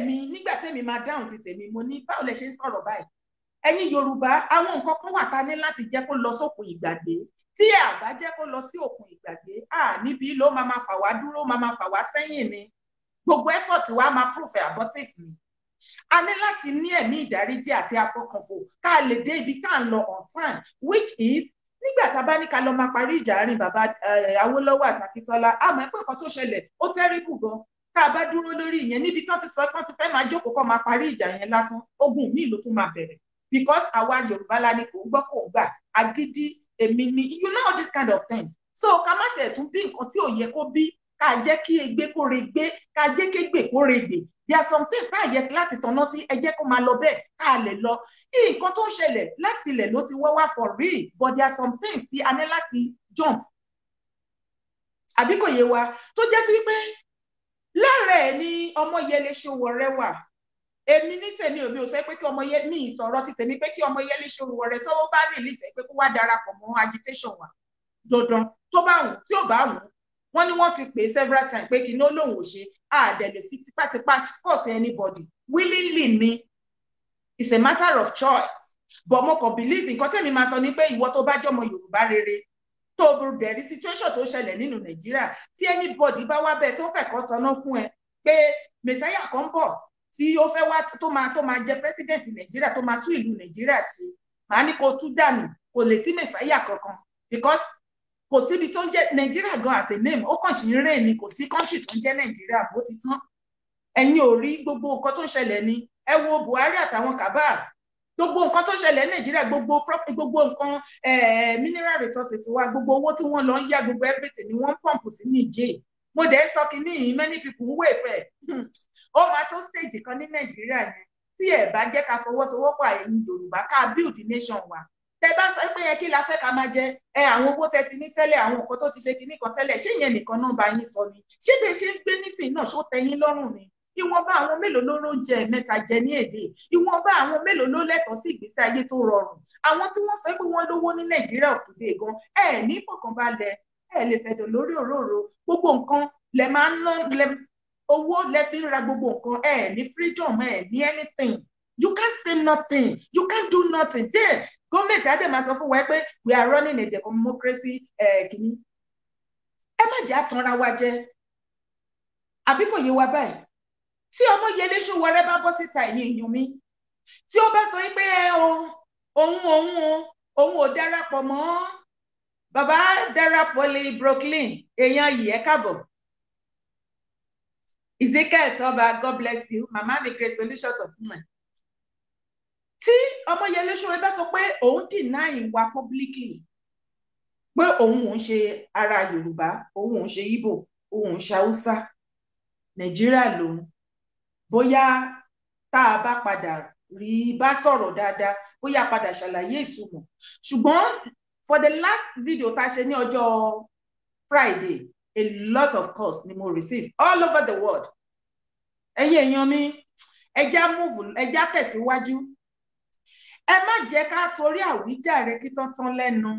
èmi nígbà tẹ́mi máa dáhùn ti tèmi mo ní báwo lẹ ṣe ń sọ̀rọ̀ báyìí ẹ̀yin yorùbá àwọn nǹkan kan wà tá a ní láti jẹ́ kó lọ sókun ìgbàgbé tí ẹ àbá jẹ́ kó lọ sí òkun ìgbàgbé à níbi ló máa ma fà wá dúró máa ma fà wá sẹ́yìn ni gbogbo effort wa máa proof abortive ni a ní láti ní ẹ̀mí ìdáríjì àti afọkànfò ká lè dé ibi tá à ń lọ on time which is nígbà tá a bá ní ká lọ máa parí ìjà àárín bàbá eh, Awólọ́wọ̀ àti Akíntọ́lá àmọ́ ẹ̀pẹ́ kan tó ṣẹlẹ̀ ó tẹ́rìbù gan tá bá dúró lórí ìyẹn níbi tó ti sọ pé wọ́n ti fẹ́ máa jókòó kó máa parí ìjà yẹn lásán ogun míì ló tún máa bẹ̀rẹ̀ because àwa yorùbá la ni kò ń gbọ́ kò gbà agídí èmi ni you know all these kind of things so ká má tiẹ̀ tún bí nǹkan tí ò yẹ kó bí ká jẹ́ kí egbe kó regbé ká jẹ́ kégbè kó regbè there are some things tá a yẹ láti tanná sí ẹ jẹ́ kó máa lọ bẹ́ẹ̀ ká a lè lọ nǹkan tó ń ṣẹlẹ̀ láti ilẹ̀ ló ti wá wá for real but there are some things tí a ní láti jump àbí kò yé wa tó jẹ́ sí wípé lẹ́rẹ̀ẹ́ ni Ọmọyẹlé Sowore wà èmi ní tèmi ò mi ò sọ pé kí ọmọ mi ìsọ̀rọ̀ ti tèmi pé kí Ọmọyẹlé Sowore tó bá rìlíìsì pé kó wá darapọ̀ mọ́ agitation wa dandan tó bá wù tí ò bá wù wọ́n ní wọ́n ti pè é several times pé kí ní ó lóun ò ṣe àdẹ̀lẹ̀ fi tipátipá force anybody willingly ni it's a matter of choice but mo kàn believe nǹkan tẹ́mi máa sọ ni pé ìwọ tó bá jọmọ Yorùbá rere tó bẹ̀rí situation tó ṣẹlẹ̀ nínú nàìjíríà tí anybody bá wá bẹ́ẹ̀ tó fẹ̀kọ́ tanná fún ẹ pé mẹsáyà kan bọ̀ tí ó fẹ́ wá tó máa tó máa jẹ president nàìjíríà tó máa tún ìlú nàìjíríà ṣe màá ní kó tú dànù kò lè sí mẹsáyà kankan because kò síbi tó ń jẹ nàìjíríà gan as a name ó kàn sí ń rè ní kò sí country tó ń jẹ nàìjíríà bó ti tán ẹ̀yin ò rí gbogbo nǹkan tó ń ṣẹlẹ̀ ni ẹ wo buhari àtàwọn kabal gbogbo nǹkan tó ṣẹlẹ̀ ní nàìjíríà gbogbo property gbogbo nǹkan eh, mineral resources wa gbogbo owó tí wọ́n lọ ń yá gbogbo everything ni wọ́n ń pọ̀mpù sí níjẹ́ mo dẹ̀ sọ kínní yìí many people ń wèfẹ̀ hmm. ó máa tó stage kan ní nàìjíríà yẹn tí ẹ̀ bá jẹ́ ká fọwọ́sowọ́pọ̀ ẹ̀yin yorùbá ká build nation wa tẹ bá sọ pé yẹn kí la fẹ́ ká máa jẹ ẹ àwọn owó tẹ ti ní tẹ́lẹ̀ àwọn nǹkan tó ti ṣe kinní kan tẹ́lẹ̀ ṣé yẹn nìkan náà bá yín sọ ni ṣé bẹ́ẹ̀ ṣe ń gbé nísìnyí náà ṣó tẹ́yín lọ́rùn ni ìwọ̀nba àwọn mélòó ló ró jẹ mẹ́ta jẹ ní èdè ìwọ̀nba àwọn mélòó ló lẹ́tọ̀ọ́ sí ìgbésí ayé tó rọrùn àwọn tí wọ́n sọ pé wọ́n lówó ní nàìjíríà òtúndé gan ẹ ní fọkànbalẹ̀ ẹ lè fẹ̀dọ̀ lórí òróró gbogbo nǹkan lẹ máa ń ná owó lẹ fi ń ra gbogbo nǹkan ẹ ní freedom ẹ ní anything you can say nothing you can do nothing there gómìnà adé máa sọ fún wa pé we are running a democracy kìíní ẹ má jẹ́ àtànra wa jẹ àbí kò yé wa báyìí tí ọmọ yẹlé ṣòwòrẹ́ bá bọ́ síta ẹ̀yìn èèyàn mi tí ó bá sọ pé òun òun òun ò darapọ̀ mọ́ bàbá darapọ̀ lè Brooklyn èèyàn yìí ẹ̀ káàbọ̀ Ezekiel Tọ́ba God bless you mama mi grace solution of women tí ọmọ yẹlé ṣòwòrẹ́ bá sọ pé òun deny wa publicly pé òun òun ṣe ara Yorùbá òun òun ṣe Ìgbò òun òun ṣe Haúsá Nàìjíríà lòun bóyá tá a bá padà rí i bá sọ̀rọ̀ dáadáa bóyá padà ṣàlàyé ìtumọ̀ ṣùgbọ́n for the last video tá a ṣe ní ọjọ́ Friday a lot of calls ni mo receive all over the world ẹ̀yin èèyàn mi ẹjá múùfù ẹjá tẹ̀síwájú ẹ má jẹ́ ká torí àwíjàre kí tán tán lẹ́nu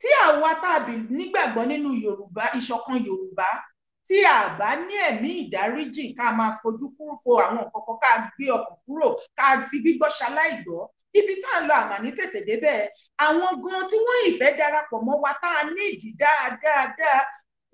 tí àwa tàbí nígbàgbọ́ nínú Yorùbá ìṣọ̀kan Yorùbá tí a bá ní ẹ̀mí ìdáríjì ká máa fojú kúrò fo àwọn nǹkan kan ká gbé ọkàn kúrò ká fi gbígbọ́ ṣaláìgbọ́ ibi tá à ń lọ àmàní tètè débẹ̀ àwọn gan tí wọ́n ìfẹ́ darapọ̀ mọ́ wa tá a nídìí dáadáa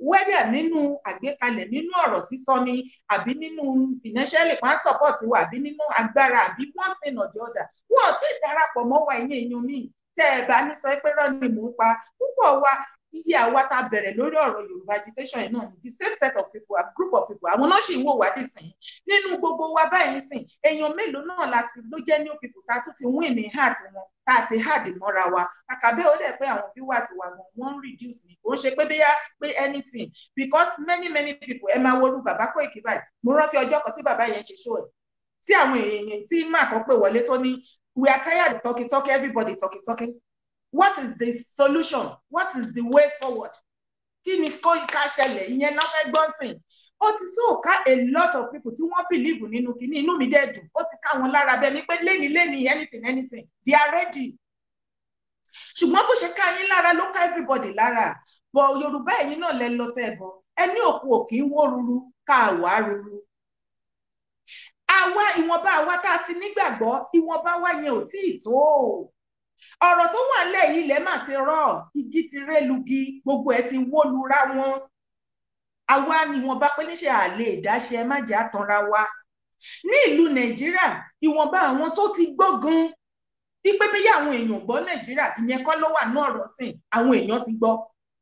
wẹ́dà nínú àgbékalẹ̀ nínú ọ̀rọ̀ sísọ ni àbí nínú financial plan support wa àbí nínú agbára àbí one thing or the other wọn ò tí ì darapọ̀ mọ́ wa ìyẹn èèyàn míì tẹ́ ẹ bá ní sọ pé rọ́ọ̀nì mò ń pa púpọ̀ wa iye àwa tá a bẹ̀rẹ̀ lórí ọ̀rọ̀ Yorùbá agitation yìí náà ni the same set of people a group of people àwọn náà sì ń wò wá dì sìn nínú gbogbo wa báyìí sìn èèyàn mélòó náà láti ló jẹ́ new people tá a tún ti win ní heart wọn tá ti hard mọ́ra wa kàkà bẹ́ẹ̀ ó dẹ̀ pé àwọn viewers wa gan wọ́n reduce ni kò ń ṣe pé bóyá pé anything because many many people ẹ máa wọlú bàbá Koiki báyìí mo rántí ọjọ́ kan tí bàbá yẹn ṣe show ẹ̀ tí àwọn èèyàn tí mark pè wọlé tó ní we are tired of talking talking everybody talking talking what is the solution what is the way forward kí ni kó ká ṣẹlẹ̀ ìyẹn náà fẹ́ gbọ́n sìn ó ti so ká a lot of people tí wọ́n believe nínú kìíní inú mi dẹ̀ dùn ó ti ká wọn lára bẹ́ẹ̀ ni pé lẹ́ni lẹ́ni anything anything they are ready ṣùgbọ́n bó ṣe ká yín lára ló ká everybody lára bọ̀ yorùbá ẹ̀yin náà lẹ lọ tẹ́ ẹ bọ ẹni òkú òkì ń wó ruru ká wàá ruru àwa ìwọ̀nba àwa tá a ti nígbàgbọ́ ìwọ̀nba wa yẹn ò tí tó o ọ̀rọ̀ tó wà nílẹ̀ yìí lẹ́ mà ti rọ̀ igi ti rélugi gbogbo ẹ̀ ti wó lura wọn àwa ni wọn bá pé níṣẹ́ àlè ìdáṣẹ́ ẹ má jẹ́ àtànra wa ní ìlú nàìjíríà ìwọ̀nba àwọn tó ti gbógun wípé bí àwọn èèyàn gbọ́ nàìjíríà ìyẹn kọ́ ló wà náà rọ̀ sìn àwọn èèyàn ti gbọ́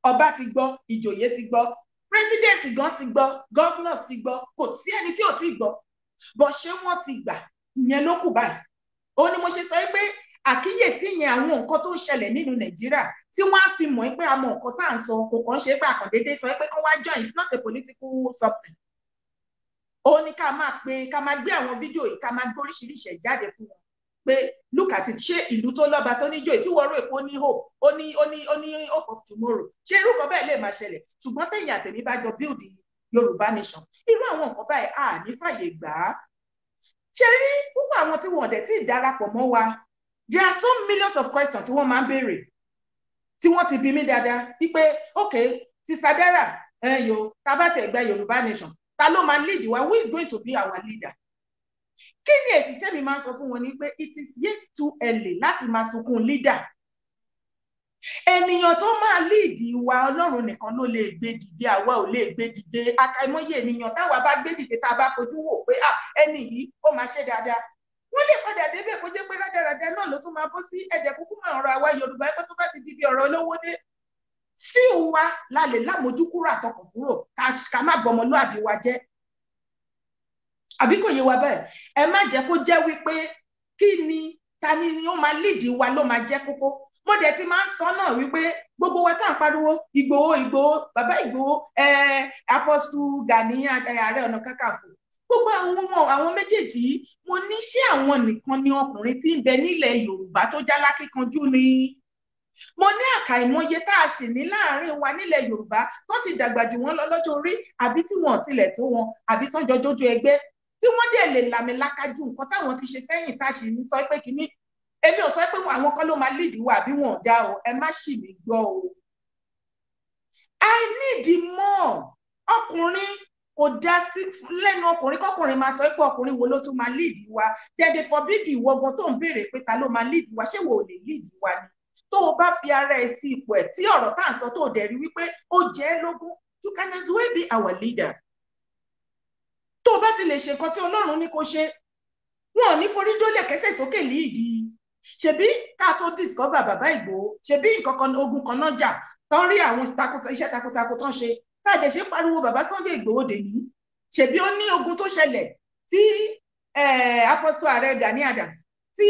ọba ti gbọ́ ìjòyè ti gbọ́ pírẹsidẹ́ǹtì gan ti gbọ́ gọ́fúnọ̀s ti gbọ́ kò sí ẹni tí ò ti gbọ́ bọ̀ ṣé wọ́n ti gbà ìyẹn ló kù báyìí ó ní mo ṣe sọ pé àkíyèsí yẹn àwọn nǹkan tó ń ṣẹlẹ̀ nínú nàìjíríà tí wọ́n á fi mọ̀ pé a mọ nǹkan tá à ń sọ kò kàn ṣe pé àkàndéédé sọ pé kán wá join it's not a political something ó ní ká máa pe ká máa gbé àwọn fídíò yìí ká máa gbé oríṣiríṣi ẹ̀ jáde fún wọn pé look at it ṣé ìlú tó lọ́ba tó níjó tí wọ́n rò pé ní hope ó ní ó ní ó ní hope of tomorrow ṣé irú kan bẹ́ẹ̀ lè máa ṣẹlẹ̀ ṣùgbọ́n tẹ̀yìn àtẹ̀mí bá jọ build yorùbá nation irú àwọn nǹkan báyìí à ní fàyè gbà á ṣe rí púpọ̀ àwọn tí wọn ò dẹ̀ tí ì darapọ̀ mọ́ wa there are so millions of questions tí wọ́n máa ń béèrè tí wọ́n ti bi mí dáadáa wípé ok sister Dara ẹyọ tabatẹ ẹgbẹ́ Yorùbá nation ta ló máa lead wa who is going to be our leader kí ni èsì tẹ́mi máa ń sọ fún wọn ni pé it is yet too early láti máa sunkún leader ènìyàn tó máa lead wa Ọlọ́run nìkan ló lè gbé dìde àwa ò lè gbé dìde àkàìmọye ènìyàn táwa bá gbé dìde tá a bá fojú wò pé ẹni yìí ó máa ṣe dáadáa wọ́n lè padà débẹ̀ kó jẹ́ pé rádaràda náà ló tún máa bọ́ sí ẹ̀dẹ̀ kúkú mọ̀ ọ̀rọ̀ àwa Yorùbá pé tó bá ti di ọ̀rọ̀ olówó dé tí ò la lè lámójúkúrò àtọkàn kúrò ká má bọmọlúàbí wa jẹ́ àbí kò yé wa bẹ́ẹ̀ ẹ má jẹ́ kó jẹ́ wípé kí ni ta ni ó máa lídìí wa ló máa jẹ́ kókó mo dẹ̀ ti máa ń sọ náà wípé gbogbo wa tá à ń pariwo Ìgbòho Ìgbòho bàbá Ìgbòho ẹ apọ́sù Gani ààrẹ ọ̀nà kakanfò gbogbo àwọn àwọn méjèèjì yìí mo ní ṣé àwọn nìkan ni ọkùnrin tí ń bẹ nílẹ̀ Yorùbá tó já lákíkanjú ni mo ní àkàìmọye tá a sì ní láàárín wa nílẹ̀ Yorùbá tó ti dàgbà jù wọ́n lọ lọ́jọ́ orí àbí tí wọ́n tilẹ̀ tó wọn àbí tán jọ jójú ẹgbẹ́ tí wọ́n dẹ̀ lè làmìlaka ju nǹkan táwọn ti ṣe sẹ́yìn tá a sì ń sọ pé kínní èmi ò sọ pé àwọn kan ló máa lídìí wa àbí wọn ò dá o ẹ má ṣì mí gbọ́ o I need more ọkùnrin kò dá sí lẹ́nu ọkùnrin kọkùnrin máa sọ pé ọkùnrin wo ló tún máa lead wa dẹ́dẹ́ fọbídì ìwọ gan tó ń béèrè pé ta ló máa lead wa ṣé wo ò lè lead wa ni tó o bá fi ara ẹ sí ipò ẹ tí ọ̀rọ̀ tá à ń sọ tó o dẹ̀ rí wípé ó jẹ́ lógún you can as well be our leader tó o bá ti lè ṣe nǹkan tí Ọlọ́run ní kó ṣe wọn ò ní forí dólẹ̀ kẹsẹ̀ sókè líìdì ṣebí ká tó discover bàbá Ìgbòho ṣebí nǹkan ogun kan náà jà tán rí àwọn iṣẹ́ takuntakun tán ṣe tá a dẹ̀ ṣe pariwo bàbá Sunday Ìgbòho dèbí ṣebí ó ní ogun tó ṣẹlẹ̀ tí apọ́sọ ààrẹ Gani Adams tí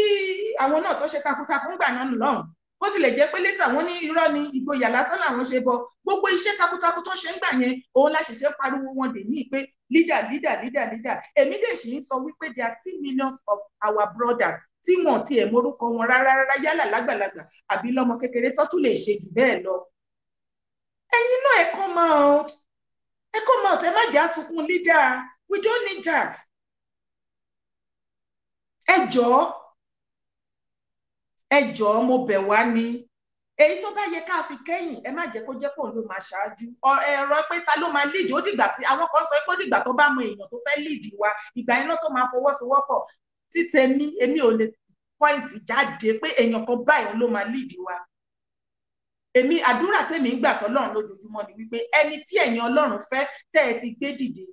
àwọn náà tó ṣe takuntakun gbà náà lọ́hùn bó tilẹ̀ jẹ́ pé létà wọn ní irọ́ ni ìgboyà lásán làwọn ṣe bọ gbogbo iṣẹ́ takuntakun tó ṣe ń gbà yẹn òun la ṣẹ̀ṣẹ̀ pariwo wọn dè ní pé leader leader leader leader èmi dè sì ń sọ wípé there are still millions of our brothers tí wọn ti ẹ̀ morúkọ wọn rárá rárá yálà lágbàlagbà àbí lọ́mọ kékeré tó tún lè ṣe jù bẹ́ẹ̀ lọ And you know ẹ come out ẹ come out ẹ má jà sunkún leader we don't need that ẹ jọ̀ọ́ ẹ jọ̀ọ́ mo bẹ̀ wá ni èyí tó bá yẹ ká fi kẹ́yìn ẹ má jẹ́ kó jẹ́ pọ̀ ló máa ṣáájú ẹ̀rọ pé ta ló máa lead ó dìgbà tí àwọn kan sọ pé ó dìgbà tó bá mọ èèyàn tó fẹ́ lead wa ìgbà yẹn lọ́tọ̀ máa fọwọ́sowọ́pọ̀ títẹ̀mí èmi ò lè pọ́ìntì jáde pé èèyàn kan báyìí ló máa lead wa èmi àdúrà tèmi ń gbà fọlọ́run lójoojúmọ́ ni wípé ẹni tí ẹ̀yin ọlọ́run fẹ́ tẹ́ ẹ ti gbé dìde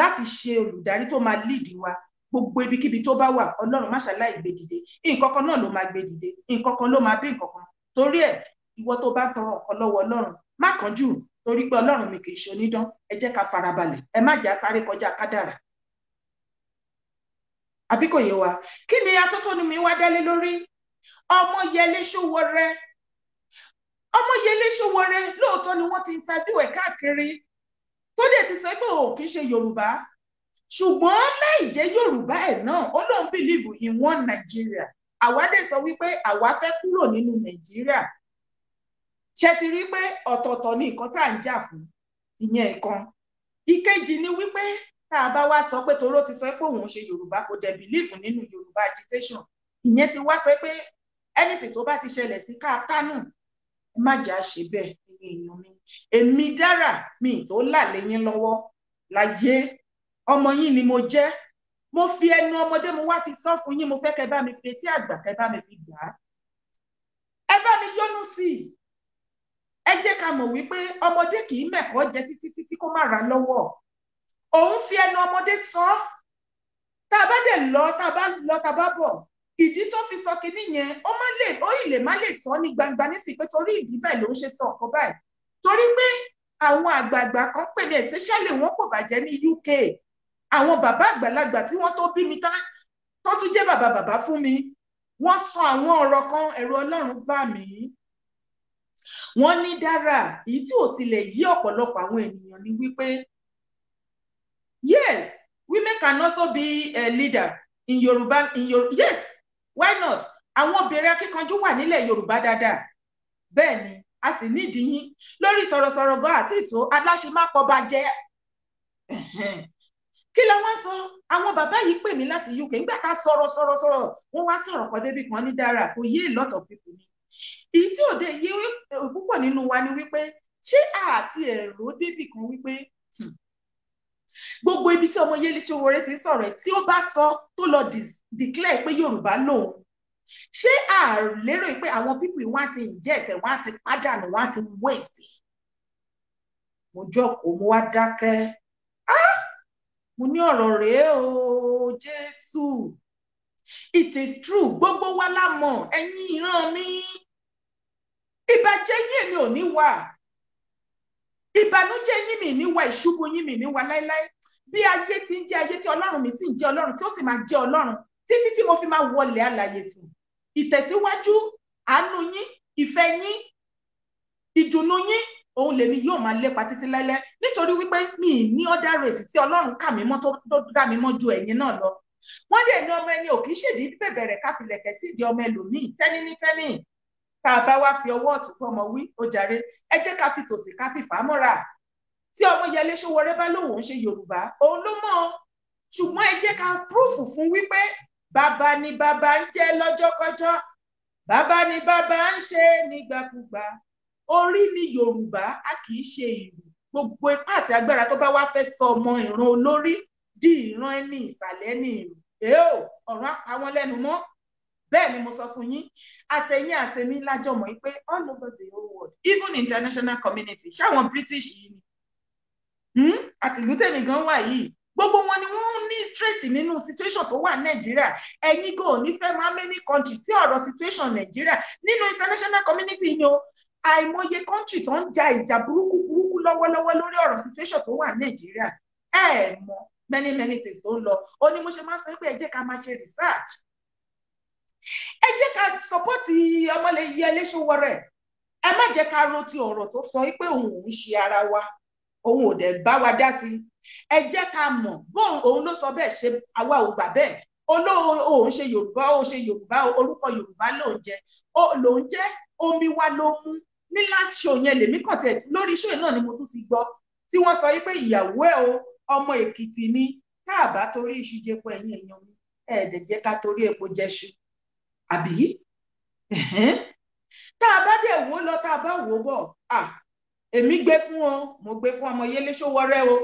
láti ṣe olùdarí tó máa lead wa gbogbo ibikíbi tó bá wà ọlọ́run má ṣàláì gbé dìde nǹkan kan náà ló máa gbé dìde nǹkan kan ló máa bí nǹkan kan torí ẹ̀ ìwọ tó bá tọrọ nǹkan lọ́wọ́ ọlọ́run má kánjú torí pé ọlọ́run mi kì ṣe onídán ẹ jẹ́ ká farabalẹ̀ ẹ má jà sáré kọjá kádàrà àbí kò wa kí ni atótónu mi wá dálé lórí ọmọ yẹlé ṣòwò rẹ Ọmọyẹlé Sowore lóòótọ́ ni wọ́n ti ń tẹ́bí ẹ̀ káàkiri tó dẹ̀ ti sọ pé òun kì í ṣe Yorùbá ṣùgbọ́n láì jẹ́ Yorùbá ẹ̀ náà ó lóun bìlíìfù in one Nigeria àwa dẹ̀ sọ wípé àwa fẹ́ kúrò nínú Nàìjíríà ṣe ti rí pé ọ̀tọ̀ọ̀tọ̀ ni nǹkan tá à ń jà fún ìyẹn ìkan ìkejì ni wípé tá a bá wá sọ pé toró ti sọ pé òun ṣe Yorùbá kò dẹ̀ bìlíìfù nínú Yorùbá agitation ìyẹn ti wá sọ pé anything tó bá ti ṣẹlẹ̀ sí ká tánù ẹ má jà ṣe bẹ́ẹ̀ ẹ̀yin èèyàn mi èmi dára mi tó là lẹ́yìn lọ́wọ́ láyé ọmọ yín ni mo jẹ́ mo fi ẹnu ọmọdé mo wá fi sọ fún yín mo fẹ́ kẹ́ bá mi fi etí àgbà kẹ́ bá mi fi gbà á ẹ bá mi yọ́nú sí i ẹ jẹ́ ká mọ̀ wípé ọmọdé kì í mẹ̀kọ́ jẹ títí títí kó má ra lọ́wọ́ òun fi ẹnu ọmọdé sọ tá a bá dẹ̀ lọ tá a bá lọ tá a bá bọ̀ ìdí tó fi sọ kinní yẹn ó má lè ó ìlè má lè sọ ní gbangba nísìnyí pé torí ìdí bẹ́ẹ̀ ló ń ṣe sọ ọ̀kan báyìí torí pé àwọn àgbààgbà kan pè mí especially wọn kò bàjẹ́ ní UK àwọn bàbá àgbàlagbà tí wọ́n tó bí mi tán tó tún jẹ́ bàbá bàbá fún mi wọ́n sọ àwọn ọ̀rọ̀ kan ẹ̀rù Ọlọ́run bá mi wọ́n ní dára èyí tí ò tilẹ̀ yí ọ̀pọ̀lọpọ̀ àwọn ènìyàn ni wípé yes women can also be a eh, leader in Yoruba in Yoruba yes why not àwọn obìnrin akíkanjú wà nílẹ̀ yorùbá dáadáa bẹ́ẹ̀ ni a sì nídìí yín lórí sọ̀rọ̀sọ̀rọ̀ gan àti ìtò aláṣẹ má pọ̀ bá jẹ́ kí ló wá sọ àwọn bàbá yìí pè mí láti UK nígbà tá a sọ̀rọ̀ sọ̀rọ̀ sọ̀rọ̀ wọ́n wá sọ̀rọ̀ kan débi kan ní dára kò yé lọ́tọ̀ pípọ̀ ni èyí tí òde yé púpọ̀ nínú wa ni wípé ṣé àti ẹ̀rọ débi kan wípé hmm, gbogbo ibi tí ọmọ Yẹmí Sowore ti ń sọ̀rọ̀ ẹ̀ tí ó bá sọ tó lọ declare pé Yorùbá lòun ṣé àlérò pé àwọn pípì wọn á ti inject wọn á ti pàdánù wọn á ti waste mo jókòó mo wá dákẹ́ ah! mo ní ọ̀rọ̀ rèé o Jésù it is true gbogbo wa la mọ̀ ẹ̀yin ìran mi ìbàjẹ́ yèmi ò ní wà ìbànújẹ́ yín mi níwà ìṣubú yín mi níwà láéláé bí ayé ti ń jẹ́ ayé tí ọlọ́run mi sì ń jẹ́ ọlọ́run tí ó sì máa jẹ́ ọlọ́run títí tí mo fi máa wọlé alààyè sùn ìtẹ̀síwájú àánú yín ìfẹ́ yín ìdùnnú yín òun lèmi yóò máa lépa títí láéláé nítorí wípé mi ní ọ̀dà rèsì tí ọlọ́run kà mí mọ́ tó dá mi mọ́ ju ẹ̀yin náà lọ wọ́n dẹ̀ ní ọmọ ẹni ò kì í ṣèdí bẹ̀bẹ̀rẹ̀ káfílẹ̀kẹ̀ sí ìdí ọmọ ẹlòmíì tẹ́ni ní tẹ́ni tá a bá wá fi ọwọ́ ọ̀tún bọ́mọ wí ó jàre ẹ jẹ́ ká fi tòsì ká fi fà á mọ́ra tí Ọmọyẹlé Sowore bá lòun ń ṣe Yorùbá òun ló mọ̀ ṣùgbọ́n ẹ jẹ́ ká púrúfù fún wípé bàbá ni bàbá ń jẹ́ lọ́jọ́kọ́jọ́ bàbá ni bàbá ń ṣe nígbàkúgbà orí ni Yorùbá a kì í ṣe ìlú gbogbo ipá àti agbára tó bá wá fẹ́ sọ ọmọ ìran olórí di ìran ẹni ìsàlẹ̀ ní ìlú èèó ọ̀rọ̀ á pa lẹ́nu mọ́ bẹ́ẹ̀ ni mo sọ fún yín àtẹ̀yìn àtẹ̀mí lájọmọ̀ pé all over the whole world even international community ṣáwọn British yìí ni hmm? àtìlú tèmi gan wà yìí gbogbo wọn ni wọn ní interest nínú situation tó wà nàìjíríà ẹ̀yin gan ò ní fẹ́ máa many country tí ọ̀rọ̀ situation nàìjíríà nínú international community ni o àìmọye country tó ń ja ìjà burúkú burúkú lọ́wọ́lọ́wọ́ lórí ọ̀rọ̀ situation tó wà nàìjíríà ẹ mọ̀ many many things tó ń lọ ó ní mo ṣe máa ń sọ pé ẹ jẹ́ ká máa ṣe research ẹ jẹ́ ká sọ́pọ́tì Ọmọyẹlé Sowore ẹ má jẹ́ ká ro ti ọ̀rọ̀ tó sọ pé òun ò ń ṣe ara wa òun ò dẹ̀ bá wa dá sí ẹ jẹ́ ká mọ̀ bóun òun ló sọ bẹ́ẹ̀ ṣe àwa ò gbà bẹ́ẹ̀ olóò òun ṣe Yorùbá ó ṣe Yorùbá orúkọ Yorùbá ló ń jẹ ló ń jẹ omi wa ló mú ní last show yẹn lèmi kàn tẹ lórí show náà ni mo tún ti gbọ́ tí wọ́n sọ pé ìyàwó ẹ̀ o ọmọ Èkìtì ni tá a bá torí iṣu jẹpo ẹ̀yìn èèyàn mi ẹ̀ẹ́dẹ̀ ká torí epo jẹ́ṣu àbí tá a bá dẹ̀ wo lọ tá a bá wò bọ̀ èmi gbé fún ọ mo gbé fún ọmọ Yẹlé Sowore o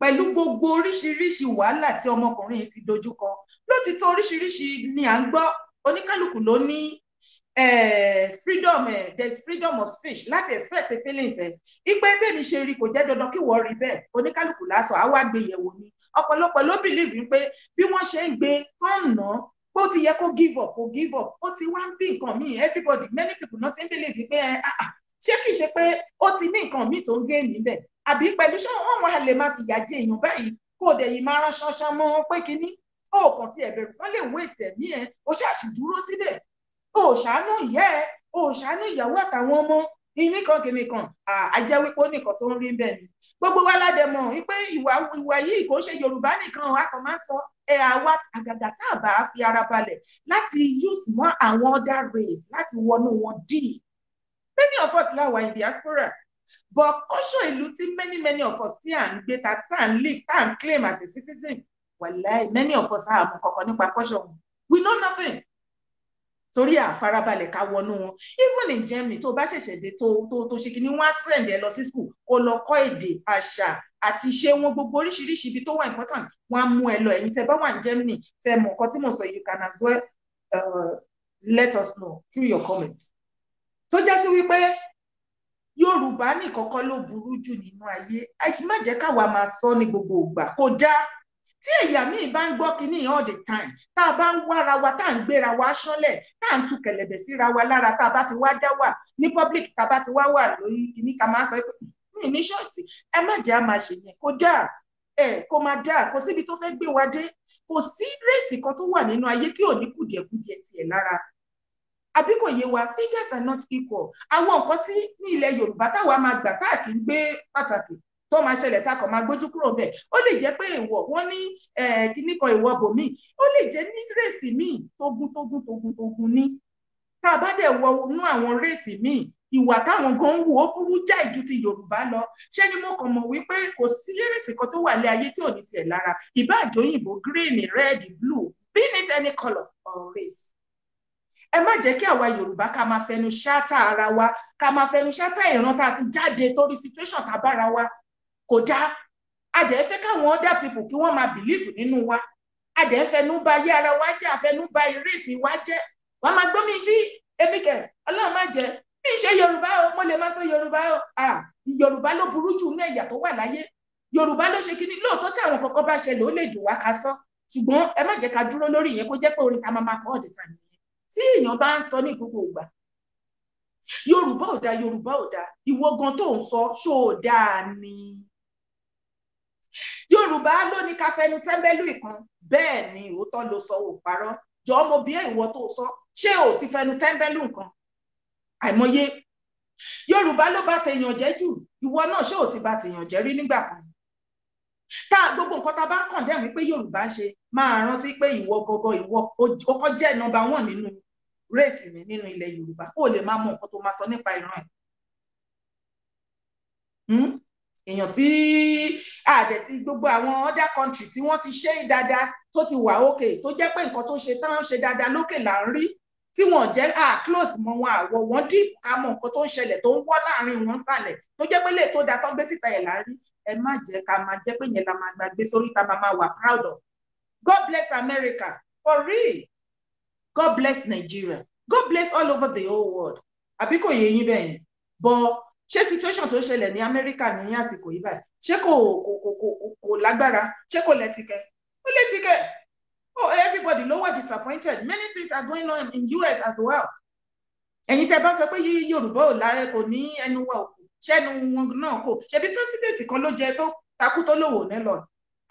pẹ̀lú gbogbo oríṣiríṣi wàhálà tí ọmọkùnrin yìí ti dojúkọ ló ti tó oríṣiríṣi ni à ń gbọ́ oníkálukú ló ní freedom eh, there freedom of speech láti express feelings ẹ ipe bẹ́ẹ̀mi ṣe rí kò jẹ́ dandan kí wọ́n rí bẹ́ẹ̀ oníkálukú lásán àwa gbé yẹ̀wò ni ọ̀pọ̀lọpọ̀ ló bìlíìfì pé bí wọ́n ṣe ń gbé tọ́nà pé ó ti yẹ kó give up kó give up ó ti wá ń bí nǹkan míì everybody many people not ti ń believe pé ah, ah, ah. ṣé kìí ṣe pé ó ti ní nǹkan míì tó ń gé níbẹ̀ àbí pẹ̀lú ṣé wọ́n wà lè máa fìyà jẹ èèyàn báyìí kó o dẹ̀ yìí máa rán ṣanṣan mọ́ pé kínní ó kàn ti ẹ̀bẹ̀rù wọ́n lè wé ìsẹ̀mí ẹ̀ o ṣáà sì dúró síbẹ̀ o ṣàánú ìyá ẹ̀ o ṣàánú ìyàwó àtàwọn ọmọ ìmí kan kìíní kan àjẹ́ wípé ó nìkan tó ń rí bẹ́ẹ̀ ni gbogbo wa ládẹ́mọ̀ wípé ìwà ìwà yìí kò ṣe Yorùbá nìkan a kàn máa ń sọ ẹ àwa àgàgà tá a bá fi ara balẹ̀ láti use mọ́ àwọn other race láti wọnú wọn dì many of us la wà in diaspora but kọ́ṣọ́ ìlú tí many many of us tí à ń gbé ta tá à ń live tá à ń claim as a citizen wàláì many of us àmọ́ kọ̀ọ̀kan nípa kọ́ṣọ́ wọn we know nothing torí àfarabalẹ̀ ká wọnú wọn even in Germany tó bá ṣẹ̀ṣẹ̀ dé tó tó tó ṣe kìíní wọ́n á send ẹ lọ sí school kó lọ kọ́ èdè àṣà àti ṣé wọn gbogbo oríṣiríṣi ibi tó wà important wọn á mú ẹ lọ ẹ̀yin tẹ bá wà ní Germany tẹ mọ̀ nǹkan tí mo sọ you can as well uh, let us know through your comments tó jẹ́ sí wípé Yorùbá nìkọ́kọ́ ló burú jù nínú ayé má jẹ́ káwa máa sọ ní gbogbo ìgbà kó dáa tí ẹ̀yà míì bá ń gbọ́ kínní all the time tá a bá ń wára wa tá à ń gbéra wa aṣọ́lẹ̀ tá à ń tu kẹ̀lẹ̀bẹ̀ síra wa lára tá a bá ti wá dá wà ní public tá a bá ti wá wà lórí kínní ká máa sọ pé hmm, mi ní ṣọ́ọ̀ṣì ẹ má jẹ́ a máa ṣe yẹn kó dáa ẹ kó máa dáa kó síbi tó fẹ́ gbé wa dé kò sí rèsì kan tó wà nínú ayé tí ò ní kùdìẹ̀kùdìẹ̀ tiẹ̀ lára àbí kò yé wa fingers are not equal àwọn nǹkan tí ní ilẹ̀ Yorùbá táwa máa gbà táà gbé pàtàkì tó máa ṣẹlẹ̀ tá kàn máa gbójú kúrò bẹ̀ ó lè jẹ́ pé èèwọ̀ wọ́n ní kíní kan èèwọ̀ bòmíì ó lè jẹ́ ní rèsì míì tógun tógun tógun tógun ní tá a bá dẹ̀ wọ inú àwọn rèsì míì ìwà táwọn gan ń wù ó burú jáì ju ti yorùbá lọ ṣé ni mo kàn mọ̀ wípé kò sí rèsì kan tó wà lé ayé tí ò ní tiẹ̀ lára ìbáàjọ òyìnbó green red blue be it any colour or race ẹ má jẹ́ kí àwa yorùbá ká máa fẹnu ṣáátà ara wa ká máa fẹnu ṣáátà ìran tá a ti jáde torí situation tá a bára wa kò dáa adẹ̀ẹ́fẹ́ káwọn other people kí wọ́n máa believe nínú wa adẹ̀ẹ́fẹ́nú ba yé ara wa jẹ́ àfẹnú ba ìrèsì wa jẹ́ wàá máa gbọ́ mi sí èmi kẹ̀ ọlọ́run má jẹ́ mi ṣe yorùbá o mo lè má sọ yorùbá o ah yorùbá ló burú jù ní ẹ̀yà tó wà láyé yorùbá ló ṣe kíní lóòótọ́ tí àwọn kọ̀ọ̀kan bá ṣẹlẹ̀ ó lè dùn wá ká sọ ṣùgbọ́n ẹ má jẹ́ ká dúró lórí ìyẹn kó jẹ́ pé orin ta máa máa kọ́ ọ̀dẹ̀ta nìyẹn tí èèyàn bá ń sọ ní gbogbo ìgbà yorùbá ò dáa yorùbá ò dáa ìwọ gan tó ń sọ ṣó o dáa ni yorùbá ló ní ká fẹnu tẹ́ńbẹ́lú ìkan bẹ́ẹ̀ ni òótọ́ ló sọ ò parọ́ jọ ọmọ bí ìwọ tó sọ ṣé ò ti fẹnu tẹ́ńbẹ́lú nǹkan àìmọye yorùbá ló bá tèèyàn jẹ́ jù ìwọ náà ṣé ò ti bá tèèyàn jẹ́ rí nígbà kan tá gbogbo nǹkan tá a bá ń kàn dẹ́mi pé yorùbá ń ṣe máa rántí pé ìwọ gọgọ ìwọ ó kọ́ jẹ́ nọ́mbà wọn nínú rẹ́ẹ̀sì ní nínú ilẹ̀ yorùbá kó o lè máa mọ nǹkan tó máa sọ nípa ìran ẹ̀ hmm? èèyàn tí àdẹ̀ ti gbogbo àwọn other country tí wọ́n ti ṣe dáadáa tó ti wà òkè tó jẹ́ pé nǹkan tó ṣe tán ṣe dáadáa lókè là ń rí tí wọ́n jẹ́ à close mọ́ wọn àwọ̀ wọn dì ká mọ nǹkan tó ń ṣẹlẹ̀ tó ń wọ́ láàrin wọn sàlẹ̀ tó jẹ́ pé lè tó da tó gbé síta yẹn là ń rí ẹ má jẹ́ ká máa jẹ́ pé yẹn la máa gbàgbé sórí ta máa máa wà proud of God bless America for real God bless Nigeria God bless all over the whole world àbí kò yẹ yín bẹ́ẹ̀ yẹn but ṣé situation tó ṣẹlẹ̀ ní Amẹ́ríkà ní àsìkò yìí báyìí ṣé kò kò kò kò kò lágbára ṣé kò lẹ́tìkẹ́ ó lẹ́tìkẹ́ oh everybody ló wà disappointed many things are going on in US as well ẹ̀yin tẹ́ bá sọ pé yí Yorùbá ò láyé kò ní ẹnu wa ò kù ṣẹ́nu wọn náà kò ṣebí president kan ló jẹ tó takú tó lòwò ní lọ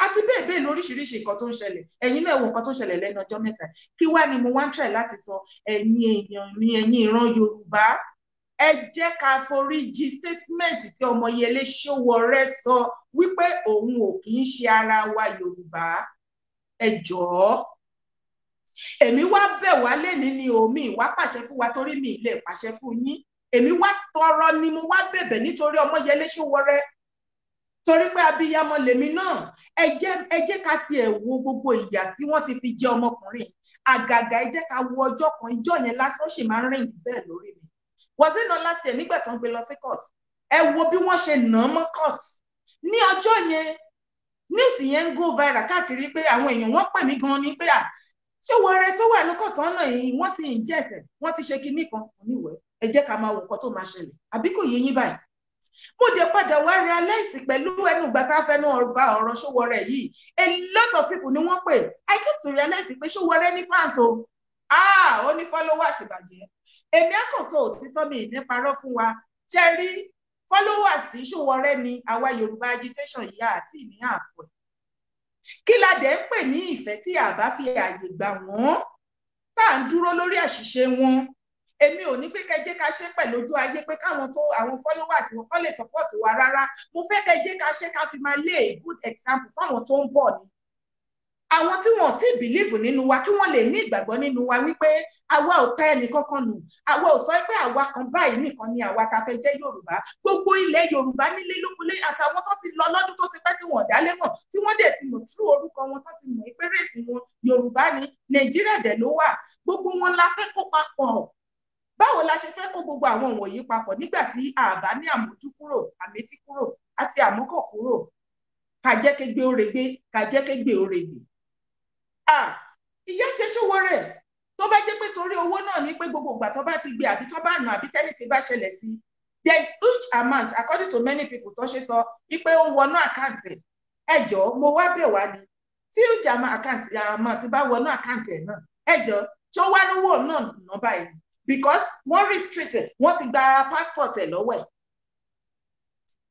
àti bẹ́ẹ̀ bẹ́ẹ̀ lóríṣiríṣi nǹkan tó ń ṣẹlẹ̀ ẹ̀yin náà wo nǹkan tó ń ṣẹlẹ̀ lẹ́nu ọjọ́ mẹ́ta kí wá ni mo wá ń tẹ̀ láti sọ ẹ̀yin èèyàn mi ẹ̀yin ìran Yorùbá ẹ jẹ́ ká foríjì statement tí Ọmọyẹlé Sowore sọ wípé òun ò kì í ṣe ara wa Yorùbá ẹ jọ̀ọ́ èmi wá bẹ̀ wá lẹ́ni ni omi ìwá pàṣẹ fún wa torí mi ilé pàṣẹ fún yín èmi wá tọrọ ni mo wá bẹ̀bẹ̀ nítorí Ọmọyẹlé Sowore torí pé abiyamọ lèmi náà ẹ jẹ́ ẹ jẹ́ ká tiẹ̀ wo gbogbo ìyà tí wọ́n ti fi jẹ ọmọkùnrin àgàgà ẹ jẹ́ ká wo ọjọ́ kan ìjọ́ yẹn lásán ṣì máa ń rìn bẹ́ẹ̀ lórí mi was it not last year nígbà tó ń gbé lọ sí court ẹ wo bí wọ́n ṣe nà án mọ́ court ní ọjọ́ yẹn níìsì yẹn ń go viral káàkiri pé àwọn èèyàn wọ́n pè mí gan ni ní pé à ṣé wọrẹ tó wà ní kọ̀tán náà yìí wọ́n ti yìn jẹ́ ẹ̀fẹ̀ ti ṣe kinní kan oníwẹ̀ ẹ jẹ́ ká máa wò nǹkan tó máa ṣẹlẹ̀ àbí kò yé yín báyìí mo dé padà wá realize pẹ̀lú ẹnu ìgbà tá a fẹ́ náà ọ̀rọ̀ ṣówọrẹ yìí a lot of people ni wọ́n pè i came to realize pé ṣówọrẹ ní fans o ah ó ní followers ìbàjẹ́ èmi á kàn sọ òtítọ́ mi ní parọ́ fún wa ṣe rí followers tí Ṣòwòrẹ́ ni àwa Yorùbá agitation yìí àti ní àpọ̀ kí la dẹ̀ ń pè ní ìfẹ́ tí àbá fi ààyè gbà wọ́n tá à ń dúró lórí àṣìṣe wọn èmi ò ní pé kẹjẹ ká ṣe pẹ̀lú ojú ayé pé káwọn tó àwọn followers wọn kọ́ lè support wa rárá mo fẹ́ kẹjẹ ká ṣe ká fi máa lé a good example fáwọn tó ń bọ̀ ni àwọn tí wọn ti bìlíìfù nínú wa kí wọn lè ní ìgbàgbọ́ nínú wa wípé àwa ò tẹ ẹnìkankan nù àwa ò sọ pé àwa kan báyìí nìkan ni àwa ta fẹ́ jẹ́ yorùbá gbogbo ilẹ̀ yorùbá nílé lókunlé àtàwọn tó ti lọ lọ́dún tó ti pẹ́ tí wọn ò dálé mọ̀ tí wọ́n dẹ̀ ti mọ̀ tú orúkọ wọn tó ti mọ̀ ìpérèsì wọn yorùbá ni nàìjíríà dẹ̀ ló wà gbogbo wọn la fẹ́ kó papọ̀ báwo la ṣe fẹ́ kó gbogbo àwọn wọ̀nyí papọ̀ nígbà tí àbá ní àmójú kúrò àmétí kúrò àti àmúkọ̀ kúrò kàjẹ́kẹ́gbé òrègbè kàjẹ́kẹ́gbé òrègbè ìyá Àkẹ́sọ̀wọ́rẹ̀ tó bá jẹ́ pé torí owó náà ní pé gbogbo ìgbà tó bá ti gbé àbí tó bá nà àbí tẹ́lẹ̀ tí bá ṣẹlẹ̀ sí there is huge amount according to many people tó ṣe sọ wípé ó wọnú àkáǹtì ẹ jọ mo wá bẹ̀ wá ni tí huge amount ti bá wọnú àkáǹtì ẹ̀ náà ẹ jọ tó wá lówó náà nà báyìí because wọ́n restrict ẹ̀ wọ́n ti gba passport ẹ̀ lọ́wọ́ ẹ̀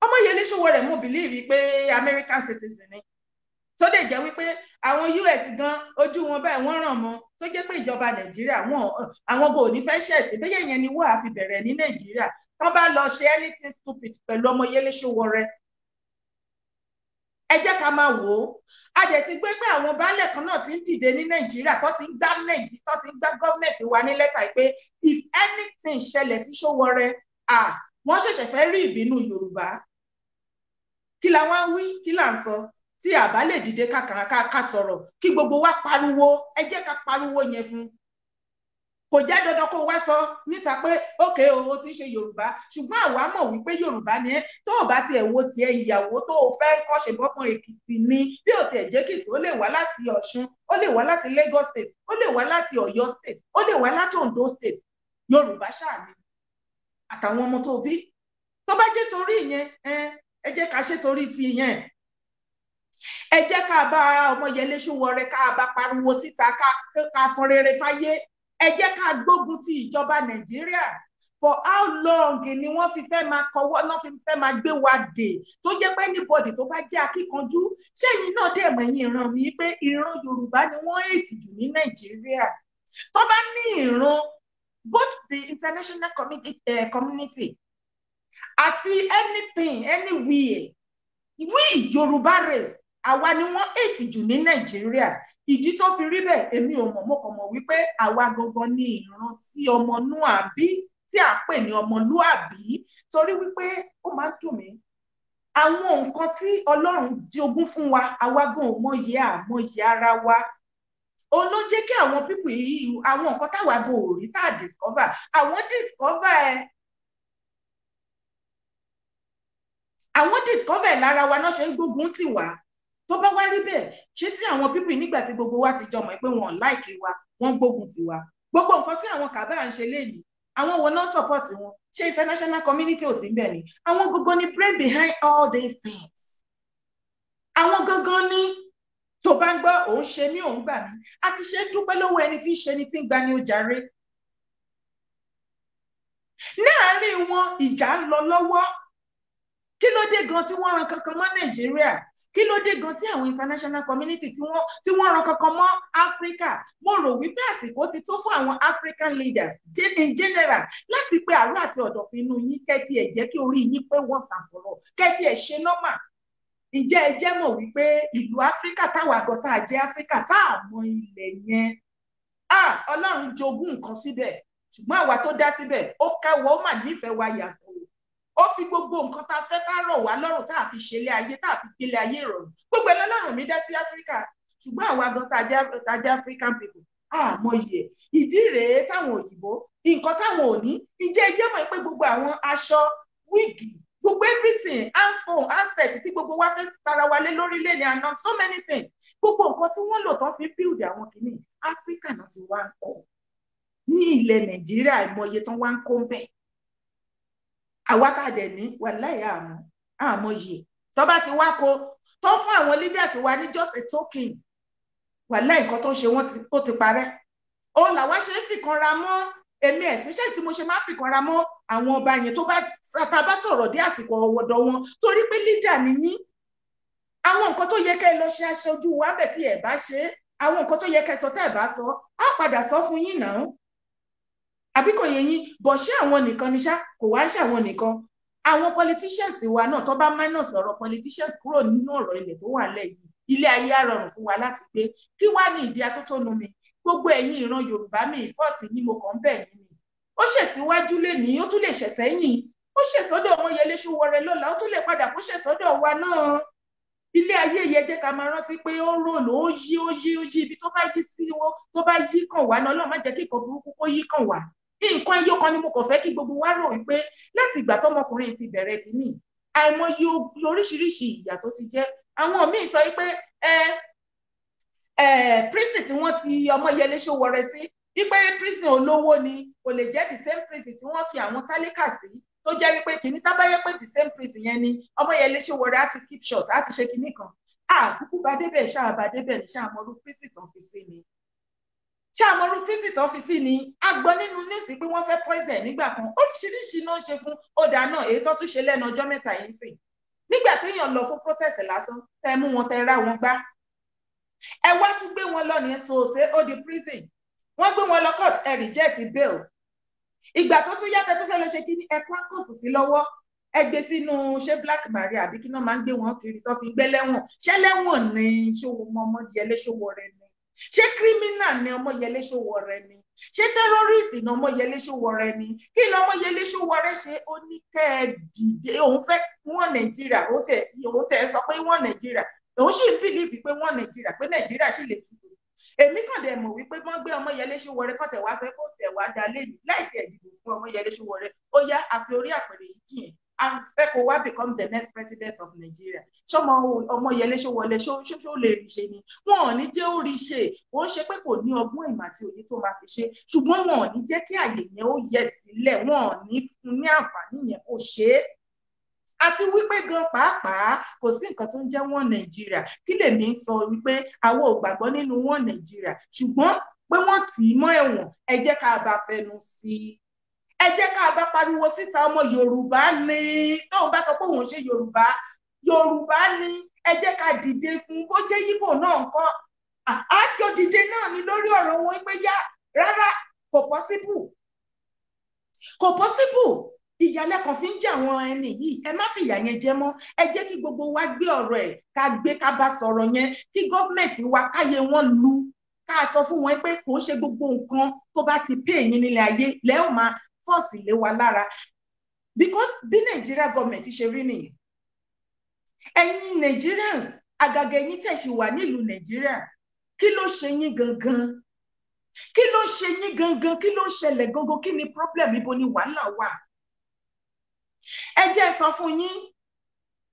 Ọmọyẹlé Sowore mo believe pé American citizen ni tó lè jẹ́ wípé àwọn US gan ojú wọn báyìí wọ́n ràn mọ́ tó jẹ́ pé ìjọba Nàìjíríà wọn àwọn kò ní fẹ́ ṣẹ̀sìn bẹ́ẹ̀ yẹn ni wọ́n á fi bẹ̀rẹ̀ ní Nàìjíríà wọ́n bá lọ ṣe anything stupid pẹ̀lú ọmọ Yẹlé Sowore ẹ jẹ́ ká máa wò ó a dẹ̀ ti gbé pé àwọn baálẹ̀ kan náà ti ń dìde ní nàìjíríà tó ti ń gbá nàìjíríà tó ti ń gbá gọ́ọ̀mẹ̀ntì wa ní lẹ́tà pé if anything ṣẹlẹ̀ sí Sowore à wọ́n ṣẹ̀ṣẹ̀ fẹ́ rí ìbínú yorùbá kí la wá ń wí kí là ń sọ tí a bá lè dìde kàkàkà sọ̀rọ̀ kí gbogbo wa pariwo ẹ jẹ́ ká pariwo yẹn fún kò jẹ́ dandan kó wá sọ níta pé ókè o ti ṣe yorùbá ṣùgbọ́n àwa mọ̀ wípé yorùbá ni ẹ́ tó o bá tiẹ̀ wo tiẹ̀ ìyàwó tó o fẹ́ kọ́ ṣe bọ́pọ̀ èkìtì ni bí o tiẹ̀ jẹ́kìtì ó lè wá láti ọ̀ṣun ó lè wá láti lagos state ó lè wá láti ọ̀yọ́ state ó lè wá láti ondo state yorùbá ṣáà ni àtàwọn ọmọ tó bí tó bá jẹ́ torí ìyẹn ẹ jẹ́ ká ṣe torí ti ìyẹn ẹ jẹ́ ká bá Ọmọyẹlé Sowore ká bá pariwo síta ká fọn rere fáyé ẹ jẹ́ ká gbógun ti ìjọba Nàìjíríà for how long ni wọ́n fi fẹ́ máa kọwọ́ náà fi fẹ́ máa gbé wa dè tó jẹ́ pé anybody tó bá jẹ́ akíkanjú ṣẹ́yìn náà dẹ̀ mọ̀ ẹ̀yìn ìran mi pé ìran Yorùbá ni wọ́n ètì jù ní Nàìjíríà tó bá ní ìran both the international community eh, àti anything anywhere we Yorùbá race àwa ni wọ́n èkì jù ní nàìjíríà ìdí tó fi rí bẹ́ẹ̀ èmi ò mọ̀ mo kàn mọ̀ wípé àwa gangan ni ìran tí ọmọ núà bí tí à ń pè ní ọmọlúàbí torí wípé ó máa ń dùn mí àwọn nǹkan tí ọlọ́run jogún fún wa àwa gan ò mọyì àmọyì ara wa òun ló jẹ́ kí àwọn pípù yìí àwọn nǹkan táwa gan ò rí tá a discover àwọn discover ẹ àwọn discover lára wa náà ṣe ń gbógun tì wá tó bá wá rí bẹ́ẹ̀ ṣé tí àwọn pípì nígbà tí gbogbo wa ti jọmọ̀ pé wọ́n láìkí wa wọ́n gbógun ti wa gbogbo nǹkan tí àwọn kàbá à ń ṣe léyìí àwọn wo náà support wọn ṣé international community ò sí ń bẹ̀ ni àwọn gbogbo ni brain behind all these things àwọn gangan ni tó bá ń gbọ́ òun ṣe mí òun gbà mí a ti ṣe dúpẹ́ lọ́wọ́ ẹni tí ń ṣe ni tí ń gba ni ó jàre láàárín wọn ìjà ń lọ lọ́wọ́ kí ló dé gan tí wọ́n ran kankan mọ́ nàìjíríà kí ló dé gan tí àwọn international community tí wọ́n tí wọ́n ran kankan mọ́ Africa mo rò wípé àsìkò ti tó fún àwọn African leaders in general láti pe àrò àti ọ̀dọ̀fin inú yín kẹ́tì ẹ̀ jẹ́ kí orí yín pé wọ́n sàkọ̀rọ̀ kẹ́tì ẹ̀ ṣe normal ìjẹ́ ẹ jẹ́ mọ̀ wípé ìlú Áfíríkà táwa àgọ́ tá a jẹ́ Áfíríkà tá a mọ ilẹ̀ yẹn Ọlọ́run jogún nǹkan síbẹ̀ ṣùgbọ́n àwa tó dá síbẹ̀ ó káwọ́ ó mà nífẹ̀ẹ́ wa yàtọ̀ ó fi gbogbo nǹkan tá a fẹ́ tá a rọ̀ wá lọ́rùn tá a fi ṣẹlẹ̀ ayé tá a fi gbélé ayé ìrọ̀rùn gbogbo ẹ̀ lọ́lọ́run mi dá sí áfíríkà ṣùgbọ́n àwa gan tá a jẹ́ african people àmọye ẹ̀ ìdí rèé táwọn òyìnbó nǹkan táwọn ò ní ìjẹ́ ìjẹ́ mọ̀ pé gbogbo àwọn aṣọ wíìgì gbogbo everything handphone handset tí gbogbo wa fẹ́ tara wa lé lórílẹ̀ ní and so many things gbogbo nǹkan tí wọ́n lò tán fi build àwọn kìíní áfíríkà náà ti wá ń kọ́ ní ilẹ̀ nàìjíríà ìmọye tán wá ń kó ń àwa tá a dẹ̀ ní wàláì àmọ́ àmọ́ yìí tó bá ti wá ko tó fún àwọn leaders wa ní just a token wàláì nǹkan tó ń ṣe wọ́n ó ti parẹ́ òun làwa ṣe ń fìkanra mọ́ èmi ẹ̀sìn ṣé tí mo ṣe máa ń fìkanra mọ́ àwọn ọba yẹn tó bá ta bá sọ̀rọ̀ dé àsìkò ọ̀wọ̀dọ̀ wọn torí pé leader ni yín àwọn nǹkan tó yẹ kẹ́ ẹ lọ ṣe aṣojú wa bẹ̀ tí ẹ̀ bá ṣe àwọn nǹkan tó yẹ kẹ́ ẹ sọ tẹ́ ẹ bá sọ á padà sọ fún yín náà àbí kò yẹ yín bọ̀ ṣé àwọn nìkan ni ṣá kò wá ṣe àwọn nìkan àwọn politicians wa náà tó bá minus ọ̀rọ̀ politicians kúrò nínú ọ̀rọ̀ ilẹ̀ tó wà lẹ̀ yìí ilé ayé á rọrùn fún wa láti gbé kí wá ní ìdí atótónu mi gbogbo ẹ̀yin ìran yorùbá mi ìfọ́ọ̀sì ni mo kàn ń bẹ̀ yín ni ó ṣèṣíwájú lè ní ó tún lè ṣẹ̀sẹ́yìn ó ṣèṣọ́dọ̀ Ọmọyẹlé Sowore lọ́la ó tún lè padà kó ṣèṣọ́dọ̀ wa náà ilé ayé yẹ jẹ́ ká máa rántí pé ó ròlò ó yí ó yí ó yí ibi tó bá yí sí wo tó bá yí kàn wá náà ọlọ́run má jẹ́ kí burúkú kó yí kàn wá nǹkan ẹyọ kan ni mo kàn fẹ́ kí gbogbo wa rò wípé láti ìgbà tọmọkùnrin ti bẹ̀rẹ̀ kínní àìmọye oríṣiríṣi ìyà tó ti jẹ àwọn míì sọ wípé ẹ ẹ prison tí wọ́n ti ọmọ yẹlé ṣòwòrẹ sí wípé prison olówó ni kò lè jẹ́ the same prison tí wọ́n fi àwọn tálákà sí tó jẹ́ wípé kìíní tá bá yẹ pé the same prison yẹn ni ọmọ yẹlé ṣòwòrẹ á ti keep short á ti ṣe kìíní kan àkúkú bá débẹ̀ ṣáà bá débẹ̀ ní ṣáà mọ́rú prison tó fi sí ni ṣé àmọ́rú kristi tó fi sí ni a gbọ́ nínú níìsì pé wọ́n fẹ́ poison nígbà kan oríṣiríṣi ló ń ṣe fún ọ̀dà náà èyí tó tún ṣe lẹ́nu ọjọ́ mẹ́ta yìí sìn nígbà téèyàn lọ fún protest lásán tẹ mú wọn tẹ ra wọn gbá ẹ wá tún gbé wọn lọ ní sòsè ó prison wọ́n gbé wọn lọ court ẹ reject bail ìgbà tó tún yá tẹ́tún fẹ́ lọ ṣe kíní ẹ̀kọ́ àkókò sí lọ́wọ́ ẹ gbé sínú ṣé black maria àbí kí náà máa ń gbé wọn kiri tó fi gbé lẹ́wọ̀n ṣé lẹ́wọ̀n ni ṣòwò mọ́mọ́díẹ ṣé criminal ni Ọmọyẹlé Sowore ni ṣé tẹrọrìsì ni Ọmọyẹlé Sowore ni kí ni Ọmọyẹlé Sowore ṣe ó ní kẹ́ ẹ dìde òun fẹ́ wọn Nàìjíríà òun tẹ ẹ sọ pé wọn Nàìjíríà òun sì ń bìlífì pé wọn Nàìjíríà pé Nàìjíríà sì lè tutù èmi kàn dẹ̀ mọ̀ wípé wọ́n gbé Ọmọyẹlé Sowore kọ́tẹ̀ wá sẹ́kọ̀ọ́ tẹ̀ wá dalé mi láì tiẹ̀ fún Ọmọyẹlé Sowore ó yá àfi orí àpẹẹrẹ yìí jìn a fẹ́ kó become the next president of Nigeria ṣọmọ Ọmọyẹlé Ṣówọlé ṣó lè rí ṣe ni wọn ò ní jẹ́ ó rí ṣe wọ́n ṣe pé kò ní ọgbọ́n ìmọ̀ àti òye tó máa fi ṣe ṣùgbọ́n wọn ò ní jẹ́ kí àyè yẹn ó yẹ sílẹ̀ wọn ò ní fún ní àǹfààní yẹn kó ṣe é àti wípé gan pàápàá kò sí nǹkan tó ń jẹ́ wọn Nàìjíríà kí lèmi ń sọ wípé àwọn ò gbàgbọ́ nínú wọn Nàìjíríà ṣùgbọ́n pé wọ́n tì í mọ́ ẹ̀wọ̀n ẹ jẹ́ ká bá fẹnu sí i ẹ jẹ́ ká bá pariwo síta ọmọ yorùbá ni tóun bá sọ pé òun ṣe yorùbá yorùbá ni ẹ jẹ́ ká dìde fún bó jẹ́ yíbò náà nǹkan àjọ dìde náà ni lórí ọ̀rọ̀ wọn pé yá rárá kò pọ́síbù kò pọ́síbù ìyálẹ̀ kan fi ń jẹ àwọn ẹni yìí ẹ má fìyà yẹn jẹ mọ́ ẹ jẹ́ kí gbogbo wa gbé ọ̀rọ̀ ẹ̀ ká gbé ká bá sọ̀rọ̀ yẹn kí gọ́fìmẹ̀ntì wa káyé wọn lu ká sọ fún wọn pé kò ń ṣe gbogbo nǹkan tó bá ti pè yín nílẹ̀ ayé lẹ́hùn máa force lé wa lára because bí Nigeria government ṣe rí nìyẹn ẹ̀yin Nigerians àgàgà ẹ̀yin tẹ̀sí wà nílùú Nigeria kí ló ṣe yín gangan kí ló ṣe yín gangan kí ló ṣẹlẹ̀ gangan kí ni problem ibo ni wàhálà wà ẹ jẹ́ sọ fún yín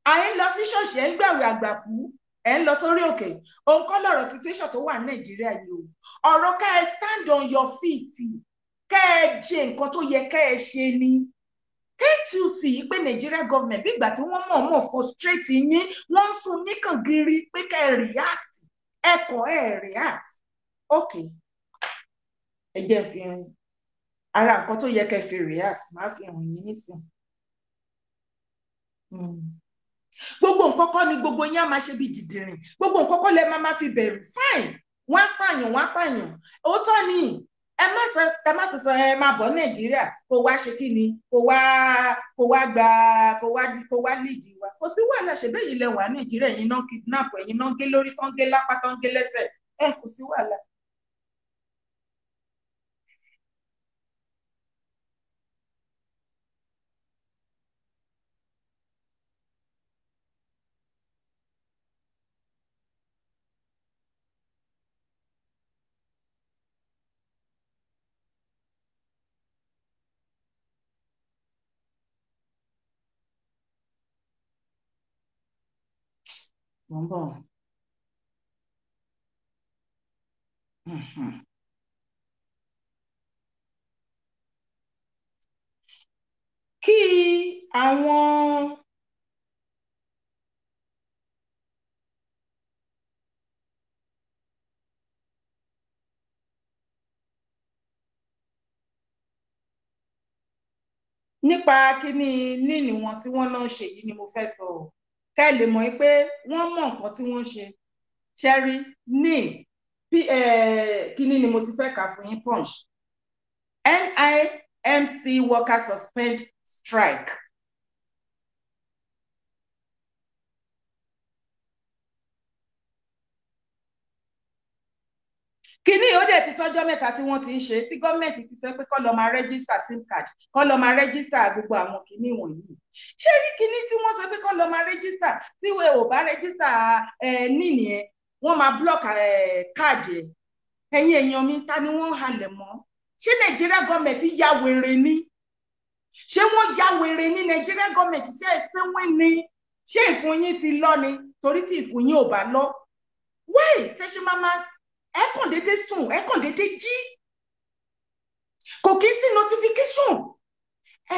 à ń lọ sí ṣọ́ọ̀ṣì ẹ̀ ń gbàwẹ̀ àgbàkú ẹ̀ ń lọ sórí òkè òun kọ́ lọ̀rọ̀ situation tó wà ní Nàìjíríà yìí o ọ̀rọ̀ ká ẹ stand on your feet kẹ́ ẹ ṣe nǹkan tó yẹ kẹ́ ẹ ṣe ni can't you see pé Nigeria government bí ìgbà tí wọ́n mọ̀ mọ̀ frustrate yín wọ́n ń sun yín kàn pé kẹ́ ẹ react ẹ kọ̀ ẹ react ok ẹ jẹ́ fi hàn ara nǹkan tó yẹ kẹ́ ẹ fi react máa fi hàn yín nísìn hmm. gbogbo nǹkan kọ́ ni gbogbo yín á máa ṣe bí dìdìrìn gbogbo nǹkan kọ́ lẹ máa máa fi bẹ̀rù fine wọ́n á pààyàn wọ́n á pààyàn òótọ́ nìyí ẹ má sọ ẹ má sọ ẹ má bọ̀ nàìjíríà kó wá ṣe kí ni kó wá kó wá gba kó wá kó wá lídìí wa kò sí wàhálà ṣèbẹ́ yìí lẹ nàìjíríà ẹ̀yin náà kidnap ẹ̀yin náà gé lórí tán gé lápá tán gé lẹ́sẹ̀ ẹ kò sí wàhálà mò ń bọ̀. Mm-hmm. kí àwọn nípa kíní níní wọn tí wọ́n náà ṣe yìí ni mo fẹ́ sọ ọ́ kẹ́ ẹ lè mọ̀ pé wọ́n mọ̀ nǹkan tí wọ́n ń ṣe cherry neem kíní ni mo ti fẹ́ kà fún yín punch NIMC worker suspend strike kínní ó dẹ̀ ti tọ́jọ́ mẹ́ta tí wọ́n ti ń ṣe tí gọ́ọ̀mẹ̀ntì ti sọ pé kọ́ lọ́ọ́ máa rẹ́gísítà sim card kọ́ lọ́ọ́ máa rẹ́gísítà gbogbo àwọn kínní wọ̀nyí ṣé rí kínní tí wọ́n sọ pé kọ́ lọ́ọ́ máa rẹ́gísítà tí wọ́n ò bá rẹ́gísítà níní ẹ̀ wọ́n máa block káàdì ẹ̀ ẹ̀yin èèyàn mi ta ni wọ́n halẹ̀ mọ́ ṣé nàìjíríà gọ́ọ̀mẹ̀ntì ya wèrè ni ṣé wọ́n ya wèrè ní nàìjíríà gọ́ọ̀mẹ̀ntì ni ṣé ìfun yín ti lọ ni torí tí ìfun yín ò bá lọ wẹ́ẹ̀ tẹ́ṣí máa ẹ kàn déédé sùn ẹ kàn déédé jí kò kí sí notification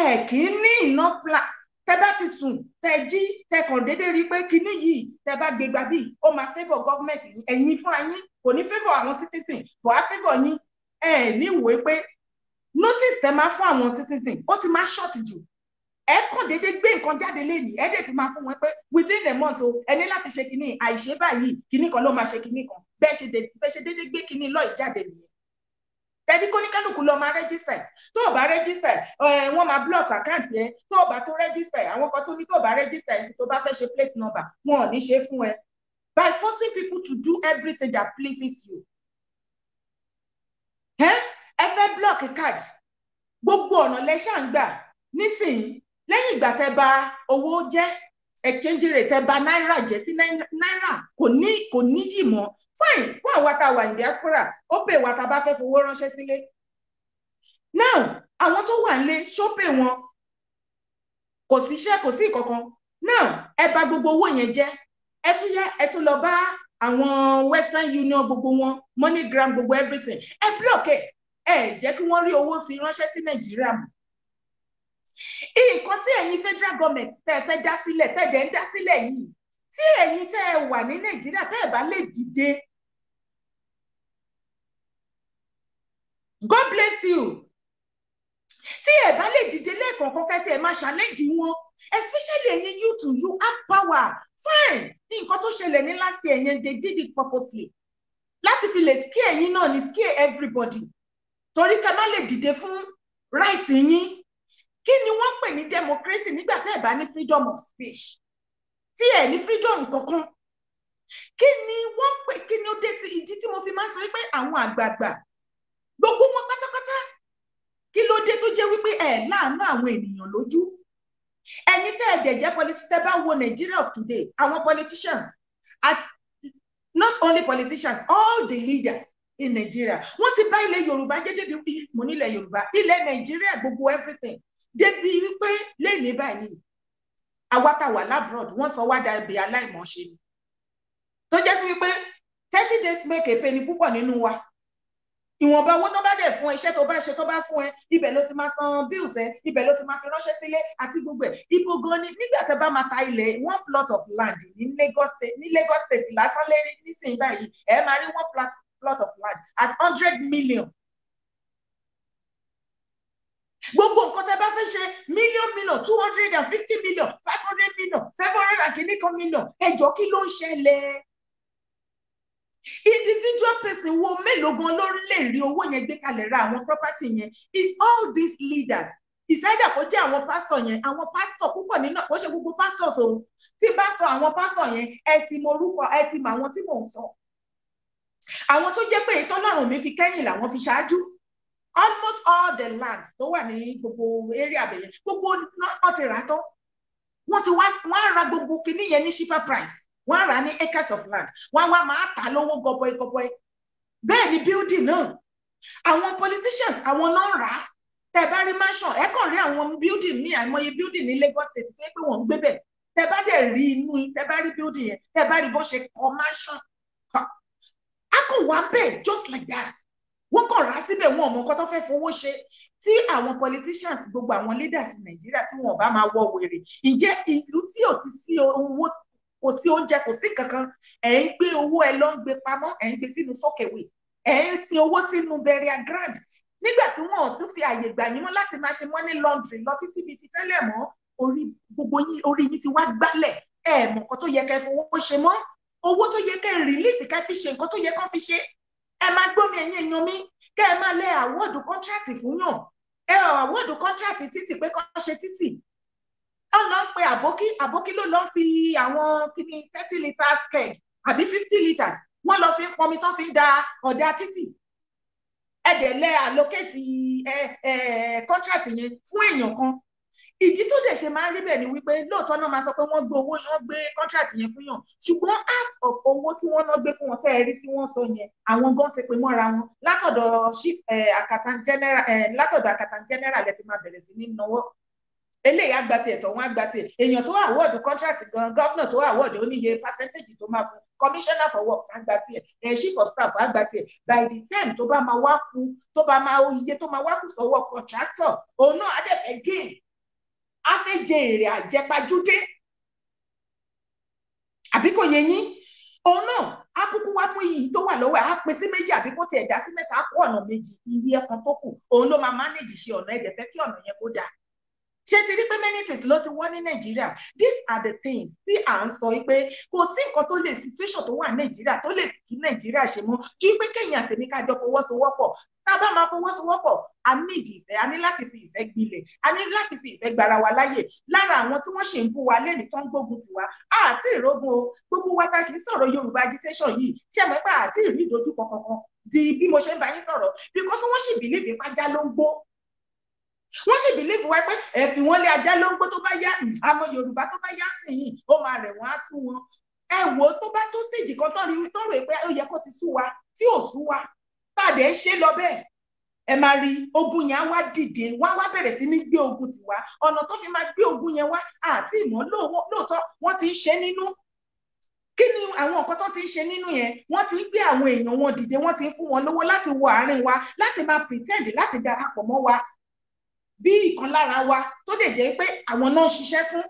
ẹ kì í ní iná fla tẹ bá t'es sùn tẹ jí tẹ kàn déédé rí pé kinní yìí on m'a fait gbà bíi et máa favour government ẹ̀yin fúnra yín kò ní favour àwọn citizen bọ̀ á favour yín ẹ níwèé pé notice tẹ máa fún àwọn citizen ó ti máa short jù ẹ kàn déédéé gbé nǹkan jáde lẹ́nu ẹ dẹ̀ fi máa fún wọn pé within a month o ẹ ní láti ṣe kinní àìṣe báyìí kinní kan ló máa ṣe kinní kan bẹ́ẹ̀ ṣe déédéé gbé kinní lọ́ọ̀ ìjáde nìyẹn tẹbi kóníkálukú lọ máa rẹ́gísítà tó o bá rẹ́gísítà ẹ wọ́n máa blọọkì àkáǹtì ẹ tó o bá tó rẹ́gísítà àwọn kan tó ní tó o bá rẹ́gísítà ẹ sì tó bá fẹ́ ṣe plate number wọn ò ní ṣe fún ẹ by forcing people to do everything that pleases you. ẹ ẹ fẹ́ blọọkì card gbogbo ọ̀nà lẹ́ṣà ń gbà nísìnyí lẹ́yìn ìgbà tẹ́ bà owó jẹ́ exchange rate tẹ́ bà náírà jẹ́ tí náírà kò ní kò níyì mọ́ fine fún àwa tá a wà ní diaspora ó pè wá tá a bá fẹ́ fowó ránṣẹ́ sílé now àwọn tó wà nílé ṣó pè wọn kò sí iṣẹ́ kò sí ìkankan now ẹ ba gbogbo owó yẹn jẹ́ ẹ tún yẹ ẹ tún lọ bá àwọn Western Union gbogbo wọn MoneyGram gbogbo everything ẹ block ẹ ẹ jẹ́ kí wọ́n rí owó fi ránṣẹ́ sí Nàìjíríà mọ́ nǹkan tí ẹ̀yin federal government tẹ́ ẹ fẹ́ dá sílẹ̀ tẹ́ ẹ dẹ̀ ń dá sílẹ̀ yìí tí ẹ̀yin tẹ́ ẹ wà ní nàìjíríà tẹ́ ẹ bá lè dìde God bless you tí ẹ bá lè dìde lẹ́ẹ̀kọ̀ọ̀kan kẹ́tì ẹ máa challenge wọn especially ẹ̀yin youth you have power fine ní nǹkan tó ṣẹlẹ̀ ní last year they did it purposely láti fi lè scare ẹ̀yin náà ni scare everybody torí ká má lè dìde fún right yín kí ni wọ́n pè ní democracy nígbà tẹ́ ẹ̀ bá ní freedom of speech tí ẹ̀ ní freedom kankan kí ni wọ́n pè kí ni ó dé ti ìdí tí mo fi máa ń sọ wípé àwọn àgbààgbà gbogbo wọn pátápátá kí ló dé tó jẹ́ wípé ẹ̀ láàánú àwọn ènìyàn lójú ẹ̀yin tẹ́ ẹ̀ dẹ̀ jẹ́ politician bá wo Nigeria of today àwọn politicians at not only politicians all the leaders in Nigeria wọ́n ti bá ilẹ̀ Yorùbá jẹ́ débi mo nílẹ̀ Yorùbá ilẹ̀ Nigeria gbogbo everything débi wípé lẹ́ni báyìí àwátàwà labroad wọ́n sọ wá dàbí aláìmọ̀ọ́ṣe ni tó jẹ́ sí wípé thirty days make a penny. púpọ̀ nínú wa ìwọ̀nba owó tó bá dẹ̀ fún ẹ iṣẹ́ tó bá ṣe tó bá fún ẹ ibẹ̀ ló ti máa san bills ẹ ibẹ̀ ló ti máa fi ránṣẹ́ sílé àti gbogbo ẹ̀ ibo gan ni nígbà tẹ́ bá máa ta ilẹ̀ one plot of land ní Lagos state ní Lagos state lásán lérí nísìnyí báyìí ẹ máa rí one plot of land as hundred million gbogbo nǹkan tẹ bá fẹ́ ṣe million million two hundred and fifty million five hundred million seven hundred and kìíní kan million ẹjọ́ kí ló ń ṣẹlẹ̀ individual person wo mélòó gan ló lè rí owó yẹn gbé kalẹ̀ ra àwọn property yẹn is all these leaders ìsáyédà kó jẹ́ àwọn pásítọ̀ yẹn àwọn pásítọ̀ púpọ̀ nínú kó ṣe gbogbo pásítọ̀ so tí bá sọ àwọn pásítọ̀ yẹn ẹ ti mọ orúkọ ẹ ti mọ àwọn tí mò ń sọ àwọn tó jẹ́ pé ìtọ́lọ́run mi fi kẹ́yìn làwọn fi ṣáájú almost all the land tó wà ní gbogbo area abẹ̀yẹ gbogbo wọ́n ti rà á tán wọ́n ti wá wọ́n á ra gbogbo kìíní yẹn ní cheaper price wọ́n á rà á ní acres of land wọ́n á wá máa tà lówó gọbọi gọbọi bẹ́ẹ̀ ni building náà àwọn politicians àwọn náà rà á tẹ bá rí mansion ẹ kàn rí àwọn building ní àìmọye building ní Lagos state tó yẹ pé wọ́n ń gbé bẹ̀ tẹ bá dẹ̀ rí inú tẹ bá rí building yẹn tẹ bá rí bó ṣe kọ́ mansion a kò wá bẹ́ẹ̀ just like that wọ́n kàn rà síbẹ̀ wọn ò mọ nǹkan tó fẹ́ fowó ṣe tí àwọn politicians gbogbo àwọn leaders nàìjíríà tí wọn ò bá máa wọ wèrè ǹjẹ́ ìlú tí ò ti sí owó kò sí oúnjẹ kò sí kankan ẹ̀ ń gbé owó ẹ lọ ń gbé pamọ́ ẹ̀ ń gbé sínú sókèwé ẹ̀ ń sin owó sínú burial ground nígbà tí wọn ò tún fi àyè gbà yín mọ́ láti máa ṣe money laundering lọ títí bíi ti tẹ́lẹ̀ mọ́ orí gbogbo yín orí yín ti wá gbálẹ̀ ẹ̀ mọ̀ nǹkan tó yẹ kẹ́ fowó ṣe mọ́ owó tó yẹ kẹ́ rìlíìsì kẹ́ fi ṣe nǹkan tó yẹ kọ́ fi ṣe ẹ máa gbọ́ mi ẹ̀yin èèyàn mi kẹ́ ẹ máa lẹ àwọ́dù kọ́ńtrátì fún yàn ẹ àwọ́dù kọ́ńtrátì títì pé kọ́ ṣe títì ọ lọ ń pe àbókí àbókí ló lọ fi àwọn kíni thirty litres keg àbí fifty litres wọ́n lọ fi ń pọnmi tán fi ń da ọ̀dà títì ẹ dẹ̀ lẹ àlókèétì ẹ ẹ kọ́ńtrátì yẹn fún èèyàn kan ìdí tó dẹ̀ ṣe máa ń rí bẹ́ẹ̀ ni wípé lóòótọ́ náà máa sọ pé wọ́n gbé owó yẹn wọ́n gbé contract yẹn fún yàn ṣùgbọ́n half of owó tí wọ́n náà gbé fún wọn tẹ́ ẹ rí tí wọ́n sọ yẹn àwọn gan ti pè mọ́ra wọn látọ̀dọ̀ chief akatan general látọ̀dọ̀ akatan general ẹ̀ ti máa bẹ̀rẹ̀ sí ní náwó eléyìí agbátí ẹ̀tọ́ wọn agbátí èèyàn tó àwọ́ọ̀dù contract gan gọ́vnà tó àwọ́ọ̀dù ó níye percentage tó máa fún commissioner for works agbátí ẹ̀ chief of staff agbátí ẹ̀ by the time tó bá máa wá kú tó bá máa iye tó máa wá kú sọ́wọ́ contractor òun náà adẹ́fẹ́ gain a fẹ́ jẹ èrè àjẹpajúdé àbí kò yẹ yín òun náà á kúkú wá fún iyì tó wà lọ́wọ́ á pín sí méjì àbí kó tiẹ̀ dá sí mẹ́ta á kó ọ̀nà méjì iye ẹ̀kan tó kù òun ló máa mánéjì ṣe ọ̀nà ẹ̀dẹ̀ kí ọ̀nà yẹn kó dáa ṣé ti rí pé many things ló ti wọ́n ní nàìjíríà these are the things tí à ń sọ pé kò sí nǹkan tó lè situation tó wà nàìjíríà tó lè kí nàìjíríà ṣe mú ju pé kéèyàn àtẹ̀mí ká jọ fọwọ́sowọ́pọ̀ tá a bá máa fọwọ́sowọ́pọ̀ a need ìfẹ́ a ní láti fi ìfẹ́ gbilẹ̀ a ní láti fi ìfẹ́ gbara wa láyè lára àwọn tí wọ́n ṣe ń bú wa lẹ́nu tó ń gbógun tiwa àti ìrógun o gbogbo wa ta ṣe ń sọ̀rọ̀ yorùbá agitation yìí ṣé mọ̀ pé àti ìrí ìdojúkọ kankan di bí mo ṣe ń bá yín sọ̀rọ̀ because wọ́n sì bìlíìfì pàjá ló ń gbó wọ́n sì bìlífù wá pé ẹ̀fìn wọn lé ajá ló ń gbó tó bá yá àmọ́ yorùbá tó bá yá sí yìí ó máa rẹ̀ wọ́n á sún wọn ẹ wò ó tó bá tó stage kan tán rí tán rò pé ó yẹ kó ti sú wa tí ò sú wa tàdé ṣe lọ bẹ́ẹ̀ ẹ máa rí ogun yẹn á wá dìde wá wá bẹ̀rẹ̀ sí ní gbé ogun tiwa ọ̀nà tó fi máa gbé ogun yẹn wá àti ìmọ̀ lóòótọ́ wọ́n ti ń ṣe nínú kí ni àwọn nǹkan tó ti ń ṣe nínú yẹn wọ́n ti ń gbé àwọn èèyàn wọn dìde wọ́n ti ń fún wọn lówó láti wọ àárín wa láti máa pretend láti darapọ̀ mọ́ wa bí ìkan lára wa tó dẹ̀ jẹ́ pé àwọn náà ń ṣiṣẹ́ fún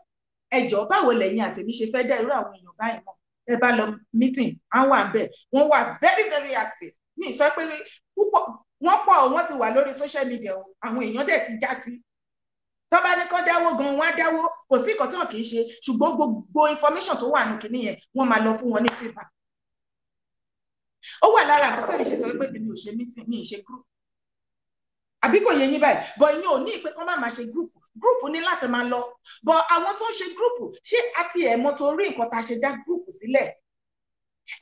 ẹjọ́ báwo lẹ́yìn àtẹ̀mí ṣe fẹ́ dẹ́rú àwọn èèyàn báyìí mọ́ ẹ bá lọ meeting á wà bẹ́ẹ̀ wọ́n wà very very active mi sọ pé púpọ̀ wọ́n pọ̀ wọ́n ti wà lórí social media o àwọn èèyàn dẹ̀ ti já sí tó bá ní kán dáwó gan wọn á dáwó kò sí ìkan tí wọn kì í ṣe ṣùgbọ́n gbogbo information tó wà nù kínní yẹn wọ́n máa lọ fún wọn ní pépà ó wà lára àkọ́tà lè ṣe sọ pé mi ò ṣe meeting mi ì ṣe group àbí kò yẹ yín báyìí bọ ìyẹn ò ní ìpè kán má máa ṣe group group ní láti máa lọ bọ àwọn tó ń ṣe group ṣé àti ẹ̀mọ́ torí nǹkan tá a ṣe dá group sílẹ̀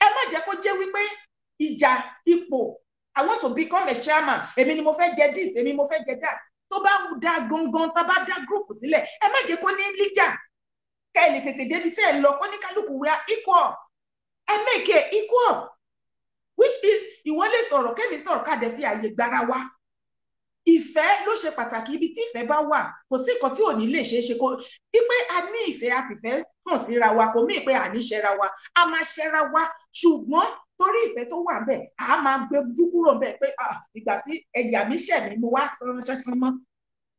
ẹ má jẹ́ kó jẹ́ wípé ìjà ipò I want to become a chairman èmi ni mo fẹ́ jẹ this èmi mo fẹ́ jẹ that tó bá dá gangan tá a bá dá group sílẹ̀ ẹ má jẹ́ kó ní leader kẹ́ ẹ lè tètè débi tí ẹ lọ kó ní kálukú we are equal ẹ make it equal which is ìwọlé sọ̀rọ̀ kẹ́mi sọ̀rọ̀ ká dẹ̀ fi àyè gbára wa ìfẹ́ ló ṣe pàtàkì ibi tí ìfẹ́ bá wà kò sí nǹkan tí ò ní lè ṣeé ṣe kó wípé a ní ìfẹ́ àfìfẹ́ hàn síra wa kò míì pé à ní ṣẹra wa a máa ṣẹra wa ṣùgbọ́n torí ìfẹ́ tó wà bẹ́ẹ̀ a máa gbé dúkúrò bẹ́ẹ̀ pé ìgbà tí ẹ̀yà mi ṣẹ̀ mí mo wá sanran ṣanṣan mọ́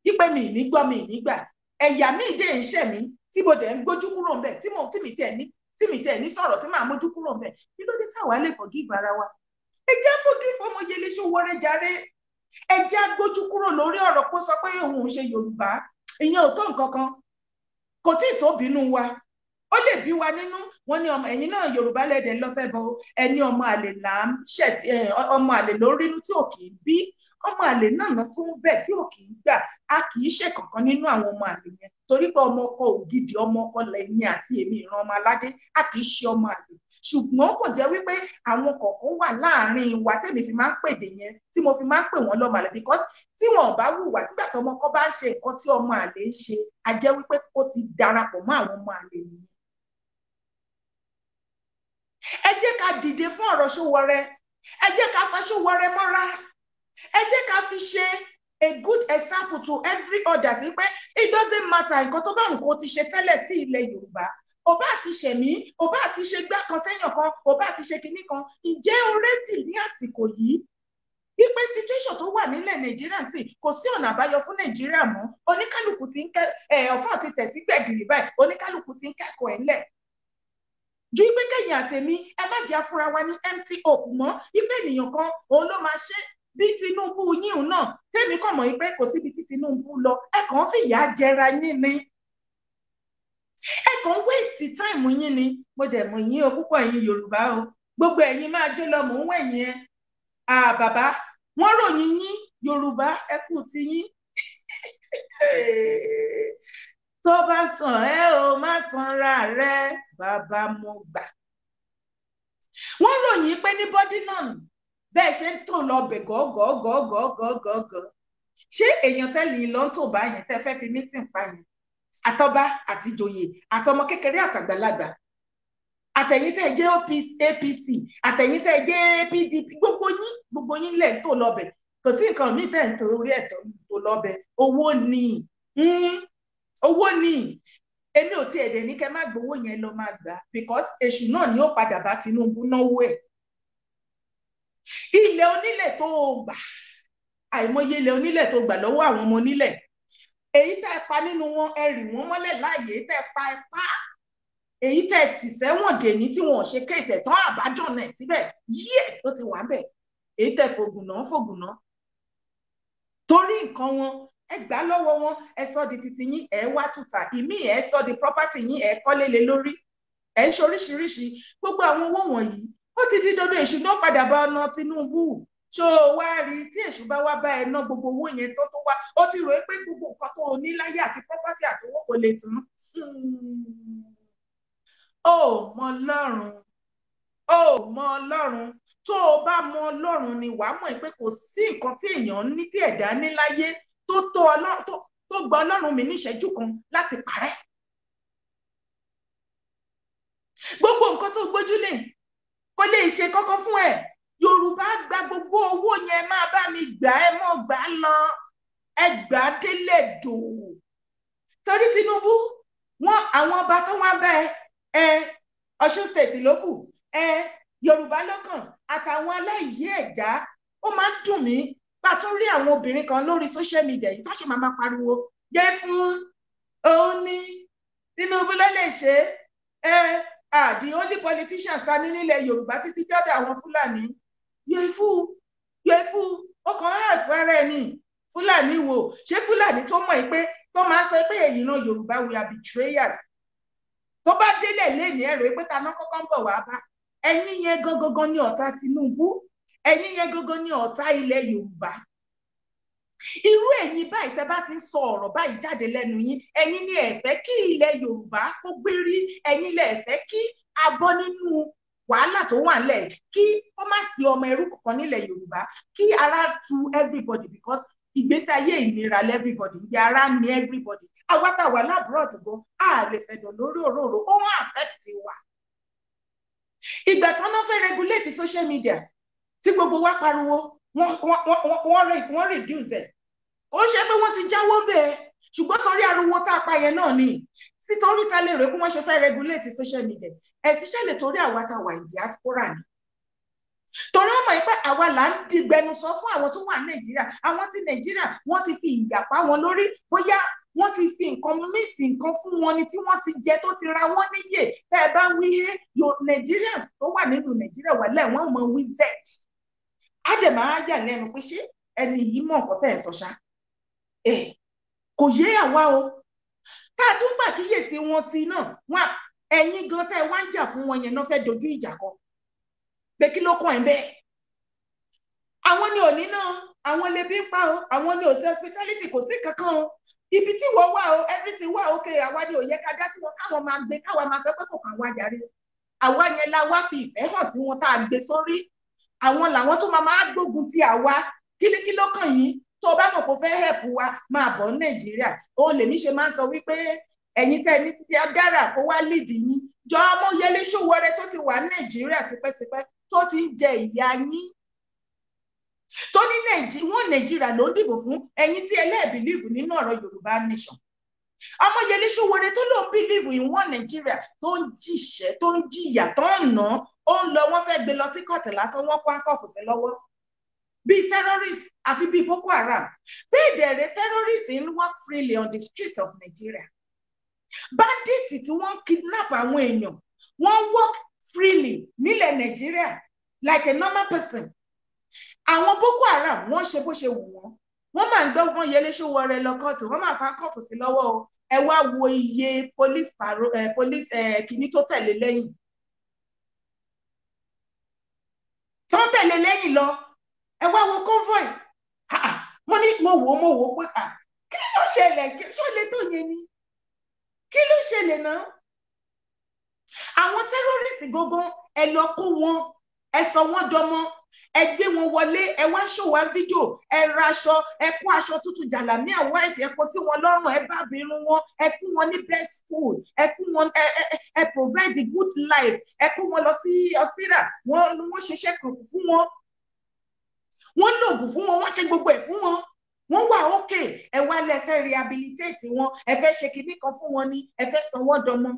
wípé mi ì ní gbọ́ mi ì ní gbà ẹ̀yà mi ìdè ń ṣẹ̀ mí tí mo dẹ̀ ń gbójú kúrò bẹ́ẹ̀ tí mo tí mi tiẹ̀ ní tí mi tiẹ̀ ní sọ̀rọ̀ tí màá mójú kúrò bẹ́ẹ̀ kí ló dé táwa lè forgive ara wa ẹ jẹ́ forgive ọmọ yẹlé ṣó jàre ẹ jẹ́ agbójú kúrò lórí ọ̀rọ̀ pé ó sọ pé òun ṣe Yorùbá ìyẹn ò tó nǹkan kan kò tí ì tó bínú wa ó lè bí wa nínú wọ́n ní ọmọ ẹ̀yin náà yorùbá lẹ́dẹ̀ lọ́fẹ́ bọ ẹni ọmọ àlè là ń ṣẹ̀ ọmọ àlè ló ń rínú tí ò kì í bí ọmọ àlè náà tó ń bẹ̀ tí ò kì í gbà a kì í ṣe kankan nínú àwọn ọmọ àlè yẹn torí pé ọmọ ọkọ ògidì ọmọ ọkọ lẹ́yìn àti èmi ìran ọmọ aládé a kì í ṣe ọmọ àlè ṣùgbọ́n kò jẹ́ wípé àwọn kọ̀ọ̀kan wà láàárín wa tẹ̀mí fi máa ń pèdè yẹn tí mo fi máa ń pè wọ́n lọ́mọ àlè because tí wọn ò bá wùwà nígbà tí ọmọ ọkọ bá ń ṣe nǹkan tí ọmọ àlè ń ṣe a jẹ́ wípé ó ti darapọ̀ mọ́ àwọn ọmọ àlè nìyẹn ẹ jẹ́ ká dìde fún ọ̀rọ̀ Ṣòwòrẹ ẹ jẹ́ ká fa Ṣòwòrẹ mọ́ra ẹ jẹ́ ká fi ṣe a good example to every other sí pé it doesn't matter nǹkan tó bá nǹkan ti ṣe tẹ́lẹ̀ sí ilẹ̀ Yorùbá ò bá ti ṣẹ̀mí ò bá ti ṣe gbá kan sẹ́yìn kan ò bá ti ṣe kinní kan ǹjẹ́ already ní àsìkò yìí wípé situation tó wà nílẹ̀ nàìjíríà sì kò sí ọ̀nà àbáyọ fún nàìjíríà mọ́ oníkálukú ti ń kẹ́ ọ̀fọ̀ ti tẹ̀ sí gbẹ̀gìrì báyìí oníkálukú ti ń kẹ́kọ̀ọ́ ẹ̀ lẹ̀ ju pé kẹ̀yìn àtẹ̀mí ẹ má jẹ́ afúra wa ní empty hope mọ́ ipe ènìyàn kan òun ló máa ṣe bí Tinubu yíhun náà tẹ́mi kàn mọ̀ pé kò síbi tí Tinubu lọ ẹ kàn fìyà jẹra yín ni ẹ kàn wéèsì táìmù yín ni mo dẹ̀ mọ̀ yín o púpọ̀ ẹ̀yin Yorùbá o gbogbo ẹ̀yin máa jó lọ mò ń wẹ̀yìn ẹ à bàbá wọ́n ròyìn yín Yorùbá ẹ kù ti yín tó bá tàn ẹ́ o má tanra rẹ bàbá mo gbà. wọ́n ròyìn pé ní Bodinọn bẹ́ẹ̀ ṣe ń tò lọ bẹ̀ gọ́gọ́gọ́gọ́gọ́gọ́ ṣé èèyàn tẹ́lẹ̀ lọ ń tò bá yẹn tẹ́ fẹ́ fi mítìn pa yẹn àtọba àtijòyè àtọmọ kékeré àtàgbàlagbà àtẹ̀yìn tẹ́ jẹ́ APC àtẹ̀yìn tẹ́ jẹ́ PDP gbogbo yín gbogbo yín lẹ̀ ń tò lọ́bẹ̀ kò sí nǹkan míì tẹ̀ ń torí ẹ̀ tó lọ́bẹ̀ owó ni hmm owó ni èmi ò tiẹ̀ dẹ̀ ní kẹ́ má gbowó yẹn lọ máa gbà because èṣù náà ni ó padà bá Tinubu náwó ẹ̀ ilẹ̀ onílẹ̀ tó o gbà àìmọye ilẹ̀ onílẹ̀ tó gbà lọ́wọ́ àwọn ọmọ onílẹ̀ èyí tẹ́ ẹ pa nínú wọn ẹ rì wọ́n mọ́lẹ̀ láàyè tẹ́ ẹ pa ẹ pa èyí tẹ́ ẹ tì sẹ́wọ̀n dèní tí wọn ò ṣe kéèsì ẹ̀tàn àbájọ́nà ẹ̀ síbẹ̀ yíẹ̀sì tó ti wà bẹ̀ èyí tẹ́ fògùnà fògùnà torí nǹkan wọn ẹ gbà lọ́wọ́ wọn ẹ sọ di titi yín ẹ wá tùtà ìmí ẹ sọ di property yín ẹ kọ́lé lé lórí ẹ ń ṣoríṣiríṣi gbogbo àwọn owó wọ̀nyí ó ti di dodo èṣù náà padà bá ọ̀nà Tinubu tó o wá rí tí èṣù bá wá bá ẹ ná gbogbo owó yẹn tó tó wá ó ti rò pé gbogbo nǹkan tó o ní láyé àti property àtowó kò lè tán hmm. ó mọ Ọlọ́run ó mọ Ọlọ́run tó o bá mọ Ọlọ́run ni wàá mọ̀ pé kò sí nǹkan tí èèyàn ní tí ẹ̀dá ní láyé tó tó gba ọlọ́run mi níṣẹ́jú kan láti parẹ́ gbogbo nǹkan tó gbójúlé kó lè ṣe kọ́kọ́ fún ẹ yorùbá gba gbogbo owó yẹn máa bá mi gbà ẹ mọ́ gbà á lọ ẹ gbà á délé dòwò torí Tinubu wọn àwọn ọba tó wá bẹ ẹ Ọ̀ṣun state ló ẹ yorùbá lọ́kàn àtàwọn aláìyé ẹ̀dá ó máa ń dùn mí gbà tó rí àwọn obìnrin kan lórí social media yìí tó ṣe máa máa pariwo jẹ́ fún òun ní Tinubu ló ẹ the only politicians ta ní nílẹ̀ Yorùbá títí dọ́dọ̀ àwọn Fúlàní yóò fú yóò fú ó kàn án ẹ̀pẹ́rẹ́ ni Fúlàní wo ṣé Fúlàní tó mọ̀ pé tó máa ń sọ pé èyí náà Yorùbá we are betrayers tó bá délẹ̀ léèní ẹ̀rọ pé ta náà kọ́kọ́ ń bọ̀ wá bá ẹ̀yìn yẹn gangan ni ọ̀tá Tinubu ẹ̀yin yẹn gógó ní ọ̀tá ilẹ̀ yorùbá irú ẹ̀yin báyìí tẹ́ bá ti ń sọ ọ̀rọ̀ báyìí jáde lẹ́nu yín ẹ̀yin ni ẹ fẹ́ kí ilẹ̀ yorùbá kó gbérí ẹ̀yin lẹ fẹ́ kí a bọ́ nínú wàhálà tó wà nílẹ̀ kí ó má sí ọmọ ẹrú kankan nílẹ̀ yorùbá kí ara tu everybody because ìgbésí ayé ìnira lẹ́bíbọ̀dì ìgbé ara ní everybody awátàwà lábúrọ̀dù gan a lè fẹ̀dọ̀ lórí òróró ó wọ́n affect wa. ìgbà tí wọ́n fẹ́ regulate social media tí gbogbo wa pariwo wọ́n reduce ẹ̀ ó ṣe pé wọ́n ti jáwọ́ bẹ́ẹ̀ ṣùgbọ́n torí ariwo tá a pa yẹn náà ni títorí ta lè rè kí wọ́n ṣe fẹ́ regulate social media especially torí àwa ta wà ní diaspora ni torí ọmọ yìí pé àwa là ń digbẹnusọ fún àwọn tó wà nàìjíríà àwọn tí nàìjíríà wọ́n ti fi ìyàpá wọn lórí bóyá wọ́n ti fi nǹkan mísì nǹkan fún wọn ni tí wọ́n ti jẹ tó ti ra wọ́n níyè tẹ́ ẹ bá wí hé yo Nigerians tó wà nínú nàìjíríà wà lẹ́ẹ̀ wọ́n mọ wizard á dẹ̀ máa yà lẹ́nu pé ṣé ẹni yìí mọ̀ nǹkan tẹ̀ ń sọ ṣá ẹ kò yé àwa o tá a tún gbàkíyèsí wọn sí náà wọn ẹ̀yin gan tẹ́ wá ń jà fún wọn yẹn náà fẹ́ dojú ìjà kọ pé kí ló kàn ẹ́ bẹ́ẹ̀ àwọn ni òní náà àwọn lè bí pa o àwọn ni òsè hospitality kò sí kankan o ibi tí wọ́n wà o everything wà ok àwa ni ò yẹ ká dá sí wọn káwọn máa gbé káwọn máa sọ pé kò kàn wá jàre àwa yẹn la wá fi ìfẹ́ hàn sí wọn tá a gbé sórí àwọn làwọn tó máa máa gbógun ti àwa kílíkí ló kàn yín tó o bá mọ̀ kó fẹ́ help wa máa bọ̀ ní nàìjíríà òun lèmi ṣe máa ń sọ wípé ẹ̀yin tẹ́ ní dára kó wá lead yín jọ ọmọ Yẹmí Sowore tó ti wà ní nàìjíríà tipẹ́tipẹ́ tó ti ń jẹ ìyá yín tó ní wọn nàìjíríà ló ń dìbò fún ẹ̀yin tí ẹlẹ́ẹ̀bìlíìfù nínú ọ̀rọ̀ yorùbá nation ọmọ Yẹmí Sowore tó lóun bìlíìfù in one nàìjíríà tó ń jìṣẹ́ tó ń jìyà tó ń ná ó ń lọ wọ́n fẹ́ gbé lọ sí kọ̀tì lásán wọ́n kó akọ́fù sí lọ́wọ́ bíi terrorist àfi bíi Boko Haram bẹ́ẹ̀ dẹ̀rẹ̀ terrorist ń walk freely on the streets of Nigeria bandits tí wọ́n kidnap àwọn èèyàn wọ́n walk freely nílẹ̀ Nigeria like a normal person àwọn Boko Haram wọ́n ṣe bó ṣe wù wọ́n wọ́n máa ń gbọ́ wọ́n yẹlé ṣó wọrẹ lọ kóòtù wọ́n máa fa kọ́ọ̀fù sí lọ́wọ́ ẹ wá wo iye police paro eh, police eh, kìíní tó tẹ̀lé lẹ́yìn tó ń tẹ̀lé lẹ́yìn lọ ẹ wá wo convoy ah, ah, mo ní mo wò ó mo wò ó pé ah, kí ló ṣẹlẹ̀ ṣó lè tó yẹn ni kí ló ṣẹlẹ̀ náà àwọn terrorist gógó ẹ lọ kó wọn ẹ sọ wọn dọmọ ẹ gbé wọn wọlé ẹ wá ṣòwò fídíò ẹ ra aṣọ ẹ kó aṣọ tuntun jàlámí àwọn ẹsẹ ẹ kó sí wọn lọ́rùn ẹ bá bìnrin wọn ẹ fún wọn ní best food ẹ fún wọn ẹ ẹ ẹ provide good life ẹ kó wọn lọ sí hospital wọn wọn ṣiṣẹ́ kan fún wọn wọn lòògùn fún wọn wọn ṣe gbogbo ẹ̀ fún wọn wọ́n wà ókè ẹ wá lẹ fẹ́ rehabilitate wọn ẹ fẹ́ ṣe kinní kan fún wọn ni ẹ fẹ́ sanwó dọmọ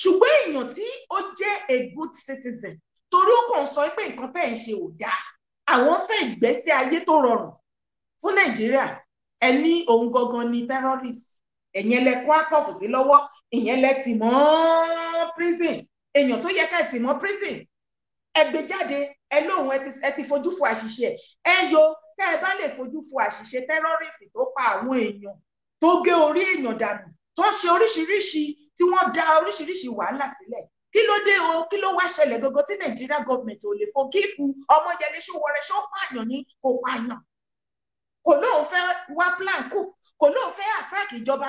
ṣùgbọ́n èèyàn tí ó jẹ́ a good citizen torí ó kàn sọ pé nǹkan tẹ́ ẹ̀ ń ṣe ò dáa àwọn fẹ́ ìgbésí ayé tó rọrùn fún nàìjíríà ẹ ní òun gangan ni terrorist ẹ̀yẹn lẹ kó àtọ̀fù sí lọ́wọ́ ìyẹn lẹ tì mọ́ prison èèyàn tó yẹ ká ẹ tì mọ́ prison ẹ gbé jáde ẹ lóun ẹ ti fojú fo àṣìṣe ẹ yọ tẹ́ ẹ bá lè fojú fo àṣìṣe terrorist tó pa àwọn èèyàn tó gé orí èèyàn dànù tó ṣe oríṣiríṣi tí wọ́n dá oríṣiríṣi wàhálà sílẹ̀ kí ló dé o kí ló wá ṣẹlẹ̀ gangan tí nàìjíríà gọọmenti ò lè forgive ọmọyẹlé ṣòwòrẹ́ ṣó pààyàn ní kò pààyàn kò lóun fẹ́ wá plan coup kò lóun fẹ́ attack ìjọba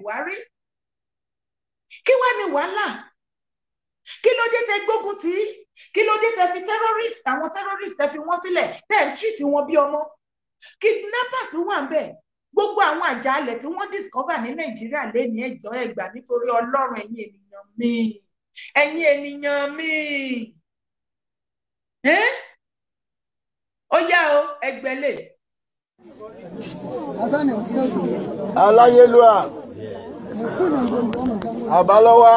buhari kí wá ní wàhálà kí ló dé tẹ gbógun tì í kí ló dé tẹ fi terrorist àwọn terrorist tẹ fi wọn sílẹ̀ tẹ ń treat wọn bí ọmọ kidnappers wà ń bẹ gbogbo àwọn àjàalẹ̀ tí wọ́n discover ní nàìjíríà lé ní ẹjọ́ ẹgbà nítorí ọlọ́run ẹ̀yin ènìyàn míì ẹ̀yin ènìyàn mi ó yá o ẹgbẹ́lẹ̀. aláyélúwà àbálọ́wá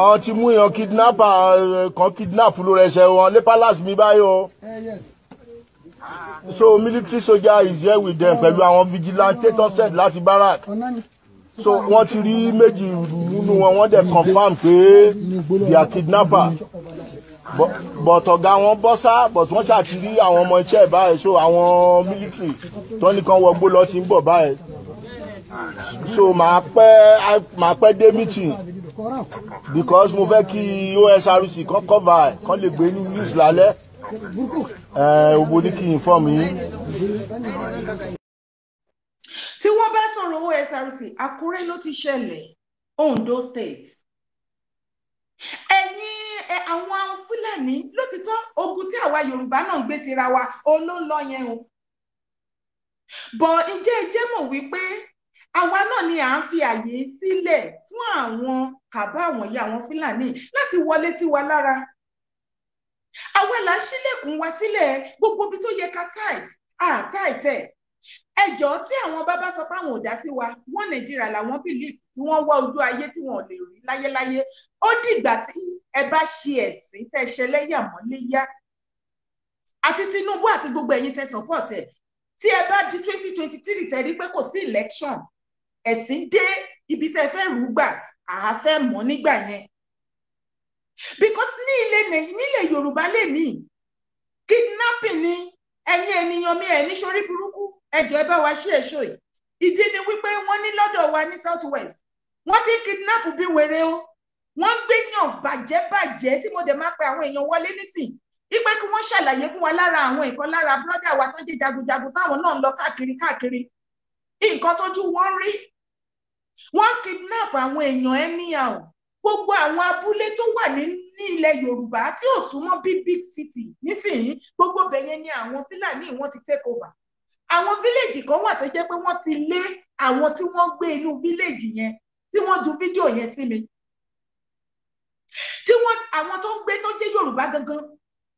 àwọn ti mú èèyàn kidnapper eh, kan kidnap ló rẹsẹ̀ wọn lé palace mi báyìí o so military soldier is here with them pẹ̀lú àwọn vigilante tó send láti barak so wọ́n ti rí méjì nínú wọn wọ́n dẹ̀ confam pé they are kidnapper but ọ̀gá wọn bọ́ sá but wọ́n ṣàti rí àwọn ọmọ iṣẹ́ báyìí so àwọn military tó nìkan wọgbó lọ ti ń bọ̀ báyìí so màá pẹ́ màá pẹ́ dé meeting because mo fẹ́ kí OSRC kan cover ẹ̀ kan lè gbé news lálẹ́ ẹ̀ òbò ní kí n inform yín tí wọ́n bá sọ̀rọ̀ owó SRC Àkúrẹ́ ló ti ṣẹlẹ̀ Ondo state ẹ̀yin àwọn Fúlàní ló ti tọ́ ogun tí àwa Yorùbá náà ń gbé tira wa olóńlọ yẹn o bọ̀ ǹjẹ́ ẹ jẹ́ mọ̀ wípé àwa náà ni à ń fi àyè sílẹ̀ fún àwọn kàbá wọ̀nyí àwọn Fúlàní láti wọlé sí wa lára àwa là ń ṣílẹ̀kùn wa sílẹ̀ gbogbo ibi tó yẹ ká tight àtight ẹ̀ ẹjọ́ tí àwọn bàbá sọ pé àwọn ò dá sí wa wọ́n nàìjíríà làwọn bìlíf tí wọ́n wá ojú ayé tí wọ́n lè rí láyéláyé ó dìgbà tí ẹ bá ṣe ẹ̀sìn tẹ́ ṣe lẹ́yàmọ́léyá àti Tinubu àti gbogbo ẹ̀yin tẹ́ support ẹ̀ tí ẹ bá di twenty twenty three tẹ́ rí pé kò sí election ẹ̀sìn dé ibi tẹ́ fẹ́ rú gbà àá fẹ́ mọ̀ nígbà yẹn because ní ilé nílẹ̀ Yorùbá lè ní kidnapping ni ẹ̀yin ènìyàn mi ẹ̀ ní sórí burúkú ẹjọ ẹ bá wa ṣí èso yìí ìdí ni wípé wọ́n ní lọ́dọ̀ wa ní south west wọ́n ti kidnap bí wèrè o wọ́n gbéyàn bàjẹ́ bàjẹ́ tí mo dẹ̀ máa pe àwọn èèyàn wọlé nísìn ipe kí wọ́n ṣàlàyé fún wa lára àwọn nǹkan lára bírọdà wa tó jẹ́ jagunjagun táwọn náà ń lọ káàkiri káàkiri nǹkan tójú wọn rí wọ́n kidnap àwọn èèyàn ẹmíà o gbogbo àwọn abúlé tó wà ní ilẹ̀ yorùbá tí ò súnmọ́ big big city nísìnyí gbogbo bẹ̀yẹn ni àwọn fúlàní wọ́n ti take over àwọn fíléèjì kan wà tó jẹ́ pé wọ́n ti lé àwọn tí wọ́n gbé inú fíléèjì yẹn tí wọ́n ju fídíò yẹn sí mi tí wọ́n àwọn tó ń gbé tó jẹ́ Yorùbá gangan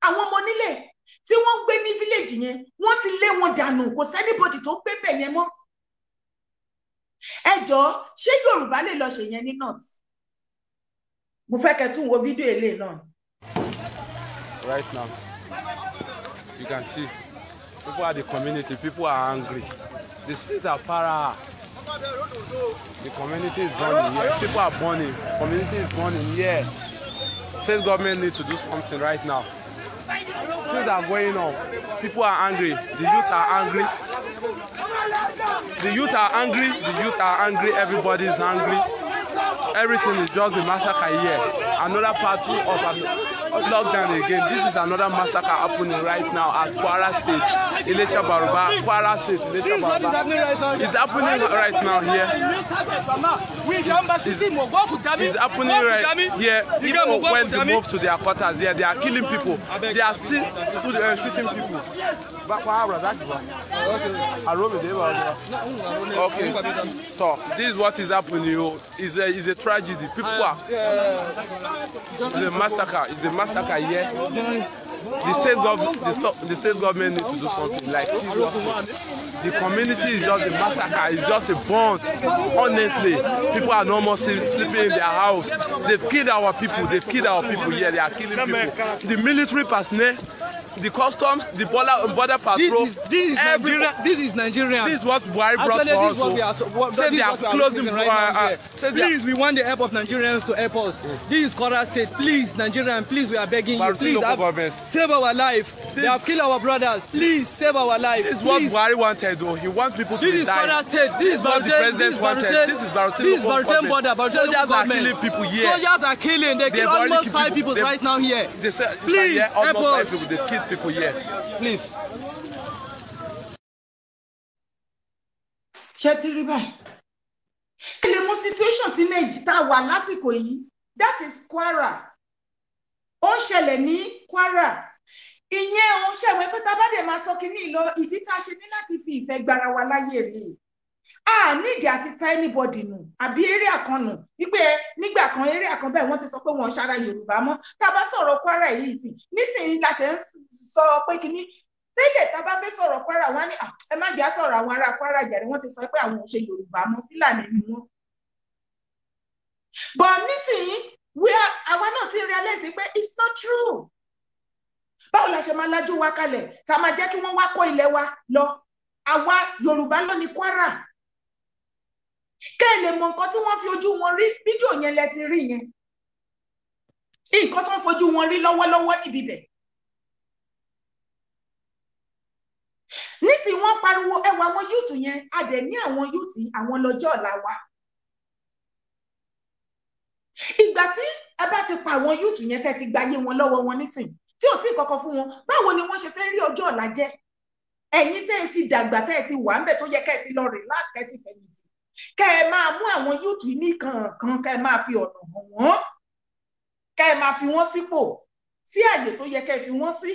àwọn ọmọ nílẹ̀ tí wọ́n gbé ní fíléèjì yẹn wọ́n ti lé wọn dànù kò sẹ́nibodì tó gbé bẹ̀ yẹn mọ́ ẹ jọ ṣé Yorùbá lè lọ ṣèyẹn ní north mo fẹ́ kẹ́ tún wo fídíò eléyìí náà. Right now you can see. People are the community, people are angry. The streets are para. The community is burning here. People are burning. Community is burning Yeah. State government needs to do something right now. Things are going on. People are angry. The youth are angry. The youth are angry. The youth are angry. Everybody is angry. Everything is just a massacre here. Another party of another lockdown again. This is another massacre happening right now at Kwara State, Ilesha Baruba, Kwara State, Ilesha Baruba. It's happening right now here. It's, it's happening right here. Even when they move to their quarters here, they are killing people. They are still uh, shooting people. Okay. So this is what is happening. It's a, it's a tragedy. People are. It's a massacre. It's a massacre massacre here, the state, the, the state government need to do something like The community is just a massacre, it's just a bond. Honestly, people are no sleeping in their house. They've killed our people, they've killed our people here, they are killing people. The military personnel the customs, the border, border patrol. This is, this is every, Nigeria. This is Nigeria. This is what Buhari brought Actually, for us. So, we are, oh. what, say they are closing right now, uh, say Please, we want the help of Nigerians to help us. Mm. This is Kora State. Please, Nigerian, please, we are begging you. Please, have, save our life. This, they have killed our brothers. Please, save our life. This is please. what Buhari wanted, though. He wants people to this die. This is Kora State. This is Baruti. This is Baruti. This is Baruti. This is Baruti border. Baruti Soldiers are killing people here. Soldiers are killing. They killed almost five people right now here. Please, help us people here. Please. Chetty ti rí báyìí? Kí lè mú situation tí méjì tá That is Quara. On ń ṣẹlẹ̀ ní Kwara. Ìyẹn òun ṣẹ̀wé pé tá a bá dẹ̀ máa sọ kínní lọ, ìdí tá a ṣe fi ìfẹ́ gbara wa láyè rí a nídìí àti ta anybody nù àbí eré àkànnù wípé nígbà kan eré àkàn bẹ́ẹ̀ wọ́n ti sọ pé wọ́n ṣara Yorùbá mọ́ tá a bá sọ̀rọ̀ Kwara yìí sí nísìnyí la ṣe ń sọ pé kínní tẹ́lẹ̀ tá a bá fẹ́ sọ̀rọ̀ Kwara wọn ni ẹ má jẹ́ sọ̀rọ̀ àwọn ará Kwara jàre wọ́n ti sọ pé àwọn ò ṣe Yorùbá mọ́ Fúlàní ni wọ́n. bọ̀ nísìnyí àwa náà ti realize pé it's not true báwo la ṣe máa lajú wa kalẹ̀ tá a máa jẹ́ kí wọ́n wá kó ilẹ̀ wa lọ àwa Yorùbá ló ní Kwara kẹ́ ẹ lè mọ nǹkan tí wọ́n fi ojú wọn rí fídíò yẹn lẹ ti rí yẹn nǹkan tó ń fojú wọn rí lọ́wọ́lọ́wọ́ níbi bẹ̀. nísìnyí wọ́n pariwo ẹwà àwọn yúùtù yẹn a dẹ̀ ní àwọn yúùtù àwọn lọ́jọ́ ọ̀la wa. ìgbà tí ẹ bá ti pa àwọn yúùtù yẹn tẹ́ ti gbayé wọn lọ́wọ́ wọn nísìn tí ò sí ìkọ̀kọ̀ fún wọn báwo ni wọ́n ṣe fẹ́ rí ọjọ́ ọ̀la jẹ́ ẹ̀yin tẹ́ ẹ ti dàgbà tẹ́ ẹ ti wà ń bẹ̀ tó yẹ kẹ́ ẹ ti lọ rìn láti kẹ́ ẹ ti fẹ̀yìntì kẹ́ ẹ máa mú àwọn yúùtù ní kankan kẹ́ ẹ máa fi ọ̀nà hàn wọ́n kẹ́ ẹ máa fi wọ́n sípò sí àyè tó yẹ kẹ́ ẹ fi wọ́n sí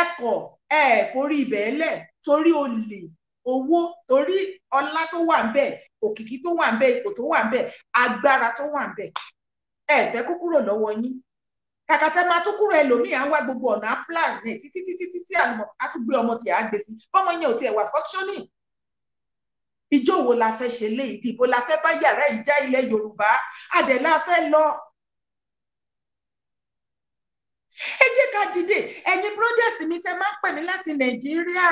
ẹ̀kọ́ ẹ̀ forí ibẹ̀ lẹ̀ torí olè owó torí ọlá tó wà ń bẹ̀ òkìkí tó wà ń bẹ̀ ipò tó wà ń bẹ̀ agbára tó wà ń bẹ̀ ẹ fẹ́ kó kúrò lọ́wọ́ yín kàkà tẹ́ máa tún kúrò ẹlòmíì à ń wá gbogbo ọ̀nà aplan rẹ̀ títí títí títí àlùmọ̀ á tún gbé ọmọ tí a gbé sí bọ́mọ yẹn ò tiẹ̀ wà functioning ìjọ wo la fẹ́ ṣe lé ìdìbò la fẹ́ bá yàrá ìjà ilẹ̀ Yorùbá adẹ̀ la fẹ́ lọ. ẹ jẹ́ ká dìde ẹ̀yin brothers mi tẹ́ máa ń pè mí láti Nàìjíríà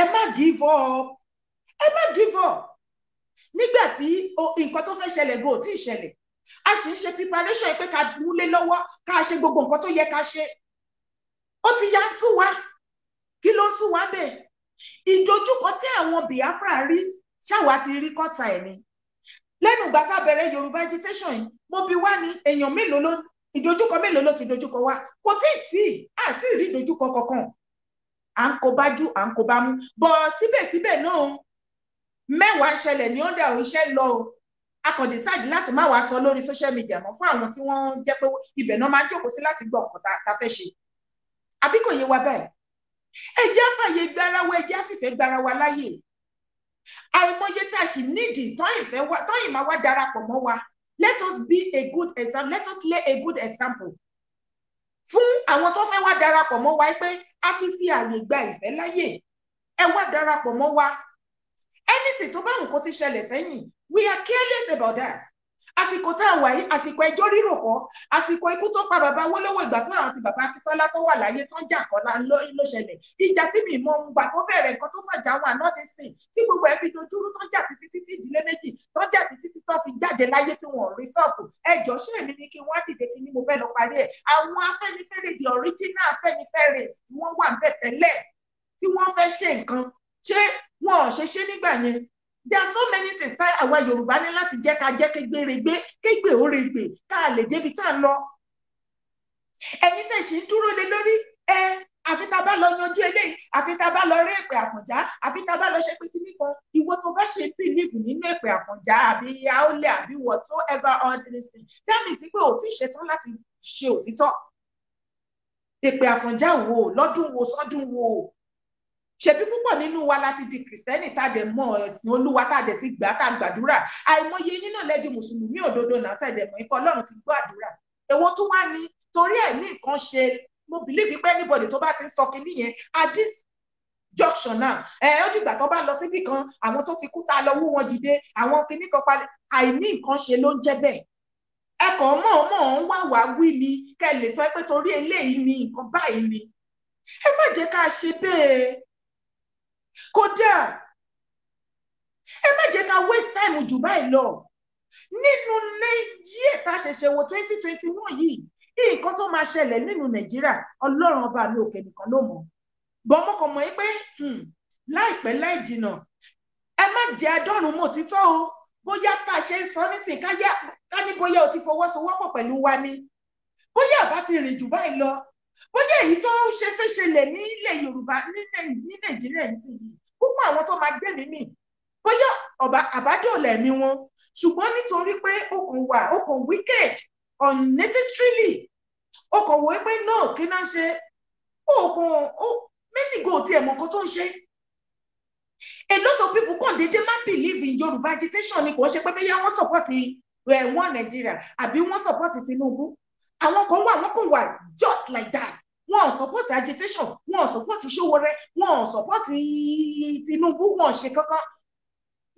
ẹ má give up ẹ má give up nígbà tí nǹkan tó fẹ́ ṣẹlẹ̀ go tí ì ṣẹlẹ̀ a ṣì ń ṣe preparation pé ká múlé lọ́wọ́ ká ṣe gbogbo nǹkan tó yẹ ká ṣe ó ti yá sùn wá kí ló sùn wá bẹ́ẹ̀ ìdojúkọ tí àwọn Biafra rí ṣáwa ti rí kọ́ta ẹ̀ ni lẹ́nu ìgbà tá a bẹ̀rẹ̀ Yorùbá agitation yìí mo bi wá ní èèyàn mélòó ló ìdojúkọ mélòó ló ti dojúkọ wá kò tí ì sí àti ìrí ìdojúkọ kankan à ń kó bá jù à ń kó bá mú bọ̀ síbẹ̀síbẹ̀ náà mẹ́wàá ṣẹlẹ̀ ní ọ̀dà òṣìṣẹ́ lọ akọ̀dé sáàdì láti má wàá sọ lórí social media mọ́ fún àwọn tí wọ́n jẹ́ pé ibẹ̀ náà máa ń jókòó sí láti gbọ́ ọ̀kan tá a fẹ́ ṣe àbí kò yé wa bẹ́ẹ̀ ẹ jẹ́ àfààyè gbára wa ẹ jẹ́ àfìfẹ́ gbára wa láyè àìmọye tá a sì nídìí tọ́yìn máa wá darapọ̀ mọ́ wa let us be a good example let us lay a good example fún àwọn tó fẹ́ wá darapọ̀ mọ́ wa pé a ti fi ààyè gba ìfẹ́ láyè ẹ wá darapọ̀ mọ́ wa anything tó bá nǹkan ti ṣẹlẹ̀ sẹ́yìn we are careless about that àsìkò tá a wà yìí àsìkò ẹjọ́ rírò kọ́ àsìkò ikú tó pa bàbá Awólọ́wọ̀ ìgbà tó àwọn àti bàbá Akíntọ́lá tó wà láyé tó ń jà kọ́ ló ṣẹlẹ̀ ìjà tí mi mọ gbà tó bẹ̀rẹ̀ nǹkan tó fàjà àwọn àná ti sìn tí gbogbo ẹ̀ fi dojúrú tó ń jà títí títí ìdílé méjì tó ń jà títí títí tó fi jáde láyé tí wọ́n rí sọ́ọ̀fù ẹjọ́ ṣé èmi ni kí wọ́n dìde kí ni mo fẹ́ lọ parí ẹ̀ àwọn afẹ́nifẹ́re the original afẹ́nifẹ́re tí wọ́n wà ń bẹ̀ tẹ́lẹ̀ tí wọ́n fẹ́ ṣe nǹkan ṣé wọn ò ṣe ṣe nígbà yẹn there are so many things tá àwa yorùbá ní láti jẹ́ ká jẹ́ kégbèrègbè kégbè ó regbè ká lè débi tá à ń lọ ẹ̀yin tẹ̀ sí dúró lé lórí ẹ àfi tá a bá lọ yanjú eléyìí àfi tá a bá lọ rí èpè àfọ̀njá àfi tá a bá lọ ṣe pé kíní kan ìwọ tó bá ṣe bílíìfù nínú èpè àfọ̀njá àbí aolè àbí whatever all this thing that means pé ò tí ì ṣetán láti ṣe òtítọ́ èpè àfọ̀njá wo lọ́dún wo sọ́dún wo ṣebí púpọ̀ nínú wa láti di kìrìsìtẹ́nì tá a dẹ̀ mọ ẹ̀sìn olúwa tá ti gbà tá gbàdúrà àìmọye yín náà lẹ́dí mùsùlùmí òdodo náà tá a dẹ̀ mọ̀ ti gbọ́ àdúrà èwo tún wá ní torí ẹ̀ ní nǹkan ṣe mo bìlífì pé anybody tó bá ti ń sọ kinní yẹn at this junction náà ẹ ó dìgbà tó bá lọ síbì kan àwọn tó ti kú tá lọ wú wọn jìde àwọn kinní kan palẹ̀ àìní nǹkan ṣe ló ń jẹ́ bẹ́ẹ̀ ẹkọ̀ mọ̀ọ́mọ̀ ń wà wá wí ni kẹ́ lè sọ pé torí eléyìí ni nǹkan báyìí ni ẹ má jẹ́ ká ṣe bẹ́ẹ̀ kódà ẹ má jẹ́ ká waste time jù báyìí lọ nínú léyìí ẹ̀ta ṣẹ̀ṣẹ̀ wọ twenty twenty one yìí nǹkan tó máa ṣẹlẹ̀ nínú nàìjíríà ọlọ́run ọba mi òkè nìkan ló mọ̀ bọ́mọ́ kan mọ̀ yín pé hmm, láìpẹ́ láì jìnà ẹ má jẹ́ adọ́run mọ̀ títọ́ o bóyá tá a ṣe ń sọ nísìn ká ní bóyá o ti fọwọ́sowọ́pọ̀ pẹ̀lú wa ni bóyá àbá ti rìn jù báyìí lọ bóyá èyí tó ṣe fẹ́ ṣẹlẹ̀ nílẹ̀ Yorùbá ní Nàìjíríà nísìnyí púpọ̀ àwọn tó máa gbẹ̀mí mi bóyá àbádọ́ọ̀lẹ̀ mi wọn ṣùgbọ́n nítorí pé ó kàn wà ó kàn wicked unnecessarily ó kàn wọ́ pé náà kí náà ṣe ó kàn ó mẹ́nìgò tiẹ̀ mọ̀ kó tó ń ṣe a lot of people kàn déédé má believe in Yorùbá agitation ni kò ń ṣe pé bóyá wọ́n support wọn eh, Nàìjíríà àbí wọ́n support Tinubu àwọn kan wà lọ́kàn wà just like that wọn ò support agitation wọn ò support Sowore wọn ò support Tinubu wọn ò ṣe kankan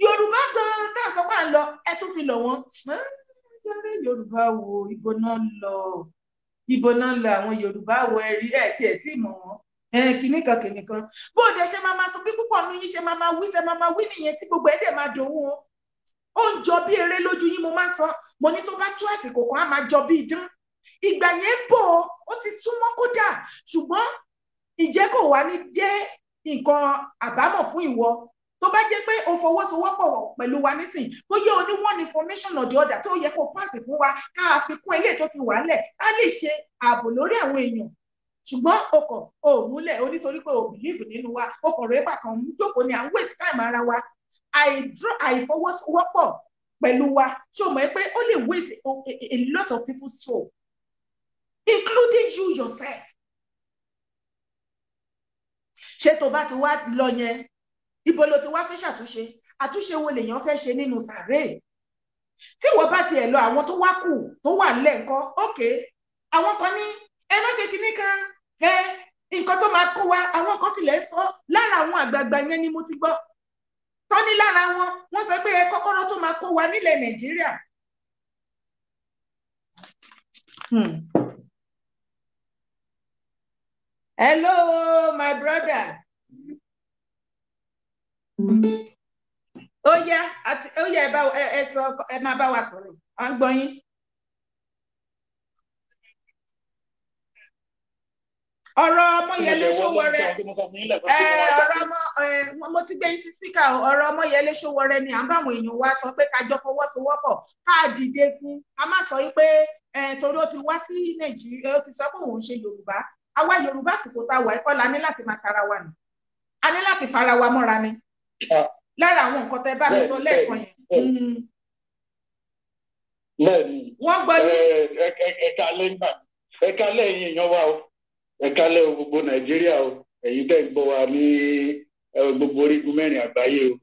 Yorùbá gan tá a sọ pé à ń lọ ẹ tún fi lọ wọn lórí Yorùbá wo ibo náà lọ ibo náà lọ àwọn Yorùbá wo ẹrí ẹ tí ẹ tí mọ wọn kìnnì kan kìnnì kan bóde ṣe máa ma sọ pé púpọ̀ nu yín ṣe máa ma wí tẹ máa ma wí nìyẹn tí gbogbo ẹ̀ dẹ̀ máa dòun o ó ń jọ bí eré lójú yín mo máa ń sọ mo ní tó bá tú àsìkò kan á máa jọ bí idán ìgbà yẹn ń bọ̀ ó ti súnmọ́ kódà ṣùgbọ́n ìjẹ́ kò wá ní jẹ́ nǹkan àbámọ̀ fún ìwọ tó bá jẹ́ pé o fọwọ́sowọ́pọ̀ pẹ̀lú wa nísìn tó yẹ o ní one information or the other tó yẹ kó pàṣẹ fún wa ká àfikún ilé tó ti wà lẹ̀ á lè ṣe ààbò lórí àwọn èèyàn ṣùgbọ́n ọkọ̀ o múlẹ̀ o nítorí pé o believe nínú wa ọkọ̀ rẹ̀ bàkan mú jókòó ni à ń waste time ara wa àìfọwọ́sowọ́pọ̀ pẹ̀lú wa ṣé o mọ̀ pé ó lè waste a lot of people's soul including you yourself. ṣé tó bá ti wá lọ yẹn ibo ló ti wá fẹ́ ṣàtúnṣe àtúnṣe wo lèèyàn fẹ́ ṣe nínú sàréè tí wọ́n bá tiẹ̀ lọ àwọn tó wá kù tó wà ńlẹ̀ ńkọ́ òkè àwọn kan ní ẹ má ṣe kinní kan ẹ nǹkan tó máa kó wa àwọn kan tilẹ̀ sọ lára àwọn àgbààgbà yẹn ni mo ti gbọ́ tọ́ni lára wọn wọ́n sọ pé ẹ kọ́kọ́rọ́ tó máa kó wa nílẹ̀ nàìjíríà. Hmm. Hello, my brother. oye yá àti ó yá ẹ bá ẹ sọ ẹ máa bá wa sọ̀rọ̀, à ń gbọ́ yín. Ọ̀rọ̀ Ọmọyẹlé ọrọ ọmọ eh, eh, mo ti gbé yín ọrọ spíkà Ọmọyẹlé Ṣówọrẹ ni à ń bá àwọn èèyàn wa sọ pé ká jọ fọwọ́sowọ́pọ̀ fún sọ pé eh, torí ó ti wá sí Nàìjíríà ó sọ pé òun ṣe Yorùbá àwa yorùbá àsìkò tá a wà ẹ̀kọ́ la ní láti máa tara wa nù a ní láti fara wa mọ́ra ni ah. lára àwọn nǹkan tẹ bá mi sọ lẹ́ẹ̀kan yẹn. Hmm. bẹ́ẹ̀ni wọ́n gbọ́ yín. ẹ̀ka lẹ́yìn ẹ̀ka lẹ́yìn èèyàn wa o ẹ̀ka lẹ́yìn gbogbo nàìjíríà o ẹ̀yin tẹ́ ń gbọ́ wa ní gbogbo orígun mẹ́rin àgbáyé o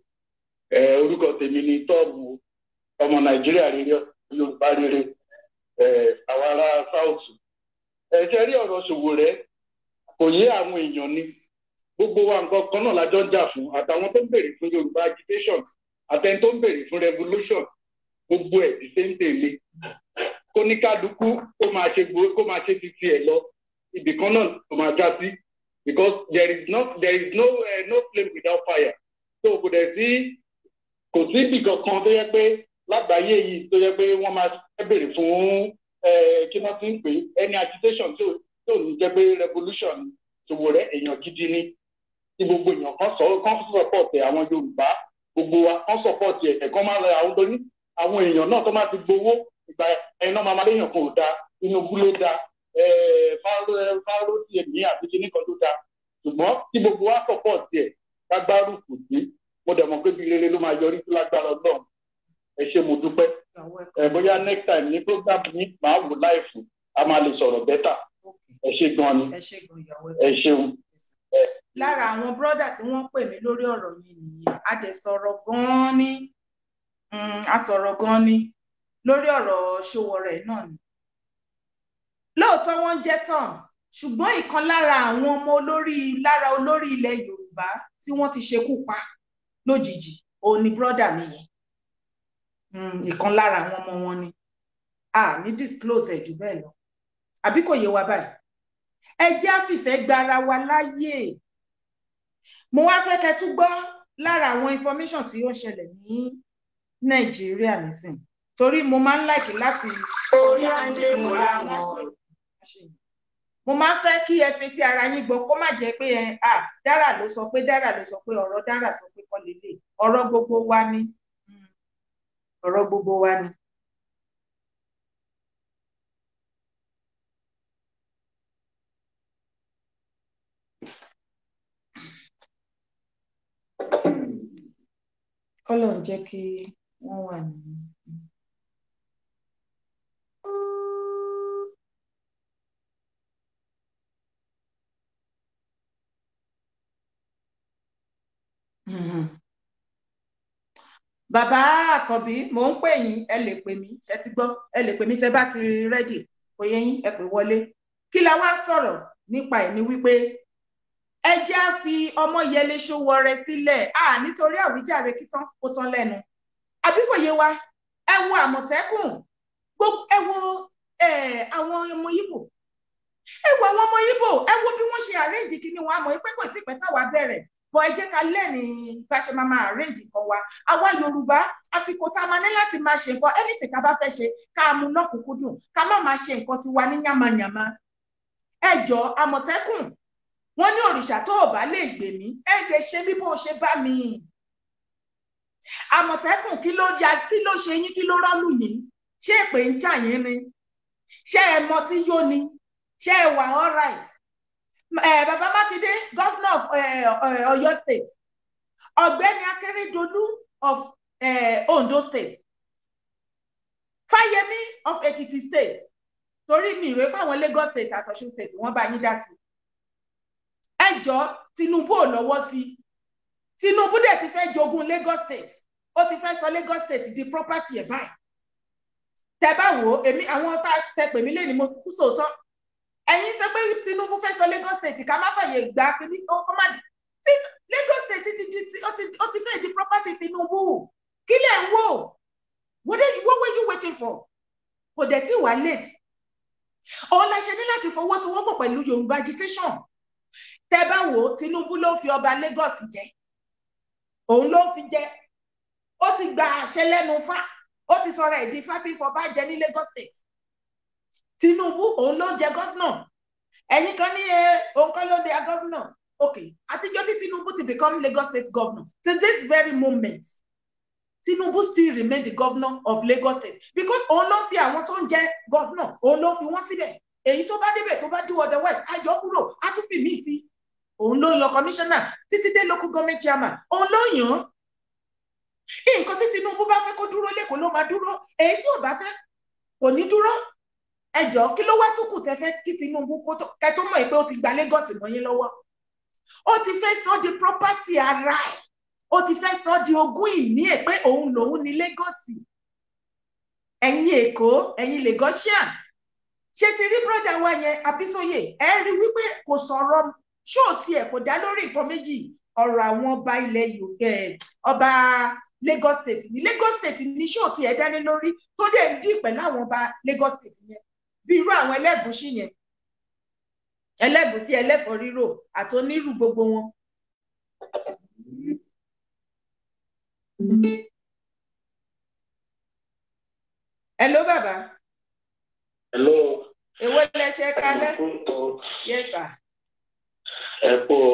orúkọ tèmi ni tọ́ọ̀bù ọmọ nàìjíríà rere yorùbá rere àwa ará south ẹ̀jẹ̀ rí ọ̀rọ̀ Sowore kò yé àwọn èèyàn ni gbogbo wa nǹkan kan náà lájọ́ ń jà fún àtàwọn tó ń béèrè fún Yorùbá agitation àtẹni tó ń béèrè fún revolution gbogbo ẹ̀ ti ṣe ń tèlé kó ní kálukú kó máa ṣe kó máa ṣe ti tiẹ̀ lọ ibì kan náà ló máa já sí because there is no, there is no uh, no flame without fire so kò dẹ̀ sí kò sí ibì kankan tó yẹ pé lágbàáyé yìí tó yẹ pé wọ́n máa fẹ́ béèrè fún kí wọ́n ti ń pè ẹni agitation tí ò ní jẹ́ pé revolution Sowore èèyàn gidi ni tí gbogbo èèyàn kan sọ kan sọpọ́ọ̀tì àwọn Yorùbá gbogbo wa kan sọpọ́ọ̀tì ẹ̀ kan máa ra àwọn tó ní àwọn èèyàn náà tó máa ti gbowó ìgbà ẹ̀yin náà máa máa léèyàn kan ò da Tinubu ló da fáró tí èmi àti kíní kan ló da ṣùgbọ́n tí gbogbo wa sọpọ́ọ̀tì ẹ̀ lágbárùkù sí mo dẹ̀ mọ̀ pé bí rere ló máa yọrí sí lágbára Ọlọ́run ẹ ṣe mo dúpẹ́ ẹ bóyá next time ní program yín màá wò láìfù a máa lè sọ̀rọ̀ bẹ́tà ẹ ṣe gan ni ẹ ṣeun. lára àwọn bọ́dà tí wọ́n pè mí lórí ọ̀rọ̀ yìí nìyí a dẹ̀ sọ̀rọ̀ gan-an ni mm, a sọ̀rọ̀ gan-an ni lórí ọ̀rọ̀ Ṣòwòrẹ̀ náà ni lóòótọ́ wọ́n jẹ́ tán ṣùgbọ́n ìkan lára àwọn ọmọ olórí lára olórí ilẹ̀ Yorùbá tí wọ́n ti ṣekú pa lójijì òun ni brọ́dà mi yẹn Mm, ìkan lára àwọn ọmọ wọn ni a ní disclose ẹ̀ jù bẹ́ẹ̀ lọ àbí kò yé wa báyìí ẹ jẹ́ àfìfẹ́ gba ara wa láyè mo wá fẹ́ kẹ́ tún lára àwọn information tí ó ń ṣẹlẹ̀ ní nàìjíríà nísìn torí mo máa ń láìkí láti orí ajé mo ra wọn mo máa ń fẹ́ kí ẹ fetí ara yín gbọ́ kó má jẹ́ pé ẹ dára ló sọ pé dára ló sọ pé ọ̀rọ̀ dára sọ pé kọ́ lélẹ̀ ọ̀rọ̀ gbogbo wa ni ọ̀rọ̀ gbogbo wa ni. kọ́lọ̀ ń jẹ́ kí wọ́n wà ní. Mm-hmm bàbá àkànbí mò ń pè yín ẹ lè pè mí ṣe ti gbọ́ ẹ lè pè mí tẹ bá ti rẹ́dì kò yẹ yín ẹ pè wọlé kí la wá sọ̀rọ̀ nípa ẹ̀ ni wípé ẹ jẹ́ á fi ọmọ yẹlé Sowore sílẹ̀ à nítorí àwíjàre kí tán kó tán lẹ́nu àbí kò yé wa ẹ wo àmọ̀tẹ́kùn ẹ wo àwọn ọmọ Ìgbò ẹ wo àwọn ọmọ Ìgbò ẹ wo bí wọ́n ṣe àrẹ́jì kí ni wọ́n á mọ̀ pé kò tí ì pẹ́ táwa bẹ̀rẹ̀ bọ́ ẹ jẹ́ ká lẹ́rìn-ín bá ṣe máa máa arrange nǹkan wa àwa yorùbá àsìkò tá a máa ní láti máa ṣe nǹkan anything ká bá fẹ́ ṣe ká mú lọ́kùnkúndùn ká má máa ṣe nǹkan tiwa ní yàmàyàmà ẹ àmọ̀tẹ́kùn wọ́n ní òrìṣà tó ò bá lè gbè mí ẹ lè ṣe bí bó ṣe bá mi àmọ̀tẹ́kùn kí ló ya kí ló ṣe yín kí ló rọ́lù yín ṣé èpè ń jà yín ni ṣé ẹ mọ tí yó ni ṣé ẹ wà all right Eh, bàbá mákindé gọ́fúnà of ọ̀yọ́ eh, eh, state ọ̀gbẹ́ni akérèdọ́lù of ondo state fáyemí of èkìtì state torí mi ìrè páwọn lagos state àtọ̀ṣun state wọ́n bá yín dá sí ẹ tinubu ò lọ́wọ́ sí tinubu dẹ̀ ti fẹ́ jogun lagos state ó ti fẹ́ sọ lagos state di property ẹ̀ báyìí tẹ bá wò ó èmi àwọn tá tẹ pèmí lé ní mo kú sóòótọ́ ẹ̀yin sọ pé Tinubu fẹ́ sọ Lagos State ká má fàyè gbà kíní ó má Lagos State ti di ó ti fẹ́ di property Tinubu kí lẹ̀ ń wò what were you waiting for kò dẹ̀ tí wàá late òun la ṣe ní láti fọwọ́sowọ́pọ̀ pẹ̀lú Yorùbá agitation tẹ́ bá wò ó Tinubu ló fi ọba Lagos jẹ òun ló fi jẹ ó ti gba àṣẹ lẹ́nu fá ó ti sọ̀rọ̀ ẹ̀dín fá tí ń jẹ ní Lagos State Tinubu òun ló jẹ gọ́fìnà ẹ̀yin kan ní eh, òun kọ́ ló dé gọ́fìnà okay àtijọ́ tí Tinubu ti become Lagos state governor to this very moment Tinubu still remain the governor of Lagos state because òun ló fi àwọn tó ń jẹ gọ́fìnà òun ló fi wọ́n síbẹ̀ èyí tó bá débẹ̀ tó bá do other west àjọ kúrò á tún fi mí sí òun ló yan commissioner, títí dé local government chairman òun ló yàn án nǹkan tí Tinubu bá fẹ́ kó dúró lẹ́kọ̀ọ́ ló máa dúró èyí tí ò bá fẹ́ kò ní dúró ẹjọ́ kí ló wá túkù tẹ́ fẹ́ kí Tinubu kẹ tó mọ̀ pé ó ti gba Lagos mọ́ yín lọ́wọ́ ti fẹ́ sọ di property ara ẹ̀ ó ti fẹ́ sọ di ogún ìní ẹ̀ pé òun lòun ní Lagos ẹ̀yin Èkó ẹ̀yin Lagosian ṣe ti rí brọ́dà wa yẹn Abísóyè ẹ rí wípé kò sọ̀rọ̀ ṣó tiẹ̀ kò dá lórí nǹkan méjì ọ̀rọ̀ àwọn ọba ilẹ̀ yorùbá ọba Lagos State ní Lagos State ní ṣó tiẹ̀ dání lórí tó dẹ̀ ń dì àwọn ọba Lagos State yẹn irú àwọn ẹlẹ́gùsí yẹn ẹlẹ́gùsí ẹlẹ́fọ́ rírò àti onírú gbogbo wọn. Hello bàbá. Hello. Èwo lẹ ṣe kalẹ̀? Yes sir. Ẹ kú o,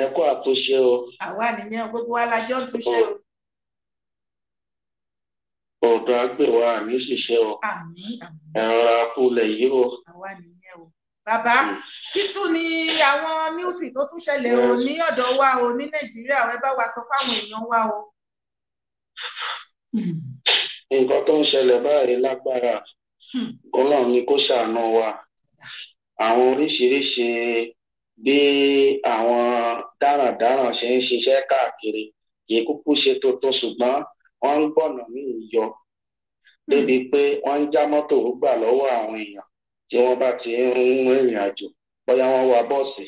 ẹ kú àtúnṣe o. Àwa nìyẹn gbogbo wa la jọ ń túnṣe o ọ̀dọ̀ agbèwà àmì ṣiṣẹ́ o. àmì àmì. ẹ̀rọ apulẹ̀ yìí o. àwa nìyẹn o. bàbá kí tún ni àwọn mutí tó tún ṣẹlẹ̀ o ní ọ̀dọ̀ wa o ní nàìjíríà ẹ bá wa sọ fáwọn èèyàn wa o. nǹkan tó ń ṣẹlẹ̀ báyìí lágbára hmm. ọlọ́run ni kó ṣàánú wa àwọn oríṣiríṣi bí àwọn dáradára ṣe ń ṣiṣẹ́ káàkiri kì í kúkú ṣe tuntun ṣùgbọ́n wọ́n ń gbọ̀nà míì yọ débi pé wọ́n ń já mọ́tò gbà lọ́wọ́ àwọn èèyàn tí wọ́n bá ti ń rìnrìn àjò bóyá wọ́n wa bọ́ọ̀sì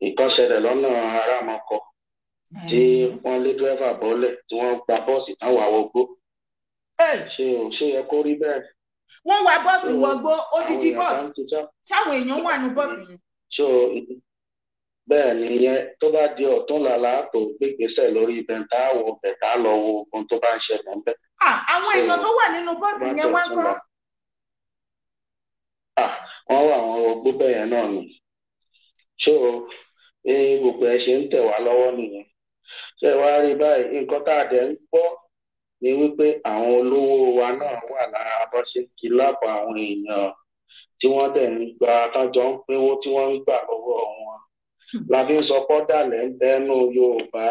nǹkan ṣẹlẹ̀ lọ́nà arámọkọ tí wọ́n lé dírẹ́fà bọ́lẹ̀ tí wọ́n gba bọ́ọ̀sì tán wà wọgbó ṣé o ṣé yẹ kó rí bẹ́ẹ̀. wọ́n wa bọ́ọ̀sì wọgbó odidi bọ́ọ̀sì ṣáwọn èèyàn wà ní bọ́ọ̀sì yẹn bẹ́ẹ̀ nìyẹn tó bá di ọ̀tún làlá tó gbégbèsè lórí bẹ̀ntà wọ bẹ̀ntà lọ wo ogun tó bá ń ṣẹlẹ̀ ń bẹ̀. àwọn èèyàn tó wà nínú bọ́ọ̀sì yẹn wá ń kọ́. wọ́n wà àwọn ogbó bẹ́yẹn náà nù. ṣó gbogbo ẹ ṣe ń tẹ̀ wá lọ́wọ́ nìyẹn. ṣé wàá rí báyìí nǹkan tá a dẹ̀ ń gbọ́ ni wípé àwọn olówó wa náà wà lára bó ṣe ń kí lápò àwọn èèyàn tí wọ́n làbí ń sọ pọ́dàlẹ̀ ń bẹ́nu yorùbá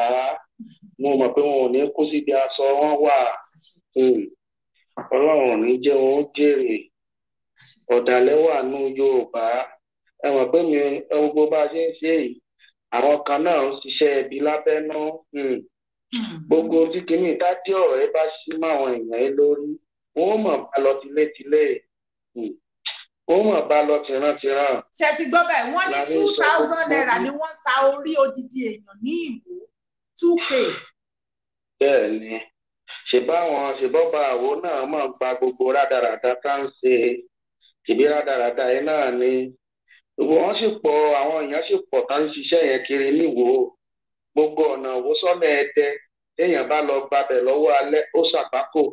mo mọ̀ pé wọn ò ní kú síbi aṣọ wọn wà hmm. ọlọ́run ò ní jẹ́ wọn ó jèrè ọ̀dàlẹ̀ wà nù yorùbá ẹ mọ̀ pé mi gbogbo bá a ṣe ń ṣe yìí àwọn kan náà ń ṣiṣẹ́ ibi lábẹ́nú hmm. gbogbo tí kìíní ìdájọ́ ọ̀rẹ́ bá ṣí máwọn èèyàn lórí wọn ó mọ̀ bá lọ tilétilé. Hmm ó mọ̀ bá lọ tìrantìran. ṣe ti gbọ́ bẹ́ẹ̀ wọ́n ní two thousand naira ni wọ́n ta orí odidi èèyàn ní ìwò two k. bẹ́ẹ̀ ni ṣèbáwọn ṣèbọ́ba àwo náà máa ń gba gbogbo rádaràda tá à ń ṣe ìbí rádaràda yẹn náà ni gbogbo wọn sì pọ̀ àwọn èèyàn sì pọ̀ tá à ń ṣiṣẹ́ yẹn kiri níwò gbogbo ọ̀nà òwò sọ́nà ẹ̀dẹ́ téèyàn bá lọ gbabẹ̀ lọ́wọ́ alẹ́ ó ṣàpákò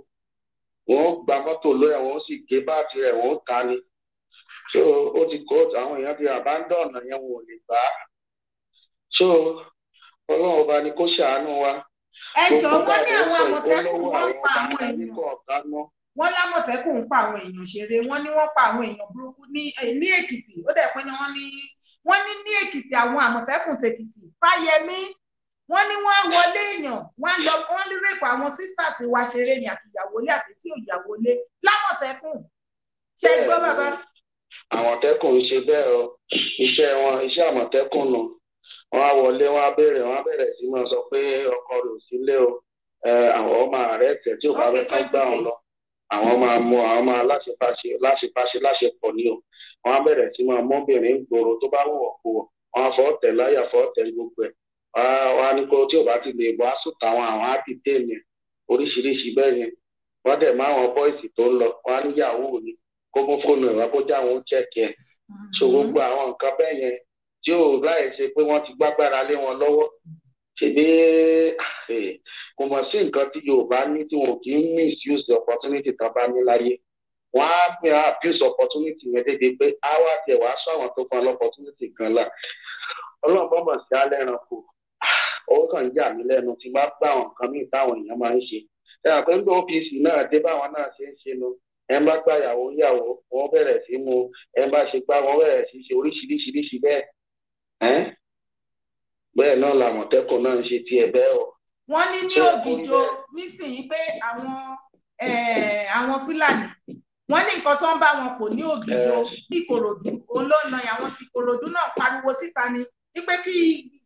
wọn gba mọ́tò lóyè wọn sì gé báàtì rẹ̀ wọn ta ni so ó ti kó àwọn èèyàn ti abandon yẹn wò lè gbà á so ọlọ́run ọba ni kó ṣàánú wa. ẹ jọ̀ọ́ wọ́n ní àwọn àmọ̀tẹ́kùn wọ́n ń pa àwọn èèyàn wọ́n lámọ̀tẹ́kùn ń pa àwọn èèyàn ṣeré wọ́n ní wọ́n pa àwọn èèyàn burúkú ní eh, ní èkìtì ó dẹ̀ pé ni wọ́n ní wọ́n ní ní èkìtì àwọn àmọ̀tẹ́kùn tèkìtì fáyẹmí wọ́n ní wọ́n wọlé èèyàn wọ́n lọ wọ́n lérò èpò àwọn sisters wa ṣeré ni àti ìyàwó ilé àti tí ò ìyàwó ilé lámọ̀tẹ́kùn ṣe gbọ́ bàbá àmọ̀tẹ́kùn ṣe bẹ́ẹ̀ o iṣẹ́ wọn iṣẹ́ àmọ̀tẹ́kùn nù wọ́n á wọlé wọ́n á béèrè wọ́n á bẹ̀rẹ̀ sí máa sọ pé ọkọ rẹ̀ ò sílé o àwọn ọmọ ààrẹ ẹ̀tẹ̀ tí ò bá fẹ́ kán gbà wọn lọ àwọn máa mú àwọn máa láṣepáṣe láṣepáṣe láṣepọ̀ ni o wọ́n á bẹ̀rẹ̀ sí máa mọ́bìnrin gbòòrò tó bá wọ̀ kú wọ̀ wọ́n á fọ́ tẹ̀ láyà fọ́ tẹ̀ gbogbo ẹ̀ wọ́n á ní kó tí ò bá ti lè bọ́ á sùn táwọn àwọn á ti dé yẹn oríṣiríṣi bẹ́ẹ̀ yẹn wọ́n dẹ̀ máa wọn bọ́ìsì tó ń lọ wọ́n á níyàwó ni kó mú fóònù ìran kó já àwọn ẹ̀ mm-hmm. so gbogbo àwọn nǹkan bẹ́ẹ̀ yẹn tí ò láì ṣe pé wọ́n ti gbágbára lé wọn lọ́wọ́ ṣèbí kò mọ̀ sí nǹkan tí Yorùbá ní tí wọn kì í misuse opportunity tán bá ní láyé wọn á pè á abuse opportunity yẹn débi pé á wá tiẹ̀ wá sọ àwọn tó fún ọ opportunity kan là ọlọ́run bọ́ mọ̀ sí alẹ́ ẹranko owó kan yà mí lẹ́nu tí wọ́n bá àwọn nǹkan míì táwọn èèyàn máa ń ṣe ẹ̀ àpẹ́ ń gbé OPC náà dé báwọn náà ṣe ń ṣe nu ẹ bá gba ìyàwó yàwó wọn bẹ̀rẹ̀ sí mu ẹ bá ṣe gbá wọn bẹ̀rẹ̀ sí ṣe oríṣiríṣiríṣi bẹ́ẹ̀ ẹ́ bẹ́ẹ̀ náà làmọ̀tẹ́kùn náà ń ṣe tiẹ̀ bẹ́ẹ̀ o. wọ́n ní ní ògìjọ nísìnyí pé àwọn àwọn fúlàní wọ́n ní nǹkan tó ń bá wọn kò ní ògìjọ ní ìkòròdú òun ló na àwọn ti ìkòròdú náà pariwo síta ni wípé kí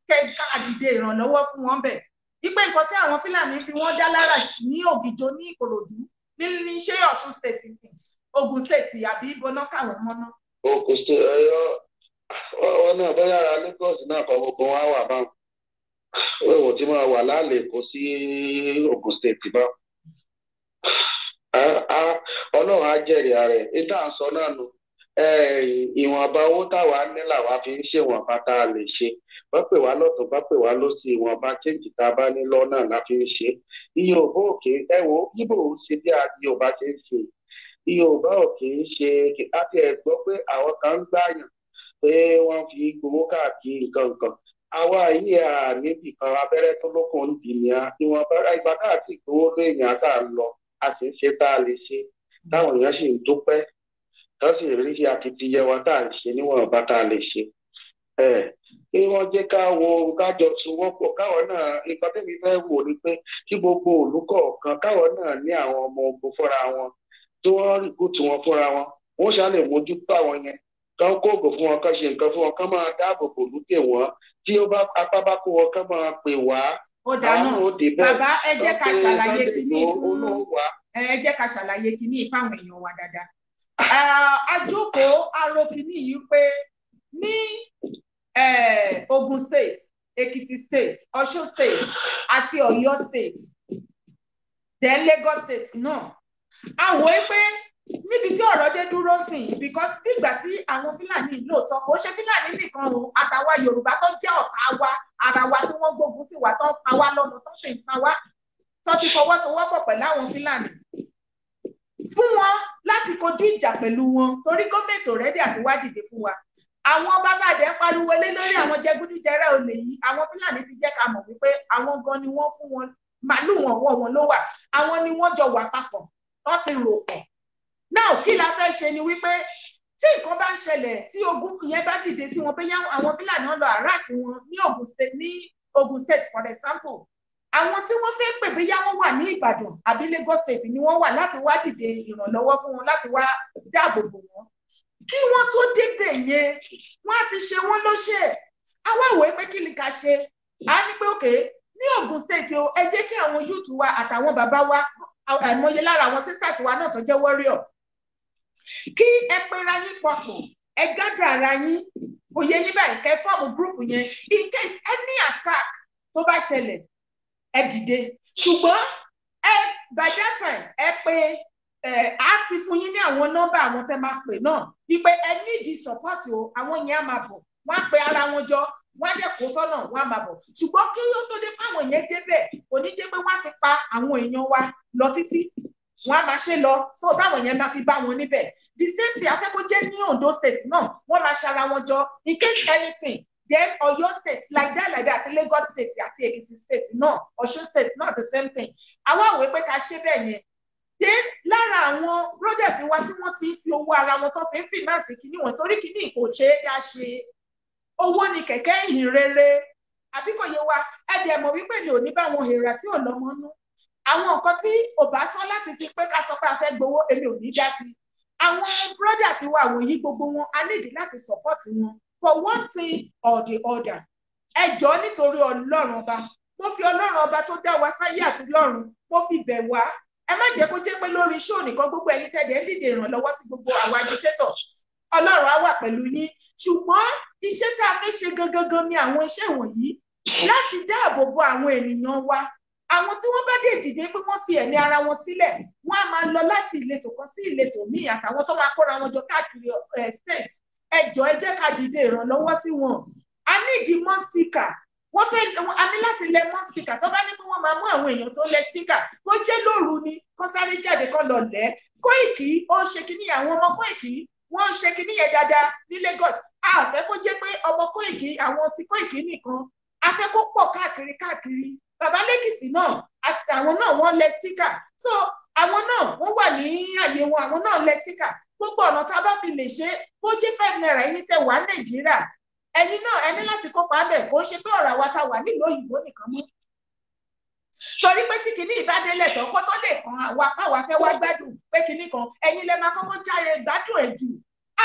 kẹka àdìde ìrànlọ́wọ́ fún wọn bẹ̀ wípé nǹkan tí àwọn fúlàní fi wọ́n dá lára ní ògìjọ ní ìkòròdú ní ṣé Ọ̀ṣun state ni Ògùn state àbí ibo náà káwọn ọmọ náà. Ògùn state ẹyọ ọ náà bóyá ara Lagos náà kọ gbogbo wọn á wà báwọn òwò tí wọn wà lálẹ́ kó sí Ògùn state báwọn. Ọlọ́run á jẹ́rìí ara ẹ̀ nígbà sọ náà nù. Eh, ìwọ̀nba owó táwa ní làwa fi ń ṣèwọ̀nba tá a lè ṣe bá pè wá lọ́tọ̀ bá pè wá lọ́sí ìwọ̀nba kéèjì tá a bá ní lọ́nà la fi ń ṣe iye òbá òkè ẹ wo yíbò ń ṣe bí iye òbá ṣe ń ṣe iye òbá òkè ń ṣe àti ẹ gbọ́ pé àwọn kan ń gbàyàn pé wọ́n fi gbowó káàkiri nǹkan nǹkan àwa yìí à níbì kan abẹ́rẹ́ tó lókun ń dì ní a ìwọ̀nba ìgbà káàkiri gbowó lóyìn àtà a sì ń ṣe tá a lè ṣe táwọn èèyàn sì ń dúpẹ́ ká sì rí akitiyan wa tá à ń ṣe níwọ̀n bá tá a lè ṣe pé wọ́n jẹ́ ká wo kájọ sowọ́pọ̀ káwọn náà ipa tẹ́mi fẹ́ wò ni pé kí gbogbo òlú kọ̀ọ̀kan káwọn náà ní àwọn ọmọ ogun fúnra wọn tí wọ́n rìkútù wọn fúnra wọn wọ́n ṣàlè mójútó àwọn yẹn kán kó oògùn fún wọn kán ṣe nǹkan fún wọn kán máa dáàbò bò lókè wọn tí ó bá apá bá kó wọn kán máa pè wá. ó dáná bàbá ẹ jẹ́ ká ṣàlàyé kíní ẹ jẹ́ ká ṣàlàyé kíní fáwọn èèyàn wa dáadáa ajókòó arókìní yìí pé ní Ogun State Ekiti State Osun State Ati Ọ̀yọ́ State then Lagos State náà àwọn pé níbi tí ọ̀rọ̀ dé dúró sí i because nígbà tí àwọn Fúlàní lóòótọ́ kò ṣe Fúlàní nìkan o àtàwa Yorùbá tó jẹ́ ọ̀tá wa ara wa tí wọ́n gbógun tì wá tó ń pa wá lọ́mọ tó sì ń pa wá tó ti fọwọ́sowọ́pọ̀ pẹ̀lú àwọn Fúlàní fún wọn láti kojú ìjà pẹ̀lú wọn torí gómìnà rẹ́dí àti wádìí fún wa àwọn ọba tá a dẹ̀ ń pariwo lé lórí àwọn jẹgúdújẹrá olè yìí àwọn fúlàní ti jẹ́ ká mọ̀ wípé àwọn gan ni wọ́n fún wọn màálùú wọn ọwọ́ wọn ló wà àwọn ni wọ́n jọ wà papọ̀ wọ́n ti rò pọ̀ náà kí la fẹ́ ṣe ni wípé tí nǹkan bá ń ṣẹlẹ̀ tí ogun yẹn bá dìde sí wọn pé àwọn fúlàní ń lọ àràsí wọn ní Ogun State ní Ogun State for example àwọn tí wọ́n fẹ́ pè bóyá wọ́n wà ní Ìbàdàn àbí Lagos State ni wọ́n wà láti wá dìde ìrànlọ́wọ́ fún wọn láti wá dáàbò bò wọ́n kí wọ́n tó débẹ̀ yẹn wọ́n á ti ṣe wọ́n lọ́ṣẹ̀ àwa wòó pé kí ni ká ṣe á ní pé òkè ní Ògùn State o ẹ jẹ́ kí àwọn youth wa àtàwọn bàbá wa àìmọye lára àwọn sisters wa náà tó jẹ́ warrior kí ẹ pera yín papọ̀ ẹ gádà ara yín òye yín báyìí kẹ fọ́ọ̀mù gúrùpù yẹn in case any attack tó bá ṣẹlẹ̀ ẹ dìde ṣùgbọ́n ẹ by that time ẹ pé ẹ á ti fún yín ní àwọn nọ́mbà àwọn tẹ́ máa pè náà wípé ẹ nídi support o àwọn yẹn á máa bọ̀ wọ́n á pe ara wọn jọ wọ́n á dẹ̀ kó sọ́nà wọ́n á máa bọ̀ ṣùgbọ́n kí ó tó dé páwọn yẹn débẹ̀ kò ní jẹ́ pé wọ́n á ti pa àwọn èèyàn wa lọ títí wọ́n á máa ṣe lọ so táwọn yẹn máa fi bá wọn níbẹ̀ the same thing afẹ́kọ́ jẹ́ ní Ondo state náà wọ́n máa ṣara wọn jọ in case anything then Ọ̀yọ́ state like that like that Lagos state àti Èkìtì state no, Osun state not the same thing àwọn àwòrán pé ká ṣe bẹ́ẹ̀ yẹn Then lára àwọn brothers wa tí wọ́n ti fi owó ara wọn tó fi ń fìmáàsì kìíní wọn torí kìíní kò ṣeé dá ṣe owó ni kẹ̀kẹ́ ìhìn rere àbí kò yé wa ẹ̀dì ẹ̀mọ̀ wípé mi ò ní bá wọn hèrà tí ò lọ́mọ nú àwọn nǹkan tí ò bá tán láti fi pé ká sọ pé a fẹ́ gbowó èmi ò ní dá sí àwọn brothers wa àwòyí gbogbo wọn a nídìí láti support wọn for one thing or the other ẹ jọ̀ọ́ nítorí ọlọ́run ọba mo fi ọlọ́run ọba tó dá wa sáyé àti lọ́run mo fi bẹ̀ wá ẹ má jẹ́ kó jẹ́ pé lórí show nìkan gbogbo ẹ̀yin tẹ̀lé ń dìde ìrànlọ́wọ́ sí gbogbo àwọn agitator ọlọ́run á wà pẹ̀lú yín ṣùgbọ́n iṣẹ́ tá a fẹ́ ṣe gangan gan ni àwọn iṣẹ́ wọ̀nyí láti dáàbò bo àwọn ènìyàn wa àwọn tí wọ́n bá dé dìde pé wọ́n fi ẹ̀mí ara wọn sílẹ̀ wọ́n á máa lọ láti ìletò kan sí ìletò míì àtàwọn tó máa kóra wọn jọ káàkiri eh, state ẹ jọ̀ọ́ ẹ jẹ́ ká dìde ìrànlọ́wọ́ sí wọn a nídi mọ́stíkà wọ́n fẹ́ a ní láti lẹ mọ́stíkà tó bá ní pé wọ́n máa mú àwọn èèyàn tó lẹ stíkà kó jẹ́ lóru ni kó sáré jáde kó lọ lẹ́ Kóìkì ó ṣe kíní àwọn ọmọ Kóìkì wọ́n ṣe kíní yẹn dáadáa ní Lagos a fẹ́ kó jẹ́ pé ọmọ Kóìkì àwọn ti Kóìkì nìkan a fẹ́ kó pọ̀ káàkiri káàkiri bàbá lẹ́kìtì náà àwọn náà wọ́n lẹ stíkà so àwọn náà wọ́n wà ní àyè wọn àwọn náà lẹ stíkà gbogbo ọ̀nà tá a bá fi lè ṣe bó jí five naira yín tẹ wà nàìjíríà ẹ̀yin náà ẹni láti kópa bẹ́ẹ̀ kó ṣe pé ọ̀rọ̀ àwa tá wà nílùú òyìnbó nìkan mú torí pé tí kinní ìbádélẹ̀ tán kó tó lè kan àwa páwa fẹ́ wá gbádùn pé kinní kan ẹ̀yin lẹ máa kọ́kọ́ jáde gbádùn ẹ̀ jù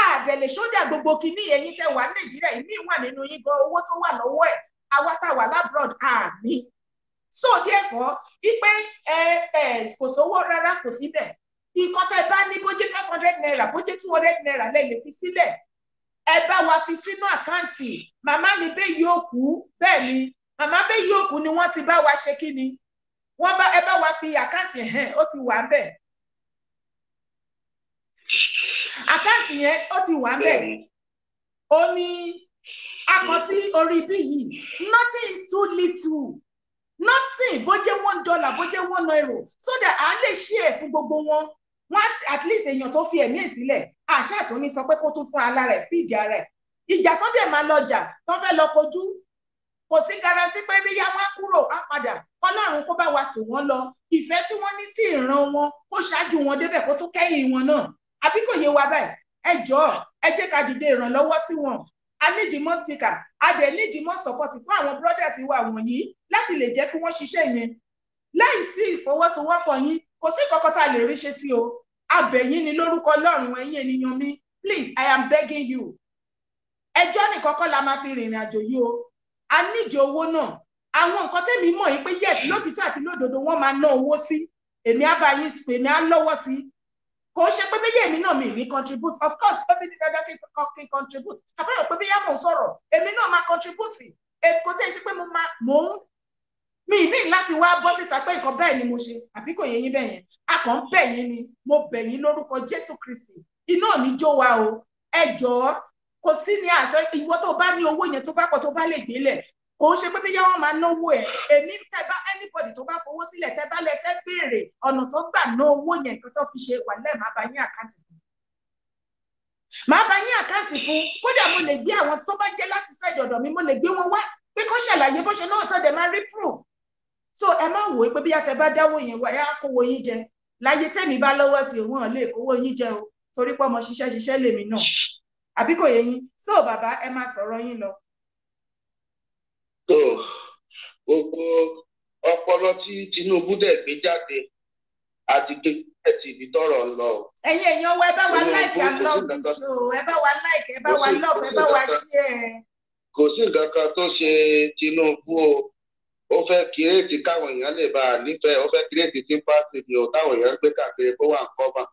àdẹ̀lẹ̀ sódà gbogbo kinní ẹ̀yin tẹ wà nàìjíríà ìmí wà nínú yín gan owó tó wà lọ́wọ́ ẹ̀ àwa tá wà lábroad àmì so therefore ipe ẹ ẹ kò sówó rárá kò síbẹ̀ nǹkan tẹ́ ẹ bá ní bó five hundred naira bó jẹ́ two hundred naira lẹ́yìn fi sílẹ̀ ẹ bá wa fi sínú àkáǹtì màmá mi bẹ́ẹ̀ yóò kú bẹ́ẹ̀ ni màmá bẹ́ẹ̀ yóò kú ni wọ́n ti bá wa ṣe kí ni wọ́n bá ẹ bá wa fi àkáǹtì hàn ó ti wà ń bẹ̀ àkáǹtì yẹn ó ti wà ń bẹ̀ ó ní a orí ibi yìí nothing is too little nothing bó jẹ́ one dollar bó jẹ́ one euro so that à á lè ṣí ẹ̀ fún gbogbo wọn wọ́n at least èèyàn tó fi ẹ̀mí ẹ̀ sílẹ̀ àṣà tó ní sọ pé kó tún fún ara rẹ̀ fìdí ara rẹ̀ ìjà tó dẹ̀ máa lọjà tó fẹ́ lọ kojú kò sí garanti pé bíyá wọn kúrò á padà Ọlọ́run kó bá wa sùn wọ́n lọ ìfẹ́ tí wọ́n ní sí ìran wọn kó ṣáájú wọn débẹ̀ kó tó kẹ́yìn wọn náà àbí kò yé wa báyìí ẹ jọ̀ọ́ ẹ jẹ́ ká dìde ìrànlọ́wọ́ sí wọn a need more sticker a dẹ̀ need more support fún àwọn brothers wa wọ̀nyí láti lè jẹ́ kí wọ́n ṣiṣẹ́ yẹn láì sí ìfọwọ́sowọ́pọ̀ yín kò sí kankan tá a lè rí ṣe sí o abẹ̀yìn ni lórúkọ ọlọ́run ẹ̀yin ènìyàn mi please i am begging you ẹjọ́ nìkan kọ́ la máa fi rìnrìn àjò yìí o a nídìí owó náà àwọn nǹkan tẹ́mi mọ̀ yìí pé yes lótìtọ́ àti lódodo wọ́n máa ná owó sí èmi á bá yín èmi á lọ́wọ́ sí kò ṣe pé bẹ́yẹ̀ èmi náà mi ní contribute of course ó ti di dandan kí n contribute àbúrò pé bẹ́yà mò ń sọ̀rọ̀ èmi náà máa contribute èkó tẹ́ ṣe pé mo máa mò ń mi ì ní láti wá bọ́ síta pé nǹkan bẹ́ẹ̀ ni mo ṣe àbí kò yẹ yín bẹ́ẹ̀ yẹn a kàn ń bẹ̀ yín ni mo bẹ̀ yín lórúkọ Jésù Kristi iná mi jó wa o ẹ jọ̀ọ́ kò sí ní àṣọ ìwọ tó bá ní owó yẹn tó bá kọ tó bá lè gbélẹ̀ kò ń ṣe pé bíyá wọn máa náwó ẹ èmi tẹ bá anybody tó bá fowó sílẹ̀ tẹ bá lẹ fẹ́ béèrè ọ̀nà tó gbà ná owó yẹn nǹkan tó fi ṣe wà lẹ́ẹ̀ má bá yín àkáǹtì fún màá bá yín àkáǹtì fún kódà mo lè gbé àwọn tó bá jẹ́ láti ṣàìdọ̀dọ̀ mi mo lè gbé wọn wá pé kó ṣàlàyé bó ṣe náà tọ́ dẹ̀ máa rí proof so ẹ má wòó pé bí bá dáwọ́ yẹn wá ẹ á kówó yín jẹ láyé tẹ́mi bá lọ́wọ́ sí òun hàn lè kówó yín jẹ o torí pé ọmọ ṣiṣẹ́ lèmi náà àbí kò so bàbá ẹ ma sọrọ yín lọ. ọpọlọ tí Tinubu gbé jáde ti tọrọ lọ. ẹyin èèyàn ẹ bá wa ẹ bá wa ẹ bá wa ẹ bá wa kò sí nǹkan tó ṣe ó fẹ́ kírètì káwọn èèyàn lè bá a nífẹ̀ẹ́ ó fẹ́ kírètì tí fásitì ni ò táwọn èèyàn gbé káàkiri kó wà ń kọ́ bá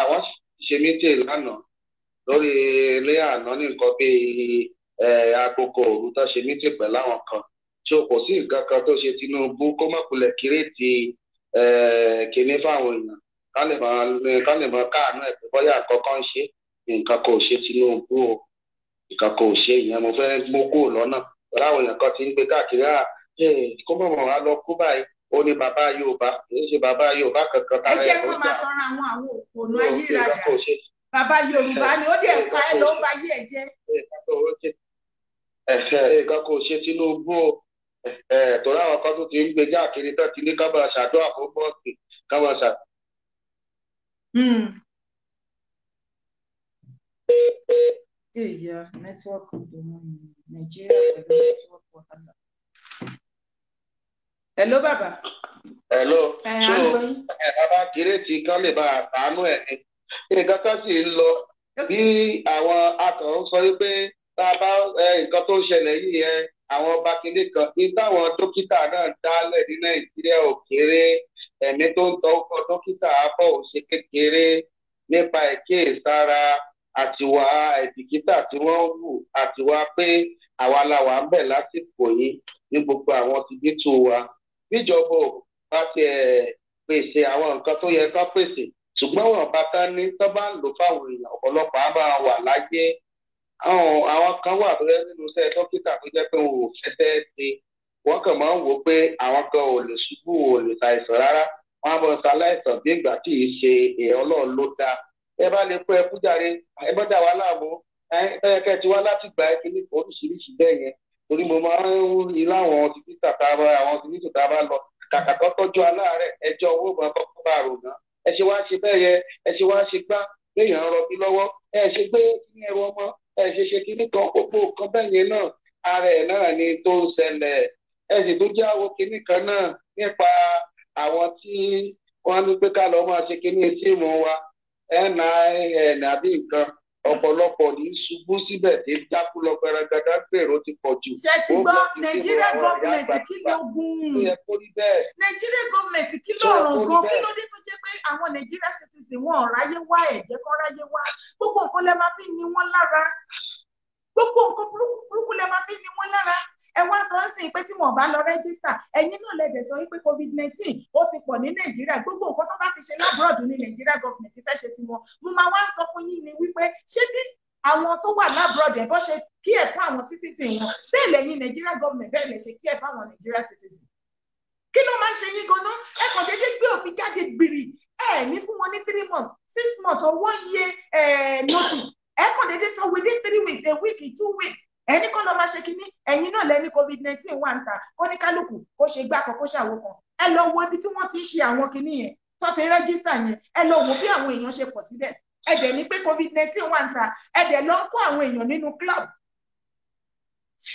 àwọn ṣe méjì lánàá lórí ilé àná ní nǹkan bíi agogo òru tó ṣe méjì pẹ̀lú àwọn kan tí o kò sí nǹkan kan tó ṣe Tinubu kó má kulẹ̀ kírètì kìíní fáwọn èèyàn ká lè mọ káàánú ẹ̀ pé bóyá àkọ́kọ́ ń ṣe nǹkan kò ṣe Tinubu o nǹkan kò ṣe ìyẹn mo fẹ́ mú kúrò lọ́nà pẹ̀lú àwọn èèyàn kan ti ń gbé káàkiri àá Eh, kó mọ̀ mọ̀ wá lọ kú báyìí ó ní bàbá Yorùbá ó ṣe bàbá Yorùbá kankan tára ẹ̀ ó jà bàbá Yorùbá ni ó dẹ̀ eh, pa ẹ̀ ló ń ba yí ẹ̀ jẹ́. nǹkan eh, kò ṣe Tinubu o tòun àwọn kan tó ti ń gbé jáàkiri tán ti ní ká máa àkókò ọ̀sìn ká máa ṣàdó. Èèyàn nẹ́tíwọ́ọ̀kì ìdùnnú Nàìjíríà pẹ̀lú nẹ́tíwọ́ọ̀kì wàhálà. Hello Baba. Hello. Ẹ á gbọ́ yín. Ẹ bàbá kírètì kan lè bá àtàánú ẹ̀ ni nǹkan kan so ń lọ bí àwọn akọ̀ọ́ sọ wípé tá a bá nǹkan tó ń ṣẹlẹ̀ yìí yẹn àwọn bakilé kan ní táwọn dókítà náà dálẹ̀ ní Nàìjíríà ò kéré ẹ̀mí tó ń tọ́kọ dókítà abọ́ ò ṣe kékeré nípa ìkíyèsára àtiwá ẹ̀dìkítà tí wọ́n ń wù àtiwá pé àwa la wà ń bẹ̀ lásìkò yìí ní gbogbo àwọn tìbítù wa bíjọba ò bá tiẹ̀ pèsè àwọn nǹkan tó yẹ ká pèsè ṣùgbọ́n wọn bá tán ní tó bá ń lò fáwọn èèyàn ọ̀pọ̀lọpọ̀ á máa wà láyé àwọn kan wà tó yẹ nínú iṣẹ́ dókítà tó jẹ́ pé wọn ò fẹ́fẹ́ ṣe wọ́n kàn máa ń wò ó pé àwọn kan ò lè ṣubú ò lè ṣàìsàn rárá wọ́n á bọ̀ ṣaláìsàn bí ìgbà tí ì ṣe èèyàn ọlọ́run ló dá ẹ bá lè kó ẹ kú jàre ẹ bọ́dà wà láàmú ẹ tẹ́yẹ kẹ́ ti wá láti gbà ẹ kí ní oríṣiríṣi bẹ́ẹ̀ yẹn torí mo máa ń rí láwọn tìbítà tá a bá àwọn tìbítà tá a bá lọ kàkà tó tọ́jú aláàárẹ̀ ẹjọ́ owó máa kọ́kọ́ bá rò ná ẹ ṣe wá ṣe bẹ́ẹ̀ yẹ ẹ ṣe wá ṣe gbá léèyàn ń rọbí lọ́wọ́ ẹ ṣe gbé ní ẹrù ọmọ ẹ ṣe ṣe kí nìkan gbogbo nǹkan bẹ́ẹ̀ náà ara ẹ̀ náà ni tó ń ṣẹlẹ̀ ẹ sì tó jáwó kinní kan náà nípa àwọn tí wọ́n ní pé ká lọ́ọ́ máa ṣe kinní síìmù wa ẹ̀ náà ẹ̀ nàbí nǹkan ọ̀pọ̀lọpọ̀ ní ṣubú síbẹ̀ ní dákú lọ gbẹrangadá gbèrò ti pọ̀ jù. ṣe ti gbọ́ nàìjíríà gọ́ọ̀mẹ̀ntì kí ló gùn nàìjíríà gọ́ọ̀mẹ̀ntì kí ló ràn gan kí ló dé tó jẹ́ pé àwọn nàìjíríà citizen wọn ò ráyé wá ẹ̀jẹ̀ kan wá gbogbo nǹkan lè máa fi ní wọn lára gbogbo nǹkan burúkú burúkú lẹ máa fi ní wọn lára ẹ wá sọ ń sìn pé tí wọn bá lọ rẹ́gísítà ẹ̀yin náà lẹdẹ sọ wípé covid nineteen ó ti pọ̀ ní nàìjíríà gbogbo nǹkan tó bá ti ṣe lábúròdù ní nàìjíríà gọọmenti fẹ́ ṣe tiwọn mo máa wá sọ fún yín ni wípé ṣé bí àwọn tó wà lábúròdù ẹ bọ́ ṣe kí ẹ fún àwọn citizen wọn bẹ́ẹ̀ lẹ́yìn nàìjíríà gọọmenti bẹ́ẹ̀ lẹ ṣe kí ẹ fún àwọn nàìjíríà citizen kí ló máa ń ṣe yín ganan ẹ kàn déédéé gbé òfin jáde gbìrì ẹ ní fún wọn ní three months six months or one year eh, notice ẹ kàn déédéé sọ within three weeks a week two weeks ẹni kọ́ ló máa ṣe kínní ẹ̀yin náà lẹ́ni covid nineteen wà ń ta kó ní kálukú kó ṣe gbá kan kó ṣàwo kan ẹ lọ wo ibi tí wọ́n ti ń ṣe àwọn kínní yẹn tó ti rẹ́gísítà yẹn ẹ lọ wo bí àwọn èèyàn ṣe pọ̀ síbẹ̀ ẹ dẹ̀ ní pé covid nineteen wà ń ta ẹ dẹ̀ lọ kó àwọn èèyàn nínú club.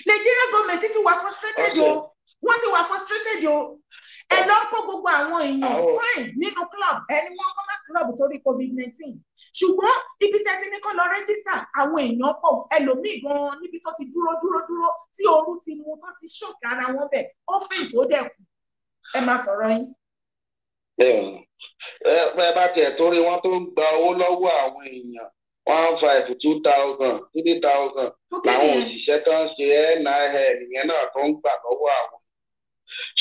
Nigeria goment ti wà frustrated o wọ́n ti wà frustrated o ẹ lọ kó gbogbo àwọn èèyàn fine nínú club ẹni wọ́n kọ́ club torí covid nineteen ṣùgbọ́n ibi tẹ́tí ní kọ́ lọ rẹ́jísítà àwọn èèyàn pọ̀ ẹlòmíì gan-an níbi tó ti dúró dúró dúró tí oorun ti mu tó ti ṣòkè ara wọn bẹ̀ ó fẹ́ tó dẹ̀ ẹ máa sọ̀rọ̀ yín. ẹ bá tiẹ̀ torí wọ́n tó ń gba owó lọ́wọ́ àwọn èèyàn one five two thousand three thousand làwọn òṣìṣẹ́ tó ń ṣe nin ìyẹn náà tó ń gbà lọ́wọ́ àwọn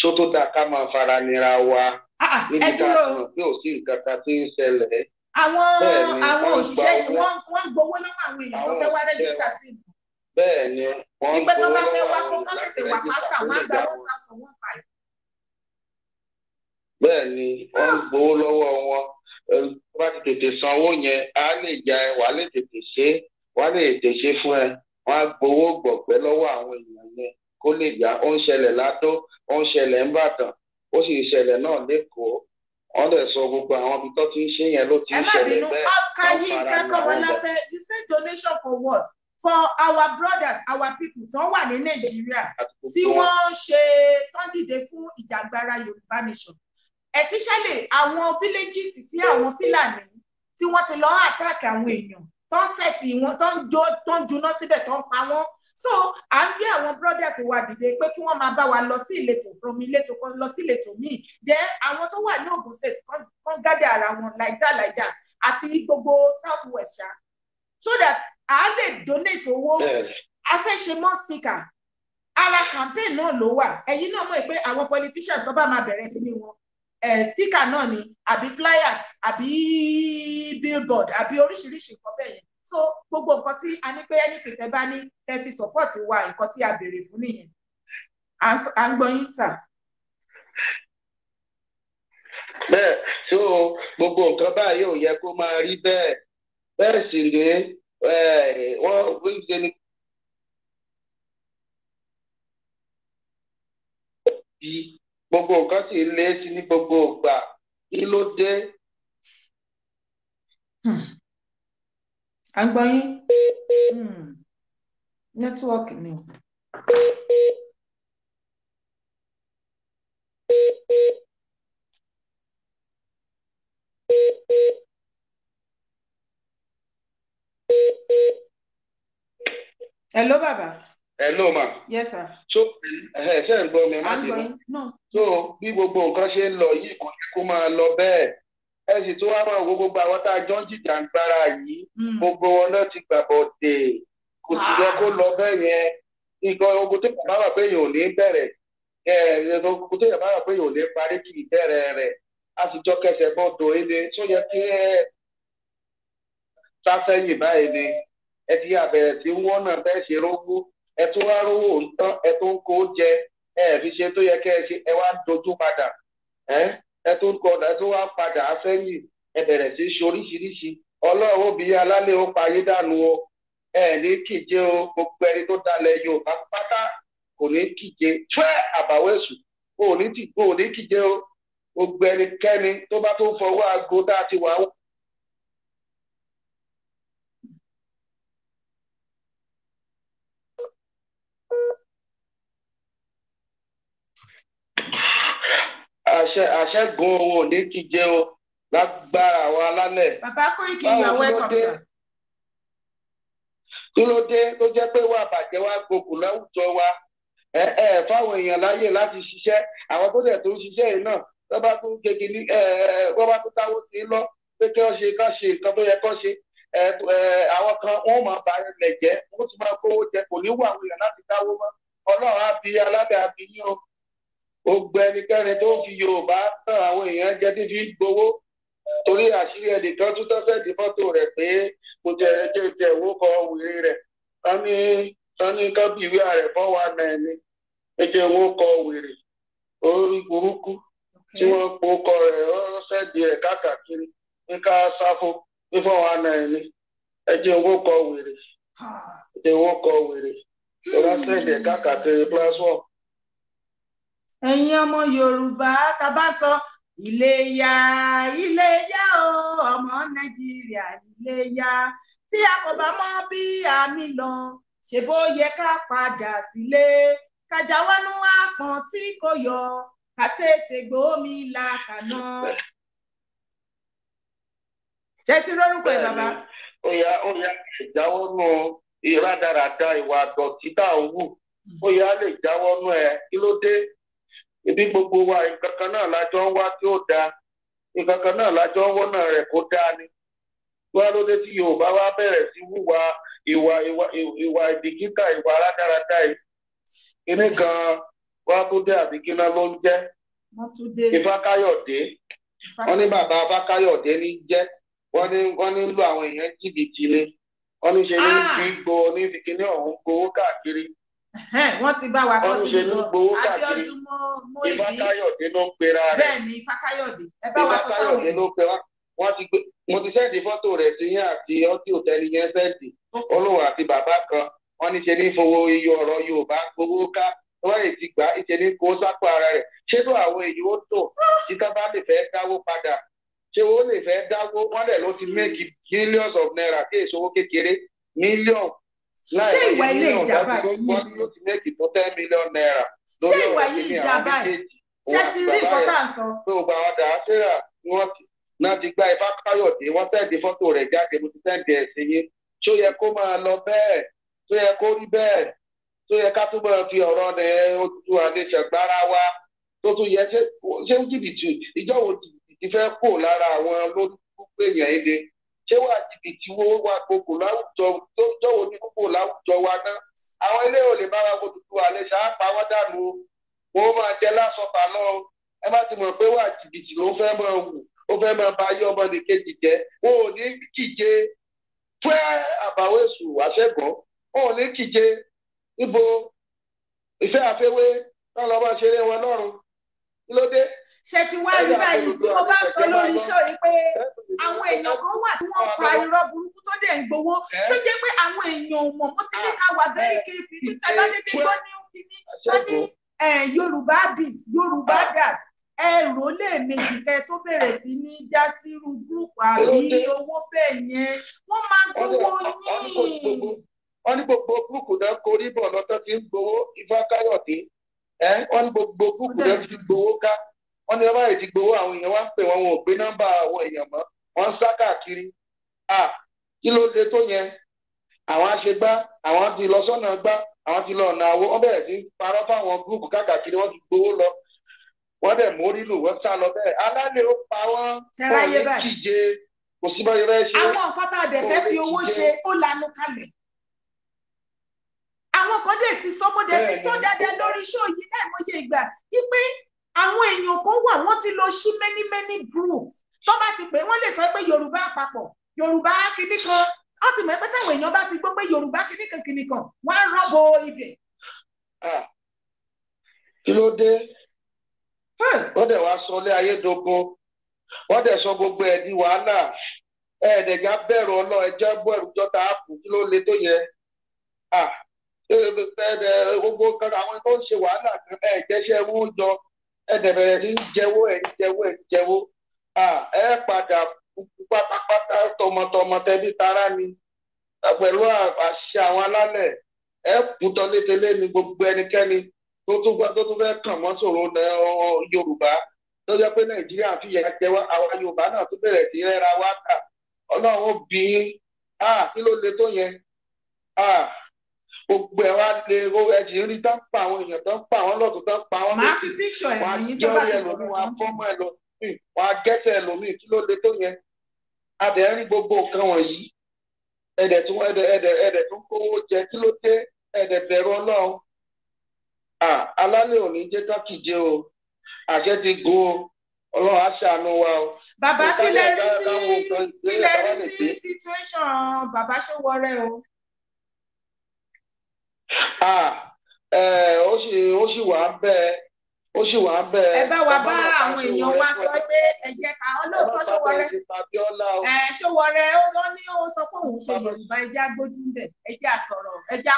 ṣó tó dáa ká máa fara nira wa. Ah, ah, níbi tá a mọ̀ pé ò sí nǹkan kan tí ń ṣẹlẹ̀. àwọn àwọn òṣìṣẹ́ wọ́n wọ́n gbowó lọ́wọ́ àwọn èèyàn tó fẹ́ wá rẹ́jísítà sí ìbò. bẹ́ẹ̀ ni wọ́n gbowó lọ́wọ́ àwọn èèyàn tó fẹ́ wá rẹ́jísítà sí ìbò. ìgbẹ́ tó bá fẹ́ wá kó kán tètè wà pásítà wọ́n á gba one thousand one five. bẹ́ẹ̀ ni wọ́n gbowó lọ́wọ́ wọn bá ti tètè sanwó yẹn á lè ja ẹ wàá lè tètè ṣe wàá lè tètè ṣe fún ẹ wọ́n á gbowó gbọ̀gbẹ́ lọ́wọ́ àwọn èèyàn yẹn kó lè yá ó ń ṣẹlẹ̀ látó ó ń ṣẹlẹ̀ ń ó sì ṣẹlẹ̀ náà lẹ́kọ̀ọ́ wọ́n dẹ̀ sọ gbogbo àwọn ibi tó ti ń ṣe yẹn ló ti ń ṣẹlẹ̀ bẹ́ẹ̀. ẹ má bínú Oscar Yinka Kọ́mọláfẹ́ you say donation for what for our brothers our people tó wà ní Nàìjíríà tí wọ́n ṣe tó dìde fún ìjàgbara Yorùbá nation especially àwọn villages tí àwọn Fúlàní tí wọ́n ti lọ́ọ́ attack àwọn èèyàn tó ń sẹ̀tì wọn tó ń jó tó ń juná síbẹ̀ tó ń pa wọ́n so à ń gbé àwọn brothers wa dìde pé kí wọ́n máa bá wa lọ sí ìletò from ìletò kan lọ sí ìletò míì then àwọn tó wà ní Ogun State kan gádẹ ara wọn like that like that àti gbogbo South West ṣá so that à á lè donate owó a fẹ́ ṣe mọ́ sticker ara campaign náà ló wà ẹ̀yin náà mọ̀ pé àwọn politicians bọ́ bá máa bẹ̀rẹ̀ kí Eh, sticker náà ni àbí flyers àbí billboard àbí oríṣiríṣi nǹkan bẹ́ẹ̀ yẹn so gbogbo nǹkan tí a ní pé ẹni tètè bá ní ẹ fi support wa nǹkan tí a béèrè fún nìyẹn à ń gbọ́ yín sà. bẹ́ẹ̀ so gbogbo nǹkan báyìí ò yẹ kó máa rí bẹ́ẹ̀ bẹ́ẹ̀ sì rèé eh, wọ́n wíńdé ni bí gbogbo nǹkan sì lé sí ní gbogbo ìgbà kí ló dé. Hmm. à ń gbọ́ yín hmm. nẹ́tíwọ́ọ̀kì ni. Hello, bàbá hello ma. yes sir. so ẹ ṣe ń gbọ́ mi má dé ma. so bí gbogbo nǹkan ṣe ń lọ yìí kò ní kó máa lọ bẹ́ẹ̀ ẹ sì tún wá máa wo gbogbo àwọn tá a jọ ń jìjàǹgbara yìí hmm. gbogbo wọn náà ti gbàgbọ́ dé kò sì yẹ kó lọ bẹ́ẹ̀ yẹn nǹkan ogun tó bàbá wà pé yòó ní bẹ̀rẹ̀ ẹ ogun tó bàbá wà pé yòó ní parí kì í bẹ̀rẹ̀ rẹ̀ a sì jọ kẹsẹ̀ bọ́ do ilé tó yẹ ẹ sá sẹ́yìn báyìí ni wọ́n náà bẹ́ẹ̀ ṣe rógbó ẹ tún wá rówó ń tán ẹ tún kó jẹ ẹ fi ṣe tó yẹ kẹ ẹ ṣe ẹ wá dojú padà ẹ tún kọ ẹ tún wá padà sẹ́yìn ẹ bẹ̀rẹ̀ sí ṣe oríṣiríṣi ọlọ́run obìnrin alálẹ̀ ó pa ayé dànù o ẹ ní kíje o gbogbo ẹni tó dalẹ̀ yorùbá pátá kò ní kíje fẹ́ àbáwẹ̀sù kò ní kíje o gbogbo ẹnikẹ́ni tó bá tó fọwọ́ aago tá ti wà á àṣẹ́gun òun ò ní ti jẹ o lágbára àwọn alálẹ̀. bàbá Koiki you are welcome sir. kí ló dé tó jẹ́ pé wà bàjẹ́ wá gbogbo láwùjọ wa ẹ ẹ fáwọn èèyàn láyè láti ṣiṣẹ́ àwọn tó dẹ̀ tó ń ṣiṣẹ́ yìí náà wọ́n bá tún gègé ní wọ́n bá tún táwọn sí lọ pé kí wọ́n ṣe ká ṣe nǹkan tó yẹ kó ṣe àwọn kan wọ́n máa ba ilẹ̀ jẹ́ wọ́n ti máa kówó jẹ kò ní wà àwọn èèyàn láti dáwó mọ́ ọlọ́run á bí alábẹ́ àbí o gbogbo ẹnikẹ́ni tó fi yorùbá tán àwọn èèyàn jẹ gbowó torí àṣírí ẹnìkan tún tọ́sẹ̀ di fọ́tò rẹ̀ pé mo jẹ ẹjẹ ìjẹ ìwókọ wèrè rẹ̀ sani sani kábí ìwé ẹjẹ wèrè orí burúkú tí wọ́n po kọ rẹ̀ ọ̀sẹ̀ di ẹ̀ káàkiri ní ká sáfó wèrè ẹjẹ wèrè di ẹ̀yin ọmọ yorùbá tá a bá sọ iléyá iléyá o ọmọ nàìjíríà iléyá tí a kò bá mọ bí àmì lọ ṣe bó yẹ ká padà sílé ká jáwọ́ nú àpọ̀n tí kò yọ ká tètè gbómi là kàná. ṣé ti rórúkọ ẹ bàbá. ó yá ó yá ìjáwọ́ nù ìradàradà ìwà àdọ̀tí tá à ń wù ó yá lè jáwọ́ nù ẹ kí ló dé ibi gbogbo wa nǹkan kan náà lájọ ń wá tí ó dáa nǹkan kan náà lájọ ń wọ́nà rẹ̀ kó dáa ni wá lóde tí yorùbá wá bẹ̀rẹ̀ sí wúwa ìwà ìwà ìwà ìdìkítà ìwà rádaràda yìí kíní kan wá tó dé àbí kíná ló ń bàbá ní wọ́n ní àwọn èèyàn jìbìtì ni ní ṣe ní ah! ní wọ́n ti bá wa kọ́ sí ìlú Abíọ́dún mọ́ mọ́ ìbí bẹ́ẹ̀ ni Fákáyọ̀dé ẹ bá wa sọ fáwọn èèyàn. wọ́n ti sẹ́ẹ̀dì fọ́tò rẹ̀ sí yín àti ọ́dí òtẹ́lì yẹn sẹ́ẹ̀dì olówó àti bàbá kan wọ́n ní ṣe ní fowó iye ọ̀rọ̀ Yorùbá gbowó ká wọ́n lè ti gbà ìṣe ní kó sápò ara rẹ̀ ṣé tó àwọn èyí ó tò tí tá bá lè fẹ́ dáwó padà ṣé wọ́n lè fẹ́ dáwó wọ́n lè ló ti mẹ́kì millions of naira kí èso kékeré millions ṣé ìwà ilé ìjàmbá yìí ni ṣé ìwà yìí ìjàmbá yìí ṣé ti rí nǹkan tá à ń sọ. tó o gba àwọn dàásírà ni wọ́n sì náà ti gba Ifá Káyọ̀dé wọ́n sẹ́ẹ̀dì fọ́tò rẹ̀ jáde mo ti sẹ́ẹ̀dì ẹ̀ sí yín tó yẹ kó máa lọ bẹ́ẹ̀ tó yẹ kó rí bẹ́ẹ̀ tó yẹ ká túbọ̀ fi ọ̀rọ̀ rẹ̀ ojú àdéṣẹ̀gbára wa tó tún yẹ ṣé jìbìtì ìjọ́wọ́ jìbìtì fẹ́ kó lára àwọn olóńgbò èèyàn èdè ṣé wà jìbìtì wo wà gbogbo láwùjọ tó jọ̀wọ́ ní gbogbo láwùjọ wa náà àwọn ilé ò lè bára wo dúdú àlẹ́ ṣáà pa wọ́n dànù wọn ó máa jẹ lásọpà náà ẹ má ti mọ̀ pé wà jìbìtì ló fẹ́ máa wù ó fẹ́ máa ba ayé ọmọdé kejì jẹ́ wọn ò ní kíje fẹ́ àbáwẹ̀sù àṣẹ́gbọ́n wọn ò ní kíje níbo ìfẹ́ àfẹ́wé náà lọ́ bá ṣeré wọn lọ́rùn kí ṣe ti wá rí báyìí tí mo bá sọ lórí iṣẹ́ yìí pé àwọn èèyàn kan wà tí wọ́n pa irọ́ burúkú tó dẹ̀ ń gbowó tó jẹ́ pé àwọn èèyàn ò mọ̀ mọ́ tí ní ká wà bẹ́ẹ̀ kí n fi ní tẹ́lá débi gbọ́ ní kíní tó ní Yorùbá dis Yorùbá ah. dat ẹrù lè méjì kẹ tó bẹ̀rẹ̀ sí ní dá sírú gúrùpù àbí owó bẹ́ẹ̀ yẹn wọ́n máa gbowó yín. wọ́n ní gbogbo gúrùpù náà korí lọ́tọ́ tí ń gbowó Ifá wọ́n ní gbogbo gúúpù rẹ̀ ti gbowó ká wọ́n ní lọ́wọ́ ìdí gbowó àwọn èèyàn wá ń pè wọ́n wọn ò gbé nọ́mbà àwọn èèyàn mọ́ wọ́n ń sá káàkiri à kí ló dé tó yẹn àwọn aṣegbá àwọn ti lọ gbá àwọn ti lọ ọ̀nà àwo bẹ̀rẹ̀ sí parọ́ fáwọn káàkiri ti gbowó lọ àwọn kan dẹ̀ ti sọ mo dẹ̀ ti sọ dáadáa lórí iṣẹ́ yìí láìmọye ìgbà wípé àwọn èèyàn kan wà wọ́n ti lọ sí many many groups tó bá ti pè wọ́n lè sọ pé Yorùbá àpapọ̀ Yorùbá kinní kan wọ́n ti mọ̀ pé táwọn èèyàn bá ti gbọ́ pé Yorùbá kinní kan kinní kan wọ́n á rọ́bọ ibẹ̀. kí ló dé hmm. wọ́n dẹ̀ wá sọ ilé ayé dogun wọ́n dẹ̀ sọ gbogbo ẹ̀ di wàhálà ẹ̀ẹ́dẹ̀gá bẹ̀rù ọlọ́ ẹjọ́ bẹ̀rù jọta àpò kí ló le tó yẹ gbogbo kan àwọn tó ń ṣe wàhálà kan ẹ jẹ́ṣẹ́ wọn jọ ẹ dẹ̀bẹ̀rẹ̀ ní jẹ́wọ́ ẹ jẹ́wọ́ ẹ jẹ́wọ́ ẹ padà pátápátá tọmọtọmọ tẹbí tará ni pẹ̀lú àṣẹ àwọn alálẹ̀ ẹ kùtọ́ létele gbogbo ẹnikẹ́ni tó tún fẹ́ kàn mọ́ Yorùbá tó pé Nàìjíríà fi wá Yorùbá náà tó bẹ̀rẹ̀ sí gbogbo ẹ wá lè ro ẹjì rí tán pa àwọn èèyàn tán pa àwọn lọ́tún tán pa àwọn lọ́tún. máa fi píkṣọ ẹ̀ yìí tó bá ti sọ̀rọ̀ tán. wàá fọ́mọ ẹlòmíì wàá gẹ́sẹ̀ ẹlòmíì kí ló le tó yẹn. adẹ̀ ń rí gbogbo nǹkan wọ̀nyí ẹ̀dẹ̀ tó ẹ̀dẹ̀ ẹ̀dẹ̀ ẹ̀dẹ̀ tó ń kówó jẹ kí ló dé ẹ̀dẹ̀ bẹ̀rù ọlọ́run. alálẹ̀ òní jẹ́ tọ́kìjẹ́ o àjẹ́ ti gún o ọlọ́run á ṣàánú wa o. bàbá kí lẹ rí sí kí lẹ rí sí situation bàbá Ṣówọrẹ́ o ó sì ó sì wà bẹ́ẹ̀ ó sì wà bẹ́ẹ̀. ẹ bá wa bá àwọn èèyàn wa sọ pé ẹ jẹ́ ká ọlọ́ọ̀tọ́ ṣọwọ́rẹ́ ẹ ṣọwọ́rẹ́ ó ní ó sọ pé òun ṣe yorùbá ẹ já gbójú bẹ̀ ẹ já sọ̀rọ̀ ẹ já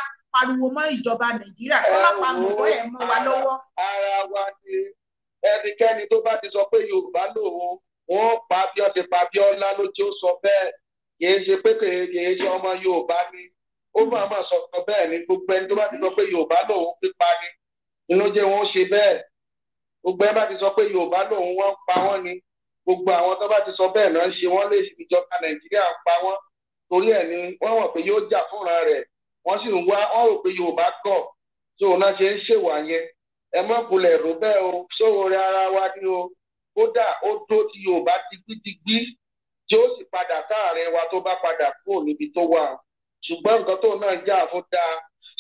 ìjọba nàìjíríà kó má pa mọ̀gbọ́ ẹ̀ mọ́ wa lọ́wọ́. ara wa ni ẹnikẹ́ni tó bá ti sọ pé yorùbá lòun wọ́n pa bí ó ti pa bí ọlá ló tí sọ bẹ́ẹ̀ kì í ṣe pé kì í ṣe ọmọ yorùbá ni ó bá máa sọ pé bẹ́ẹ̀ ni gbogbo ẹni tó bá ti sọ pé Yorùbá lòun pípa ni inú jẹ́ wọn ó ṣe bẹ́ẹ̀ gbogbo ẹni bá ti sọ pé Yorùbá lòun wọ́n pa wọ́n ni gbogbo àwọn tó bá ti sọ bẹ́ẹ̀ náà ń ṣe wọ́n lè ìjọba Nàìjíríà ń pa wọ́n torí ẹ̀ ni wọ́n wọ̀ pé yóò jà fúnra rẹ̀ wọ́n sì ń wá wọ́n rò pé Yorùbá kọ̀ tó o náà ṣe ń ṣèwà yẹn ẹ mọ́ kulẹ̀ rò bẹ́ẹ̀ o sóore ara wa ni o kódà ó dó ti Yorùbá digbídigbí tí ó sì padà káàárẹ̀ wa tó bá padà kúrò níbi tó wà ṣùgbọ́n nǹkan tóun náà jà fún dáa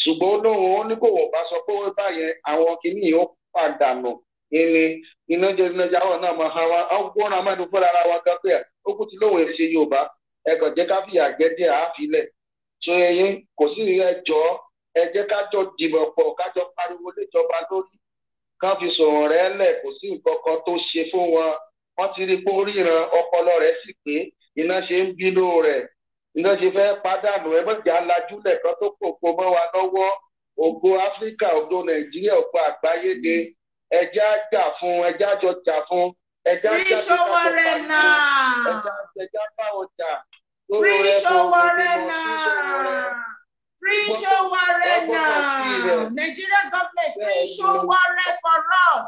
ṣùgbọ́n ó lóun ó ní kò wọ́n bá sọ pé wọ́n báyẹn àwọn kìíní ó padà nù ìní iná jẹ iná jáwọ́ náà máa hàn wá ọgbọ́n àmọ́ ẹni fúnra ara wa gan pé ó kú ti lóun èsì Yorùbá ẹ kàn jẹ́ ká fìyà jẹ díẹ̀ àáfilẹ̀ tó ẹyin kò sí ẹjọ́ ẹ kájọ dìbọ̀ pọ̀ kájọ pariwo léjọba lórí kán fi sọ̀rọ̀ rẹ lẹ̀ kò sí nǹkan kan tó ṣe fún wọn wọ́n ti rí pé ó ríran ọpọlọ rẹ̀ sì pé iná ṣe ń bínú rẹ̀ iná ṣe fẹ́ pàdánù ẹ mọ̀jà lajúlẹ̀ kan tó kòkó mọ́ wa lọ́wọ́ ògo áfíríkà ògo nàìjíríà ògo àgbáyé ni ẹjẹ́ jà fún ẹjẹ́ jọ jà fún ẹjẹ́ á jà fún ẹjẹ́ á bá wọn jà. Free Soworena! Free Soworena! Nigeria government, free Sowore for us!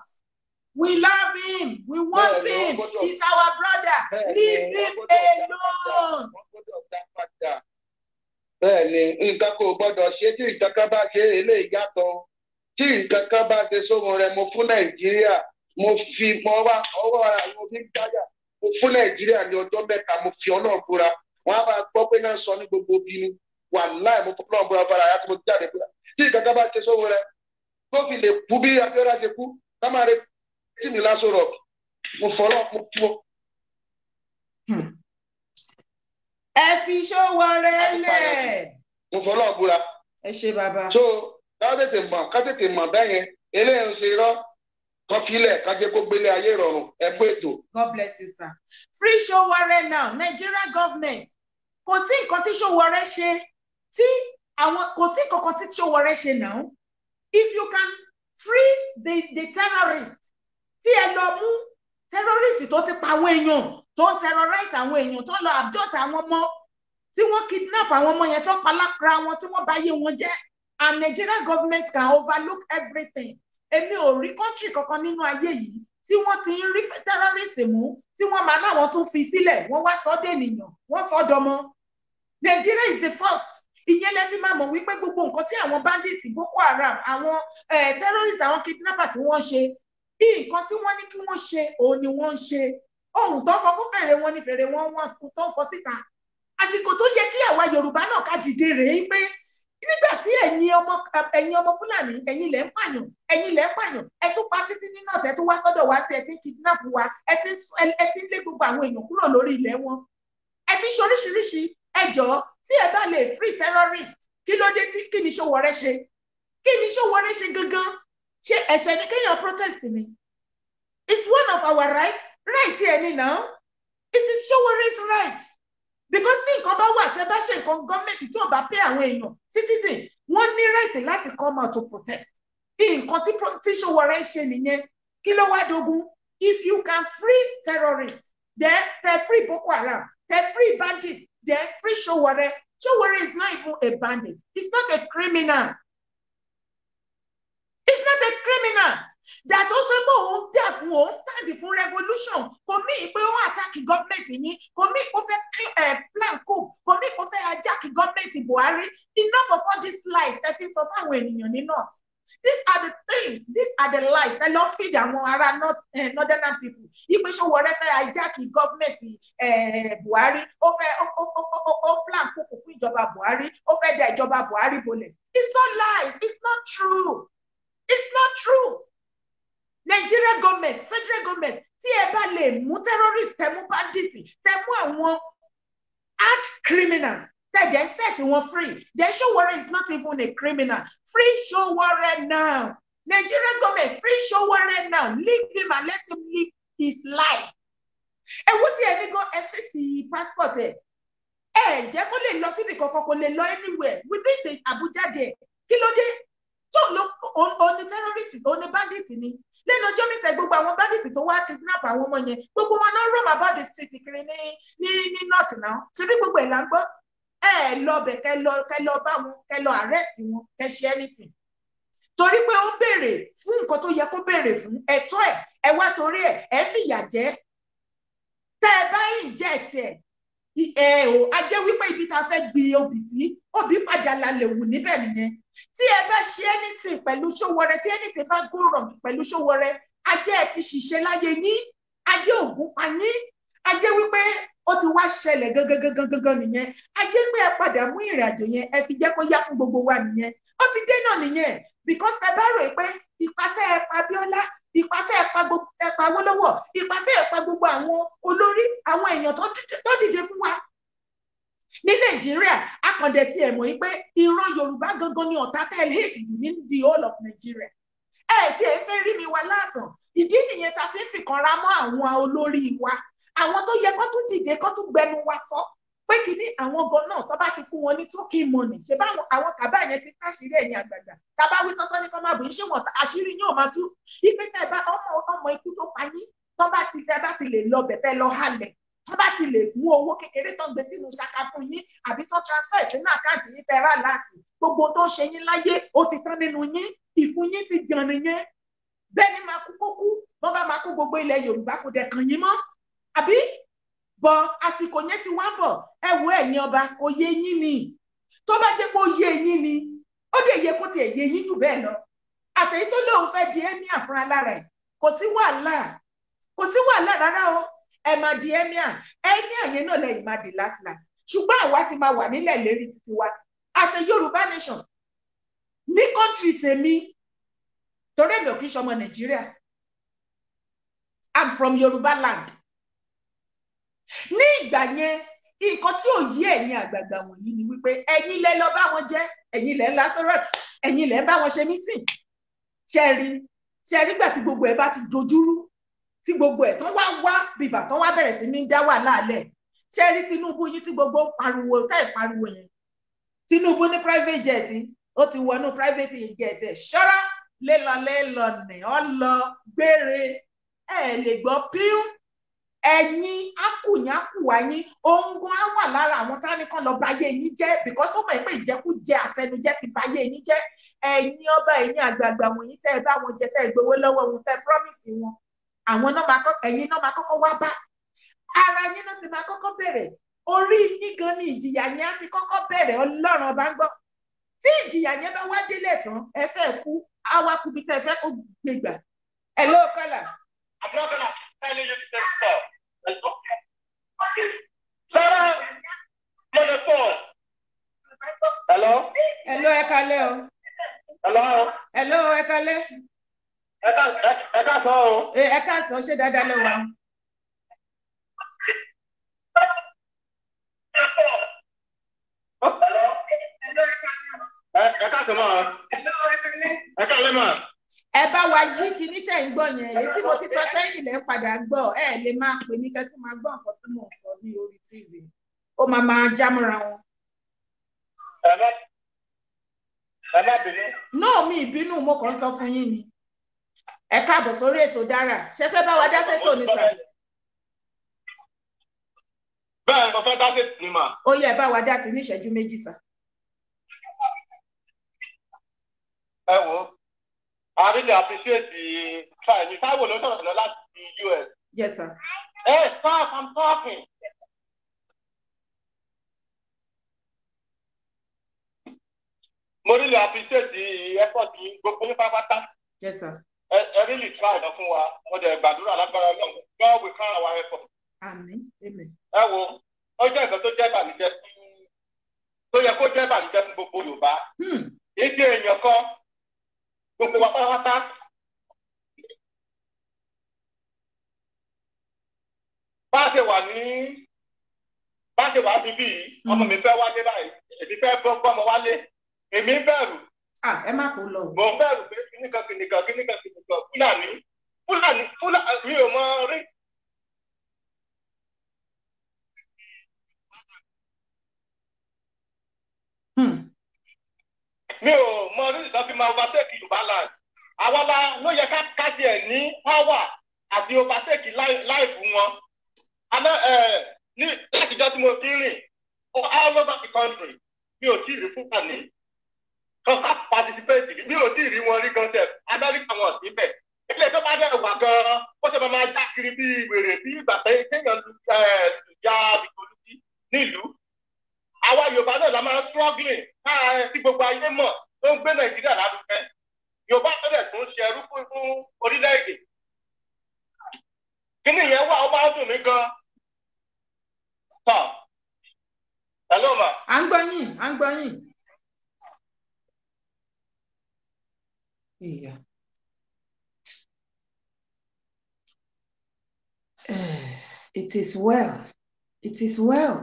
We love him. We want him. He's our brother. Leave him alone. Bẹ́ẹ̀ni, nǹkan kò gbọ́dọ̀ ṣe tí nǹkan kan bá ṣe eléyìí yàtọ̀. Tí nǹkan kan bá ṣe sóhun rẹ̀, mo fún Nàìjíríà. Mo fi ọwọ́ ọwọ́ àwọn onígbáyà. Mo fún Nàìjíríà ní ọjọ́ mẹ́ta. Mo fi Ọlọ́run búra. Wọ́n á bá gbọ́ pé náà sọ ní gbogbo bínú. Wàláì mo fún Ọlọ́run búra bára yàtọ̀ mo jáde búra. Tí nǹkan kan bá ṣe sóhun rẹ̀, tó fi lè kú bí Abíọ́lá ṣe kú. Ká kí mi lásán rọ mo fọlọ́ mo pọ̀. Hmm. ẹ fi ṣòwò rẹ lẹ. mo fọlọ́ búra. ẹ ṣe bàbá. so ká tètè mọ̀ ká tètè mọ̀ bẹ́ẹ̀ yẹn eléyìí ń ṣe irọ́ kọfílẹ̀ kájẹ́ kó gbélé ayé ìrọ̀rùn ẹ fún ètò. God bless you sir. Free Sowore now Nigeria government kò sí nǹkan tí Sowore ṣe tí àwọn kò sí nǹkan kan tí Sowore ṣe now if you can free the the terrorists tí ẹ lọ mú tẹrọrìsì tó ti pa àwọn èèyàn tó ń tẹrọrìsì àwọn èèyàn tó lọ abduct àwọn ọmọ tí wọ́n kidnap àwọn ọmọ yẹn tó palákra wọn tí wọ́n bá yé wọn jẹ́ and Nigerian government can overlook everything èmi ò rí country kankan nínú ayé yìí tí wọ́n ti ń rí tẹrọrìsì mú tí wọ́n máa láwọn tún fi sílẹ̀ wọ́n wá sọ́dọ̀ ènìyàn wọ́n sọ́dọ̀ ọmọ Nigeria is the first ìyẹn lẹ fi máa mọ̀ wípé gbogbo nǹkan tí àwọn bandits Boko Haram àwọn eh, terrorists àwọn kidnapper tí wọ́n ṣe bí nǹkan tí wọ́n ní kí wọ́n ṣe òun ni wọ́n ń ṣe ohun tó ń fọ fún fèrè wọn ni fèrè wọn wọn tó ń fọ síta àsìkò tó yẹ kí àwa Yorùbá náà ká dìde rèé pé nígbà tí ẹ̀yin ọmọ ẹ̀yin ọmọ Fúlàní ẹ̀yin lẹ́ ń pààyàn ẹ̀yin lẹ́ ń pààyàn ẹ tún pa títí nínú ọ̀tẹ̀ tó wá sọ́dọ̀ wá sí ẹ ti ń kidnap wa ẹ ti ń lé gbogbo àwọn èèyàn kúrò lórí ilẹ̀ wọn ẹ ti ń ṣoríṣiríṣi ẹjọ́ tí ẹ bá lè free terrorist kí ló dé tí kí ni Ṣòwòrẹ́ ṣe kí ni Ṣòwòrẹ́ ṣe gangan ṣé ẹ̀ṣẹ̀ ni kéèyàn protest ni it's one of our rights right here ni now it is Sowore's right because tí nǹkan bá wà tẹ́ bá ṣe nǹkan gọ́ọ̀mẹ̀ntì tí ò bá pay àwọn èèyàn citizen wọ́n ní right láti come out to protest nǹkan tí Sowore ṣe nìyẹn kí ló wá dogun if you can free terrorists then they free Boko Haram they free bandits then free Sowore Sowore is not even a bandit he's not a criminal is not a criminal that ó sọ pé òun dẹ̀ fún stand fún revolution For me, pé ó àtàkì government in kò mí kó fẹ́ plan coup kò mí kó attack government in Buhari enough of all these lies ẹ fi sọ when you ní not. these are the things these are the lies ẹ lọ feed àwọn uh, ará uh, northern people ipe ṣòwò rẹ fẹ́ àjàkì gọ́ọ̀mẹ̀ntì Buhari ó fẹ́ over plan coup kò fún Buhari over uh, their job Buhari bolẹ̀ it's all lies it's not true. It's not true. Nigeria government, federal government, tí ẹ bá lè mú terrorist tẹ mú bandits tẹ mú àwọn hard criminals tẹ dẹ set wọn free then Sowore is not even a criminal free Sowore now Nigerian government free Sowore now leave him and let him live his life ẹwọ tí ẹni gan ẹsẹsì passport Eh, ẹ jẹ́ kó lè lọ síbi kankan kó lè lọ anywhere within the Abuja there kí ló tó ló oní tẹ́rọ́rìsì oní bandits ni lẹ́nu ọjọ́ mẹ́ta gbogbo àwọn bandits tó wá kidnap àwọn ọmọ yẹn gbogbo wọn náà roam about the street kiri ní ní ní north náà ṣebí gbogbo ẹ̀ là ń gbọ́ ẹ lọ bẹ̀ kẹ lọ kẹ lọ bá wọn kẹ lọ arrest wọn kẹ ṣe anything torí pé ó béèrè fún nǹkan tó yẹ kó béèrè fún ẹ̀tọ́ ẹ̀ ẹ wá torí ẹ̀ ẹ fìyà jẹ tẹ́ ẹ bá yìí jẹ́ tiẹ̀ ẹ ò á wípé ibi tá a fẹ́ gbin obì sí obì padà lálẹ́ wù níbẹ̀ nìyẹn tí ẹ bá ṣe anything pẹ̀lú Ṣòwòrẹ́ tí anything bá go wrong pẹ̀lú Ṣòwòrẹ́ ajé ẹ ti ṣìṣe láyé yín ajé ògùn pa yín ajé wípé ó ti wá ṣẹlẹ̀ gangan nìyẹn ajé pé ẹ padà mú ìrìn àjò yẹn ẹ fi jẹ́ kó yá fún gbogbo wa nìyẹn ó ti dé náà nìyẹn because ẹ bá rò pé ipa tẹ́ ẹ pa Bíọ́lá ipa tẹ́ ẹ pa gbogbo ẹ pa Awólọ́wọ̀ ipa tẹ́ ẹ pa gbogbo àwọn olórí àwọn èèyàn tó dìde fún wa ní nàìjíríà akọ̀dẹ̀ tí ẹ̀ mọ̀ yín pé ìran yorùbá gangan ni ọ̀tá tẹ́ hate ní the whole of nigeria ẹ tí ẹ fẹ́ rí mi wá látàn ìdí nìyẹn ta fi ń fìkanra mọ́ àwọn olórí wa àwọn tó yẹ kó tún dìde kó tún gbẹnu wa fọ́ pé kínní àwọn gan náà tó bá ti fún wọn ní talking money ṣe bá àwọn kàbá yẹn ti táṣìírí ẹ̀yìn àgbàgbà tàbá wí tọ́tọ́ ní kọ́ máa bù ń ṣe wọ̀n àṣírí yóò máa tú ipe tẹ́ ẹ bá ọmọ ọmọ ikú tó pa yín tó ti tẹ́ bá ti lè lọ bẹ̀tẹ̀ lọ halẹ̀ tó bá ti lè mú owó kékeré tó gbé sínú ṣaka fún yín àbí tó transfer sínú àkáǹtì yín tẹ́ rà láti gbogbo tó ń ṣe yín láyé ó ti tán nínú yín ìfun yín ti gan nìyẹn bẹ́ẹ̀ ni máa kú kókú wọ́n bá máa kó gbogbo ilẹ̀ Yorùbá kò dẹ̀ kàn yín mọ́ àbí bọ̀ àsìkò yẹn ti wá bọ̀ ẹ wo ẹ̀yin ọba kò yín ni tó bá jẹ́ pé ó yé yín ni ó dẹ̀ yẹ kó tiẹ̀ yé yín jù bẹ́ẹ̀ lọ àtẹ̀yí tó lóun fẹ́ di ẹ́mí àfúnra lára ẹ̀ kò sí wàhálà kò sí wàhálà rárá o ẹ máa di emir emir yẹn náà lẹ́yìn máa di last last ṣùgbọ́n àwa ti máa wà nílẹ̀ lérí títí wa as a Yorùbá nation ní kọ́ńtì tèmi torí èmi ò kí ń ṣọmọ Nàìjíríà I'm from Yorùbá land ní ìgbà yẹn nǹkan tí ò yí ẹ̀yin àgbààgbà wọ̀nyí ni wípé ẹ̀yin lẹ lọ bá wọn jẹ́ ẹ̀yin lẹ ńlá sọ́rọ̀ ẹ̀yin lẹ bá wọn ṣe mítìn ṣẹ́ẹ̀rí ṣẹ́ẹ̀rí gbà tí gbogbo ẹ̀ bá ti dojúrú tí gbogbo ẹ̀ tán wá wá bìbà tán wá bẹ̀rẹ̀ sí ní dá wà láàlẹ̀ ṣé rí Tinubu yín tí gbogbo pariwo táì pariwo yẹn Tinubu ní private jet ó ti wọnú private jet ẹ̀ ṣọ́ra lélọ́lélọ́nì ọlọ gbére ẹ̀ lè gbọ́ píú ẹ̀yin akùnyàkùwà yín oògùn á wà lára àwọn táníkan lọ báyé yín jẹ́ because ó mọ̀ pé ìjẹkújẹ àtẹnujẹ ti báyé yín jẹ́ ẹ̀yin ọba ẹ̀yin àgbààgbà wọ̀nyí tẹ́ ẹ bá wọn jẹ tẹ́ ẹ gbowó lọ́wọ́ wọn tẹ́ promise wọn àwọn nọ́mbà ẹ̀yin nọ́mbà kọ́kọ́ wá bá ara yín náà ti máa kọ́kọ́ bẹ̀rẹ̀ orí yín gan ni ìjìyà yẹn á ti kọ́kọ́ bẹ̀rẹ̀ ọlọ́run ọba ń gbọ́ tí ìjìyà yẹn bá wá délẹ̀ tán ẹ fẹ́ kú á wá kú bí tẹ́ fẹ́ kó gbégbà ẹ ló kọ́là. Hello. Hello, ẹ kalẹ́ o. Hello. Hello, ẹ kalẹ́ ẹ ká sọ o. ẹ ká sọ ṣé dáadáa lẹ wa. ẹ ká sọ mọ ẹ ká lé mọ. ẹ bá wa yí kíní tẹ̀ ń gbọ́ yẹn èyí tí mo ti sọ sẹ́yìn lẹ́ padà gbọ́ ẹ lè máa pè mí kẹ́tù máa gbọ́ nǹkan tí mò ń sọ ní orí tv ó máa máa jámọ́ra wọn. ẹ má bínú. náà mi ìbínú mo kàn sọ fún yín ni ẹ káàbọ̀ sórí ètò dára ṣe fẹ́ bá wa dá sẹ́tò ní sà. bẹ́ẹ̀ mo fẹ́ dá sẹ́tò ní mà. ó yẹ bá wa dá sí ní ìṣẹ́jú méjì sà. ẹ wo i really appreciate the try mi táwọn ló sọ̀rọ̀ lọ láti us. yes sir. hey stop! i'm talking. mo really appreciate the effort yìí gbogbo ní pápátá. yes sir ẹ rí lè tra ìdán fún wa wọ́n dẹ̀ gbàdúrà lágbára ọlọ́run God will crown our effort. ẹ wo ó jẹ́ nǹkan tó jẹ́ bàmíjẹ́ tó yẹ kó jẹ́ bàmíjẹ́ fún gbogbo Yorùbá. Hmm. ìdí èèyàn kan gbogbo wa pátápátá bá wà ní bá wà síbí ọmọ hmm. mi fẹ́ wálé báyìí èmi fẹ́ bọ́ ọmọ wálé èmi bẹ̀rù ah ẹ má kó lọ. mo ń bẹ̀rù pé kíníkà kíníkà kíníkà kíníkà fúlàní fúlàní fúlàní mi ò mọ rí. Hmm. mi ò mọ rí ìtàn fi máa overtake yorùbá land àwa la ló yẹ ká kájí ẹ ní power àti overtake láìfù wọn àná ẹ ní látijọ́ tí mo ti rìn all over the country mi ò tí ì rí fúlàní kan ká participate mi ò tí ì rí wọn rí gan sef amẹ́ríkà wọn sí bẹ̀ ilé tó bá dẹ̀ wà gan-an ó ṣe máa já kiri bí wèrè bí ìgbà kéèyàn lu ya ìgbòlùkí nílùú àwa yorùbá náà la máa ń struggling káàárín tí gbogbo ayé mọ̀ tó ń gbé nàìjíríà lárugẹ yorùbá tó dẹ̀ tún ṣe ẹrú fún orílẹ̀-èdè kíní yẹn wà ó máa ń dùn mí gan-an. Hello ma. à ń gbọ́ yín à ń gbọ́ yín. Iya. Eh, it is well. It is well.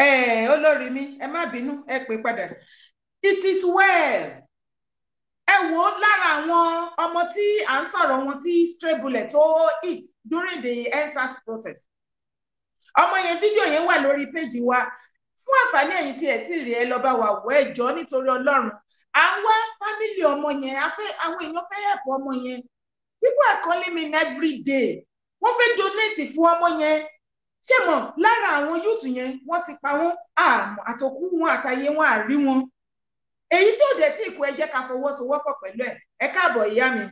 Eh, olórí mi, ẹ má bínú, ẹ pè padà. It is well. Ẹ wò ó lára àwọn ọmọ tí à ń sọ̀rọ̀ wọn tí stray bullet ó hit during the endsars protest. Ọmọ yẹn fídíò yẹn wà lórí péjì wa. Fún àǹfààní ẹ̀yin tí ẹ̀ tí rí ẹ lọ bá wa wò ẹ jọ nítorí Ọlọ́run à ń wá fámìlì ọmọ yẹn àwọn èèyàn fẹ́ help ọmọ yẹn people are calling me every day wọ́n fẹ́ donate fún ọmọ yẹn ṣé mọ̀ lára àwọn yúùtù yẹn wọ́n ti pa wọ́n àtòkù wọn àtàyè wọn àrí wọn èyí tí ò dé tí ìkú ẹ jẹ́ ká fọwọ́sowọ́pọ̀ pẹ̀lú ẹ̀ ẹ káàbọ̀ ìyá mi.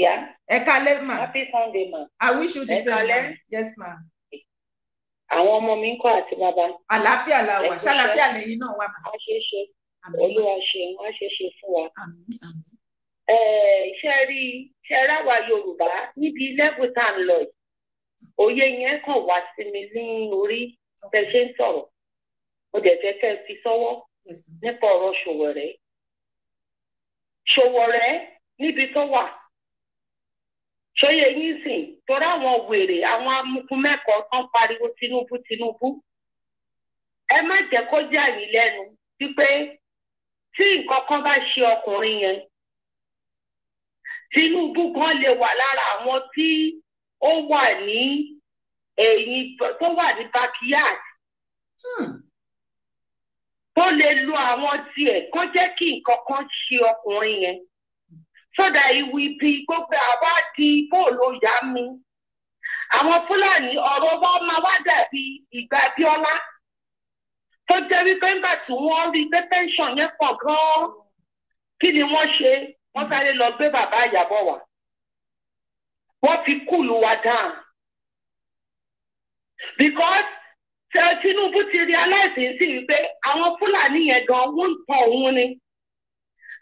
ìyá ẹ kalẹ́ ma happy sunday ma i wish you the same ma yes ma. àwọn ọmọ mi ń kọ́ àti bàbá. àlàáfíà la wà ṣàlàáfíà lẹ́yìn náà wà. a ṣe ṣe olúwa ṣe wọn ṣe ṣe fún wa. ṣe rí ṣe ráwa yorùbá níbi level tá à ń lọ yìí òye yẹn kàn wá sí mi ní orí tẹ ṣe ń sọ̀rọ̀ mo dẹ̀ fẹ́ kẹ́ fi sọ́wọ́ nípa ọ̀rọ̀ ṣòwòrẹ́ ṣòwòrẹ́ níbi tó wà ṣóyè yín sìn torí àwọn wèrè àwọn amukun mẹ́kọ̀ọ́ tán pariwo Tinubu Tinubu ẹ má jẹ́ kó jẹ́ àyín lẹ́nu wípé tí nǹkan kan bá ṣe ọkùnrin yẹn Tinubu gan lè wà lára àwọn tí ó wà ní ẹ̀yìn tó wà ní backyard hmm. tó lè lo àwọn tiẹ̀ kó jẹ́ kí nǹkan kan ṣe ọkùnrin yẹn so that he will be gbogbo àwa di bóòlù ìyá mi àwọn fúlàní ọ̀rọ̀ wa máa wá dàbí ìgbà bíọ́lá tó jẹ́ wípé ńgbà tí wọ́n rí pé tẹ́ńsọ̀n yẹn pọ̀ gan-an kí ni wọ́n ṣe wọ́n sáré lọ gbé bàbá Ìyábọ̀ wá wọ́n fi kùlù wá dáhùn because Tinubu ti realize sí wípé àwọn fúlàní yẹn gan-an wọ́n ń tọ̀ òun ni.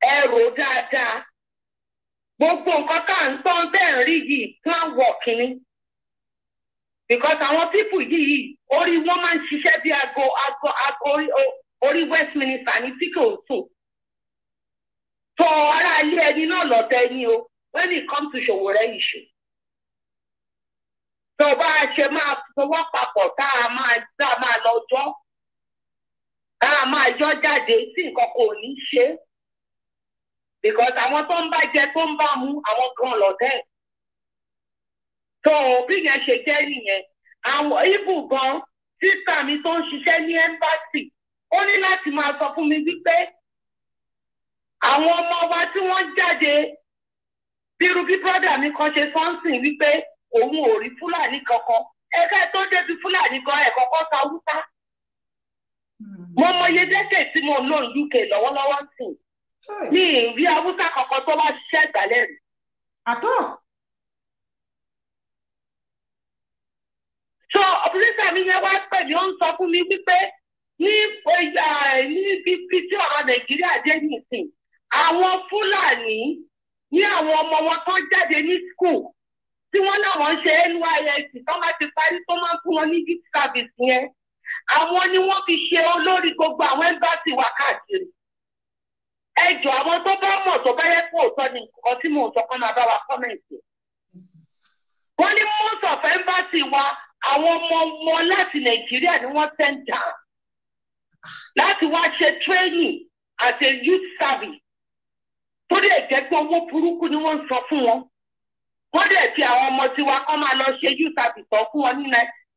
ẹ rò dáadáa gbogbo nǹkan tá à bẹ́ẹ̀ rí yìí wọ́n wọ̀ kínní because àwọn pípù yìí orí wọn máa ń ṣiṣẹ́ bí aago aago aago orí west minister ní tí kò sùn tó ara ilé ẹni náà lọ́tẹ̀ ni o when it comes to Ṣòwòrẹ́ issue tó bá a ṣe máa fọwọ́ papọ̀ tá a máa tá a máa lọ jọ́ a máa yọ jáde tí nǹkan kò ní ṣe because àwọn tó ń bá jẹ tó ń bá mu àwọn gan lọ́tẹ̀ tó bí yẹn ṣe jẹ́ nìyẹn àwọn ibù gan sísà mi tó ń ṣiṣẹ́ ní ẹ́mbásì ó ní láti máa sọ fún mi wípé àwọn ọmọ wa tí wọ́n jáde bírú bí brọ́dà mi kan ṣe sọ́nsìn wípé òun ò rí fúlàní kankan ẹ̀ka tó débi fúlàní gan ẹ̀ kọ́kọ́ ta wúta. Mm. mo mọ iye dẹ́kẹ̀ tí mo lò ń dúkẹ́ lọ́wọ́lọ́wọ́ sí mi ì rí haúsá kankan tó wá ṣiṣẹ́ ìgbàlẹ̀ rí. àtọ́. so ọ̀pọ̀lọpọ̀ mi yẹn wá pè mí ó ń sọ fún mi wípé ní eh, níbi tí ọ̀rọ̀ nàìjíríà dé nìsín àwọn fúlàní ní àwọn ọmọ wọn kan jáde ní skul tí wọ́n láwọn ń ṣe nysc tó máa ti parí tó máa fún wọn ní gift service yẹn àwọn ni wọ́n fi ṣe olórí gbogbo àwọn ẹ́mbáàsì wa káàkiri ẹjọ àwọn tó bá mọ̀ tó bá yẹ kó òótọ́ ni nǹkan tí mò ń sọ kọ́ máa bá wa kọ́mẹ̀ǹtì wọ́n ní most of ẹ́mbáàsì wa àwọn ọmọ wọn láti nàìjíríà ni wọ́n send down láti wá ṣe training as a youth service tó dẹ̀ jẹ́ pé owó burúkú ni wọ́n ń sọ fún wọn wọ́n dẹ̀ fi àwọn ọmọ tiwa kọ́ máa lọ ṣe youth service tán fún wọn ní nàìjíríà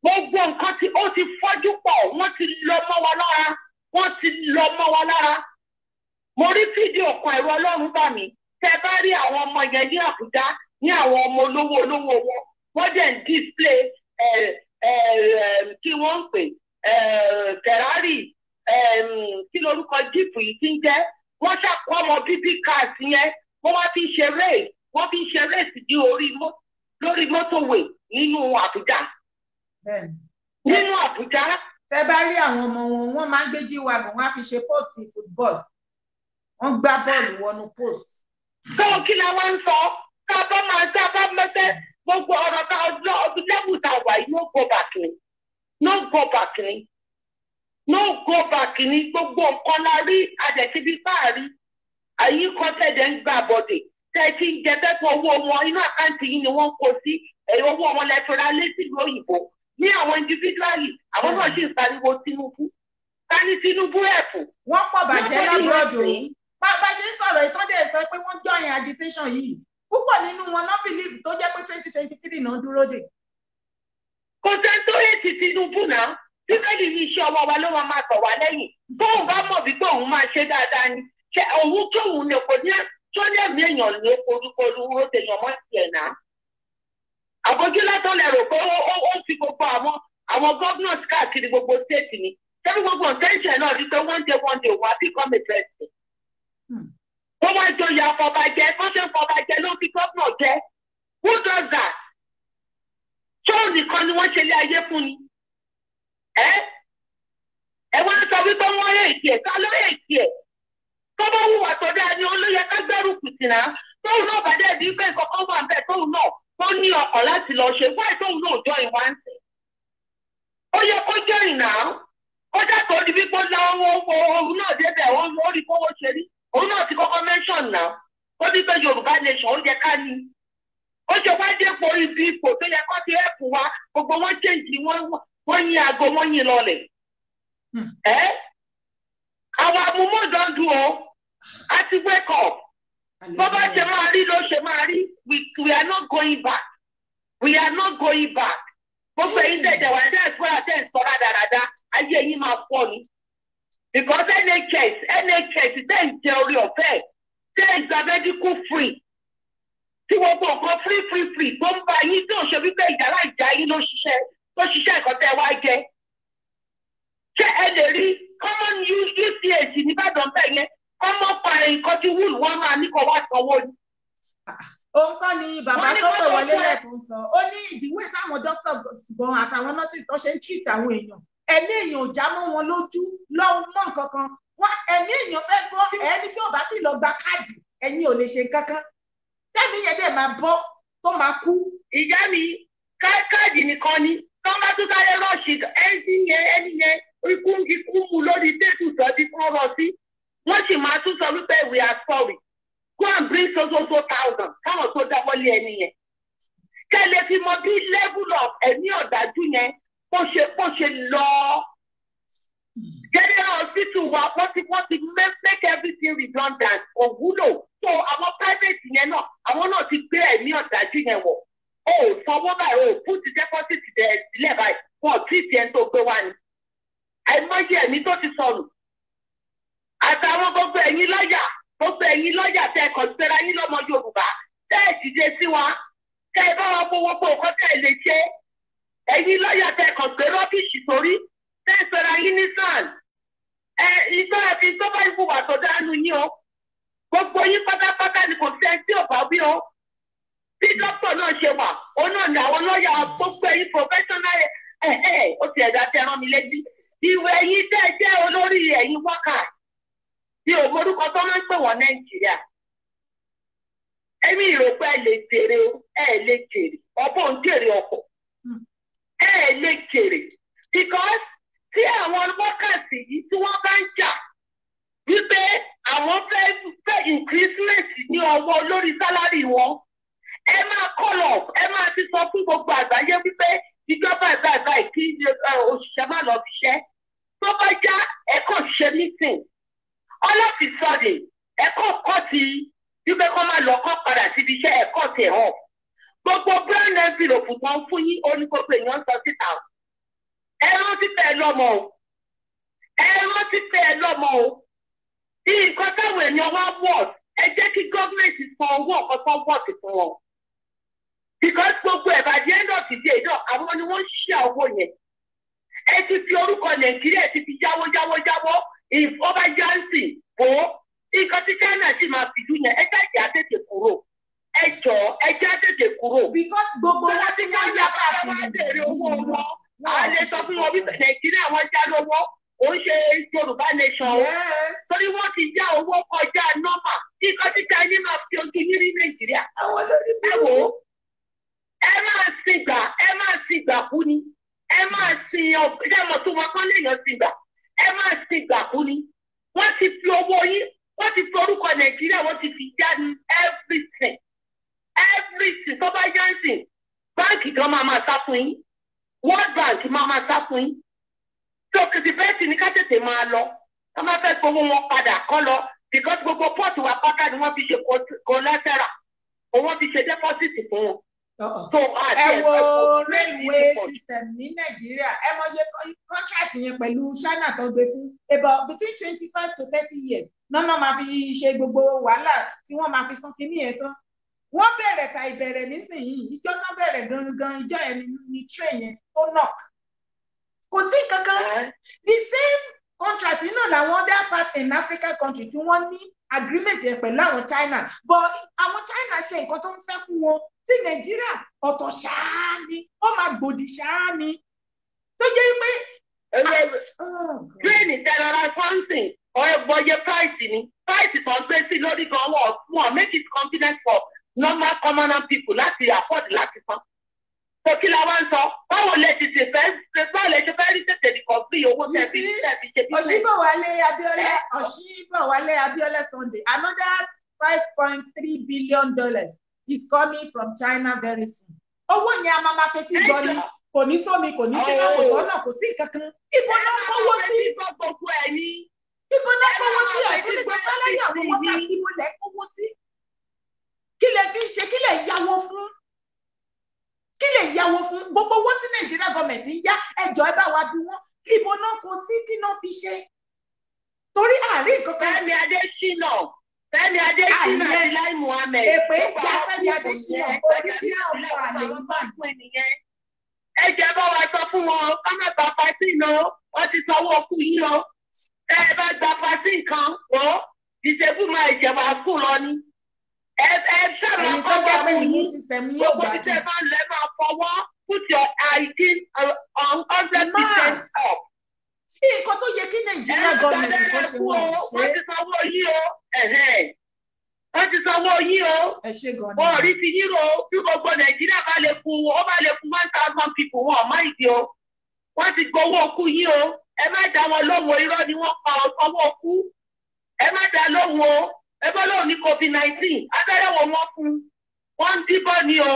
gbogbo nǹkan tí ó ti fọ́jú pọ̀ wọ́n ti lọ mọ́ wa lára wọ́n ti lọ mọ́ wa lára mo rí fídíò kan ẹ̀rọ ọlọ́run bá mi tẹ bá rí àwọn ọmọ yẹn ní àbújá ní àwọn ọmọ olówó olówó wọn wọ́n dẹ̀ ń display kí wọ́n ń pè ferrari kí lorúkọ jíìpù yìí ti ń jẹ́ wọ́n ṣàkọ́ ọmọ bíbí káàsì yẹn wọ́n wá fi ń ṣe race wọ́n fi ń ṣe race di orí lórí mọ́tòwé nínú àbújá. nínú Àbújá. tẹ bá rí àwọn ọmọ wọn wọn máa ń gbé g-wagon wọn á fi ṣe post football wọn gbá bọ́ọ̀lù wọnú post. sọ kí la wá ń sọ tá bá máa tá a gbogbo ọ̀rọ̀ tá ọdún ọdún lẹ́bù wà yìí no go back ni no go back ni no gbogbo nǹkan la rí àjẹsíbí fáàrí àyíkọ́tẹ̀dẹ̀ ń gbà bọ̀dẹ̀ tẹ́tí ń jẹ fẹ́fọ́ owó wọn inú àkáǹtì yìí ni wọ́n kó sí ẹ̀yọ́ owó wọn lẹ́tọ́ra létí lóyìnbó ní àwọn individually àwọn náà sì ń pariwo Tinubu ká ní Tinubu ẹ̀fọ́. wọ́n pọ̀ bàjẹ́ lábúrọ̀dù bá bá ṣe ń sọ̀rọ̀ ìtọ́jú ẹ̀ sọ pé wọ́n join agitation yìí púpọ̀ nínú wọn náà believe tó jẹ́ pé twenty twenty three náà dúró dè. kò sẹ́ni tó Tinubu náà bíbélì ní iṣẹ́ ọwọ́ wa ló máa tọ̀ wá lẹ́yìn tóun bá mọ̀ wípé òun máa ṣe dáadáa ni ṣe òun tóun lè kò ní tó lẹ́mìí èèyàn ló korúkorú ó tèèyàn mọ́ tiẹ̀ àbójú látọ̀ lẹ rò pé ó ti gbogbo àwọn àwọn governors káàkiri gbogbo state ni sẹ́ni gbogbo ọ̀tẹ́ǹṣẹ̀ náà rí pé one day one day wà become a president. wọ́n hmm. wá joyè àfọ̀bàjẹ́ fọ́nṣẹ́ àfọ̀bàjẹ́ ló fi gómìnà jẹ́ who does that? tóun nìkan ni wọ́n ṣe lé ayé fún ni. ẹ ẹ wá sọ wípé wọ́n yé èkì ẹ̀ ká ló yé èkì ẹ̀ tó bá wù wà tó dáa ni olóyè ká gbẹ́rù kùtì náà tóun náà bàdé ẹ̀dín pé nǹkan kan wà ń bẹ̀ tóun ó ní ọkàn láti lọ ṣe wáyé tóun náà jọ ìwà ń sìn ó yẹ kó jẹ́ ìnà ó dàtọ̀ ó di o láwọn òun náà débẹ̀ ó rí kówó ṣe rí òun náà ti kọ́kọ́ mẹ́ṣọ̀n ó pé nation ó yẹ ká ní ó ibi ipò tó yẹ kó ti ẹ̀kú wa gbogbo wọn yín aago yín lọlẹ̀ hmm. o ti wake bọ́bá ṣe máa rí ló ṣe máa rí we are not going back we are not going back gbogbo ẹ̀yin dẹ̀dẹ̀ wà dẹ́ ẹ̀kọ́ àti ẹ̀sọ́ rádaràda ayé ẹ̀yin máa pọ̀ ni because nhs nhs tẹ̀ ń jẹ orí ọ̀fẹ́ tẹ̀ ń gba medical free tí gbogbo nǹkan free free free tó ń bá yín tó ń ṣe wípé ìjàlá ìjà yín ló ṣiṣẹ́ ló ṣiṣẹ́ ẹ̀kọ́ tẹ́ wá jẹ ṣé ẹ lè rí common use uch ní Ìbàdàn bẹ́ẹ̀ yẹn ọmọ pààyàn nǹkan ti wúlù wọn máa ní kó wá sanwó ni. òun kọ́ ni bàbá tó pè wọlé lẹ́ẹ̀kan sọ ó ní ìdíwọ́ táwọn dókítà gan àtàwọn nọ́ọ̀sì tó ṣe ń treat àwọn èèyàn ẹ̀mí èèyàn ò já mọ́ wọn lójú lọ́wọ́ mọ́ nǹkan kan wọn ẹ̀mí èèyàn fẹ́ gbọ́ ẹni tí ò bá ti lọ gba káàdì ẹ̀yin ò lè ṣe kankan tẹ́mi yẹn dẹ̀ máa bọ́ tó máa kú. ìyá mi káàdì nìkan ni tó bá tún sáré rọ́ọ̀ṣì ẹni yẹn ẹni yẹn ikú ikú mu lórí tẹ́tù tó ti fún sí wọ́n sì máa tún sọ wípé we are sorry go and bring so so so thousand káwọn tó dáwọ́lé ẹni yẹn kẹlẹ fi mọ bí level of ẹ̀mí ọ̀dájú yẹn bó ṣe bó ṣe lọ general hospital wa wọ́n ti wọ́n ti make everything redundant òwúlò so àwọn private yẹn náà àwọn náà ti gbé ẹ̀mí ọ̀dájú yẹn wọ̀ o ò sanwó báyìí o ò fún ti deposit sílẹ̀ báyìí wọn ò tí ì tiẹ̀ tó gbé wá ni àìmọye ẹ̀mí tó ti sọnù àtàwọn gbogbo ẹ̀yin gbogbo ẹ̀yin lọ́yà tẹ kọ̀ǹtẹ́ra yín lọ́mọ Yorùbá tẹ́ ẹ̀ dìde sí wa tẹ́ ẹ bá wọn gbowó pé nǹkan tẹ́ ẹ lè ṣe ẹ̀yin lọ́jà tẹ kọ̀ǹtẹ́ torí tẹ́ ẹ sọ̀rọ̀ yín o gbogbo yín pátápátá ni kò o bí náà ṣe wà náà ni àwọn gbogbo ẹ̀yin ẹ̀ mi ò mọ̀rúkọ tó máa ń pè wọ́n nàìjíríà ẹ̀mí ìrò pé ẹ lè jèrè o ẹ lè jèrè ọ̀bọ̀ ń jèrè ọkọ̀ hmm. ẹ lè jèrè because tí àwọn wákàtí yìí tí wọ́n bá ń jà wípé àwọn fẹ́ fẹ́ increasement ní ọwọ́ lórí sálárì wọn ẹ máa call up ẹ máa ti sọ fún gbogbo àgbáyé wípé ìjọba ìgbà ìgbà ìkí òṣìṣẹ́ má lọ fi ṣẹ́ tó bá já ẹ kàn ṣe meeting all of a sudden ẹ̀kọ́ kọ́ ti wípé kọ́ máa lọ kọ́ padà síbi iṣẹ́ ẹ̀kọ́ tẹ̀ hàn gbogbo brown envelope tó ń fún yín ó ní gbogbo èèyàn sọ síta ẹ rántí pé ẹ lọ́mọ o ẹ rántí pé ẹ lọ́mọ o bí nǹkan táwọn èèyàn wá wọ̀t ẹ jẹ́ kí gọ́ọ̀mẹ̀ntì san owó ọ̀kan tó fún wọn because gbogbo ẹ̀ bàjẹ́ end of the day, èdè àwọn ni wọ́n ń ṣí owó yẹn ẹ ti fi orúkọ nàìjíríà ti fi yáwó yáwó yáwó if ó bá jẹ́ ǹsìn bò ó nǹkan tí China sì máa fi dún yẹn ẹ jẹ́ ìjà tètè kúrò ẹ jọ ẹ jẹ́ tètè kúrò. because gbogbo wọn ti wọ́n yá a àlè sọ fún wọn wípé nàìjíríà wọn já lówó ó ń ṣe yorùbá nation o torí wọn ti já owó kọjá nọ́mà nǹkan tí China máa fi ojú yín ní nàìjíríà ẹ wò ó ẹ máa sìgbà ẹ máa sìgbà kú ni ẹ máa sin ọgbẹ́ mọ̀tò wọn kán lèèyàn sìgbà ẹ máa ti gbà kú ni wọ́n ti fi owó yín wọ́n ti fi orúkọ nàìjíríà wọ́n ti fi já everything everything tó bá yá sí báǹkì gan máa máa sá fún yín world bank máa máa sá fún yín tó kìtì bẹ́ẹ̀tì ní ká tètè máa lọ ká má fẹ́ gbowó wọn padà kọ́ lọ because gbogbo pọ́ọ̀tù wa pátá ni wọ́n fi ṣe kọ́lẹ́tẹ̀rà òun fi ṣe dẹ́pọ́sìtì fún wọn. Uh-uh. ẹ wo railway system ní nàìjíríà ẹ mọye contract yẹn pẹ̀lú china tó gbé fún about between twenty five to thirty years nọ́nà máa fi ṣe gbogbo wàhálà tí wọ́n máa fi san kínní yẹn tán wọ́n bẹ̀rẹ̀ ta ìbẹ̀rẹ̀ nísìnyí ìjọ tán bẹ̀rẹ̀ gangan ìjọ yẹn ni train yẹn tó knock kò sí kankan the same contract náà làwọn other part in Africa country tí wọ́n ní agreement yẹn pẹ̀lú àwọn China but àwọn China ṣe nǹkan tó ń fẹ́ fún wọn tí Nàìjíríà ọ̀tọ̀ ṣáá ni ó máa gbòdì ṣáá ni tó jẹ́ pé. Ah, oh green ìtẹ̀lọ́ra something ọ̀ẹ́gbọ́yé price ni price kan gbé sí lórí gan-an wọ́n méjì confident for normal common people láti afford láti san so kí la wá ń sọ báwo lè tètè fẹ́ báwo lè ṣe fẹ́ rí tètè nìkan bí owó tẹ̀bí tẹ̀bí ṣe bí. òṣìbọ̀wálé abíọ́lá òṣìbọ̀wálé abíọ́lá sunday another five point three billion dollars is coming from China very soon. owó yẹn a máa ma fetí gbọ́ ni kò ní sómi kò ní síná kò sọ́nà kò sí kankan ibo náà kówó sí. ibo náà kówó sí ọ̀tún ní sọ́sálẹ́ ní àwọn wọ́tà ibo lẹ́ kówó sí. kí lè fi ṣe kí lè yáwó fún kí lè yáwó fún gbogbo owó tí nàìjíríà gọọmẹ̀ntì ń yá ẹjọ́ ẹ bá wa bí wọ́n ibo náà kò sí kí náà fi ṣe torí àárín kankan. Fẹ́mi Adésínà Fẹ́mi Adésínà àti Lai Muhammed. èpè ń jà Fẹ́mi Adésínà oríjìnà ọkọ àlè nígbà yìí. ẹ jẹ́ bá wa sọ fún wọn ká má gba vaccine o wọ́n ti sanwó okú yìí o tẹ́ ẹ bá gba vaccine kan o disebu máa ìjẹba kú lọ ni ẹ̀yin tó jẹ́ pé immune system yín ò gbádùn. gbogbo put your hygiene uh, on hundred percent up. kí nǹkan tó yẹ kí nàìjíríà gọọmenti kó ṣe wọ́n ṣe. wọ́n ti sanwó yín o wọ́n ti sanwó yín o. ẹ ṣe gan ni. orí ti yín o bí gbogbo nàìjíríà bá lè kú ó one thousand people wọn ọ̀mọ́ ìdí o. wọ́n ti gbowó okú yín o ẹ má dá wọn lóhùn irọ́ ni wọ́n pa ọwọ́ okú ẹ má dá lóhùn o. ẹgbẹ́ lóò ní covid nineteen abẹ́rẹ́ wo fún ń díbọ́ ni o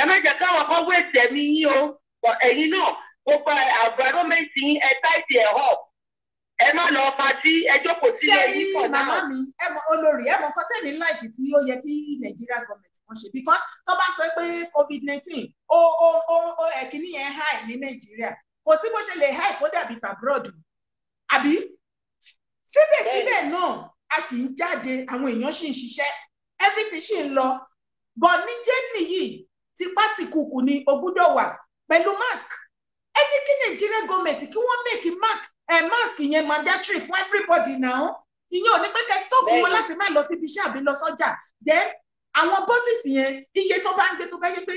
ẹ má jẹ́ káwọn kan wé tẹ̀mí yín o ẹ̀yin náà gbogbo àgbàdọ́mẹ̀tì ẹ táìtì ẹ̀ họ ẹ má lọ patí ẹ jókòó sílẹ̀ pọ̀ náà. màmá mi olórí tí ó yẹ kí nàìjíríà gọọmenti wọn ṣe because tó bá sọ pé covid nineteen ó ó ó yẹn ní nàìjíríà kò sí bó ṣe lè high kó dàbí àbí síbẹ̀síbẹ̀ náà a sì ń jáde àwọn èèyàn sì ń ṣiṣẹ́ everything sì ń lọ bọ̀ ní germany yìí tipá ti kùkù ni o gbúdọ̀ wà pẹ̀lú mask ẹni kí Nigeria gọọmenti kí wọ́n make mark eh, mask yẹn mandatory for everybody now ìyẹn ò ní pé kẹ́ stop wọn láti má lọ síbi iṣẹ́ àbí lọ sọ́jà then àwọn bọ́sìsì yẹn iye tó bá ń gbé tó bá yẹ pé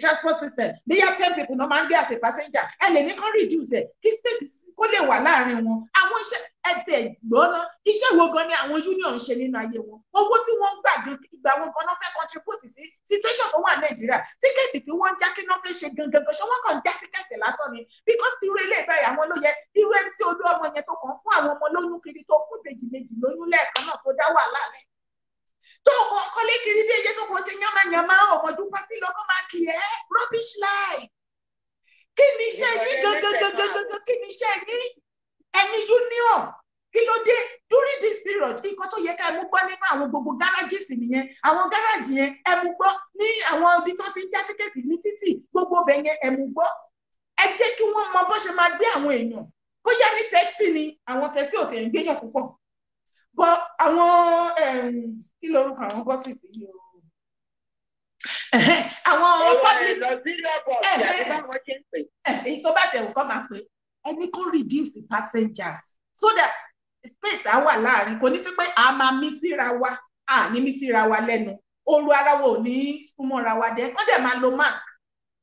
transport system bí yá ten people náà máa ń gbé as a passenger ẹ lè ní kán reduce ẹ kí space kó lè wà láàrin wọn àwọn iṣẹ́ ẹ̀tẹ̀ gbọ́ná iṣẹ́ wo gan ni àwọn union ń ṣe nínú ayé wọn owó tí wọ́n ń gbà ìgbà wo gan náà fẹ́ contribute sí situation tó wà nàìjíríà tíkẹ́ẹ̀tì tí wọ́n ń já kí náà fẹ́ ṣe gangan ṣé wọ́n kàn ń já tíkẹ́ẹ̀tì lásán ni because irú ilé ìbẹ̀rẹ̀ àwọn ló yẹ irú MC olú ọmọ yẹn tó kàn fún àwọn ọmọ lóyún kiri tó kú méjì méjì lóyún lẹ́ẹ̀kan náà tó dá wàhálà rẹ̀ tó kàn kọ́lé kiri bí ẹyẹ tó kàn ṣe yánmáyánmá àwọn gbogbo gáràjìsì nìyẹn àwọn gáràjì yẹn ẹmu gbọ́ ní àwọn ibi tó ti ń já tíkẹ́ẹ̀tì ní títì gbogbo bẹ̀ yẹn ẹmu gbọ́ ẹ jẹ́ kí wọ́n mọ bó ṣe máa gbé àwọn èèyàn bóyá ní tẹ́kisì ni àwọn tẹ́kisì ò tẹ̀ ń gbéyàn púpọ̀ bọ́ àwọn ehm, kí lorúkọ àwọn bọ́sìsì yìí o àwọn public èyí eh, eh, eh, tó bá tẹ̀ kọ́ máa pè é ẹni kó reduce passengers so that space á wà láàrin kò ní sí pé a máa mí síra wa a ní mí síra wa lẹ́nu ooru ara wa ò ní súnmọ́ra wa dẹ́ kọ́ dẹ̀ máa lo mask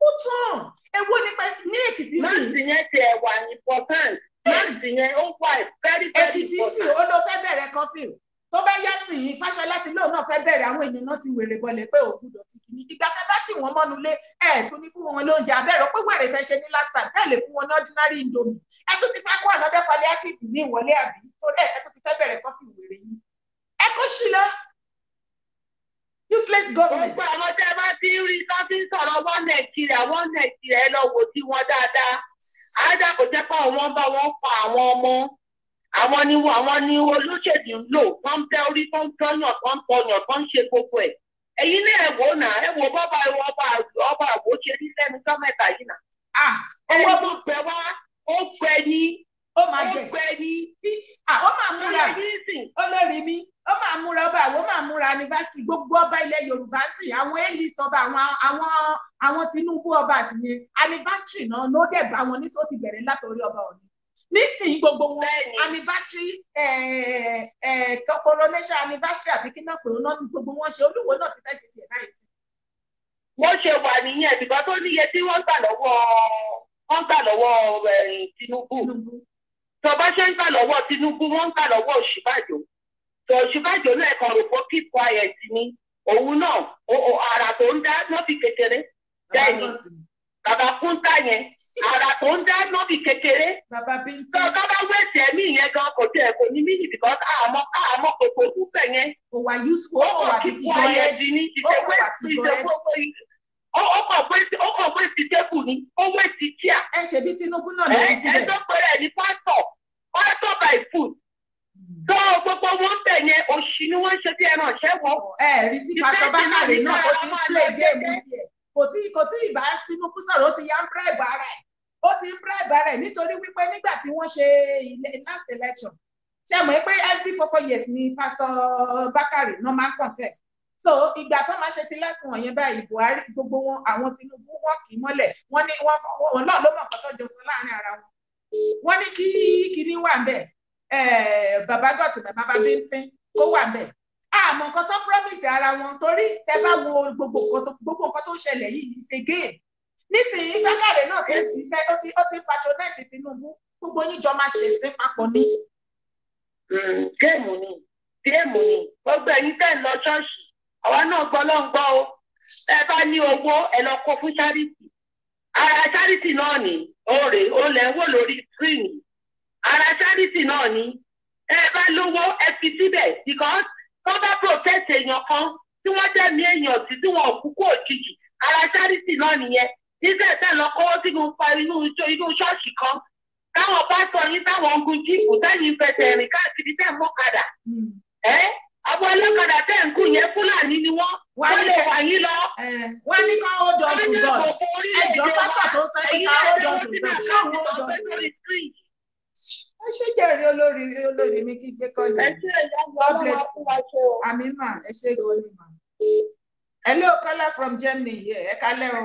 ó tán nipe ni pé ní èkìtì sí. mask yẹn ti ẹ̀ important mask yẹn ó wà very very important. èkìtì sí olófẹ́ bẹ̀rẹ̀ kọfí tó bá yá sí yìí fáṣọlá ti lóun náà fẹ́ bẹ̀rẹ̀ àwọn èèyàn náà ti wèrè bọ̀lẹ̀ pé òògùn dọ̀tí kìíní ìgbà tẹ bá tì wọ́n mọ́nu lé ẹ̀ tún ní fún wọn lóúnjẹ abẹ́rẹ́ pé wẹ̀rẹ̀ fẹ́ ṣe ní last time bẹ́ẹ̀ lè fún wọn ní ordinary indomie ẹ tún ti fẹ́ kó another palliative ní ìwọlé àbí torí ẹ tún ti fẹ́ bẹ̀rẹ̀ kọ́fì wèrè yìí ẹ kó sí lọ useless government. gbogbo àwọn tẹ bá ti ń rí tó ti ń sọ̀rọ̀ wọ́n nàìjíríà wọ́n nàìjíríà ẹ lọ wò sí wọn dáadáa àádá kò jẹ́ àwọn ni àwọn ni olóṣèlú ń lò wọ́n ń bẹ́ orí tó ń tọ́yàn tó ń tọ́yàn tó ń ṣe gbogbo ẹ̀ èyí ní ẹ̀wò náà ẹ̀wò bọ́ba ọba ọba àwò ṣe rí lẹ́nu sọ́mẹ́ta yìí náà. Ah, owó tó gbẹ wá ó gbẹ ní ó máa gbẹ ó gbẹ ní. Ah, ó máa múra olórí mi ó máa múra ọba àwò máa múra ní báṣì gbogbo ọba ilẹ̀ Yorùbá sì àwọn elist ọba àwọn àwọn àwọn Tinubu ọba sì ni anniversary náà ló dẹ̀ bá wọn ní sọ ti bẹ̀rẹ̀ látòrí ọba òní nísìnyí gbogbo wọn anniversary eh, eh, coronation anniversary àbí kí náà pè ó náà gbogbo wọn ṣe olúwo náà ti fẹ́ ṣe tiẹ̀ báyìí. wọ́n ṣe wà nìyẹn bìbá tó níye tí wọ́n gbà lọ́wọ́ wọ́n gbà lọ́wọ́ eh, Tinubu tó bá ṣe ń gbà lọ́wọ́ Tinubu wọ́n ń gbà lọ́wọ́ Ọ̀ṣínbàjò tó Ọ̀ṣínbàjò náà kàn rò pé keep quiet ni òun náà ara tó ń dá lọ́ọ̀fì kékeré bẹ́ẹ̀ ni. Baba kúńtà yẹn ara tó ń dá nọ́bì kékeré tó tó bá wẹ̀sì ẹ̀mí yẹn gan kò tiẹ̀ kò ní yẹn fi kàn by food hmm. gbogbo wọn bẹ̀ yẹn òṣì ni wọ́n ṣe bí ẹran ṣẹ́wọ̀n ẹ rí tí pásítọ̀ bá náà ó ti ń kò tí kò tí ìbá Tinubu sọ̀rọ̀ ó ti yá ń bribe ara ẹ̀ ó ti ń bribe ara ẹ̀ nítorí wípé nígbà tí wọ́n ṣe last election ṣe mọ̀ pé every four four years ni Pastor Bakare normal contest so ìgbà tó máa ṣe ti last one yẹn báyìí Buhari gbogbo wọn àwọn Tinubu wọn kì í mọ́lẹ̀ wọ́n ní wọ́n wọn náà ló mọ̀ nǹkan tó jọ sọ láàrin ara wọn wọ́n ní kí kinní wà ń bẹ̀ bàbá gọ̀ọ̀sì bàbá bá bí ń tín kó wà ń bẹ̀ àmọ́ nǹkan tó promise ara wọn torí tẹ bá wo gbogbo nǹkan tó ń ṣẹlẹ̀ yìí is a game nísìnyí gbàgàrẹ náà ti ti fẹ ó ti ó ti patronize Tinubu gbogbo yín jọ máa ṣèṣe papọ̀ ni. Hmm, géèmù ni géèmù ni gbogbo ẹ̀yin tẹ́ ń lọ ṣọ́ọ̀ṣì àwa náà gbọ́ ló ń gbọ́ o ẹ bá ní owó ẹ lọ kó fún ṣáríìtì ara ṣáríìtì náà ni òòrè olè ń wò lórí skírìnì ara ṣáríìtì náà ni ẹ bá lówó ẹ fi síbẹ̀ because wọ́n bá protest èèyàn kan tí wọ́n dẹ̀mí èèyàn sí tí wọ́n kú kó òjijì ara charity náà nìyẹn nígbà tá lọ kọ́wọ́ sínú inú ṣọ́ọ̀ṣì kan táwọn pásọ yín táwọn ń gun jíìpù táyìn fẹsẹ̀ rìn káàkiri tẹ̀ mọ́kadà hmm. ẹ́ àwọn ọlọ́kadà tẹ̀ ń gùn yẹn fúlàní ni wọ́n wọ́n lè wà yín lọ. wọ́n ní ká hold on to God ẹjọ́ pásítọ̀ tó ń sọ pé ká hold on to God ṣé òun hold on to God ẹ ṣe jẹrìí olórí olórí mi kí gbé kọ́lé God bless you àmì ẹ ṣe ìwọlé mà. hello Kọ́lá from Germany ẹ kálẹ́ o.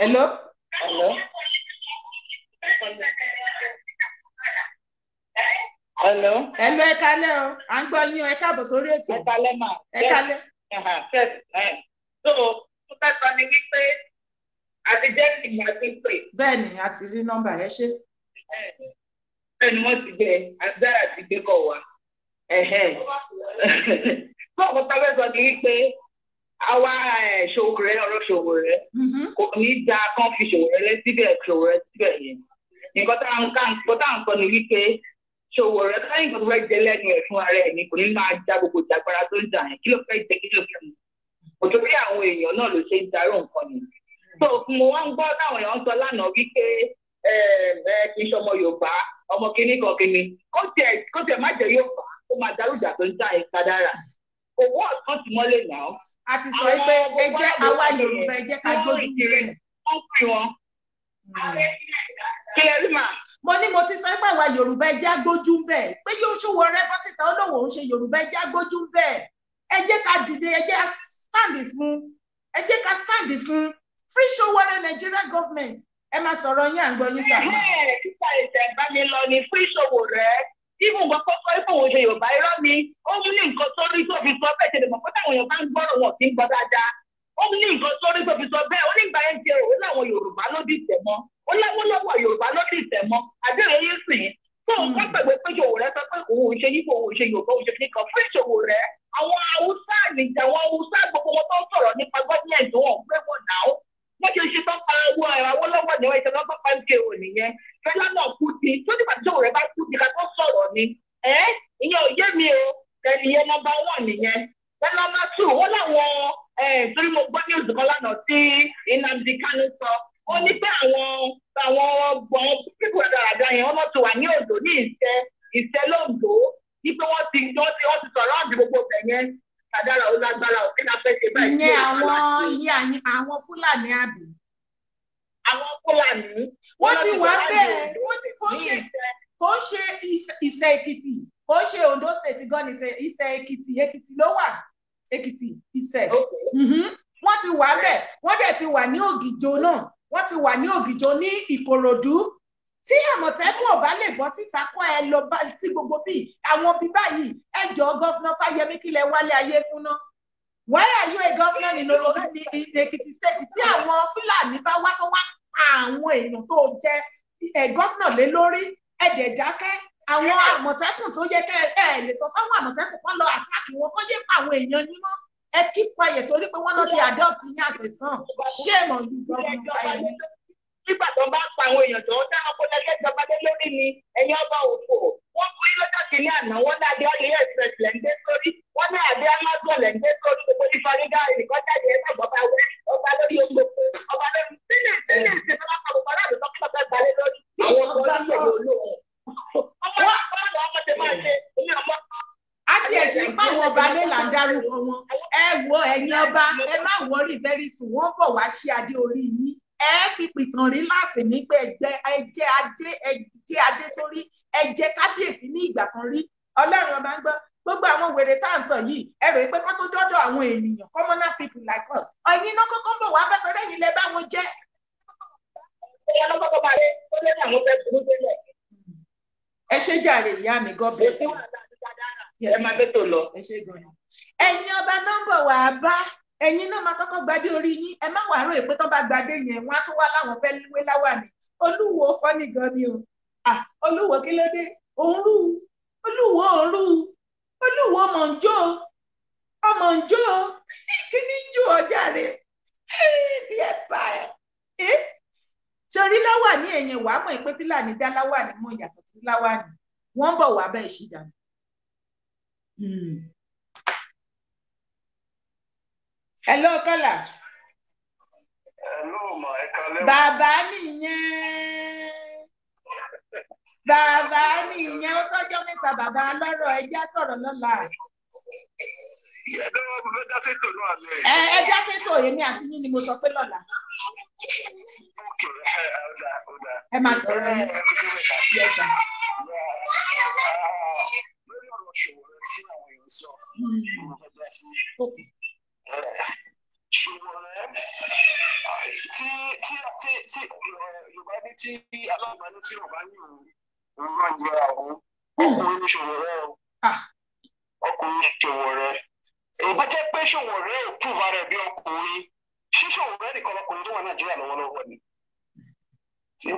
hello. hello. hello. hello ẹ kálẹ́ o à ń gbọ́ yín o ẹ káàbọ̀ sórí ètò. ẹ kálẹ́ mà. ẹ kálẹ́. so mo fẹ́ sọ ni wípé àti jẹ́ ìgbà tó pè. bẹ́ẹ̀ ni a ti rí nọ́mbà ẹ ṣe. bẹ́ẹ̀ ni wọ́n ti gbé agbára ti gbé kọ̀ wá. tó ọ̀pọ̀ta fẹ́ sọ ni wípé àwa ṣòwòrẹ́ ọ̀rọ̀ ṣòwòrẹ́ mm-hmm. kò ní í da kán fi ṣòwòrẹ́ síbẹ̀ ṣòwòrẹ́ síbẹ̀ yẹn. nǹkan tá à ń sọ ni wípé ṣòwòrẹ́ káyìn kan tó fẹ́ jẹ lẹ́nu ẹ̀ fún ara ẹ̀ ni kò ní máa já gbogbo ìjàgbára tó ń jà yẹn kí ló fẹ́ jẹ kí ló fẹ́ mu. òjò bí àwọn èèyàn náà ló ṣe ń darú nǹkan so mo wá ń gbọ́ táwọn èèyàn ń sọ lánàá wípé ehm, kì í ṣọmọ yorùbá ọmọ kìíní kan kìíní kó tiẹ̀ kó tiẹ̀ má jẹ́ yorùbá kó máa tó ń ta dára a ti sọ pé ẹ jẹ́ yorùbá ẹ jẹ́ ká gbójú rẹ̀. wọ́n pè wọ́n. Hmm. mo ti sọ pé yorùbá ẹjẹ agbójú ń pé yóò ṣòwò rẹ olówó ń yorùbá ẹjẹ agbójú ń ká dìde stand fún free show warren nigeria government ẹ máa sọ̀rọ̀ yín à ń gbọ́ yín sàmà. títà ìṣẹ̀ǹbámilọ ni fún ìṣòwò rẹ̀ ibu nǹkan kọ́kọ́ ìfowó ṣe yorùbá irọ́ mi ó mú ní nǹkan tó rí tó fi sọ bẹ́ẹ̀ ṣe lè mọ̀ pé táwọn èèyàn bá ń gbọ́rọ̀ wọn kì í gbọ́ dáadáa ó mú ní nǹkan tó rí tó fi sọ bẹ́ẹ̀ ó ní ìgbà yẹn ti rò ó láwọn yorùbá ló dì tẹ̀ mọ́ ó láwọn lọ́wọ́ yorùbá ló dì tẹ̀ mọ́ àdéhùn yín sì yín tó nǹkan gbàgbé pé ìṣòwò rẹ sọ pé òun ò ṣe yíbo òun ṣe yorùbá òun ṣe nìkan fún ìṣòwò rẹ àwọn haúsá àlìjà àwọn haúsá gbogbo wọn tó ń sọ̀rọ̀ nípa gọ́ọ̀mẹ̀ntì wọn ò gbé wọn náà bó ṣe ṣe tán pa owó àwọn lọ́wọ́ ní ẹ̀ṣẹ̀ lọ́gbọ́n pa mko nìyẹn fẹlá náà kú ti tó nígbà tí òwúrẹ́ bá kú ti ká tó ni ẹ oye mi o ẹnìyẹn nọ́mbà wọn nìyẹn fẹlá máa tù wọn láwọn mo gbọ́ news Nnamdi Kanu sọ kádàrá ó lágbára ò kí la fẹ́ ṣe báyìí. ìyẹn àwọn ìyá àwọn fúlàní àbí. àwọn fúlàní. wọ́n ti wá bẹ́ẹ̀ kó ṣe kó ṣe ìṣe èkìtì kó ṣe ondo state gan ìṣe ìṣe èkìtì èkìtì ló wà èkìtì ìṣe. Mhm. wọ́n ti wà bẹ́ẹ̀ wọ́n dẹ̀ ti wà ní ògìjọ náà wọ́n ti wà ní ògìjọ ní ìkòròdú tí àmọ̀tẹ́kùn ò bá lè bọ́ síta kọ́ ẹ lọ sí gbogbo bíi àwọn bíi báyìí ẹ jọ gọ́fúnà fáyemí kílẹ̀ wálé ayé fúnná why are you a governor in Ekiti state tí àwọn fúlàní bá wá tó wá àwọn èèyàn tó jẹ gọ́fúnà lé lórí ẹ̀dẹ̀ dákẹ́ àwọn àmọ̀tẹ́kùn tó yẹ kẹ́ ẹ lè sọ fáwọn àmọ̀tẹ́kùn kan lọ àtàkì wọn kọ́ yé pa àwọn èèyàn yín mọ́ ẹ kí payẹ̀ torí pé wọ́n lọ ti adopt yín àṣẹ̀sán shame on you governor fáyemí nígbà tó bá pa àwọn èèyàn tó dáná kó lẹ́kẹ́ ìjọba dé lórí ni ẹ̀yin ọba òfò wọ́n kú lọ́jọ́ kìíní àná wọ́n ní adé ọ̀lẹ́ express lẹ́ ń gbé sórí wọ́n ní adé amazon lẹ́ ń gbé sórí gbogbo ní fariga ẹnìkan jáde ẹ̀ náà bọ́ba wẹ́ ọba lórí ogbogbo ọba lórí sílẹ̀ sílẹ̀ ìṣẹ̀lẹ̀ olóhùn ọmọ ìṣẹ̀lẹ̀ ọmọ àti ẹ̀ṣẹ̀ fáwọn ọba mẹ́la dárúkọ wọn ẹ wo ẹ̀yin ọba ẹ má wọrí bẹ́rìsì wọ́n bọ̀ wá ṣí adé orí yín ẹ fi pìtàn rí láàfẹ nígbà ẹgbẹ ẹjẹ adé ẹjẹ adé sórí ẹjẹ kábíyèsí ní ìgbà kan rí ọlọ́run ọba ń gbọ́ gbogbo àwọn wèrè tá à ń sọ yìí ẹ rò pé ká tó dọ́dọ̀ àwọn ènìyàn commoner people like us ẹ̀yin iná kọ́kọ́ ń bọ̀ wá bẹ́ẹ̀ sọ́dọ̀ yìí lẹ bá wọn jẹ́. ẹ ṣe jàre ìyá mi god bless you. ẹ máa bẹ́tò lọ. ẹ ṣe gan-an. ẹ̀yin ọba nọ́mbà wà á bá ẹ̀yin náà máa kọ́kọ́ gbadé orí yín ẹ má wàá rò pé tó bá gbadé yẹn wọ́n á tún wá láwọn fẹ́ wé láwàní olúwo fọ́nì gan ni o olúwo kí ló dé òun rú olúwo òun rú olúwo ọmọ ń jó ọmọ ń jó kí ni jó ọjà rẹ tí ẹ bá ẹ sọrí láwàní ẹ̀yìn wàá mọ̀ pé fúlàní dá láwàní mọ̀ yàtọ̀ sí láwàní wọ́n bọ̀ wá bẹ́ẹ̀ ṣì dànù. Hmm. Hello, caller. Hello, my ẹ kalẹ́. Bàbá nìyẹn. Bàbá nìyẹn ó tọ́jọ́ mẹ́ta bàbá lọ́rọ̀ ẹja sọ̀rọ̀ lọ́la. Ẹ̀dọ́ mo fẹ́ dá sétò náà lẹ̀. Ẹ ẹ àti yín ni mo sọ pé lọ́la. Ẹ máa sọ̀rọ̀ yín. sí àwọn èèyàn sọ, mo ṣòwòrán tí tí tí tí yorùbá ní tí aláàbá ní tí yorùbá ní òun náà ń yẹra òun ọkùnrin ní ṣòwòrán o ọkùnrin ṣòwòrán èyí tó jẹ́ pé ṣòwòrán ò kúva rẹ̀ bí ọkùnrin ṣíṣòwòrán nìkan ọkùnrin tó wà nàìjíríà lọ́wọ́lọ́wọ́ ni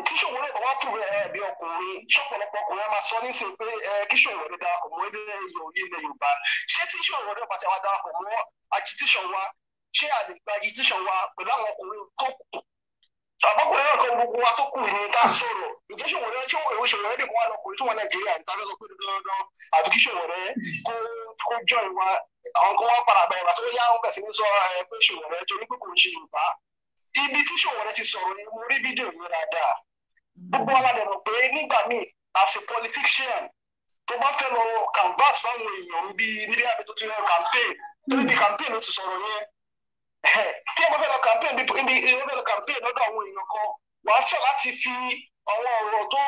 tí Ṣòwòrẹ́ bá wá pùrù ẹ bí ọkùnrin ṣọ̀pọ̀lọpọ̀ ọkùnrin a máa sọ nísìnyí pé kí Ṣòwòrẹ́ da ọmọ ẹdẹ yọ orí ilẹ̀ Yorùbá ṣé tí Ṣòwòrẹ́ bá ti wá da ọmọ agitation wa ṣé àlè gba agitation wa pẹ̀lú àwọn ọkùnrin tó kù àbọ̀kùnrin náà kan gbogbo wa tó kù ní tá a sọ̀rọ̀ ǹjẹ́ Ṣòwòrẹ́ ṣé òwe Ṣòwòrẹ́ nìkan wà lọkùnrin tó wà Nàìjíríà níta fẹ́ sọ pé dandan àfi kí Ṣòwòrẹ́ kó jọ ìwà àwọn kan wá padà bẹ̀rẹ̀ àti wọ́n yá wọn bẹ̀ sí ní sọ pé Ṣòwòrẹ́ torí pé kò ń ṣe Yorùbá ibi tí Ṣòwòrẹ́ ti sọ̀rọ̀ ni mo rí fídíò yìí dáadáa gbogbo aládẹ mọ̀ pé nígbà míì as a politician tó bá fẹ́ lọ canvas fáwọn èèyàn bí níbi àbí tó ti lọ campaign tó níbi hmm. campaign ló ti sọ̀rọ̀ yẹn tí ẹ bá fẹ́ lọ campaign níbi ìwé fẹ́ lọ campaign lọ́dọ̀ àwọn èèyàn kan wàá fẹ́ láti fi àwọn ọ̀rọ̀ tó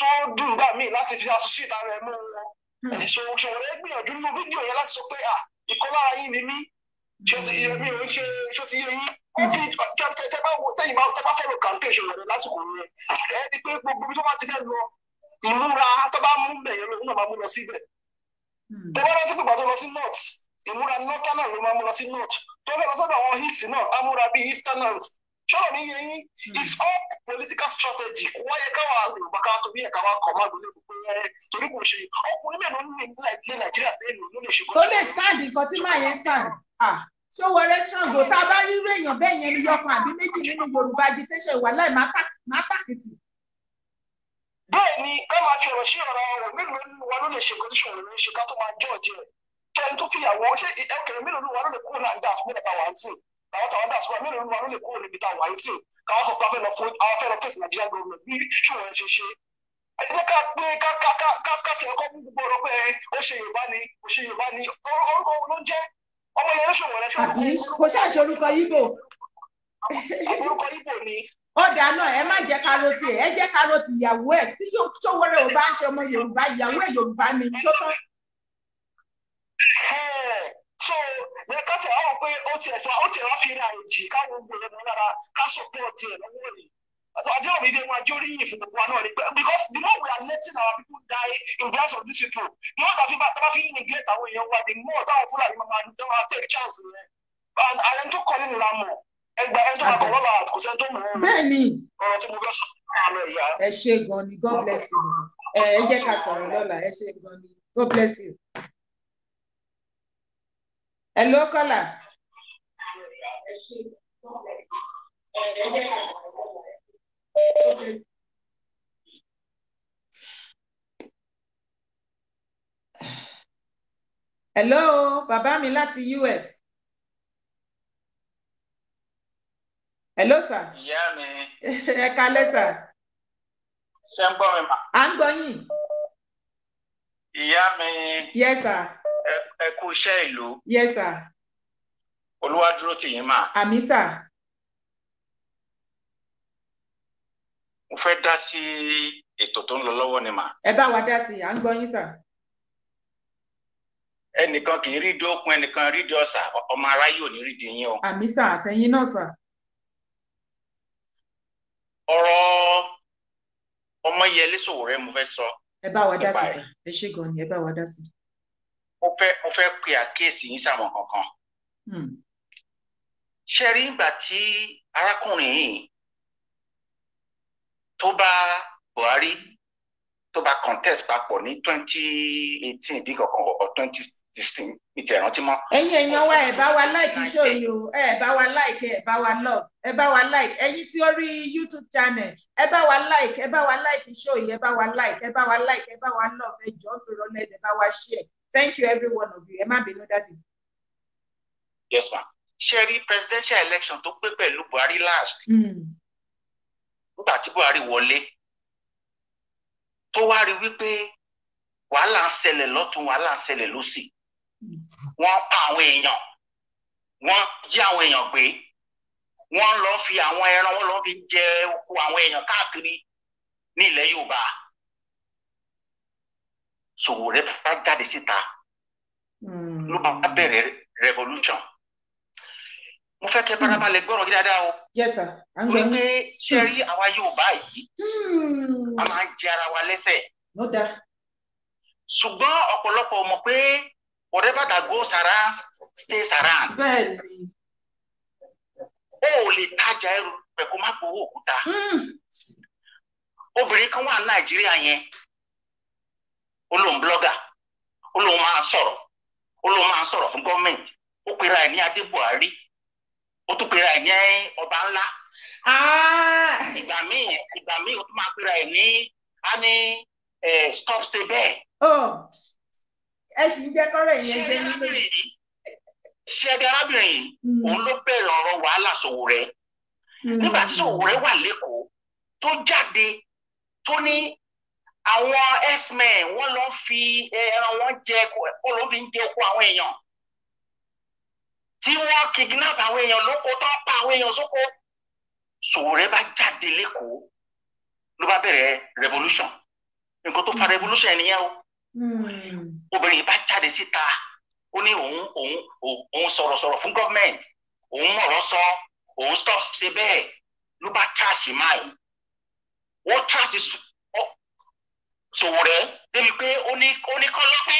tó dùn gbà míì láti fi associate ara ẹ mọ́ wọn hmm. ẹ̀sùn Ṣòwòrẹ́ gbìyànjú nínú fídíò yẹn láti sọ pé à ìkọlára yìí ni mí ṣé ti yẹ hmm. mí ò ń ṣé ti yẹ yín ẹsìn tẹ bá wo tẹyìn bá tẹ bá fẹ́ lọ campaign ṣòro rẹ lásìkò yẹn ẹni pé gbogbo ibi tó bá ti fẹ́ lọ ìmúra tó bá mú bẹyẹ lọ náà máa mú lọ síbẹ̀ hmm. tẹ bá rántí pípa tó lọ sí north ìmúra northern náà ló máa mú lọ sí north tó fẹ́ lọ sọ́dọ̀ àwọn east náà á bíi eastern north ṣọlọ mi yẹ yín hmm. it's all political strategy wọ́n yẹ káwa yorùbá ká torí ẹ̀ka wa kọ̀ máa lórí ìpínlẹ̀ torí kò ṣe ọkùnrin mẹ́rin ló ní ṣó wọ restaurant go tá a bá rírú èèyàn bẹ́ẹ̀ yẹn ni yọkan àbí méjì nínú yorùbá agitation wà láì má tàkìtì. bẹ́ẹ̀ ni ẹ máa fi ọ̀rọ̀ sí ọ̀rọ̀ ọ̀rọ̀ mélòó wa ló lè ṣe nǹkan tí ṣòro ló ń ṣe ká tó máa jọ́ ọ̀jẹ̀ kẹrin tó fìyàwó ṣé ẹkẹrin mélòó wa ló lè kúrò náà ń dà fún mẹ́ta wà ń sìn àwọn tàwọn dà síwájú mélòó wa ló lè kúrò níbi tá a wà ń sìn káwọn sọ pé a fẹ́ lọ fún àwọn fẹ́ lọ fèsì nàìjíríà gọ́ọ̀mù bí ṣòro ṣe ṣe ẹ jẹ́ ká pé ká ká ká ká ká tiẹ̀ kọ́ gbogbo ọ̀rọ̀ pé ó ṣe yorùbá ni ó ṣe yorùbá ni orúkọ wo ló ń jẹ́ ọmọ yẹn ń ṣòwò rẹ ṣòwò. kò ṣàṣe orúkọ ibo. orúkọ ibo ni. ọjà náà ẹ má jẹ́ kárọ̀tì ẹ jẹ́ kárọ̀tì ìyàwó ẹ tí Sowore ò bá ń ṣe ọmọ Yorùbá ìyàwó ẹ Yorùbá ni lọ́tọ́. so rẹkọtì àwọn pé ó tiẹ̀ fún ó tiẹ̀ wá fi ra èjì káwọn gbòòrò mọ́ lára ká sọ̀pọ̀ tiẹ̀ lọ́wọ́ yìí. So at the end of the day, we are jurying if we are not because the more we are letting our people die in the hands of this people, the more that people are feeling neglect àwọn èèyàn wa, the more that people are man don have take chance And I am too calling lamọ̀, ẹgbà ẹni tó bá kọ̀ lọ́la kò sẹ́ni tó mọ̀ ọ́. Bẹ́ẹ̀ni. Ọ̀rọ̀ tí mo fẹ́ sọ fún àlọ́ ìyá. Ẹ ṣe gan God bless you. Ẹ ẹ jẹ́ ká sọ̀rọ̀ lọ́la, ẹ ṣe gan God bless you. Hello, caller. Okay. Hello, bàbá mi láti US. Hello, sir. Ìyá mi. Ẹ kalẹ́ sir. Ṣé ń gbọ́ mi ma? À ń gbọ́ yín. Ìyá mi. Yes, sir. Ẹ kú iṣẹ́ ìlú. Yes, sir. Olúwa dúró tì yín mà. Àmín, sir. mo fẹ́ dá sí ètò tó ń lọ lọ́wọ́ ni mà. ẹ bá wa dá sí à ń gbọ́ yín sà. ẹnìkan kì í rí di okun ẹnìkan rí di ọ̀sà ọmọ aráyé ò ní rí di yín o. àmì sà àtẹ̀yìn náà sà. ọ̀rọ̀ Ọmọyẹlé Sowore mo fẹ́ sọ. ẹ bá wa dá sí sà ẹ ṣe gan ni ẹ bá wa dá sí. mo fẹ́ mo fẹ́ pe àkíyèsí yín sàmọ̀ kankan. Hmm. ṣe rí ìgbà tí arákùnrin yìí tó bá Buhari tó bá contest papọ̀ ní twenty eighteen bí kankan or twenty sixteen ní ti ẹ̀rántí mọ́. ẹ̀yin èèyàn wa ẹ bá wa like iṣẹ́ yìí o ẹ bá wa like ẹ bá wa love ẹ bá wa like ẹ̀yin tí ó rí YouTube channel ẹ bá wa like ẹ bá wa like iṣẹ́ yìí ẹ bá wa like ẹ bá wa like ẹ bá wa love ẹ jọ̀ọ́ fi rọlẹ́ ẹ bá wa share thank you every one of you ẹ má bínú dáàdì. yes ma ṣe rí presidential election tó pé pẹ̀lú Buhari last. Mm nígbà tí Buhari wọlé tó wá rí wípé wàhálà ń ṣẹlẹ̀ lọ́tún wàhálà ń ṣẹlẹ̀ lọ́sì wọ́n pa àwọn èèyàn wọ́n jí àwọn èèyàn gbé wọ́n lọ fi àwọn ẹran wọ́n lọ fi jẹ oko àwọn èèyàn káàkiri ní ilẹ̀ Yorùbá Sowore bá jáde síta hmm. ló bá bẹ̀rẹ̀ revolution. mo fẹ́ kẹ́ bára balẹ̀ gbọ́rọ̀ dáadáa o. yẹ́sà pé àwa Yorùbá yìí hmm. a máa ń ara wa lẹ́sẹ̀. ṣùgbọ́n ọ̀pọ̀lọpọ̀ mọ̀ pé whatever that o ò lè tajà ẹrù pẹ̀ má gbowó òkúta. Hmm. obìnrin kan wà Nàìjíríà yẹn máa sọ̀rọ̀ olóhùn fún gọ́ọ̀mẹ̀ntì ó pera ẹ̀ ní Buhari. o tún pera ẹ̀ ní ọba ńlá ah. ìgbà míì ìgbà míì ó tún máa pera ẹ̀ ní á ní stop ṣe bẹ́ẹ̀. Oh. ẹ sì ń jẹ́ kọ́rọ̀ ìyẹn jẹ́ nílé. ṣẹ́ẹ́dẹ̀ arábìnrin hmm. òun ló bẹ̀rẹ̀ ọ̀rọ̀ wàhálà sòwò rẹ̀ hmm. nígbà tí sòwò rẹ̀ wà lẹ́kọ̀ọ́ tó jáde tó ní àwọn x-men wọ́n lọ fi ẹran wọn jẹ kó ló fi ń jẹ kó àwọn èèyàn tí wọ́n kidnap àwọn èèyàn lóko tó ń pa àwọn èèyàn sóko Sowore bá jáde lẹ́kọ̀ọ́ ló bá bẹ̀rẹ̀ revolution nǹkan tó fa hmm. revolution ẹ̀ nìyẹn o hmm. obìnrin yìí bá jáde síta ó ní òun òun òun sọ̀rọ̀sọ̀rọ̀ fún gọ́ọ̀mẹ̀ntì òun mọ̀rọ̀ sọ òun stop ṣe bẹ́ẹ̀ ló bá trash máa yìí wọ́n trash Sowore débi pé ó ní kọ́ lọ́gbé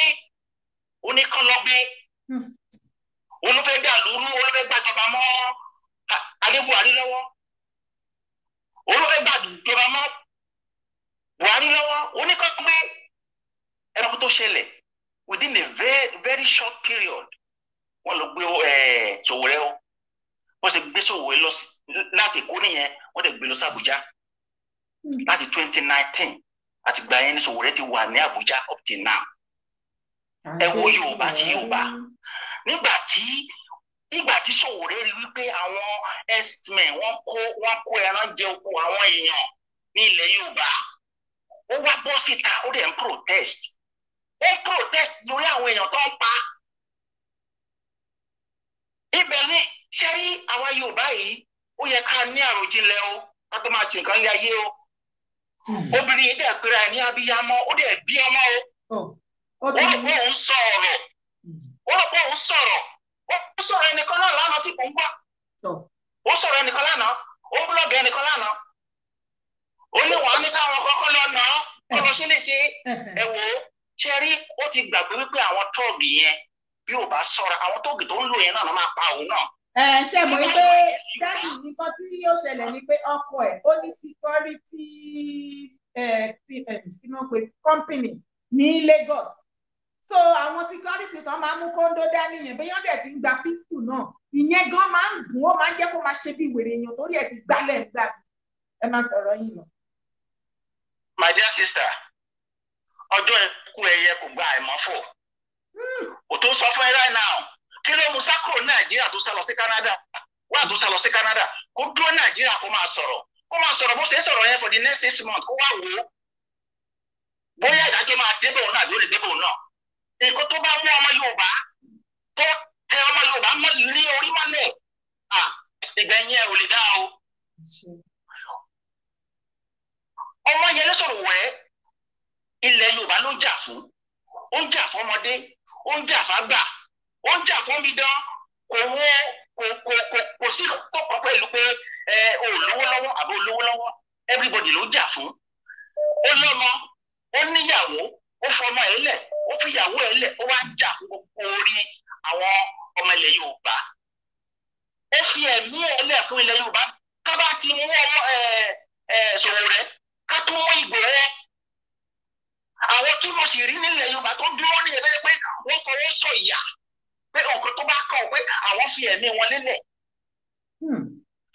ó ní kọ́ lọ́gbé olùfẹ́ dàlúrú olùfẹ́ gbàjọba mọ́ adébùhárí lọ́wọ́ olùfẹ́ gbàjọba mọ́ buhari lọ́wọ́ oníkan pé ẹranko tó ṣẹlẹ̀ within a very very short period wọ́n lọ gbé Sowore o wọ́n sì gbé Sowore lọ láti Èkó nìyẹn wọ́n dẹ̀ gbé lọ sí Àbújá láti twenty nineteen àtìgbà yẹn ni Sowore ti wà ní Àbújá up till now ẹ wo Yorùbá sí Yorùbá. Mm -hmm nígbà tí nígbà tí Sowore rí wípé àwọn herdsmen wọ́n kó wọ́n kó ẹran jẹ oko àwọn èèyàn ní ilẹ̀ Yorùbá ó wá bọ́ síta ó dẹ̀ ń protest ó ń protest lórí àwọn èèyàn tó ń pa ibẹ̀ ni ṣé rí àwa Yorùbá yìí ó yẹ ká ní àròjinlẹ̀ o ká tó máa ṣe nǹkan lé ayé o hmm. obìnrin yìí dẹ̀ pera ẹ̀ ní abiyamọ ó dẹ̀ bí ọmọ o oh, ó ń sọ ọ̀rọ̀ wọ́n bọ̀ ń sọ̀rọ̀ ó sọ̀rọ̀ ẹnìkan náà lánàá tí kò ń gbà ó sọ̀rọ̀ ẹnìkan lánàá ó búlọ̀gì ẹnìkan lánàá ó ní wàá ní káwọn kọ́kọ́ lọ nà án kó lọ sí léṣe ẹ wò ó ṣe rí ó ti gbàgbé wípé àwọn tọ́ọ̀gì yẹn bí ò bá sọ̀rọ̀ àwọn tọ́ọ̀gì tó ń lò yẹn náà máa pa òun náà ṣe mọ̀ yí dáàbì nǹkan tí yóò ṣẹlẹ̀ ni pé ọkọ ẹ̀ ó ní security company ní Lagos so àwọn security tán máa ń mú kóńdó dání yẹn bẹ́ẹ̀ ti ń gba pistol náà ìyẹn gan máa ń gùn ó máa ń jẹ́ kó máa ṣe bí wèrè èèyàn lórí ẹ̀ ti gbálẹ̀ ń gbà ẹ máa sọ̀rọ̀ yìí lọ. my dear sister ọjọ́ ikú ẹyẹ kò gba àìmọ́ fò hmm. ò tó sọ fún ẹ right now kí ló mú sákòrò nàìjíríà tó sá sí Canada wà tó sá sí Canada kó dúró nàìjíríà kó máa sọ̀rọ̀ kó máa sọ̀rọ̀ bó ṣe sọ̀rọ̀ yẹn for nǹkan tó bá mú ọmọ Yorùbá tó tẹ ọmọ Yorùbá mọ lé orí mọ́lẹ̀ ìgbà yẹn ò lè dá o. ọmọ yẹn ló sọ̀rọ̀ wẹ́ ilẹ̀ Yorùbá ló jà fún ó ń jà fún ọmọdé ó ń jà fágbà ó ń jà fún omidan kò wọ kò kò kò kò sí kọ̀kọ́ pẹ̀lú pé ẹ ò lówó lọ́wọ́ àbí ò lówó lọ́wọ́ everybody ló jà fún ó lọ́mọ ó níyàwó ó fọmọ ẹ lẹ̀ ó fìyàwó ẹ lẹ̀ ó wá jà fún gbogbo orí àwọn ọmọ ilẹ̀ Yorùbá ó fi ẹ̀mí ẹ lẹ̀ fún ilẹ̀ Yorùbá kábà ti mú ọmọ ẹ ẹ sọ̀rọ̀ rẹ ká tó mú ìgbò rẹ àwọn tí mo sì rí nílẹ̀ Yorùbá tó dúró ní ẹgbẹ́ pé wọ́n fọwọ́ sọ̀yà pé ọ̀kan tó bá kàn pé àwọn fi ẹ̀mí wọn lélẹ̀. Hmm.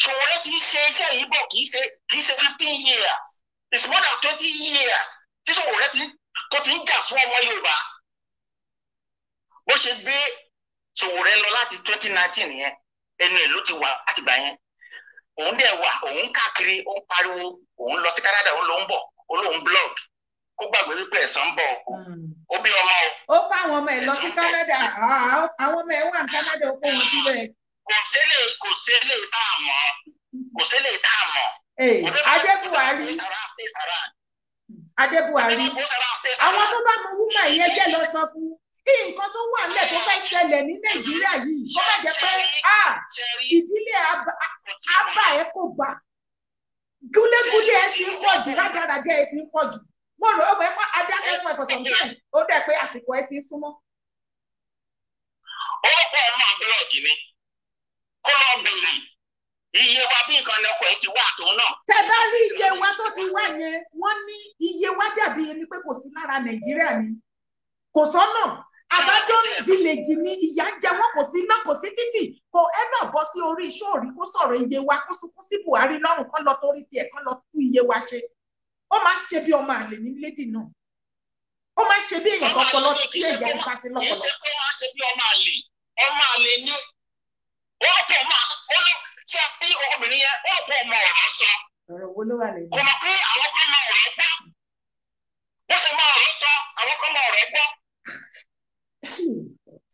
Ṣòwòrẹ́ ti ṣe iṣẹ́ yìí bọ̀ kì í ṣe kì í ṣe fifteen years it's more than twenty years tí Ṣòwòrẹ́ ti ń tó ti ń jà fún ọmọ Yorùbá bó ṣe gbé Sowore lọ láti 2019 nineteen yẹn ẹnu ẹ̀ ló ti wà látìgbà yẹn òun dẹ̀ wà òun káàkiri òun pariwo òun lọ sí Canada òun ló ń bọ̀ olóhùn blog kó gbàgbé wípé ẹ̀sán ń hmm. ó bí ọmọ o. ó kó àwọn ọmọ ẹ̀ lọ sí Canada ah, àwọn ọmọ ẹ̀ wà ní Canada ó kó wọn síbẹ̀. kò sẹ́lẹ̀ kò sẹ́lẹ̀ tá a mọ̀ kò sẹ́lẹ̀ tá a mọ̀. ajẹ́ Buhari adébúhárí àwọn tó bá mọ wúmọ ìyẹn jẹ́ lọ sọ fún kí nǹkan tó wà nílẹ̀ tó fẹ́ ṣẹlẹ̀ ní nàìjíríà yìí kó má jẹ́ pé ìdílé àbá ẹ kò bà gúlégúlé ẹ ti ń pọ̀ jù rádaràdà ẹ ti ń pọ̀ jù mo rò ó bẹ pé adákẹ́ fún ẹ for some time ó dẹ̀ pé àsìkò ẹ ti ń súnmọ́. ó wọ́pọ̀ ọmọ àbúrò ọ̀gì ni kó lọ́ọ́ bèrè iye wa bí nǹkan lọkọ̀ ẹ ti wá àtòun náà. tẹ bá rí iye wa tó ti wá yẹn Wọn ní iye wa dàbí ẹni pé kò sí lára nàìjíríà ni kò sọnà abandon village ni ìyà ń jẹ wọn kò sí náà kò sí títì kò ẹ náà bọ́ sí orí kó sọ̀rọ̀ iye wa kó buhari torí tiẹ̀ kán lọ iye wa ṣe ó máa ń ṣe bí ọmọ àlè náà ó máa ń ṣe bí èèyàn sọ pé obìnrin yẹn ó kó ọmọ ọ̀rọ̀ sọ. ọ̀rọ̀ pé àwọn kan máa ọ̀rọ̀ gbọ́ bó ṣe máa ọ̀rọ̀ sọ àwọn kan máa ọ̀rọ̀ gbọ́.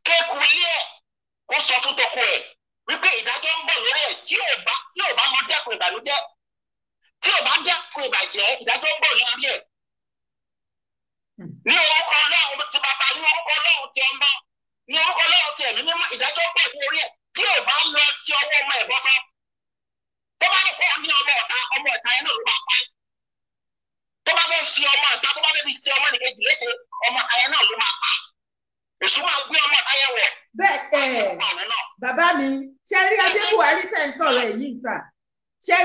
kéèkù ilé sọ fún toko ẹ̀ wípé ìdájọ́ ń bọ̀ lórí ẹ̀ tí ò bá tí ò bá lọ dẹ́kun ìbànújẹ́ tí ò bá dẹ́kun ìbàjẹ́ ìdájọ́ ń bọ̀ lórí ẹ̀. ní orúkọ ọlọ́run ti bàbá ní orúkọ ọlọ́run ti ọmọ ní orúkọ ọlọ́run ti ẹ̀mí mímọ́ ìdájọ́ ń bọ̀ lórí ẹ̀ tí ò bá ń lọ tí ọwọ́ ọmọ ẹ̀ bọ́ sá tó bá rò ní ọmọ ọ̀tá ọmọ ọ̀tá yẹn náà ló bá pa tó bá fẹ́ fi ọmọ ọ̀tá tó bá fẹ́ fi ṣe ọmọ nìkejì léṣe ọmọ ọ̀tá yẹn náà ló máa pa èṣù máa gbé ọmọ ọ̀tá yẹn wọ̀ bẹ́ẹ̀ ẹ̀ bàbá mi ṣe rí tẹ̀ ń sọ̀rọ̀ èyí sà ṣe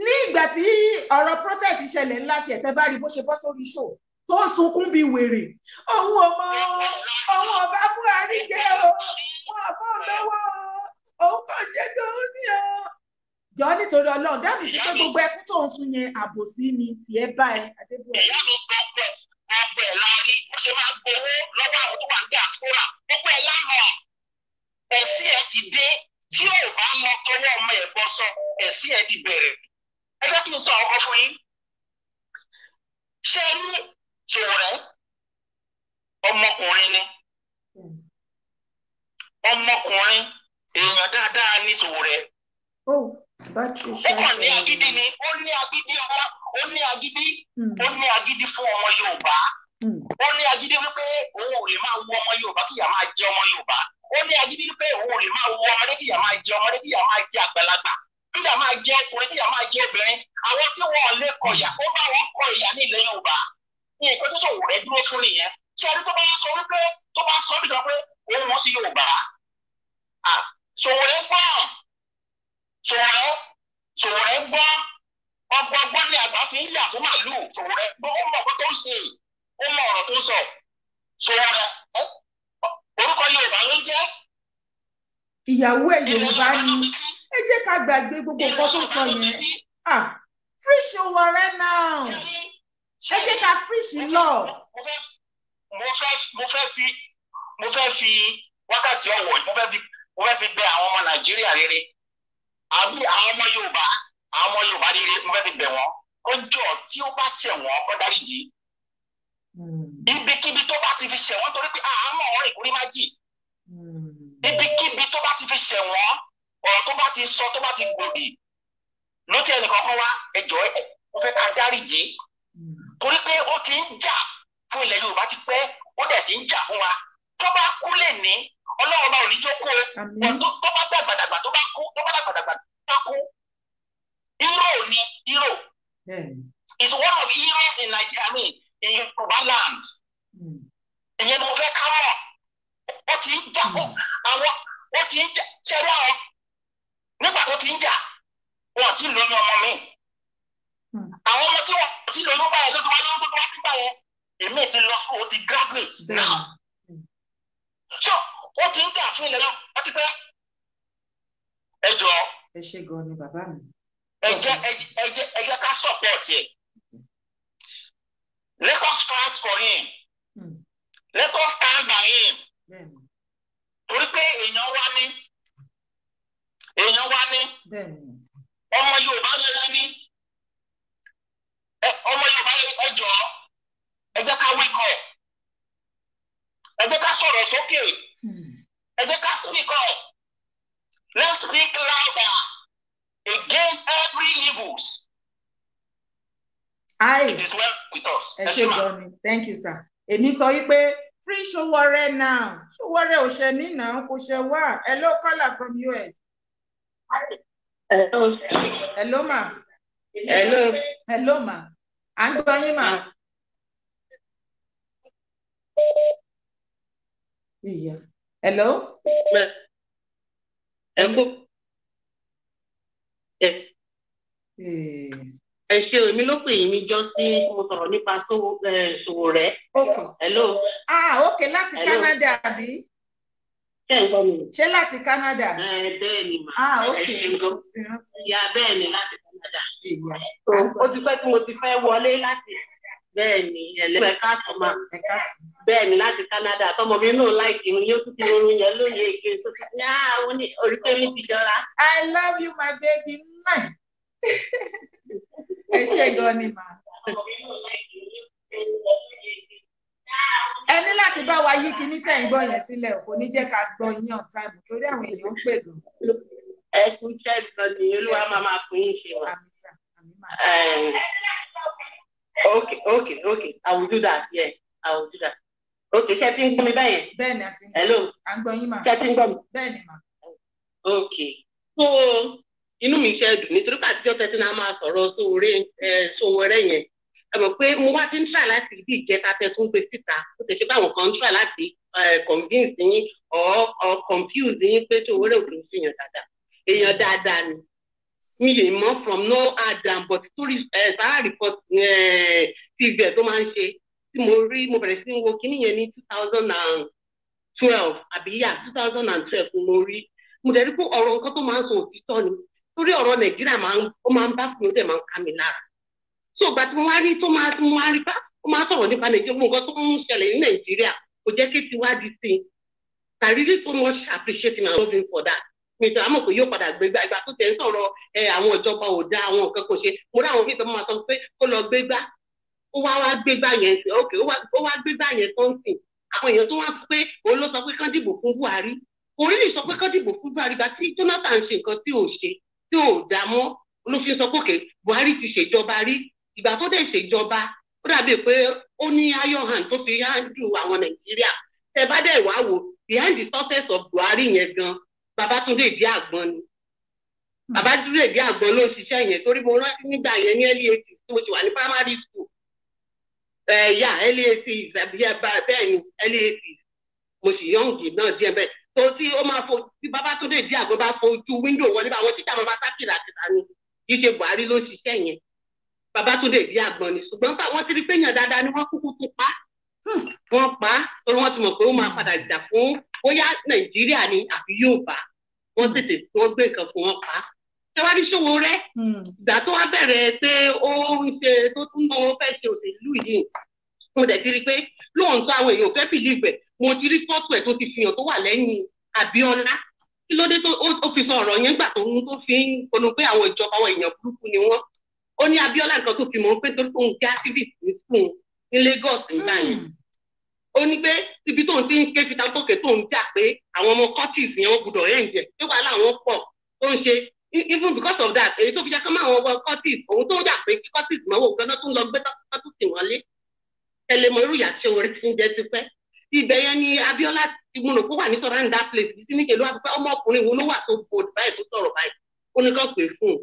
ní ìgbà tí ọ̀rọ̀ protest ṣẹlẹ̀ ńlá sí ẹ̀tẹ́ bá rí bó ṣe bọ́ sórí ṣò tó ń sunkún bíi wèrè òun ò mọ òun ọba Buhari dé o àbá lọ́wọ́ òun kàn jẹ́ gbòó jọ nítorí Ọlọ́run dábì sí pé gbogbo ẹkún tó ń sun yẹn àbòsí ni tiẹ̀ bá ẹ adébúwẹ. ìyá ló gbọ́ pẹ̀ gbogbo ẹ̀ la ní bó ṣe máa gbowó lọ́wọ́ àwọn tó wà ní àsìkòrà gbogbo ẹ̀ lánà ẹ̀sìn ẹ̀ ti dé tí ò bá mọ tọwọ́ ọmọ ẹ̀ bọ́ sọ ẹ̀sìn ẹ̀ ti bẹ̀rẹ̀ ẹ jẹ́ kí n sọ ọkọ fún yín ṣé ní Ṣòwòrẹ́ ọmọkùnrin ni. ọmọkùnrin èèyàn dáadáa ní Sowore. Oh, ó kàn ní agidi ni ó ní agidi ọmọ ó ní agidi, hmm. ó ní agidi fún ọmọ Yorùbá hmm. ó ní agidi wípé òun ò lè máa ọmọ Yorùbá kíyà máa jẹ ọmọ Yorùbá ó ní agidi wípé òun ò lè máa ọmọdé máa jẹ ọmọdé kíyà máa jẹ àgbàlagbà máa jẹ ọkùnrin máa jẹ obìnrin àwọn tí wọn lè kọyà bá wọn kọ ní ilẹ̀ Yorùbá ní rẹ wípé tó bá sọ bí ohun wọn sí Yorùbá Sowore gbọ́n Sowore Sowore gbọ́n ọgbọ́n gbọ́n ní àgbà fi ń yà fún màlúù Sowore gbọ́n ó mọ̀ ọ̀gbọ́n tó ń ṣe ó mọ̀ ọ̀rọ̀ tó ń sọ Sowore orúkọ Yorùbá ló ń jẹ́. ìyàwó ẹ̀ Yorùbá ni ẹ jẹ́ ká gbàgbé gbogbo nǹkan tó sọ yẹn ah free Sowore now ẹ jẹ́ ká preach love. mo fẹ́ mo fẹ́ fi mo fẹ́ fi wákàtí ọ̀wọ̀ mo fẹ́ fi mo fẹ́ fi bẹ àwọn ọmọ nàìjíríà rere àbí àwọn ọmọ yorùbá àwọn ọmọ yorùbá rere mo fẹ́ fi bẹ wọn kọjọ tí ó bá ṣẹ̀ wọ́n kó dáríjì hmm. ibikíbi tó bá ti fi ṣẹ̀ wọ́n torí pé àmọ́ ọ̀rẹ́ ìkórè má jì hmm. ibikíbi tó bá ti fi ṣẹ̀ wọ́n ọ̀rọ̀ tó bá ti sọ tó bá ti gbòdì ló ti ẹnìkan kan wá ẹjọ́ ẹ mo fẹ́ ká dáríjì hmm. torí pé ó ti ń jà fún ilẹ̀ yorùbá ti pẹ́ ó dẹ̀ sì ń jà fún wa tó bá kú lè ní ọlọ́run bá oníjó kó tó bá dàgbàdàgbà tó bá kú tó bá dàgbàdàgbà tó bá kú hero ni hero is one of heroes in Nigeria I mean in Yorùbá land hmm. ìyẹn ni mo fẹ́ ká mọ̀ ó ti ń jà àwọn ó ti ń jà ṣẹ́rí àwọn nígbà tó ti ń jà wọn ti lóyún ọmọ mi hmm. àwọn ọmọ tí wọn ti lóyún báyẹn tó ti wá lóyún tó ti wá bí báyẹn èmi ti lọ school ti graduate now so ó ti ń jà fún ilẹ̀ yọ wọ́n ti pẹ́ ẹ jọ. ẹ ṣe gan ni bàbá mi. ẹ jẹ́ ẹ jẹ́ ẹ jẹ́ ká support ẹ let us fight for him hmm. let us stand by him torí pé èèyàn wá ní èèyàn wá ní ọmọ Yorùbá rere ní ọmọ Yorùbá rere ẹ jọ ẹ jẹ́ ká wake up ẹ jẹ́ ká sọ̀rọ̀ sókè hmm. ẹ jẹ́ ká speak up let's speak louder against every evils. aye it is well with us. ẹ ṣe gan ni thank you sir èmi sọ wípé free Sowore now Sowore ò ṣe mí náà kò ṣe wá hello caller from US. hello. hello ma. hello. hello ma. à ń gbọ́ yín ma. Yeah. Hello? Ma. Hello? Yes. Eh. Ẹ ṣe èmi ló pè mí jọ sí mo sọ̀rọ̀ nípa ṣòwò rẹ̀. Okay. Hello? Ah, okay, láti Canada àbí? Ṣé ń gbọ́ mi? Ṣé láti Canada? Ẹ bẹ́ẹ̀ ni mà. Ah, okay. Ẹ ṣe ń gbọ́. Ìyá bẹ́ẹ̀ ni láti Canada. o ti pẹ́ tí mo ti fẹ́ wọlé láti bẹ́ẹ̀ni ẹlẹ ẹ káàtó máa láti Canada tọmọ mi náà yóò tún ti yẹn lóye èké tó ti ní àwọn ah, ní I love you my baby. ẹ ṣe gan ni màá. Ah, ẹ ní láti bá wa yí kíní tẹ̀ ń gbọ́ yẹn sílẹ̀ kò ní jẹ́ ká gbọ́ torí àwọn èèyàn ń pè gan. ẹ kú okay okay okay i will do that yeah i will do that okay ṣé ti ń gbọ́ mi báyìí. bẹ́ẹ̀ni hello à ń gbọ́ yín mà. ṣé ti okay so inú mi ṣe dùn nítorí pé àtijọ́ tẹ́tí náà máa sọ̀rọ̀ Sowore yẹn ẹ mọ̀ pé mo wá ti ń try láti ibi ìjẹta tẹ tó ń gbé síta ó ti ṣe pé àwọn kan ń try láti convince yín or confuse yín pé Sowore òkè ń ṣèyàn dáadáa èèyàn dáadáa ni mi lè mọ̀ from no adam but torí eh, sahara report eh, ti ibẹ̀ tó máa ń ṣe tí mo rí mo bẹ̀rẹ̀ sí ń wo kíní yẹn ní two thousand and twelve àbí yà two thousand and twelve ni mo rí mo dẹ̀ rí pé ọ̀rọ̀ nǹkan tó máa ń sọ òtítọ́ ni torí ọ̀rọ̀ nàìjíríà ó máa ń bá fún mi ó dẹ̀ máa ń ká mi lára so ìgbà tí mo wá rí tó máa tí mo wá rí bá ó máa sọ̀rọ̀ nípa nàìjíríà nǹkan tó ń ṣẹlẹ̀ ní nàìjíríà kò jẹ́ kí tiwa di sí i really so much appreciate my husband for that ìtàn àmọ̀ pé yóò padà gbé gbá ìgbà tó tẹ̀ ń sọ̀rọ̀ àwọn ìjọba ò dá àwọn nǹkan kò ṣe mo rí àwọn fífẹ́ máa sọ pé kó lọ gbé gbá ó wá wá gbé gbá yẹn sí ok ó wá gbé gbá yẹn tó ń sìn àwọn èèyàn tó wá sọ pé òun ló sọ pé kán dìbò fún Buhari òun lè sọ pé kán dìbò fún Buhari gba tí Jonathan ṣe nǹkan tí ò ṣe tí ò dá mọ́ ló fi sọ pé òkè Buhari ti ṣèjọba rí ìgbà tó dẹ̀ ṣèjọba ó dàbí pé ó ní iron hand tó fi handle àwọn Nàìjíríà tẹ bá dẹ̀ wá wò behind the success of Buhari yẹn gan-an Babátúndé ìdí àgbọn ni hmm. Babátúndé ìdí àgbọn ló ń ṣiṣẹ́ yẹn torí mo rántí nígbà yẹn ní lac tí mo ti wà ní primary school ẹ yà lac ìsàbíyẹ bẹ́ẹ̀ ni lac mo sì yọǹgì náà díẹ̀ bẹ́ẹ̀ tó tí ó máa fo tí Babátúndé ìdí àgbọn bá fojú wíńdò wọlé bá wọn títà máa bá sákìlà kìlà ni kì í ṣe Buhari ló ń ṣiṣẹ́ yẹn Babátúndé ìdí àgbọn ni ṣùgbọ́n wọn ti rí pé yàn dáadáa ni wọ́n kúkú tún pa hmm. wọ́n pa torí wọ́n ti mọ̀ pé ó máa padà jà fún bóyá Nàìjíríà ni àbí Yorùbá wọ́n tètè wọ́n gbé nǹkan fún wọn pa á ṣé wàá rí ṣòwò rẹ hmm. ìgbà tó wá bẹ̀rẹ̀ pé ó ń ṣe tó tún mọ wọn fẹ́ ṣe òṣèlú yìí mo dẹ̀ ti rí i pé lóòótọ́ àwọn èèyàn fẹ́ bìlíìgbẹ̀ mo ti rí fọ́tò ẹ̀ tó ti fihàn tó wà lẹ́yìn Abíọ́lá kí ló dé tó ó fi sọ ọ̀rọ̀ yẹn gbà tó ń tó fi ń konu pé àwọn ìjọba àwọn èèyàn burúkú ni wọ́n ó ní Abíọ́lá nǹkan tó fi mọ̀ pé torí òun jẹ́ activist ní fún un ní Lagos nígbà yẹn hmm ó ní pé ibi tóun ti ń ké fi tábòkè tóun jà pé àwọn ọmọ curtis yẹn wọn gbọ́dọ̀ rẹ̀ ń jẹ pé wàhálà wọn pọ̀ tó ń ṣe e, even because of that èyí tó fi jẹ́ kọ́ máa wọn wọ curtis òun tó ń jà pé kí curtis mọ̀ wò gan-an tó ń lọ gbé tọ́tù tì wọ́n lé ẹlẹ́mọ̀ irú ìyá tí orin ti ń jẹ́ ti pẹ́ ibẹ̀ yẹn ni Abíọ́lá ti múnà kó wà ní sọ̀rọ̀ ní that place yìí sí ní kẹlú àbúkọ́ ọmọkùnrin wo ló wà tó bòdì báyìí tó sọ̀rọ̀ báyìí ó ní kọ́ pé fún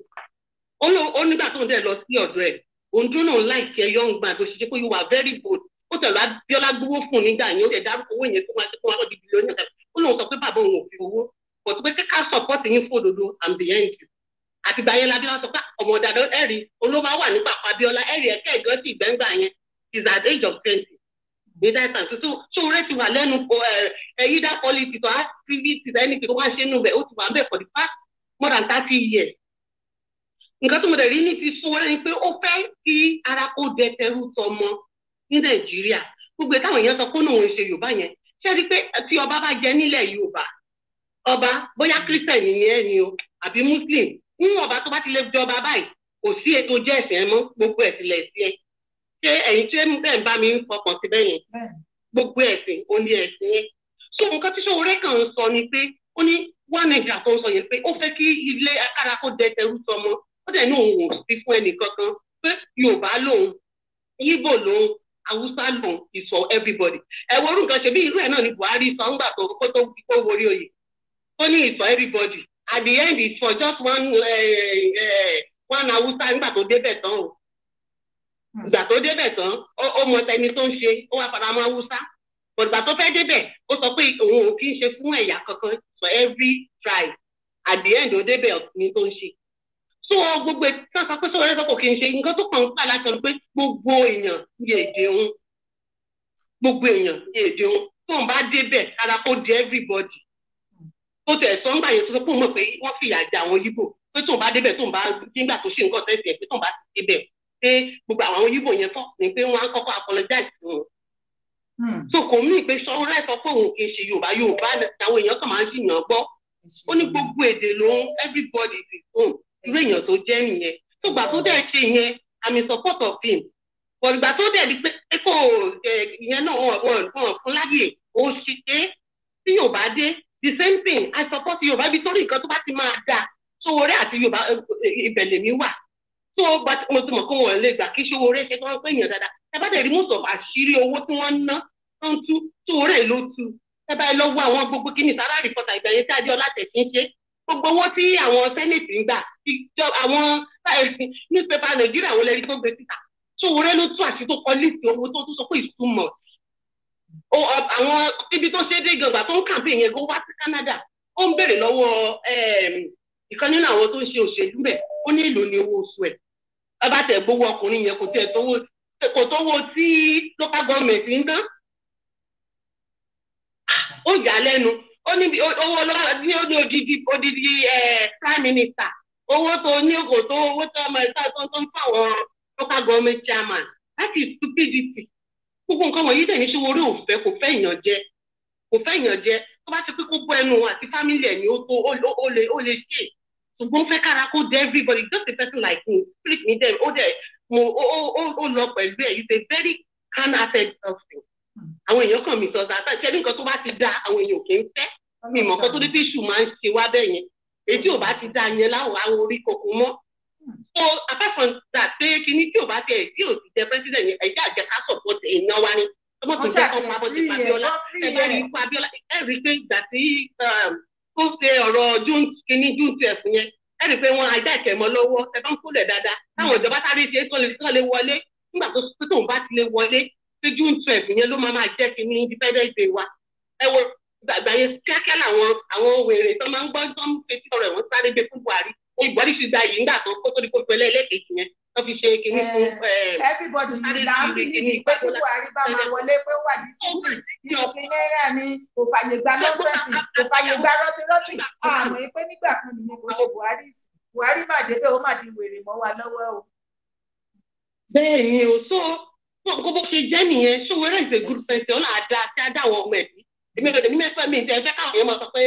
un ó nígbà tó ń dẹ̀ lọ sí ọ̀dọ̀ ẹ̀ òun dúró náà láìkẹ́ yọ̀ǹgbà tó ṣe pé you are very bold ó tẹ̀lé Abíọ́lá gbowó fún nígbà yẹn ó lè dárúkọ owó yẹn fún wa fún wa lọ́dí bílíọ̀nù yẹn ó lóun sọ pé bàbá òun ò fi owó kò tó pé ká sọpọ́tì yín fún òdodo and behind you àtìgbà yẹn labíọ́lá sọ pé ọmọ ọ̀dàdọ́ ẹ̀rí olóma wà nípa Abíọ́lá ẹ̀rí ẹ̀kẹ́ ìjọ sí ìgbẹ́ngbà yẹn is at age of twenty gbéra ẹ̀ tàn tuntun ṣóore ti wà lẹ́nu ẹ̀yídà politics or activities anything tó wá the past nǹkan tó mo dẹ̀ rí ní ti ṣóore ni pé ó fẹ́ kí ara kó dẹ tẹrú tọmọ ní nàìjíríà gbogbo táwọn èèyàn sọ kónú òun ṣe yorùbá yẹn ṣé rí i pé tí ọba bá jẹ nílẹ̀ yorùbá ọba bóyá christian nìyẹn ni o àbí muslim ń ọba tó bá ti lè jọba báyìí kò sí ètò jẹ ẹsẹ mọ́ gbogbo ẹ̀sìn lẹsí ẹ ṣé ẹ̀yin tí ẹ ń bá mi ń fọkàn sí bẹ́ẹ̀ yẹn gbogbo ẹ̀sìn ó ní ẹ̀sìn yẹn so nǹkan tí sọwọrẹ kan sọ ni pé ó ní one naira tó ń sọ yẹn pé ó fẹ́ kí ilé akára kó dẹ sọmọ ó dẹ̀ ní òun ò sí fún ẹnì kankan pé yorùbá lòun yíbò lòun awusa lò ìsọ everybody ẹ wo orúkọ ṣe bí irú ẹ náà ni buhari sọ ńgbà tó kó tó kó wọrí oyè tó ní ìsọ everybody at the end it's for just one eh, eh, one awusa ńgbà tó débẹ̀ tán o hmm. ìgbà tó débẹ̀ tán ó mọ tẹni tó ń ṣe ó wá fara Awusa. haúsá ìgbà tó fẹ́ débẹ̀ ó sọ pé òun ò kí ń ṣe fún ẹ̀yà kankan for every tribe at the end ó débẹ̀ ní tó ń ṣe. so gbogbo ètò sọ pé sọ̀rọ̀ ẹ̀sọ́ kò kì í ṣe nǹkan tó kàn ń pa láti ọ̀run pé gbogbo èèyàn yé èdè òun gbogbo èèyàn yé èdè òun tóun bá débẹ̀ ara kó di everybody tó tẹ̀ sọ ńgbà yẹn sọ pé òun mọ̀ pé wọ́n fìyà jẹ àwọn yíbò pé tóun bá débẹ̀ tóun bá nígbà tó ṣe nǹkan tẹ̀sí ẹ̀ pé tóun bá ti débẹ̀ pé gbogbo àwọn yíbò yẹn tọ̀ ni pé wọ́n á kọ́kọ́ apologize fún wọn. Hmm. so kò mí pé sọ́wọ́rẹ́ sọ pé òun kì í ṣe Yorùbá Yorùbá làwọn èèyàn kàn máa ń ṣìyàn gbọ́ ó ní gbogbo èdè lòun everybody is home irú èèyàn tó jẹ́ ìyẹn tó gbà tó dẹ̀ ṣe ìyẹn i'm in support of him but ìgbà tó dẹ̀ di pé kò ìyẹn náà wọ̀n wọ̀n fún láyè ó ṣe é tí yóò bá dé the same thing i support yorùbá bí torí nǹkan tó bá ti máa dà Sowore àti yorùbá ibẹ̀ lèmi wà so but mo ti mọ̀ kó wọn lè gbà kí Sowore ṣe kí wọ́n pè yàn dáadáa tẹ́bàdẹ̀ rí mọ̀tò àṣírí owó tí wọ́n ń ná tó ń tú Sowore ló tú tẹ́bàá lọ́wọ́ àwọn gbogbo kí ni sára rìpọ́tà ìgbà yẹn tí adéọlá tẹ̀ fi ń ṣe gbogbo owó tí àwọn sẹ́nẹ̀tì ń gbà ìjọ àwọn eh, newspaper nàìjíríà wọlé rí tó gbé síta tó wọlé ló tú àṣì tó kọ líìsì owó tó tún sọ pé ìtumọ àwọn ibi tó ṣe dé gàngbà tó ń kàmpé yẹn kó wá sí Canada ó ń béèrè lọ́wọ́ eh, ìkan nínú àwọn tó ń ṣe òṣèlú rẹ̀ ó ní èlò ní owó oṣù ẹ̀ bàbá tẹ̀ gbowó ọkùnrin yẹn kò tẹ̀ tówó kò tówó tí local government ń tán ó yà á lẹ́nu ó ní owó ní odidi odidi eh, prime minister owó tó ní kò tó owó tó ọmọ ìta tó ń tó ń fáwọn local government chairman láti ìtú pdp gbogbo nǹkan wọ̀nyí dẹ̀ ní Ṣówóré ò fẹ́ kò fẹ́ èèyàn jẹ kò fẹ́ èèyàn jẹ tó bá ti pé kó bọ́ ẹnu àti fámìlì ẹ̀ ni ó tó ó lè ó lè ṣe ṣùgbọ́n fẹ́ kára kó dé everybody just a person like me spirit ní dẹ̀ ó dẹ̀ mo ó ó ó lọ pẹ̀lú ẹ̀ it's a very kind hearted person àwọn èèyàn kàn mí sọ sáà ṣẹ́ni nǹkan tó bá ti dá àwọn èèyàn kì í fẹ́ mi mọ̀ kó tó dé tí ìṣù máa ń ṣe wá bẹ́ẹ̀ yẹn èyí ò bá ti dá yẹn láwọn àwọn orí kòkó mọ́ so apart from that pé kíní tí ò bá tẹ èyí ò ti jẹ president yẹn ẹ̀jẹ̀ àjẹká support iná wá ní ọmọ tó jẹ́ ọmọ abọ́tí Abíọ́lá ẹ bá rí ikú Abíọ́lá ẹ rí i pé ìgbà tí tó um, ṣe ọ̀rọ̀ June kíní June twelve yẹn ẹ rí i pé wọn ajá ìkẹ̀mọ́ lọ́wọ́ ẹ bá ń kó lẹ̀ dáadáa táwọn ìjọba sáré ṣe é tán lè wọlé nígbà tó tó tóun bá ti lè wọlé pé June twelve yẹn ló máa máa jẹ́ kíní independence day wa ẹ wo gbàgbà yẹn kíákíá làwọn àwọn wèrè tó máa ń gbọ́ tó ń fi sọ̀rọ̀ ẹ̀wọ̀n sáré gbé fún Buhari Buhari fi gba yìí nígbà tó kó tó di kó fẹlẹ́ ẹlẹ́kejì yẹn wọ́n fi ṣe kinní fún eh, eh, everybody là ń bí níbi pé tí Buhari bá máa wọlé pé wà ní síbi ìsìnkú náírà ni kò fàyè gba lọ́sẹ̀sì kò fàyè gba rọ́tírọ́tì àmọ́ pé nígbà kan nìyẹn kò ṣe Buhari Buhari má débẹ̀ ó má di wèrè mọ́ wa lọ́wọ́ o. bẹ́ẹ̀ ni o so gbogbo ṣe jẹ́ nìyẹn ṣòwò rẹ̀ ṣe gúrúpẹ̀sẹ̀ ọ̀là àdá àti àdáwọ̀ ọmọ ẹ̀dí èmi kò tèmi mẹ́fẹ́ mi ìfẹ́ káwọn èèyàn máa sọ pé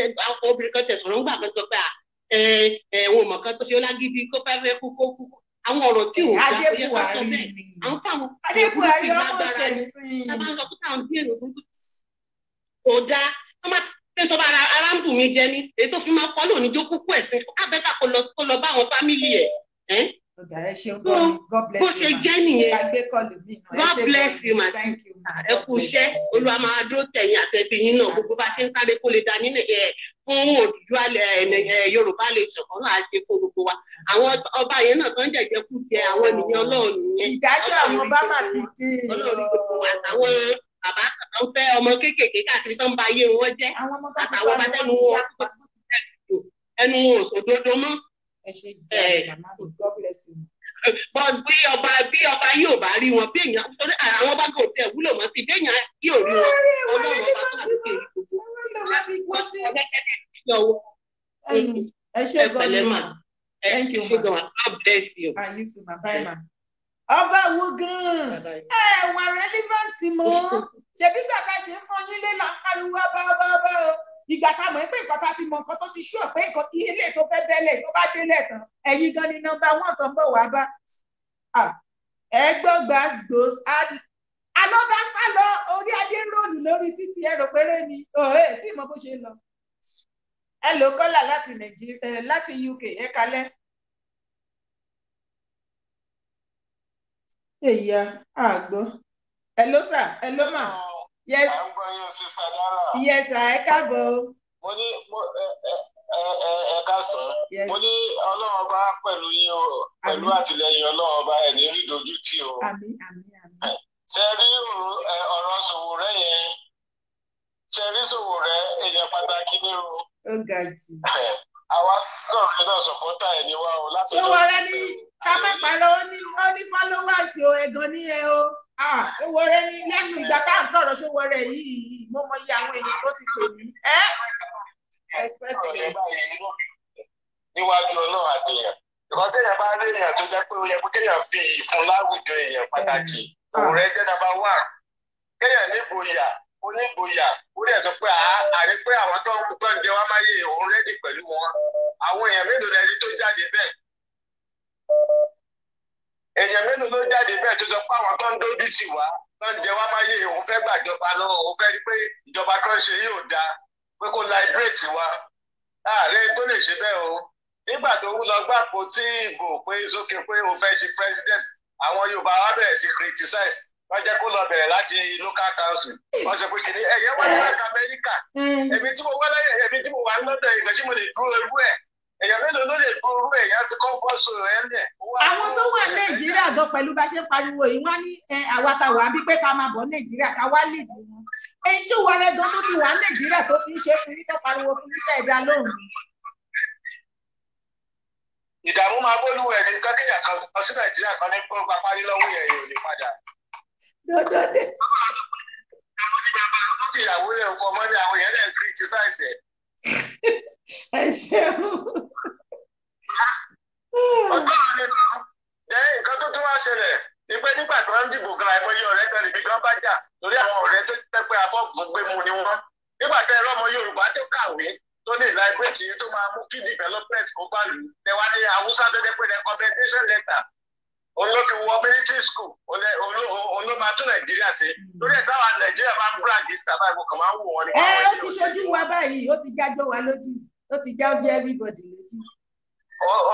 obìnrin kan tẹ̀sán lọ́ngbà kan sọ pé ẹ ẹ òun mọ̀ kan tó ṣe ó lágídí kó fẹ́ fẹ́ kú kó kú àwọn ọ̀rọ̀ tí ò gbà pé ká sọ bẹ́ẹ̀ àwọn táwọn adébùhárí ọmọ ṣẹ̀sìn tábà ń lọ fún táwọn bí ara ń bù mí jẹ ni èyí tó fi máa kọ́ lónìí jó kúkú ẹ̀sìn ọ̀dà god bless you ma bó bless you ma thank you àwọn ọba yẹn náà tó ń jẹ̀jẹ̀ kú jẹ àwọn ènìyàn ọlọ́run nìyẹn ìdájọ́ àwọn bá mà ti di ọlọ́run bàbá àwọn fẹ́ ọmọ kéékèèké káàkiri tó ń ba ayé wọn jẹ́ àtàwọn ọba tẹnu wọn ẹnu wọn òṣòdodo mọ́ ẹ ṣe jẹ màmá mi god bless you. but bí ọba bí ọba yóò bá rí wọn bí èèyàn torí àwọn ọba kò tẹ wúlò mọ́ sí bí èèyàn yóò rí wọn ọlọ́run ọba tó ti pè é. ẹ ṣe gọ́ọ̀mù thank you ma god bless you. ayé ah, tí ma bye. ma ọba wo gan-an ẹ wà relevant mọ́ ṣebí gbàgbà ṣe ń mọ yín lé làkàlù ọba ọba ọba o ìgbà tá a mọ̀ pé nǹkan tá a ti mọ nǹkan tó ti ṣú ọ̀ pé nǹkan kí ilé tó fẹ́ bẹ́lẹ̀ tó bá délẹ̀ tán ẹ̀yin gan ni nọ́mbà wọn tó ń bọ̀ wá bá ẹgbọ́n gbà gbòs alọ́ba sá lọ orí adé ròlù lórí títí ẹ̀rọ péré ni òye tí mo bó ṣe lọ ẹ lò kọ́là láti nàìjíríà láti UK ẹ kalẹ́. èyí á gbọ́ ẹ ló sà ẹ ló mà. Yes. À ń gbọ́ yín sísá dára. Yes, ẹ káàbọ̀. Money. ní ẹ káàsán. Mo Money. ọlọ́run ọba pẹ̀lú yín o, pẹ̀lú àtìlẹyìn ọlọ́run ọba ẹ̀ ní rí dojú tì o. Àmín àmín àmín. Ṣé rí ọ̀rọ̀ ṣòwò rẹ̀ yẹn? Ṣé rí ṣòwò rẹ̀ èèyàn pàtàkì ní o? Ó ga jù. Àwa sọ̀rọ̀ náà sọ̀pọ́tà ẹ̀ ní wa o láti lọ. Ṣòwò rẹ ni ká má parọ́ ó ní followers o, ẹ̀gàn ní ẹ o. Ah, Ṣòwòrẹ́ ni lẹ́nu ìgbà tá à ń tọ̀rọ̀ Ṣòwòrẹ́ yìí mo mọ iye àwọn èèyàn tó ti pè mí. Ẹ́ ẹ̀sìpẹ́tì. Níwájú ọlọ́run àti èèyàn. Ìbọn kéèyàn bá rí èèyàn tó jẹ́ pé ó yẹ kó kéèyàn fi ìfun láwùjọ èèyàn pàtàkì. Hmm. Òwúrẹ́ jẹ́ nàbá wà. Kéèyàn ní gboyà, onígboyà, ó dẹ̀ sọ pé àrí pé àwọn tó ń tọ́ jẹ wá máyé òun rẹ́dì pẹ̀lú wọn. Àwọn èèyàn mélòó lẹ́ni tó jáde bẹ́ẹ̀? èèyàn mélòó ló jáde bẹ́ẹ̀ tó sọ pé àwọn tó ń dójú tì wá tó ń jẹ wá máyé òun fẹ́ gbàjọba lọ́wọ́ òun fẹ́ rí pé ìjọba tó ṣe yóò dáa pé kó liberate wa ààrẹ tó lè ṣe bẹ́ẹ̀ o nígbà tó ń lọ gbàpò tí ìbò pé sókè pé o fẹ́ ṣe president àwọn Yorùbá wa bẹ̀rẹ̀ sí criticize wọ́n jẹ́ kó lọ bẹ̀rẹ̀ láti local council wọ́n sọ pé kìnìún ẹ̀yẹ́ wà ní Amẹ́ríkà èmi tí mo wá lọ́dọ̀ ìgbà tí mo lè dúró ewu ẹ̀ èèyàn mélòó ló lè burú èèyàn ti kọ́ fọ́ sọ ẹ̀ lẹ̀. àwọn tó wà nàìjíríà gan pẹ̀lú bá ṣe pariwo yìí wọ́n ní àwa ta wà bí pé ká máa bọ̀ nàìjíríà ká wá lè dì wọ́n. èyí ṣó wọ rẹ gan tó ti wà nàìjíríà tó fi ń ṣe fún yíṣẹ́ pariwo fún yíṣẹ́ ẹ̀dá lóhùn. ìdààmú máa bólú ẹ̀ ní kákéyà kan sí nàìjíríà kan ní pọ́n ẹ ṣeun. ọgọ́rùn-ún ni lẹ́yìn nǹkan tó tún wá ṣẹlẹ̀ ni pé nígbà tó ń dìbò gan àìmọye ọ̀rẹ́ kan níbi gan bá jà lórí àwọn ọ̀rẹ́ tó jẹ́ pé afọ́gun gbé mu ni wọ́n nígbà tẹ́ ẹ̀rọ ọmọ Yorùbá tó kàwé tó lè láìpẹ́tì tó máa mú kí development kó bá lù ú wá ní Haúsá tó jẹ́ pé recommendation letter òun ló fi wọ military school òun ló máa tún Nàìjíríà ṣe lórí ẹ̀ táwa Nàìjíríà máa ń brag ìsàbáyé mo kàn máa ń wò wọ́n ní. ẹ ó ti ṣojú wa báyìí ó ti jájọ wa lójú ó ti já bí everybody lójú.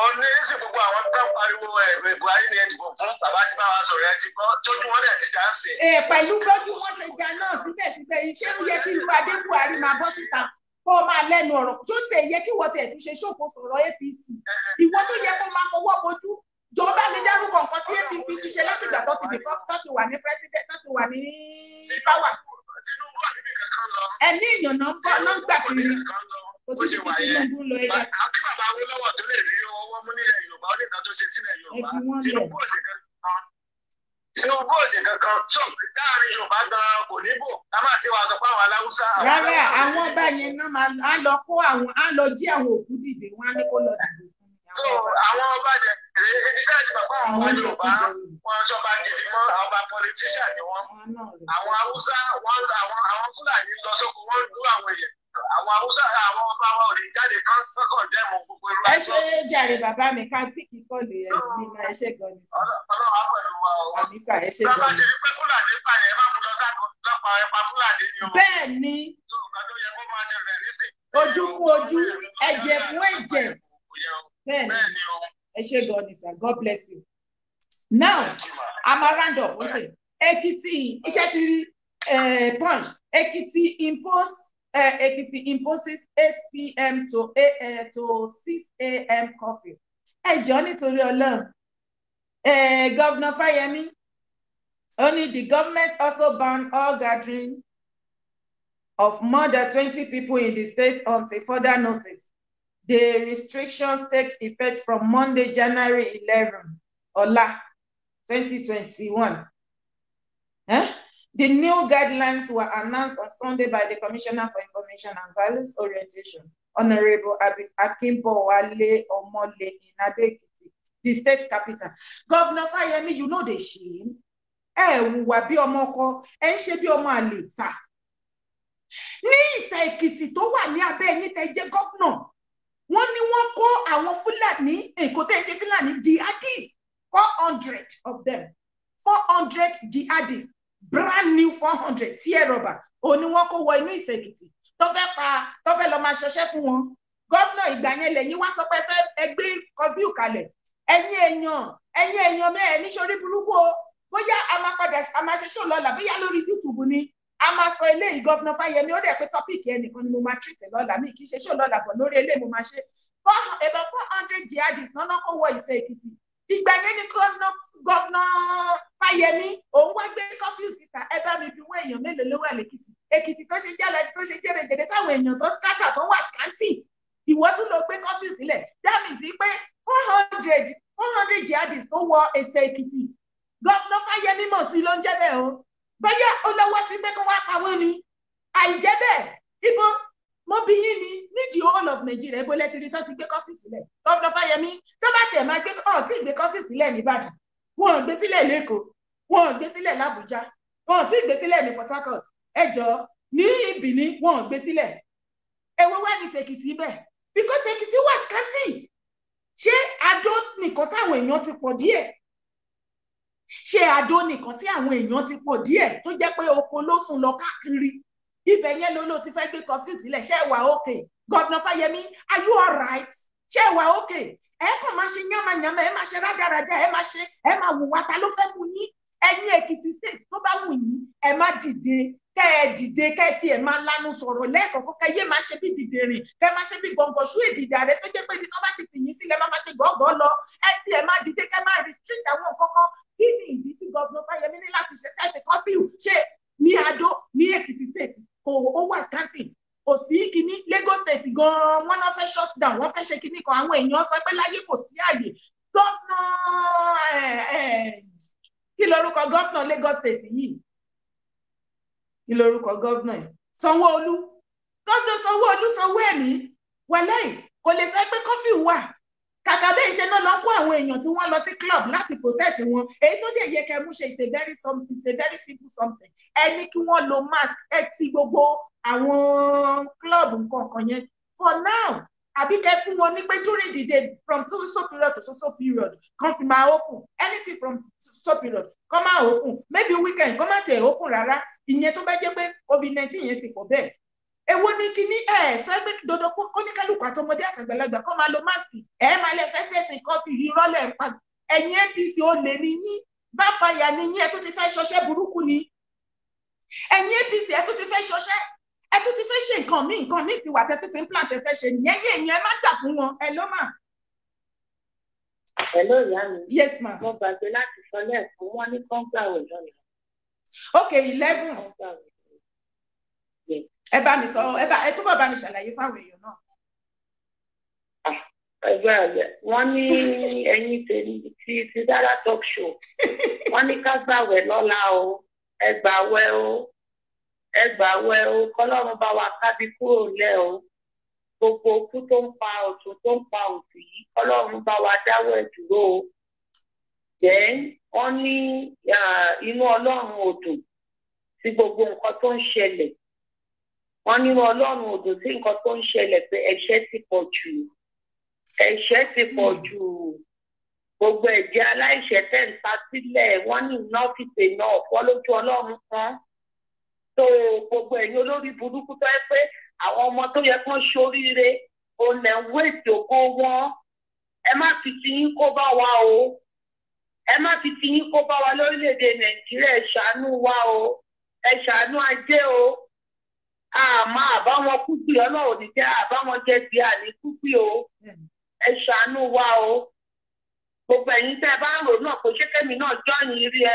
ọ̀nà èsì gbogbo àwọn tó ń pariwo eh, Buhari ni ẹ̀dìbò fún bàbá tí bá wa sọ̀rọ̀ ẹ ti gbọ́ tójú wọn dẹ̀ ti dá sí. ẹ pẹ̀lú lójú wọn ṣe ja náà síbẹ̀síbẹ̀ iṣẹ́ ń yẹ kí irú adé Buhari máa bọ́ síta kó o máa lẹ́nu ọ̀rọ̀ tó tẹ̀ yẹ kí wọ́n tẹ̀ tún ṣe ṣòfò sọ̀rọ̀ APC ìwọ tó yẹ kó máa fọwọ́ bojú jọ bá mi dárúkọ nǹkan tí APC ti ṣe láti ìgbà tó ti dìbò tó ti wà ní president tó ti wà ní power. Tinubu àbíbí kankan lọ. ẹ ní ìyànnà ń gbà kiri kò sí ibi tí Tinubu lọ ẹ̀dá. àti bàbá wo lọ́wọ́ tó lè rí owó mú nílẹ̀ Yorùbá ó ní nǹkan tó ṣe sílẹ̀ Yorùbá Tinubu ò ṣe kankan Tinubu ò ṣe kankan tó láàrin Yorùbá gan kò ní bò ká má ti wá sọ pé àwọn aláwùsá. rárá àwọn ọba yẹn náà á lọ kó àwọn á lọ jí àwọn òkú dìde wọn á ní kó lọ dìde so àwọn ọba jẹ ibi káàdì bàbá àwọn ọba Yorùbá wọn jọba gidi mọ àwọn ọba politician ni wọn àwọn Haúsá wọn àwọn Fúlàní lọ sóko wọn lu àwọn èèyàn àwọn haúsá àwọn ọba wa ò lè jáde kán kọ́kọ́ dẹ́mu gbogbo irú àjọ. ẹ ṣe jàre bàbá mi ká píkì kọlù yẹn nínú ẹ ṣe gan ni. ọlọ́run á pẹ̀lú wa o. àmísà ẹ ṣe gan ni. bàbá jẹ́ pé fúlàní pààyàn ẹ má mú lọ sáàkó lọ́pàá ẹ pa fúlàní ni o. bẹ́ẹ̀ ni. ojú fún ojú ẹ̀jẹ̀ fún ẹ̀jẹ̀. bẹ́ẹ̀ ni ẹ ṣe gan ni sir God bless you. now Amarando. ọsẹ Èkìtì iṣẹ́ ti rí eh, punch Èkìtì impose uh, Ekiti imposes 8 p.m. to, uh, to 6 a.m. curfew. Ẹ jọ̀ọ́ nítorí Ọlọ́run. Eh, Governor Fayemi, only the government also banned all gathering of more than 20 people in the state until further notice. The restrictions take effect from Monday, January 11, Ọ̀la, 2021. Eh? The new guidelines were announced on Sunday by the Commissioner for Information and Violence Orientation, Honorable Akimbo Omole in Adekiti, the state capital. Governor Fayemi, you know the shame. Eh, wùwà bí ọmọ ọkọ ẹ ń ṣe bí ọmọ àlè ta ní ìsà èkìtì tó wà ní abẹ́ ẹ̀yìn tẹ́ jẹ́ gómìnà wọ́n ní wọ́n kó àwọn fúlàní èkó tẹ́ ṣe fúlàní jihadis four hundred of them four hundred jihadis brand new four hundred tí ẹ rọ̀bà òní wọn kó wọ inú ìsèkìtì tó fẹ́ pa tó fẹ́ lọ́ọ́ máa ṣọṣẹ́ fún wọn gọ́fìnà ìgbà yẹn lẹ́yìn wá sọ pé fẹ́ ẹgbẹ́ kọfíù kalẹ̀ ẹ̀yin èèyàn ẹ̀yin èèyàn mẹ́ẹ̀ níṣorí burúkú o bóyá a máa padà a máa ṣe ṣòlọ́ là bóyá lórí youtube ni a máa sọ eléyìí gọ́fìnà fáyemí ó dẹ̀ pé tọ́pìkì ẹnìkan ni mo máa tìrìtì lọ́la mi kì í ṣe ṣòlọ́ làbọ̀ lórí eléyìí mo máa ṣe about four hundred jihadists náà kó wọ ìsèkìtì ìgbà yẹn ni gọ́vnà Fáyẹmí òun wá gbé kọ́fíù síta ẹ bá mi bí wọ́n èèyàn mélòó ló wà lẹ́kìtì Èkìtì tó ṣe jẹ́lẹ̀ tó ṣe jẹ́rẹ̀jẹ̀rẹ̀ táwọn èèyàn tó skátà tó wà skántì ìwọ tún lọ gbé kọ́fíù sílẹ̀ dáàmì sí pé one hundred one hundred jihadists tó wọ ẹsẹ̀ Èkìtì gọ́vnà Fáyẹmí mọ̀ sí ló ń jẹ́ bẹ́ẹ̀ o bóyá ó lọ́wọ́ sí pé kó wá pa wọ́n ni àìjẹ́ bẹ́ẹ̀ ibo mo bí yín ni ní all of Nigeria ebo lẹ́tí rí tó ti gbé kọ́fì sílẹ̀ gọ́fìnà Fáyẹmí tó bá tiẹ̀ máa gbé ọ̀ tí ì gbé kọ́fì sílẹ̀ nìbàdàn wọn ò gbé sílẹ̀ lẹ́kọ̀ọ́ wọn ò gbé sílẹ̀ làbújá wọn ò tí ì gbé sílẹ̀ ní Port Harcourt ẹjọ́ ní Ìbìní wọn ò gbé sílẹ̀ èwo wá ní tèkìtì bẹ́ẹ̀ because Èkìtì wà scanty ṣé Adó nìkan táwọn èèyàn ti pọ̀ díẹ̀ ṣé Adó nìkan tí àwọn èèyàn ti pọ̀ díẹ̀ tó jẹ́ pé oko ló sùn lọ káàkiri ibẹ̀ yẹn ló ló ti fẹ́ gbé kọfí sílẹ̀ ṣé ẹ wà okay gọ́dínà Fáyẹmí are you alright ṣé ẹ wà okay ẹ kàn máa ṣe yánmayànmá ẹ máa ṣe rádaràdà ẹ máa ṣe ẹ máa wùwà ta ló fẹ́ mú yín ẹ̀yin Èkìtì state tó bá wù yín ẹ má dìde kẹ́ ẹ dìde kẹ́ ẹ ti ẹ máa lanu sọ̀rọ̀ lẹ́ẹ̀kọ̀ọ̀kan kẹ́ yé máa ṣe bí dìde rìn kẹ́ máa ṣe bí gbọ̀ngàn ṣú èdìdà rẹ tó jẹ́ pé ibi tó bá ti tì yín sílẹ̀ máa máa ṣe gbọ̀ngàn lọ ẹ ti ẹ máa dìde kẹ́ máa restrict àwọn nǹkan kan kí ni ìdí tí gọ́vnọ̀ Fáyẹmí ní láti ṣe tẹ́sí kọ́fíù ṣe ní Adó ní Èkìtì state kò ó wà scarcity kò sí kínní Lagos State gan-an wọ́n náà fẹ́ shut down wọ́n fẹ́ ṣe kínní kan àwọn èèyàn sọ pé láyé kò sí àyè gọ́fnà kí lorúkọ gọ́fnà Lagos State yìí kí lorúkọ gọ́fnà yìí Sanwó-Olú gọ́fnà Sanwó-Olú sanwó ẹ̀mí wàlẹ́yìn kò lè sọ pé kọ́fíù wà kàkà bẹ́ẹ̀ ṣe náà lọ kó àwọn èèyàn tí wọ́n lọ sí club láti protect wọn èyí tó dẹ̀ yẹ kẹ́ mú ṣe is a very something is very simple something ẹ ní kí wọ́n lo mask ẹ ti gbogbo àwọn club nǹkan yẹn for now àbí kẹ́ fún wọn ní pé during the day from so so period to so so period kan fi máa open anything from so period kan máa open maybe weekend kan máa tiẹ̀ open rárá ìyẹn tó bá jẹ́ pé covid nineteen yẹn ti pọ̀ bẹ́ẹ̀ èwo ni kíní ẹ fẹ́ gbé dodo kó oníkálukú àtọmọdé àtàgbàlagbà kó máa lo máàsì ẹ máa lẹ fẹ́ sẹ́sìn kọfí irọ́ lẹ̀ ń pa ẹ̀yin APC ó lè ní yín bápayà ni yín ẹ tó ti fẹ́ ṣọṣẹ́ burúkú ni ẹ̀yin APC ẹ tó ti fẹ́ ṣọṣẹ́ ẹ tó ti fẹ́ ṣe nǹkan míì nǹkan míì ti wà tẹ́ tó ti ń plant ẹ fẹ́ ṣe nìyẹn yé èèyàn ẹ má gbà fún wọn ẹ ló mà. hello ìyá mi. yes ma. mo gbàgbé láti sọ lẹ́ẹ̀kan wọn ní kọ́ńgbà òjò ni. ok eleven. kọ́ńgbà òjò ẹ bá mi sọ ẹ bá ẹ túbọ̀ bá mi ṣàlàyé fáwọn èèyàn náà. Ah, ẹgbẹ́ àgbẹ̀ wọ́n ní ẹ̀yin ti ti dára talk show wọ́n ní ká gbàwẹ̀ lọ́la o ẹ gbàwẹ̀ o ẹ gbàwẹ̀ o kọ́lọ́run bá wa kábí kúrò lẹ́ o gbogbo okú tó ń pa ọ̀tún tó ń pa òsì yìí kọ́lọ́run bá wa dáwọ́ ẹ̀ dúró o jẹ́ wọ́n ní ah, inú ọlọ́run ò dùn sí gbogbo nǹkan tó ń ṣẹlẹ̀ wọ́n ní ọlọ́run odò sí nǹkan tó ń ṣẹlẹ̀ pé ẹ̀ṣẹ̀ ti pọ̀ jù ẹ̀ṣẹ̀ ti pọ̀ hmm. jù gbogbo ẹ̀jẹ̀ aláìṣẹ̀ tẹ̀ ń ta sílẹ̀ wọ́n ní iná fìpè náà fọ́ lójú ọlọ́run kan tó gbogbo ẹ̀yin olórí burúkú tó yẹ pé àwọn ọmọ tó yẹ kán ṣoríire olè ń wé ìdògo wọn ẹ má fi tiyín kó bá wa o ẹ má fi tiyín kó bá wa lórílẹ̀ nàìjíríà ẹ ṣàánú wa o ẹ ṣàánú ajé o. àmọ́ àbáwọn kúgbì ọlọ́run ní jẹ́ àbáwọn jẹ́ ti àní kúgbì o ẹ ṣàánú wa o gbogbo ẹ̀yin tẹ́ ẹ bá ń rò náà pé ṣé náà jọ́yìn rí ẹ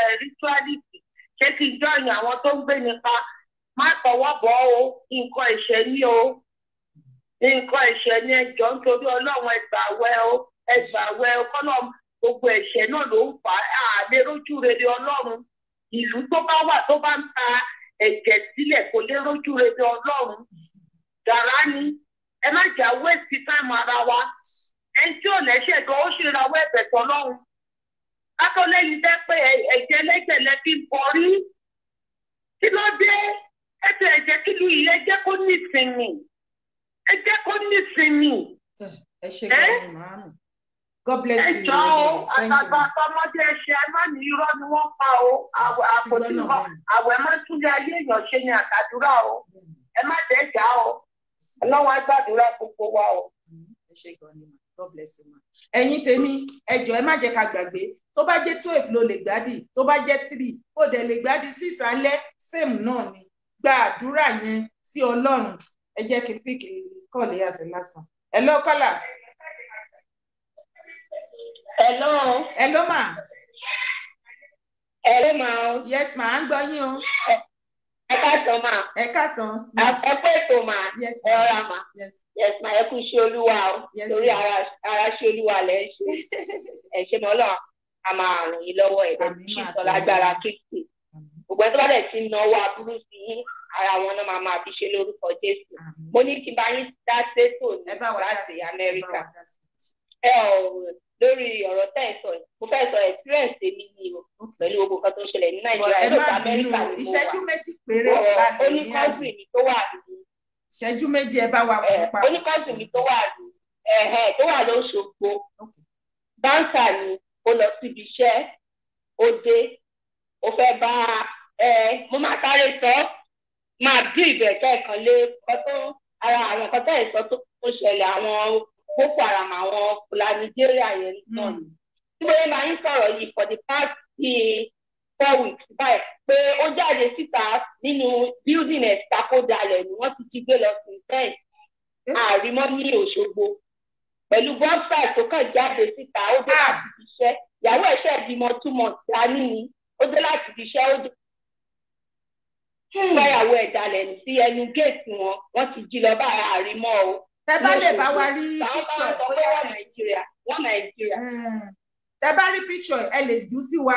ṣé kí n jọ́yìn àwọn tó ń gbé nípa má tọwọ́ bọ̀ o nǹkan ẹ̀ṣẹ̀ ní o nǹkan ẹ̀ṣẹ̀ ẹjọ́ nítorí ọlọ́run o o kọ́nà gbogbo ẹ̀ṣẹ̀ náà ló ń fà á rójú rere ẹ̀jẹ̀ sílẹ̀ kò lè rójú rere ọlọ́run gàrá ni ẹ má jà wéèsì táìmù ara wa ẹni tí ò lẹ́sẹ̀ gan ó ṣe ra wẹ́ẹ̀bẹ̀ tọ́lọ́run látọ́lẹ́yìn fẹ́ pé ẹ̀jẹ̀ lẹ́jẹ̀ lẹ fi bọ̀rí kí ló dé ẹsẹ̀ ẹ̀jẹ̀ kí lu ìyẹn jẹ́ kó nísìnyí ẹ jẹ́ kó nísìnyí. ẹ ṣe gbọ́dọ̀ màámi. God bless you. Ẹjọ́ o, àtàgbà àtọmọdé ẹṣẹ ẹmọ ní irọ́ ni wọ́n pa o. Àpòtí mọ̀, àwẹ̀ máa tún lé ayé èèyàn ṣe ni àtàdúrà o. Ẹ má jẹ́ ìjà o. Ọlọ́run á gbàdúrà gbogbo wa o. Ẹ ṣe gan ni ma, God bless you ma. Ẹ̀yin tèmi, ẹjọ́ ẹ má jẹ́ ká gbàgbé. Tó bá jẹ́ twelve ló lè gbádì, tó bá jẹ́ three, ó dẹ̀ lè gbádì six alẹ́, same náà ni. Gba àdúrà yẹn sí Ọlọ́run. Ẹ jẹ́ kí píkì kọ́ọ̀lì àṣẹ lásán. Hello, caller hello. hello ma. hello ma. yes ma à ń gbọ́ yín o. ẹ káàsán ma. ẹ káàsán. ẹ ètò ma. yes ma. ẹ ma. yes ma ẹ kú olúwa o. yes ma torí ara ṣe olúwa lẹ ń ṣe. ẹ ṣe mọ́ a máa ràn yín lọ́wọ́ ẹ̀ lẹ́nu tí ìtọ́lágbára gbogbo ẹni tó bá dẹ̀ ti náwó aburú sí yín ara wọn náà máa máa fi ṣe lórúkọ jésù mo ní kí n bá yín dá sétò ní láti amẹ́ríkà ẹ ò lórí ọ̀rọ̀ tẹ́ ẹ̀ sọ yìí mo fẹ́ sọ experience èmi ni o pẹ̀lú gbogbo nǹkan tó ń ṣẹlẹ̀ ní nàìjíríà ìlú amẹ́ríkà ni mo wà ìṣẹ́jú méjì péré bá mi ní àná oníkọ́sì mi tó wà lù ìṣẹ́jú méjì ẹ bá wa kó pa oníkọ́sì mi tó wà lù tó wà lóṣogbo báńkà ni ó lọ síbi iṣẹ́ ó dé ó fẹ́ bá mo máa sáré sọ máa bí ìbẹ̀kẹ́ kan lé ọtún ara àwọn nǹkan tẹ́ ẹ̀ sọ ṣẹlẹ̀ àwọn Boko Haram àwọn Fúlàní Nàìjíríà yẹn mm. náà ni tí mo yẹ máa ń sọ̀rọ̀ yìí for the past three, eh, four weeks báyìí pé ó jáde síta nínú building ẹ̀ takodalẹ̀ ni wọ́n ti jí gbé lọ sí ten eh? àrímọ́ ní Òṣogbo pẹ̀lú bọ́sà tó kàn jáde síta ó dé láti fi ah! iṣẹ́ ìyàwó ẹ̀ ṣẹ̀ bímọ two months dání ni ó dé láti fi iṣẹ́ ó dé hmm. fẹ́yàwó ẹ̀ dalẹ̀ sí ẹnu géètì wọn wọ́n ti jí lọ bá àrímọ́ o tẹ bá lè bá wa rí píkṣọ ẹ bóyá nàìjíríà hmm. tẹ bá rí píkṣọ ẹ lè jù sí wa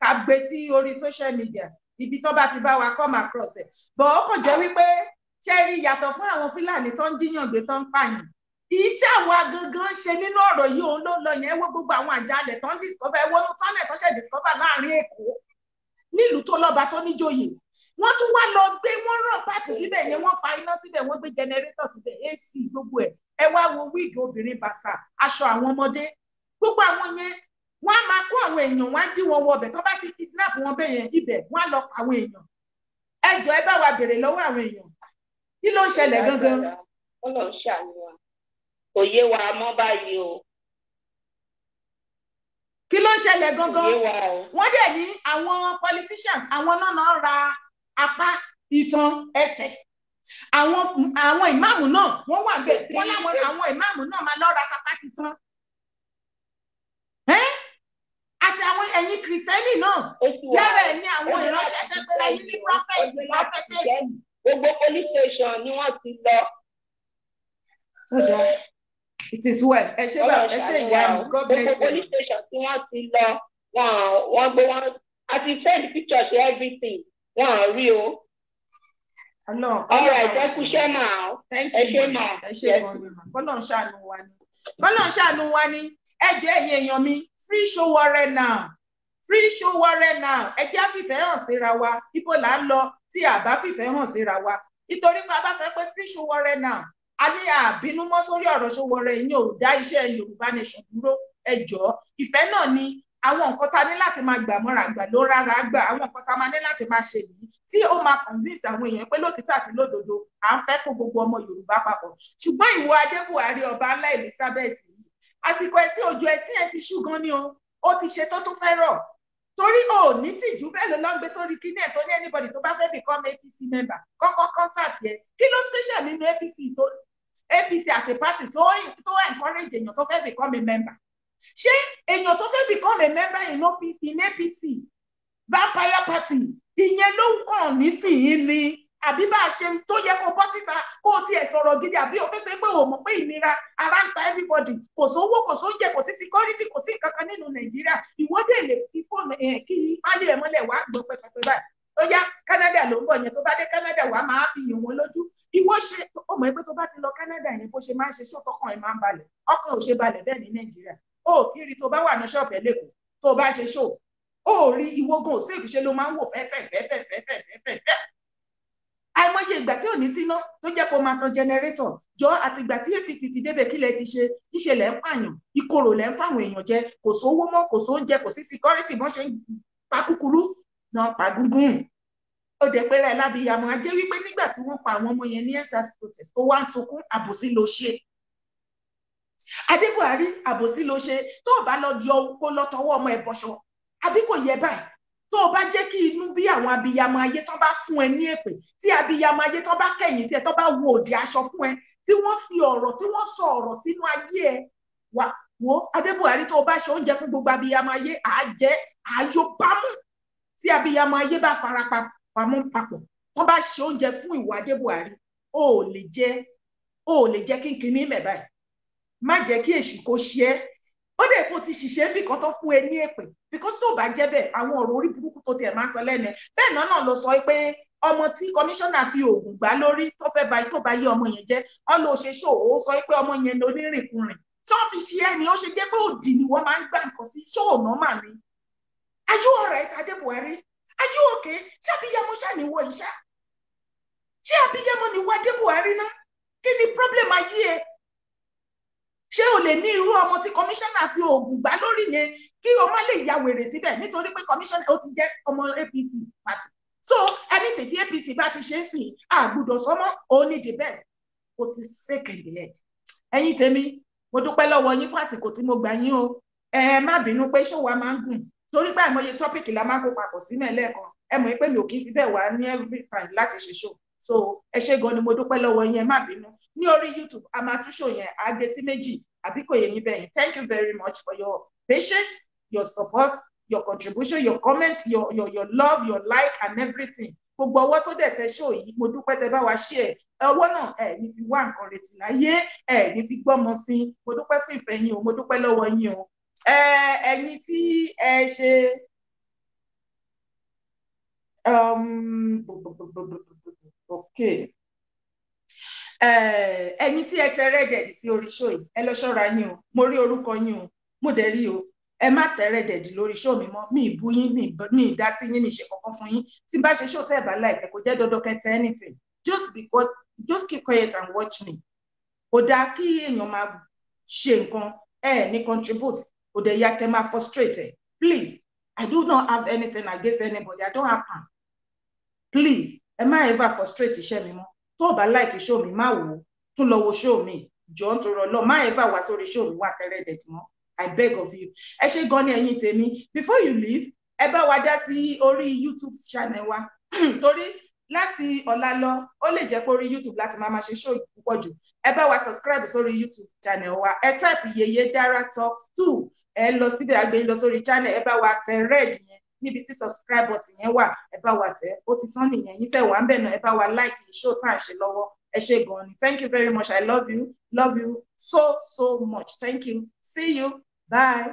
ká gbé sí orí social media ibi tó bá ti bá wa come across ẹ bọ̀ ó kàn jẹ́ wípé ṣẹ́rí yàtọ̀ fún àwọn fúlàní tó ń jíyàn gbé tó ń pààyàn èyí tí àwa gangan ṣe nínú ọ̀rọ̀ yìí òun ló lọ yẹn wo gbogbo àwọn àjálẹ̀ tó ń discover ẹ wọnú tọ́lẹ̀ tó ṣe discover láàrin èkó nílùú tó lọ́ba tó níjòyè wọ́n tún wá lọ gbé wọ́n ràn páìpù síbẹ̀ yẹn wọ́n fa iná síbẹ̀ wọ́n gbé jẹnẹrétọ̀ síbẹ̀ ac gbogbo ẹ̀ ẹ wá wo wíìgì obìnrin bàtà aṣọ àwọn ọmọdé gbogbo àwọn yẹn wọ́n á máa kó àwọn èèyàn wọ́n á dí wọn wọbẹ̀ tó bá ti kidnap wọn bẹ́ẹ̀ yẹn ibẹ̀ wọ́n á lọ pa àwọn èèyàn ẹ jọ ẹ bá wa béèrè lọ́wọ́ àwọn èèyàn kí ló ń ṣẹlẹ̀ gangan. ó lọ ṣàánú wa wa mọ́ báyìí o kí ló ń ṣẹlẹ̀ gangan wọ́n dẹ̀ ní àwọn politicians àwọn náà ra apá itan ẹsẹ̀ àwọn àwọn ìmáàmù náà wọ́n wà bẹ́ẹ̀ wọ́n láwọn àwọn ìmáàmù náà máa lọ ra pápá titan àti àwọn ẹ̀yin kìrìsìtẹ́nì náà lára ẹ̀yin àwọn ìránṣẹ́ tẹ́gbẹ́ra yìí ní prọfẹ̀tì prọfẹ̀tẹ̀sì. gbogbo police station ni wọ́n ti lọ. tó dáa it is well ẹ ṣe bá ẹ ṣe ìyá mi god bless you. gbogbo police station tí wọ́n ti lọ wọ́n gbé wọn àti send pictures everything wọn à rí o. ọ̀rọ̀ ẹ̀jẹ̀ kúṣẹ́ màá ẹ ṣe màá. ẹ ṣe kan lè mà bọ́lá ń ṣàánú wa ni bọ́lá ń ṣàánú wa ni ẹ jẹ́ ẹ̀yin èèyàn mi free show warrant now free show warrant now ẹ jẹ́ àfìfẹ́ hàn síra wa ibo là ń lọ tí a bá fìfẹ́ hàn síra wa nítorí pé a bá sọ pé free show warrant now a ní àbínú mọ́ sórí ọ̀rọ̀ show warrant yín ò dá iṣẹ́ Yorùbá nation dúró ẹ jọ̀ọ́ ìfẹ́ náà ni àwọn nǹkan ta ní láti máa gbà mọ́ra àgbà ló rárá gbà àwọn nǹkan ta máa ní láti máa ṣe yìí tí ó máa convince àwọn èèyàn pé lótìtọ́ àti lódodo à ń fẹ́ kó gbogbo ọmọ Yorùbá papọ̀ ṣùgbọ́n ìwọ Adébùhárí ọba ńlá Elizabeth yìí àsìkò ẹ̀sìn òjò ẹ̀sìn ẹ̀ ti ṣú gan ni o ó ti ṣe tó tún fẹ́ rọ̀ torí o ní tìjú bẹ́ẹ̀ ló lọ́n gbé sórí kíní ẹ̀ tó ní anybody tó bá fẹ́ become APC member kọ́kọ́ contact yẹ kí ló special nínú APC tó APC as a party tó encourage èèyàn tó fẹ́ become a member ṣé èèyàn tó fẹ́ become a member in OPC in APC vampire party ìyẹn ló hàn nísìnyìí ni àbí bá a ṣe tó yẹ kó bọ́ síta kó o tiẹ̀ sọ̀rọ̀ gidi àbí o fẹ́ ṣe pé o pé ìnira ara ń ta everybody kò sówó kò sóúnjẹ kò sí security kò sí nǹkan kan nínú Nàìjíríà ìwọ́dẹ̀ lè fi fóònù ẹ̀ kí pálí ẹ̀ mọ́lẹ̀ wá gbọ́ pẹ́pẹ́pẹ́ báyìí ó yá Canada ló ń bọ̀ yẹn tó bá dé Canada wàá máa fi yìn wọn lójú ìwọ ṣe ọmọ ẹgbẹ́ tó bá ti lọ Canada yẹn bó ṣe máa ń ṣe ṣó tọkàn ẹ̀ máa ń balẹ̀ ọkàn ò ṣe balẹ̀ bẹ́ẹ̀ ní Nàìjíríà o kiri tó bá wà ní ṣọ́ọ̀bù ẹlẹ́kọ̀ọ́ tó bá ṣe ṣó ó rí ìwógun fe fe fe fe fe fe fẹ́fẹ́fẹ́fẹ́fẹ́fẹ́fẹ́ àìmọye ìgbà tí ò ní síná tó jẹ́ kó máa tan jẹnẹrétọ̀ jọ àti ìgbà tí APC ti débẹ̀ kílẹ̀ ti ṣe níṣẹ́ lẹ́ ń pààyàn ìkorò lẹ́ ń fáwọn èèyàn jẹ kò sówó mọ́ kò sóúnjẹ kò sí síkọ́rìtì bọ́n ṣe ń pa kúkúrú náà pa gúngún ó dẹ̀ pẹ́rẹ́ lábìyàmọ́ ajẹ́ wípé nígbà tí wọ́n pa àwọn ọmọ yẹn ní ensas protest tó wá ń sunkún àbòsí ló adébùhárí àbòsí ló ṣe tó o bá lọ yọ kó lọ tọwọ́ ọmọ ẹ àbí kò yẹ báyìí tó o bá jẹ́ kí inú bí àwọn abiyamọ ayé tán bá fún ẹ ní èpè tí abiyamọ ayé tán bá kẹ̀yìn sí ẹ tán bá wo òdì aṣọ fún ẹ tí wọ́n fi ọ̀rọ̀ tí wọ́n sọ ọ̀rọ̀ sínú ayé ẹ wà wo adébùhárí tó o bá ṣe oúnjẹ fún gbogbo abiyamọ ayé àá jẹ àáyó tí abiyamọ ayé bá fara pamọ́ papọ̀ tán bá ṣe oúnjẹ fún ìwà adébùhárí o ò lè jẹ o ò lè jẹ kínkínní mẹ́bàá má jẹ́ kí èṣù kò ṣe ó dẹ̀ kó ti ṣiṣẹ́ bí kan tó fún ẹ ní èpè because tó bá jẹ́ bẹ́ẹ̀ àwọn ọ̀rọ̀ orí burúkú tó tiẹ̀ máa ń sọ lẹ́nu bẹ́ẹ̀ náà náà sọ pé ọmọ tí kọmíṣánná fi oògùn gbá lórí tó fẹ́ ba tó bá yé ọmọ yẹn jẹ́ ọ lọ ṣe ṣó o sọ pé ọmọ yẹn ló nírìnkùnrin tó fi ṣe ẹ ni ó ṣe jẹ́ pé òdì ni wọ́n máa ń gbà nǹkan sí ṣó ò nọ́mà ni are you alright Adébuwárí are you okay ṣé abiyamọ ṣàníwọ̀ ìṣá ṣé abiyamọ ni wọ́n Adébuwárí ná kí ni problem ayé ẹ ṣé o lè ní irú ọmọ tí kọmíṣánná fi oògùn gbá lórí yẹn kí o má lè ya wèrè síbẹ̀ nítorí pé kọmíṣánná ó ti jẹ́ ọmọ APC party so ẹni sì tí APC bá ti ṣe é sí àgbùdọ̀ sọmọ òun the best o ti second head ẹ̀yin tèmi mo dúpẹ́ lọ́wọ́ yín fún àsìkò tí mo gbà yín o ẹ má bínú pé ṣó wa máa ń gùn torí pé àìmọye tọ́pìkì la máa ń kó papọ̀ sí mẹ́lẹ́ẹ̀kan ẹ mọ̀ pé mi ò kí fi bẹ́ẹ̀ wá ní every time láti ṣe show so ẹ ṣé gan ni mo dúpẹ́ lọ́wọ́ yín ẹ má bínú ní orí youtube a máa tún ṣò yẹn á gbé sí méjì àbí kò yẹ níbẹ̀ yẹn thank you very much for your patience your support your contribution your comments your your your love your like and everything gbogbo ọwọ́ tó dẹ̀ tẹ ṣó yìí mo dúpẹ́ tẹ bá wa ṣí ẹ̀ ọwọ́ náà ẹ̀ ní fi wá nǹkan retí láyé ẹ̀ ní fi gbọ́mọ sí mo dúpẹ́ fún ìfẹ́ yín o mo dúpẹ́ lọ́wọ́ yín o ẹ̀yin tí ẹ ṣe. Um, okay eh, ẹ̀yin tí ẹ tẹ rẹ́dẹ̀dì sí orí ṣó yìí ẹ lọ ṣọ́ra yín o mo rí orúkọ yín o mo dẹ̀ rí o ẹ má tẹ rẹ́dẹ̀dì lórí ṣó mi mọ́ mi ìbú yín mi ìdá sí yín mi ṣe kankan fún yín tí n bá ṣe ṣó tẹ́ bá láìpẹ́ kò jẹ́ dandan kẹtẹ anything just be quiet just keep quiet and watch me kò dáa kí èèyàn máa ṣe nǹkan ẹ ní contribute kò dẹ̀ ya kẹ́ máa frustrate please I do not have anything against anybody I don't have time please ẹ má ever frustrate iṣẹ́ mi mọ́ tó o bá like show mi má wò ó tún lọ wo show mi jọ ń torọ lọ má ever wá sórí show mi wà tẹ́rẹ́ dẹ̀tì mọ́ i beg of you ẹ ṣe gan ni ẹ̀yin tèmi before you leave ẹ bá wa dá sí orí youtube channel wa torí láti ọ̀la lọ ó lè jẹ́ pé orí youtube láti máa máa ṣe show púpọ̀ jù ẹ bá wa subscribe sórí youtube channel wa ẹ type yeye dara talks two ẹ lọ síbẹ̀ àgbẹ̀ lọ sórí channel ẹ bá wa tẹ red yẹn níbi tí subscribe button yẹn wà ẹ bá wa tẹ̀ ó ti tán nìyẹn yín tẹ̀ wá ń bẹ̀ náà ẹ bá wa like ìṣó tá à ń ṣe lọ́wọ́ ẹ ṣe gan ni thank you very much i love you love you so so much thank you see you bye.